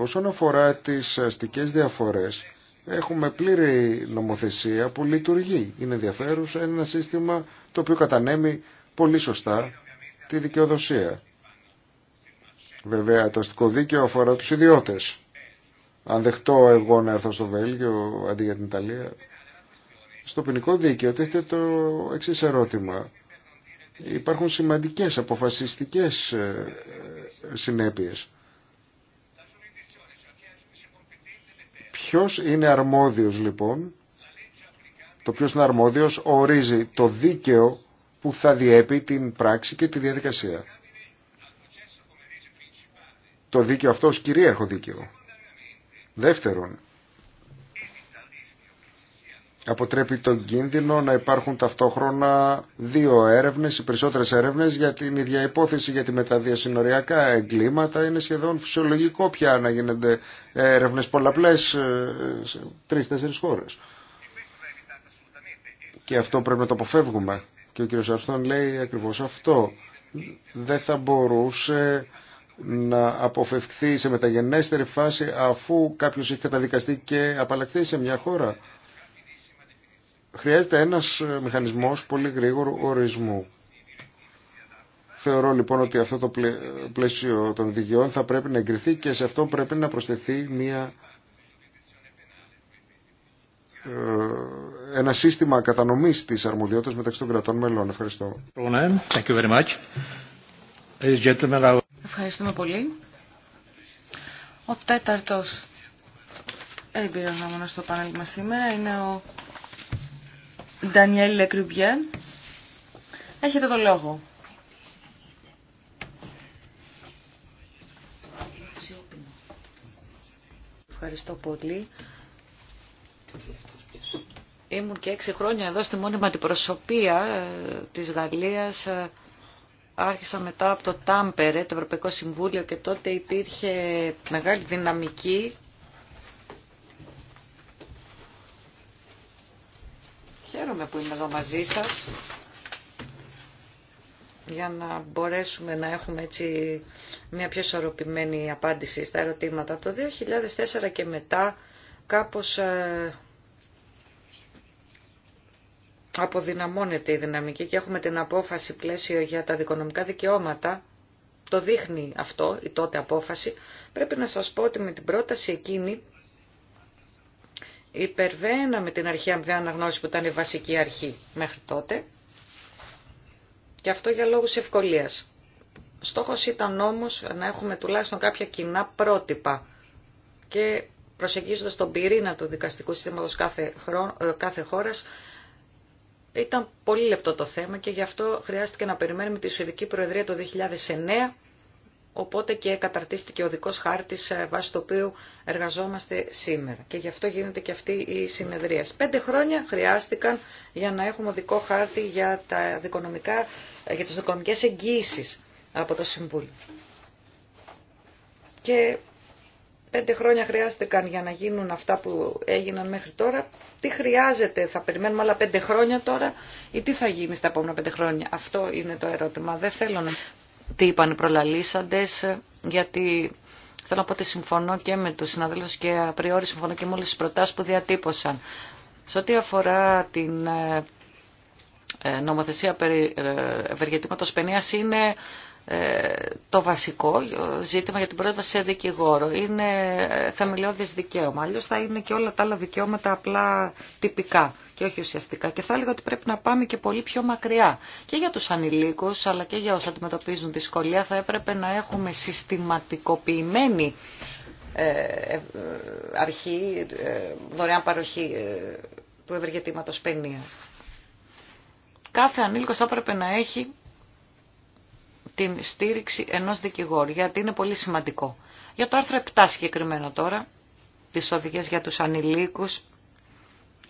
Όσον αφορά τις αστικές διαφορές, έχουμε πλήρη νομοθεσία που λειτουργεί. Είναι ενδιαφέρουσα ένα σύστημα το οποίο κατανέμει πολύ σωστά τη δικαιοδοσία. Βέβαια, το αστικό δίκαιο αφορά τους ιδιώτες. Αν δεχτώ εγώ να έρθω στο Βέλγιο αντί για την Ιταλία, στο ποινικό δίκαιο τίθεται το εξή ερώτημα. Υπάρχουν σημαντικές αποφασιστικές ε, συνέπειες. Ποιος είναι αρμόδιος λοιπόν, το ποιος είναι αρμόδιος ορίζει το δίκαιο που θα διέπει την πράξη και τη διαδικασία. Το δίκαιο αυτό ως κυρίαρχο δίκαιο. Δεύτερον, αποτρέπει τον κίνδυνο να υπάρχουν ταυτόχρονα δύο έρευνες ή περισσότερες έρευνες για την ίδια υπόθεση γιατί για τα διασυνοριακά εγκλήματα. Είναι σχεδόν φυσιολογικό πια να γίνονται έρευνες πολλαπλές ε, σε τρεις-τέσσερις χώρες. Και αυτό πρέπει να το αποφεύγουμε. Και ο κύριος Αρστόν λέει ακριβώς αυτό. Δεν θα μπορούσε να αποφευχθεί σε μεταγενέστερη φάση αφού κάποιος έχει καταδικαστεί και απαλλαχθεί σε μια χώρα. Χρειάζεται ένας ε, μηχανισμός πολύ γρήγορου ορισμού. Θεωρώ λοιπόν ότι αυτό το πλαίσιο των οδηγιών θα πρέπει να εγκριθεί και σε αυτό πρέπει να προσθεθεί μια, ε, ένα σύστημα κατανομής της αρμοδιότητας μεταξύ των κρατών μελών. Ευχαριστώ. Ευχαριστούμε πολύ. Ο τέταρτος εμπειρογνώμονας στο πάνελ μας σήμερα είναι ο Ντανιέλ Λεκρουμπιέν. Έχετε το λόγο. Ευχαριστώ πολύ. Ήμουν και έξι χρόνια εδώ στη μόνιμα αντιπροσωπεία ε, της Γαλλίας. Ε, άρχισα μετά από το Τάμπερε, το Ευρωπαϊκό Συμβούλιο και τότε υπήρχε μεγάλη δυναμική Χαίρομαι που είμαι εδώ μαζί σας για να μπορέσουμε να έχουμε έτσι μια πιο σωροπημένη απάντηση στα ερωτήματα. Από το 2004 και μετά κάπως ε, αποδυναμώνεται η δυναμική και έχουμε την απόφαση πλαίσιο για τα δικονομικά δικαιώματα. Το δείχνει αυτό η τότε απόφαση. Πρέπει να σας πω ότι με την πρόταση εκείνη υπερβαίναμε την αρχαία αμοιβαία αναγνώριση που ήταν η βασική αρχή μέχρι τότε και αυτό για λόγους ευκολίας. Στόχος ήταν όμως να έχουμε τουλάχιστον κάποια κοινά πρότυπα και προσεγγίζοντας τον πυρήνα του δικαστικού συστήματος κάθε, χρόνο, ε, κάθε χώρας ήταν πολύ λεπτό το θέμα και γι' αυτό χρειάστηκε να περιμένουμε τη Σουηδική Προεδρία το 2009 Οπότε και καταρτίστηκε ο δικός χάρτης ε, βάσει το οποίο εργαζόμαστε σήμερα. Και γι' αυτό γίνεται και αυτή η συνεδρία. Πέντε χρόνια χρειάστηκαν για να έχουμε δικό χάρτη για, τα δικονομικά, ε, για τις δικονομικές εγγύησεις από το Συμβούλιο. Και πέντε χρόνια χρειάστηκαν για να γίνουν αυτά που έγιναν μέχρι τώρα. Τι χρειάζεται, θα περιμένουμε άλλα πέντε χρόνια τώρα ή τι θα γίνει στα επόμενα πέντε χρόνια. Αυτό είναι το ερώτημα. Δεν θέλω να τι είπαν οι προλαλήσαντες, γιατί θέλω να πω ότι συμφωνώ και με τους συναδέλφους και απριόρι συμφωνώ και με όλες τις προτάσεις που διατύπωσαν. Σε ό,τι αφορά την ε, ε, νομοθεσία περί ε, ευεργετήματος παινίας είναι το βασικό ζήτημα για την πρόσβαση σε δικηγόρο. Είναι θεμελιώδης δικαίωμα, αλλιώς θα είναι και όλα τα άλλα δικαιώματα απλά τυπικά και όχι Και θα έλεγα ότι πρέπει να πάμε και πολύ πιο μακριά. Και για τους ανηλίκους αλλά και για όσους αντιμετωπίζουν δυσκολία θα έπρεπε να έχουμε συστηματικοποιημένη ε, ε, αρχή ε, δωρεάν παροχή του ευεργετήματος παινίας. Κάθε ανήλικος θα έπρεπε να έχει την στήριξη ενός δικηγόρου, γιατί είναι πολύ σημαντικό. Για το άρθρο 7 συγκεκριμένα τώρα, τις οδηγίες για τους ανηλίκους,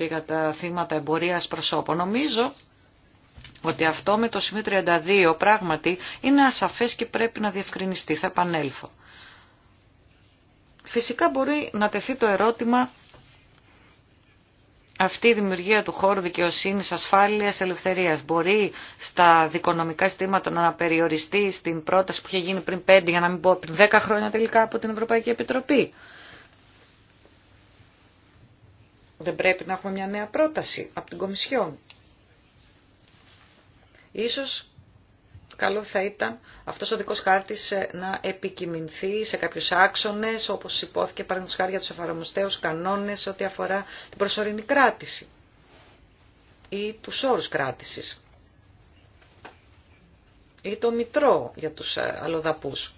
και για τα θύματα εμπορίας προσώπων. Νομίζω ότι αυτό με το σημείο 32 πράγματι είναι ασαφές και πρέπει να διευκρινιστεί. Θα επανέλθω. Φυσικά μπορεί να τεθεί το ερώτημα αυτή η δημιουργία του χώρου δικαιοσύνη, ασφάλεια ελευθερία. μπορεί στα δικονομικά συστήματα να περιοριστεί στην πρόταση που είχε γίνει πριν 5 για να μην πω πριν 10 χρόνια τελικά από την Ευρωπαϊκή Επιτροπή. Δεν πρέπει να έχουμε μια νέα πρόταση από την Κομισιόν. Ίσως καλό θα ήταν αυτός ο δικός χάρτης ε, να επικοιμηνθεί σε κάποιους άξονες, όπως υπόθηκε παραδείγματος χάρη για τους εφαρμοστέους κανόνες ό,τι αφορά την προσωρινή κράτηση ή τους όρους κράτησης ή το μητρό για τους ε, αλλοδαπούς,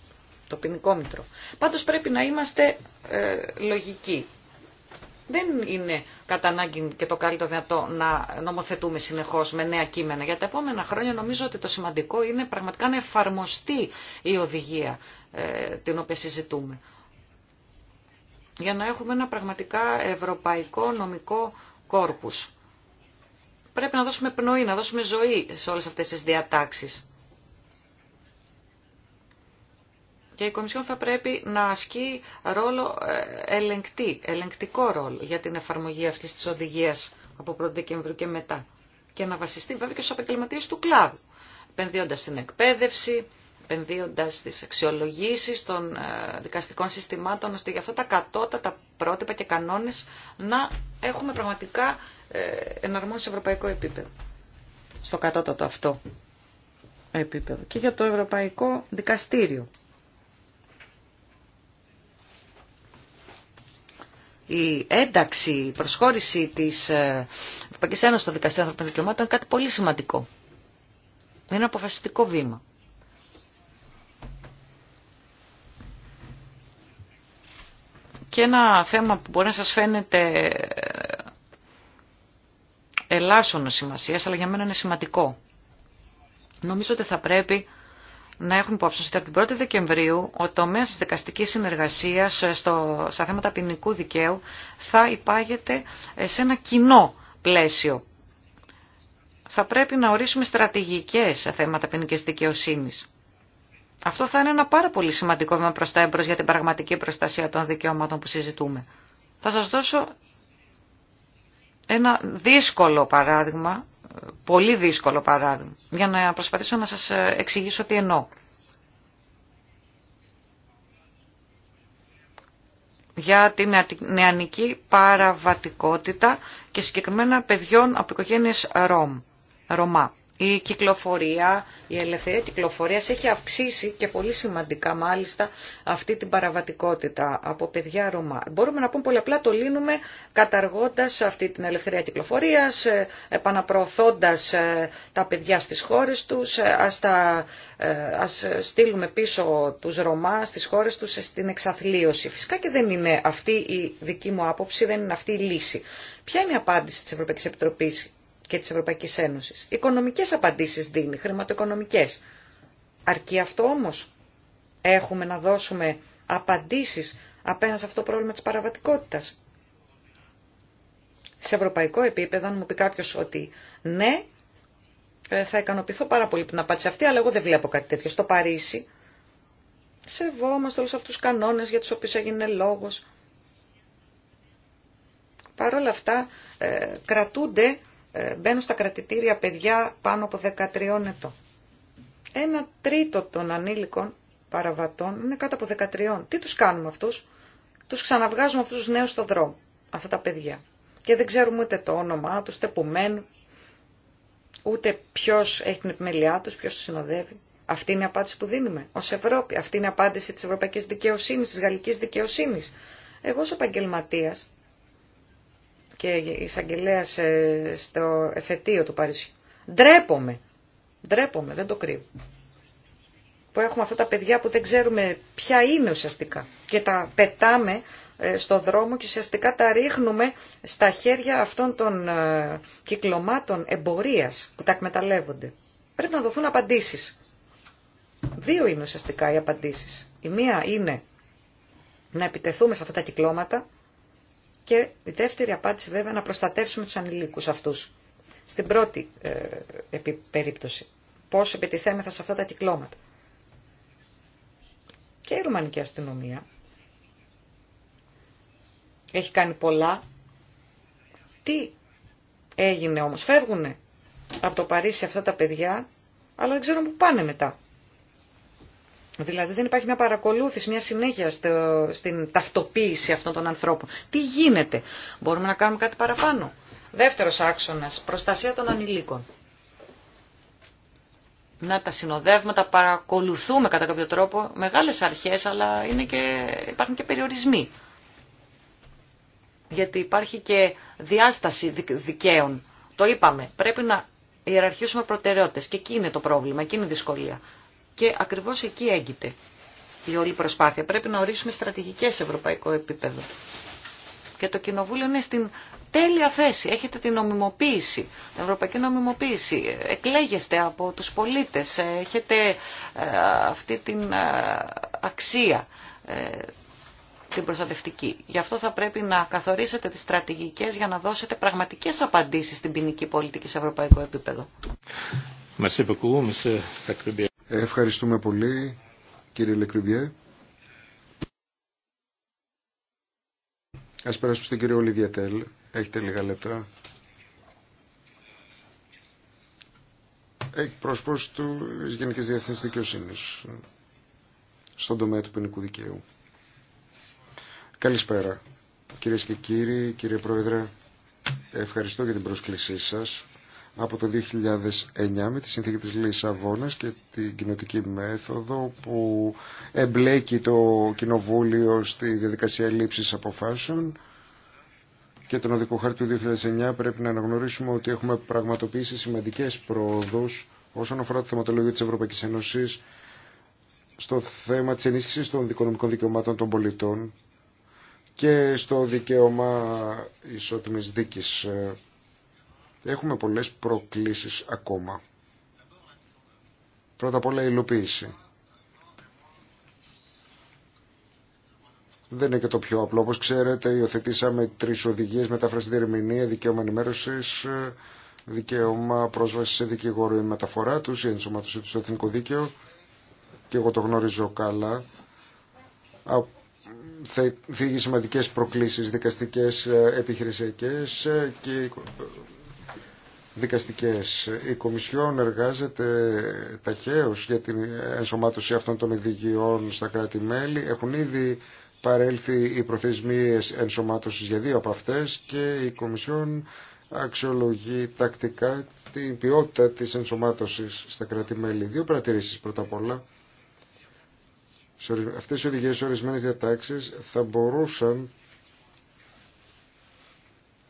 το ποινικό μητρό. Πάντως πρέπει να είμαστε ε, λογικοί δεν είναι κατά ανάγκη και το καλύτερο δυνατό να νομοθετούμε συνεχώ με νέα κείμενα. Για τα επόμενα χρόνια νομίζω ότι το σημαντικό είναι πραγματικά να εφαρμοστεί η οδηγία ε, την οποία συζητούμε. Για να έχουμε ένα πραγματικά ευρωπαϊκό νομικό κόρπους. Πρέπει να δώσουμε πνοή, να δώσουμε ζωή σε όλες αυτές τις διατάξεις. Και η Κομισιόν θα πρέπει να ασκεί ρόλο ε, ελεγκτή, ελεγκτικό ρόλο για την εφαρμογή αυτή τη οδηγία από 1 Δεκεμβρίου και μετά. Και να βασιστεί βέβαια και στου επαγγελματίε του κλάδου, Επενδύοντα στην εκπαίδευση, επενδύοντα στις αξιολογήσει των ε, δικαστικών συστημάτων, ώστε για αυτά τα κατώτατα πρότυπα και κανόνε να έχουμε πραγματικά ε, εναρμόνιση σε ευρωπαϊκό επίπεδο. Στο κατώτατο αυτό επίπεδο. Και για το Ευρωπαϊκό Δικαστήριο. η ένταξη, η προσχώρηση της Ευρωπαϊκής Ένωσης στο Δικαστήριο Ανθρωπίνων Δικαιωμάτων είναι κάτι πολύ σημαντικό. Είναι ένα αποφασιστικό βήμα. Και ένα θέμα που μπορεί να σας φαίνεται ελάσσονο σημασίας, αλλά για μένα είναι σημαντικό. Νομίζω ότι θα πρέπει να έχουμε υπόψη ότι από την 1η Δεκεμβρίου ο τομέας τη δικαστική συνεργασίας ε, στο, στα θέματα ποινικού δικαίου θα υπάγεται ε, σε ένα κοινό πλαίσιο. Θα πρέπει να ορίσουμε στρατηγικέ σε θέματα ποινική δικαιοσύνη. Αυτό θα είναι ένα πάρα πολύ σημαντικό βήμα προς τα έμπρο για την πραγματική προστασία των δικαιώματων που συζητούμε. Θα σα δώσω ένα δύσκολο παράδειγμα πολύ δύσκολο παράδειγμα, για να προσπαθήσω να σας εξηγήσω τι εννοώ. για την νεανική παραβατικότητα και συγκεκριμένα παιδιών από οικογένειες Ρωμά η κυκλοφορία, η ελευθερία κυκλοφορίας έχει αυξήσει και πολύ σημαντικά μάλιστα αυτή την παραβατικότητα από παιδιά Ρωμά. Μπορούμε να πούμε πολλαπλά το λύνουμε καταργώντας αυτή την ελευθερία κυκλοφορίας, ε, επαναπροωθώντας ε, τα παιδιά στις χώρες τους, ε, ας, στείλουμε πίσω τους Ρωμά στις χώρες τους στην εξαθλίωση. Φυσικά και δεν είναι αυτή η δική μου άποψη, δεν είναι αυτή η λύση. Ποια είναι η απάντηση της Ευρωπαϊκής Επιτροπής και της Ευρωπαϊκής Ένωσης. Οικονομικές απαντήσεις δίνει, χρηματοοικονομικές. Αρκεί αυτό όμως. Έχουμε να δώσουμε απαντήσεις απέναντι σε αυτό το πρόβλημα της παραβατικότητας. Σε ευρωπαϊκό επίπεδο, αν μου πει κάποιος ότι ναι, ε, θα ικανοποιηθώ πάρα πολύ που να απάντηση αυτή, αλλά εγώ δεν βλέπω κάτι τέτοιο. Στο Παρίσι, σεβόμαστε όλους αυτούς τους κανόνες για τους οποίους έγινε λόγος. Παρ' όλα αυτά, ε, κρατούνται ε, μπαίνουν στα κρατητήρια παιδιά πάνω από 13 ετών. Ένα τρίτο των ανήλικων παραβατών είναι κάτω από 13. Τι τους κάνουμε αυτούς? Τους ξαναβγάζουμε αυτούς τους νέους στο δρόμο, αυτά τα παιδιά. Και δεν ξέρουμε ούτε το όνομά τους, ούτε που μένουν, ούτε ποιος έχει την επιμελιά τους, ποιος τους συνοδεύει. Αυτή είναι η απάντηση που δίνουμε ως Ευρώπη. Αυτή είναι η απάντηση της ευρωπαϊκής δικαιοσύνης, της γαλλικής δικαιοσύνης. Εγώ ως και εισαγγελέα ε, στο εφετείο του Παρισιού. Ντρέπομαι. Ντρέπομαι, δεν το κρύβω. Που έχουμε αυτά τα παιδιά που δεν ξέρουμε ποια είναι ουσιαστικά. Και τα πετάμε ε, στο δρόμο και ουσιαστικά τα ρίχνουμε στα χέρια αυτών των ε, κυκλωμάτων εμπορίας που τα εκμεταλλεύονται. Πρέπει να δοθούν απαντήσεις. Δύο είναι ουσιαστικά οι απαντήσεις. Η μία είναι να επιτεθούμε σε αυτά τα κυκλώματα και η δεύτερη απάντηση βέβαια να προστατεύσουμε τους ανηλίκους αυτούς. Στην πρώτη ε, περίπτωση, πώς επιτιθέμεθα σε αυτά τα κυκλώματα. Και η Ρουμανική αστυνομία έχει κάνει πολλά. Τι έγινε όμως, φεύγουν από το Παρίσι αυτά τα παιδιά, αλλά δεν ξέρουν που πάνε μετά. Δηλαδή δεν υπάρχει μια παρακολούθηση, μια συνέχεια στο, στην ταυτοποίηση αυτών των ανθρώπων. Τι γίνεται, μπορούμε να κάνουμε κάτι παραπάνω. Δεύτερος άξονας, προστασία των ανηλίκων. Να τα συνοδεύουμε, τα παρακολουθούμε κατά κάποιο τρόπο. Μεγάλες αρχές, αλλά είναι και, υπάρχουν και περιορισμοί. Γιατί υπάρχει και διάσταση δικαίων. Το είπαμε, πρέπει να ιεραρχήσουμε προτεραιότητες και εκεί είναι το πρόβλημα, εκεί είναι η δυσκολία. Και ακριβώς εκεί έγκυται η όλη προσπάθεια. Πρέπει να ορίσουμε στρατηγικές σε ευρωπαϊκό επίπεδο. Και το Κοινοβούλιο είναι στην τέλεια θέση. Έχετε την νομιμοποίηση, την ευρωπαϊκή νομιμοποίηση. Εκλέγεστε από τους πολίτες. Έχετε ε, αυτή την ε, αξία ε, την προστατευτική. Γι' αυτό θα πρέπει να καθορίσετε τις στρατηγικές για να δώσετε πραγματικές απαντήσεις στην ποινική πολιτική σε ευρωπαϊκό επίπεδο. Ευχαριστούμε πολύ κύριε Λεκριβιέ. Ας περάσουμε στον κύριο Τέλ. Έχετε λίγα λεπτά. Εκπρόσωπος του Γενικής Διεθνής Δικαιοσύνης στον τομέα του ποινικού δικαίου. Καλησπέρα. Κυρίες και κύριοι, κύριε Πρόεδρε, ευχαριστώ για την πρόσκλησή σας από το 2009 με τη συνθήκη της Λισαβόνας και την κοινοτική μέθοδο που εμπλέκει το Κοινοβούλιο στη διαδικασία λήψης αποφάσεων και τον οδικό χάρτη του 2009 πρέπει να αναγνωρίσουμε ότι έχουμε πραγματοποιήσει σημαντικές πρόοδους όσον αφορά το θεματολόγιο της Ευρωπαϊκής Ένωσης στο θέμα της ενίσχυσης των δικονομικών δικαιωμάτων των πολιτών και στο δικαίωμα ισότιμης δίκης Έχουμε πολλές προκλήσεις ακόμα. Πρώτα απ' όλα η υλοποίηση. Δεν είναι και το πιο απλό. Όπως ξέρετε, υιοθετήσαμε τρεις οδηγίες, μετάφραση διερμηνία, δικαίωμα ενημέρωση, δικαίωμα πρόσβαση σε δικηγόρο μεταφορά τους, η ενσωμάτωσή τους στο εθνικό δίκαιο. Και εγώ το γνώριζω καλά. Θα θίγει σημαντικές προκλήσεις δικαστικές, ε, επιχειρησιακές ε, και ε, δικαστικές. Η Κομισιόν εργάζεται ταχαίως για την ενσωμάτωση αυτών των ειδικιών στα κράτη-μέλη. Έχουν ήδη παρέλθει οι προθεσμίες ενσωμάτωσης για δύο από αυτές και η Κομισιόν αξιολογεί τακτικά την ποιότητα της ενσωμάτωσης στα κράτη-μέλη. Δύο παρατηρήσεις πρώτα απ' όλα. Αυτές οι οδηγίες σε ορισμένες διατάξεις θα μπορούσαν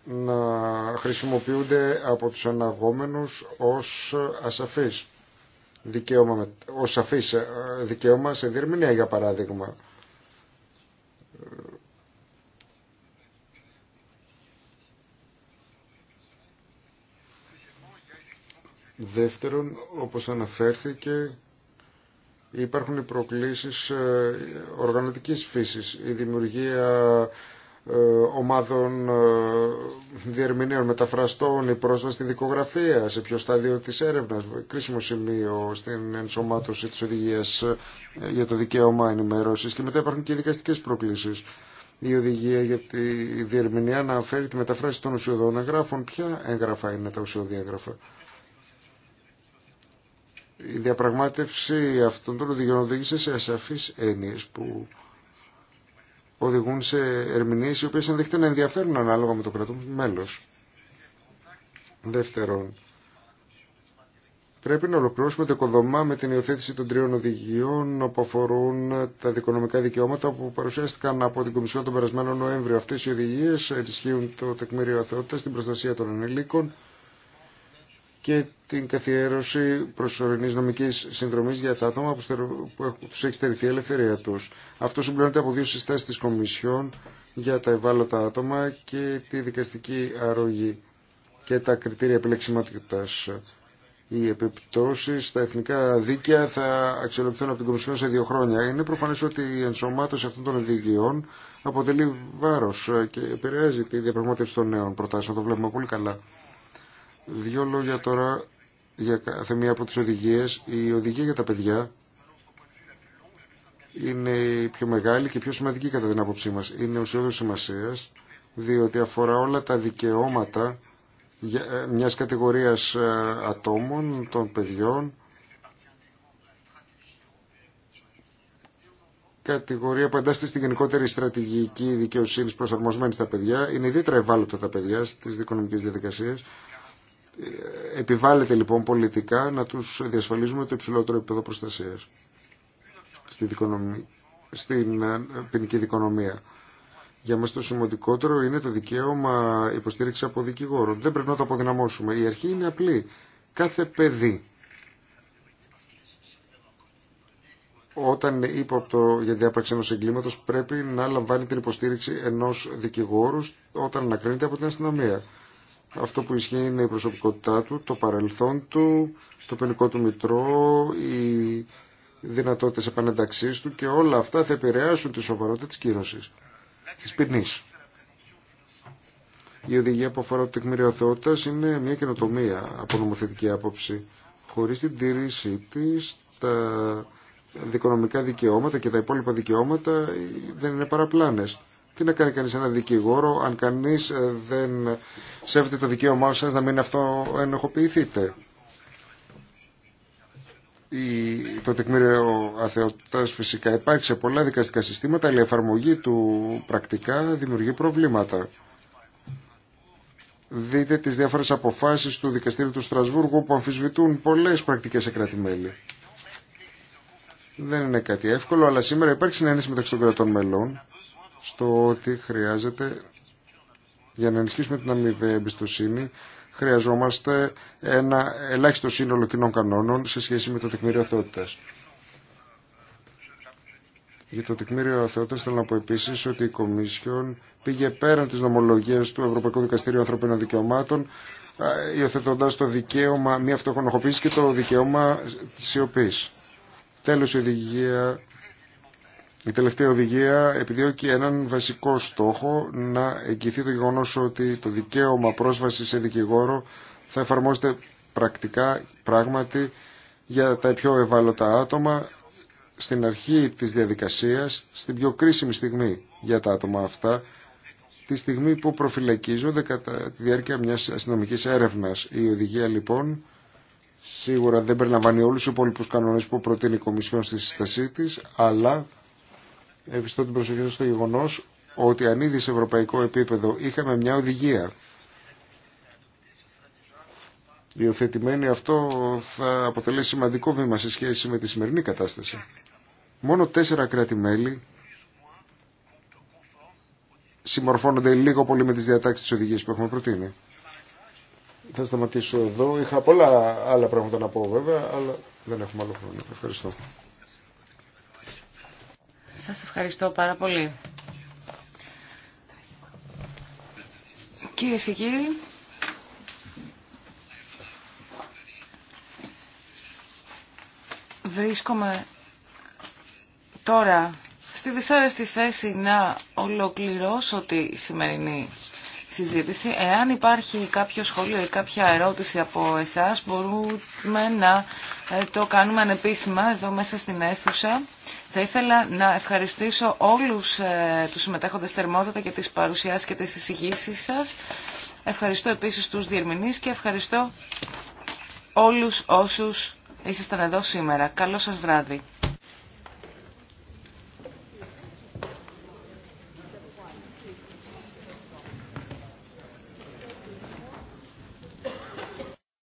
να χρησιμοποιούνται από τους αναγόμενους ως ασαφής δικαίωμα, ως ε, δικαίωμα σε διερμηνία για παράδειγμα. Δεύτερον, όπως αναφέρθηκε, υπάρχουν οι προκλήσεις ε, οργανωτικής φύσης, η δημιουργία ε, ομάδων ε, διερμηνέων μεταφραστών, η πρόσβαση στην δικογραφία, σε ποιο στάδιο της έρευνας, κρίσιμο σημείο στην ενσωμάτωση της οδηγίας ε, για το δικαίωμα ενημέρωσης και μετά υπάρχουν και δικαστικές προκλήσεις. Η οδηγία για τη διερμηνία αναφέρει τη μεταφράση των ουσιοδών εγγράφων. Ποια έγγραφα είναι τα ουσιοδή Η διαπραγμάτευση αυτών των οδηγιών οδήγησε σε ασαφείς έννοιες που οδηγούν σε ερμηνείε, οι οποίες ενδέχεται να ενδιαφέρουν ανάλογα με το κρατούμενο μέλος. Δεύτερον, πρέπει να ολοκληρώσουμε το οικοδομά με την υιοθέτηση των τριών οδηγιών που αφορούν τα δικονομικά δικαιώματα που παρουσιάστηκαν από την Κομισιόν τον περασμένο Νοέμβριο. Αυτές οι οδηγίες ενισχύουν το τεκμήριο αθεότητας, την προστασία των ανηλίκων, και την καθιέρωση προσωρινή νομική συνδρομή για τα άτομα που του έχει στερηθεί η ελευθερία του. Αυτό συμπληρώνεται από δύο συστάσει τη Κομισιόν για τα ευάλωτα άτομα και τη δικαστική αρρωγή και τα κριτήρια επιλεξιματικότητα. Οι επιπτώσει στα εθνικά δίκαια θα αξιολογηθούν από την Κομισιόν σε δύο χρόνια. Είναι προφανέ ότι η ενσωμάτωση αυτών των δικαιών αποτελεί βάρο και επηρεάζει τη διαπραγμάτευση των νέων προτάσεων. Το βλέπουμε πολύ καλά. Δύο λόγια τώρα για κάθε μία από τις οδηγίες. Η οδηγία για τα παιδιά είναι η πιο μεγάλη και πιο σημαντική κατά την άποψή μας. Είναι ουσιώδης σημασία διότι αφορά όλα τα δικαιώματα ε, μιας κατηγορίας ε, ατόμων, των παιδιών, κατηγορία που εντάσσεται στην γενικότερη στρατηγική δικαιοσύνη προσαρμοσμένη στα παιδιά. Είναι ιδιαίτερα ευάλωτα τα παιδιά στι δικονομικέ διαδικασίε. Επιβάλλεται λοιπόν πολιτικά να τους διασφαλίζουμε το υψηλότερο επίπεδο προστασίας στη στην ε, ποινική δικονομία. Για μας το σημαντικότερο είναι το δικαίωμα υποστήριξη από δικηγόρο. Δεν πρέπει να το αποδυναμώσουμε. Η αρχή είναι απλή. Κάθε παιδί όταν το, για διάπραξη ενός εγκλήματος πρέπει να λαμβάνει την υποστήριξη ενός δικηγόρου όταν ανακρίνεται από την αστυνομία. Αυτό που ισχύει είναι η προσωπικότητά του, το παρελθόν του, το ποινικό του μητρό, οι δυνατότητες επανενταξής του και όλα αυτά θα επηρεάσουν τη σοβαρότητα της κύρωσης, της ποινής. Η οδηγία που αφορά το τεκμήριο είναι μια καινοτομία από νομοθετική άποψη. Χωρίς την τήρησή της, τα δικονομικά δικαιώματα και τα υπόλοιπα δικαιώματα δεν είναι παραπλάνες. Τι να κάνει κανείς ένα δικηγόρο αν κανείς ε, δεν σέβεται το δικαίωμά σας να μην αυτό ενοχοποιηθείτε. Το τεκμήριο αθεότητας φυσικά υπάρχει σε πολλά δικαστικά συστήματα, αλλά η εφαρμογή του πρακτικά δημιουργεί προβλήματα. Δείτε τις διάφορες αποφάσεις του δικαστήριου του Στρασβούργου που αμφισβητούν πολλές πρακτικές σε κράτη-μέλη. Δεν είναι κάτι εύκολο, αλλά σήμερα υπάρχει συνένεση μεταξύ των κρατών μελών στο ότι χρειάζεται για να ενισχύσουμε την αμοιβαία εμπιστοσύνη χρειαζόμαστε ένα ελάχιστο σύνολο κοινών κανόνων σε σχέση με το τεκμήριο αθεότητας. Για το τεκμήριο αθεότητα θέλω να πω επίσης ότι η Κομίσιον πήγε πέραν της νομολογίας του Ευρωπαϊκού Δικαστηρίου Ανθρωπίνων Δικαιωμάτων, υιοθετώντα το δικαίωμα μη αυτοχονοχοποίηση και το δικαίωμα τη σιωπή. Τέλο, η οδηγία η τελευταία οδηγία επιδιώκει έναν βασικό στόχο να εγγυηθεί το γεγονό ότι το δικαίωμα πρόσβαση σε δικηγόρο θα εφαρμόζεται πρακτικά, πράγματι, για τα πιο ευάλωτα άτομα στην αρχή της διαδικασίας, στην πιο κρίσιμη στιγμή για τα άτομα αυτά, τη στιγμή που προφυλακίζονται κατά τη διάρκεια μιας αστυνομικής έρευνας. Η οδηγία λοιπόν σίγουρα δεν περιλαμβάνει όλους τους υπόλοιπους κανόνες που προτείνει η Κομισιόν στη συστασή αλλά Ευχαριστώ την προσοχή σας στο γεγονός ότι αν ήδη σε ευρωπαϊκό επίπεδο είχαμε μια οδηγία υιοθετημένη αυτό θα αποτελέσει σημαντικό βήμα σε σχέση με τη σημερινή κατάσταση. Μόνο τέσσερα κράτη-μέλη συμμορφώνονται λίγο πολύ με τις διατάξεις της οδηγίας που έχουμε προτείνει. Θα σταματήσω εδώ. Είχα πολλά άλλα πράγματα να πω βέβαια, αλλά δεν έχουμε άλλο χρόνο. Ευχαριστώ. Σας ευχαριστώ πάρα πολύ. Κυρίε και κύριοι, βρίσκομαι τώρα στη δυσάρεστη θέση να ολοκληρώσω τη σημερινή συζήτηση. Εάν υπάρχει κάποιο σχόλιο ή κάποια ερώτηση από εσάς, μπορούμε να ε, το κάνουμε ανεπίσημα εδώ μέσα στην αίθουσα. Θα ήθελα να ευχαριστήσω όλους ε, τους συμμετέχοντες θερμότατα για τις παρουσιάσεις και τις εισηγήσεις σας. Ευχαριστώ επίσης τους διερμηνείς και ευχαριστώ όλους όσους ήσασταν εδώ σήμερα. Καλό σας βράδυ.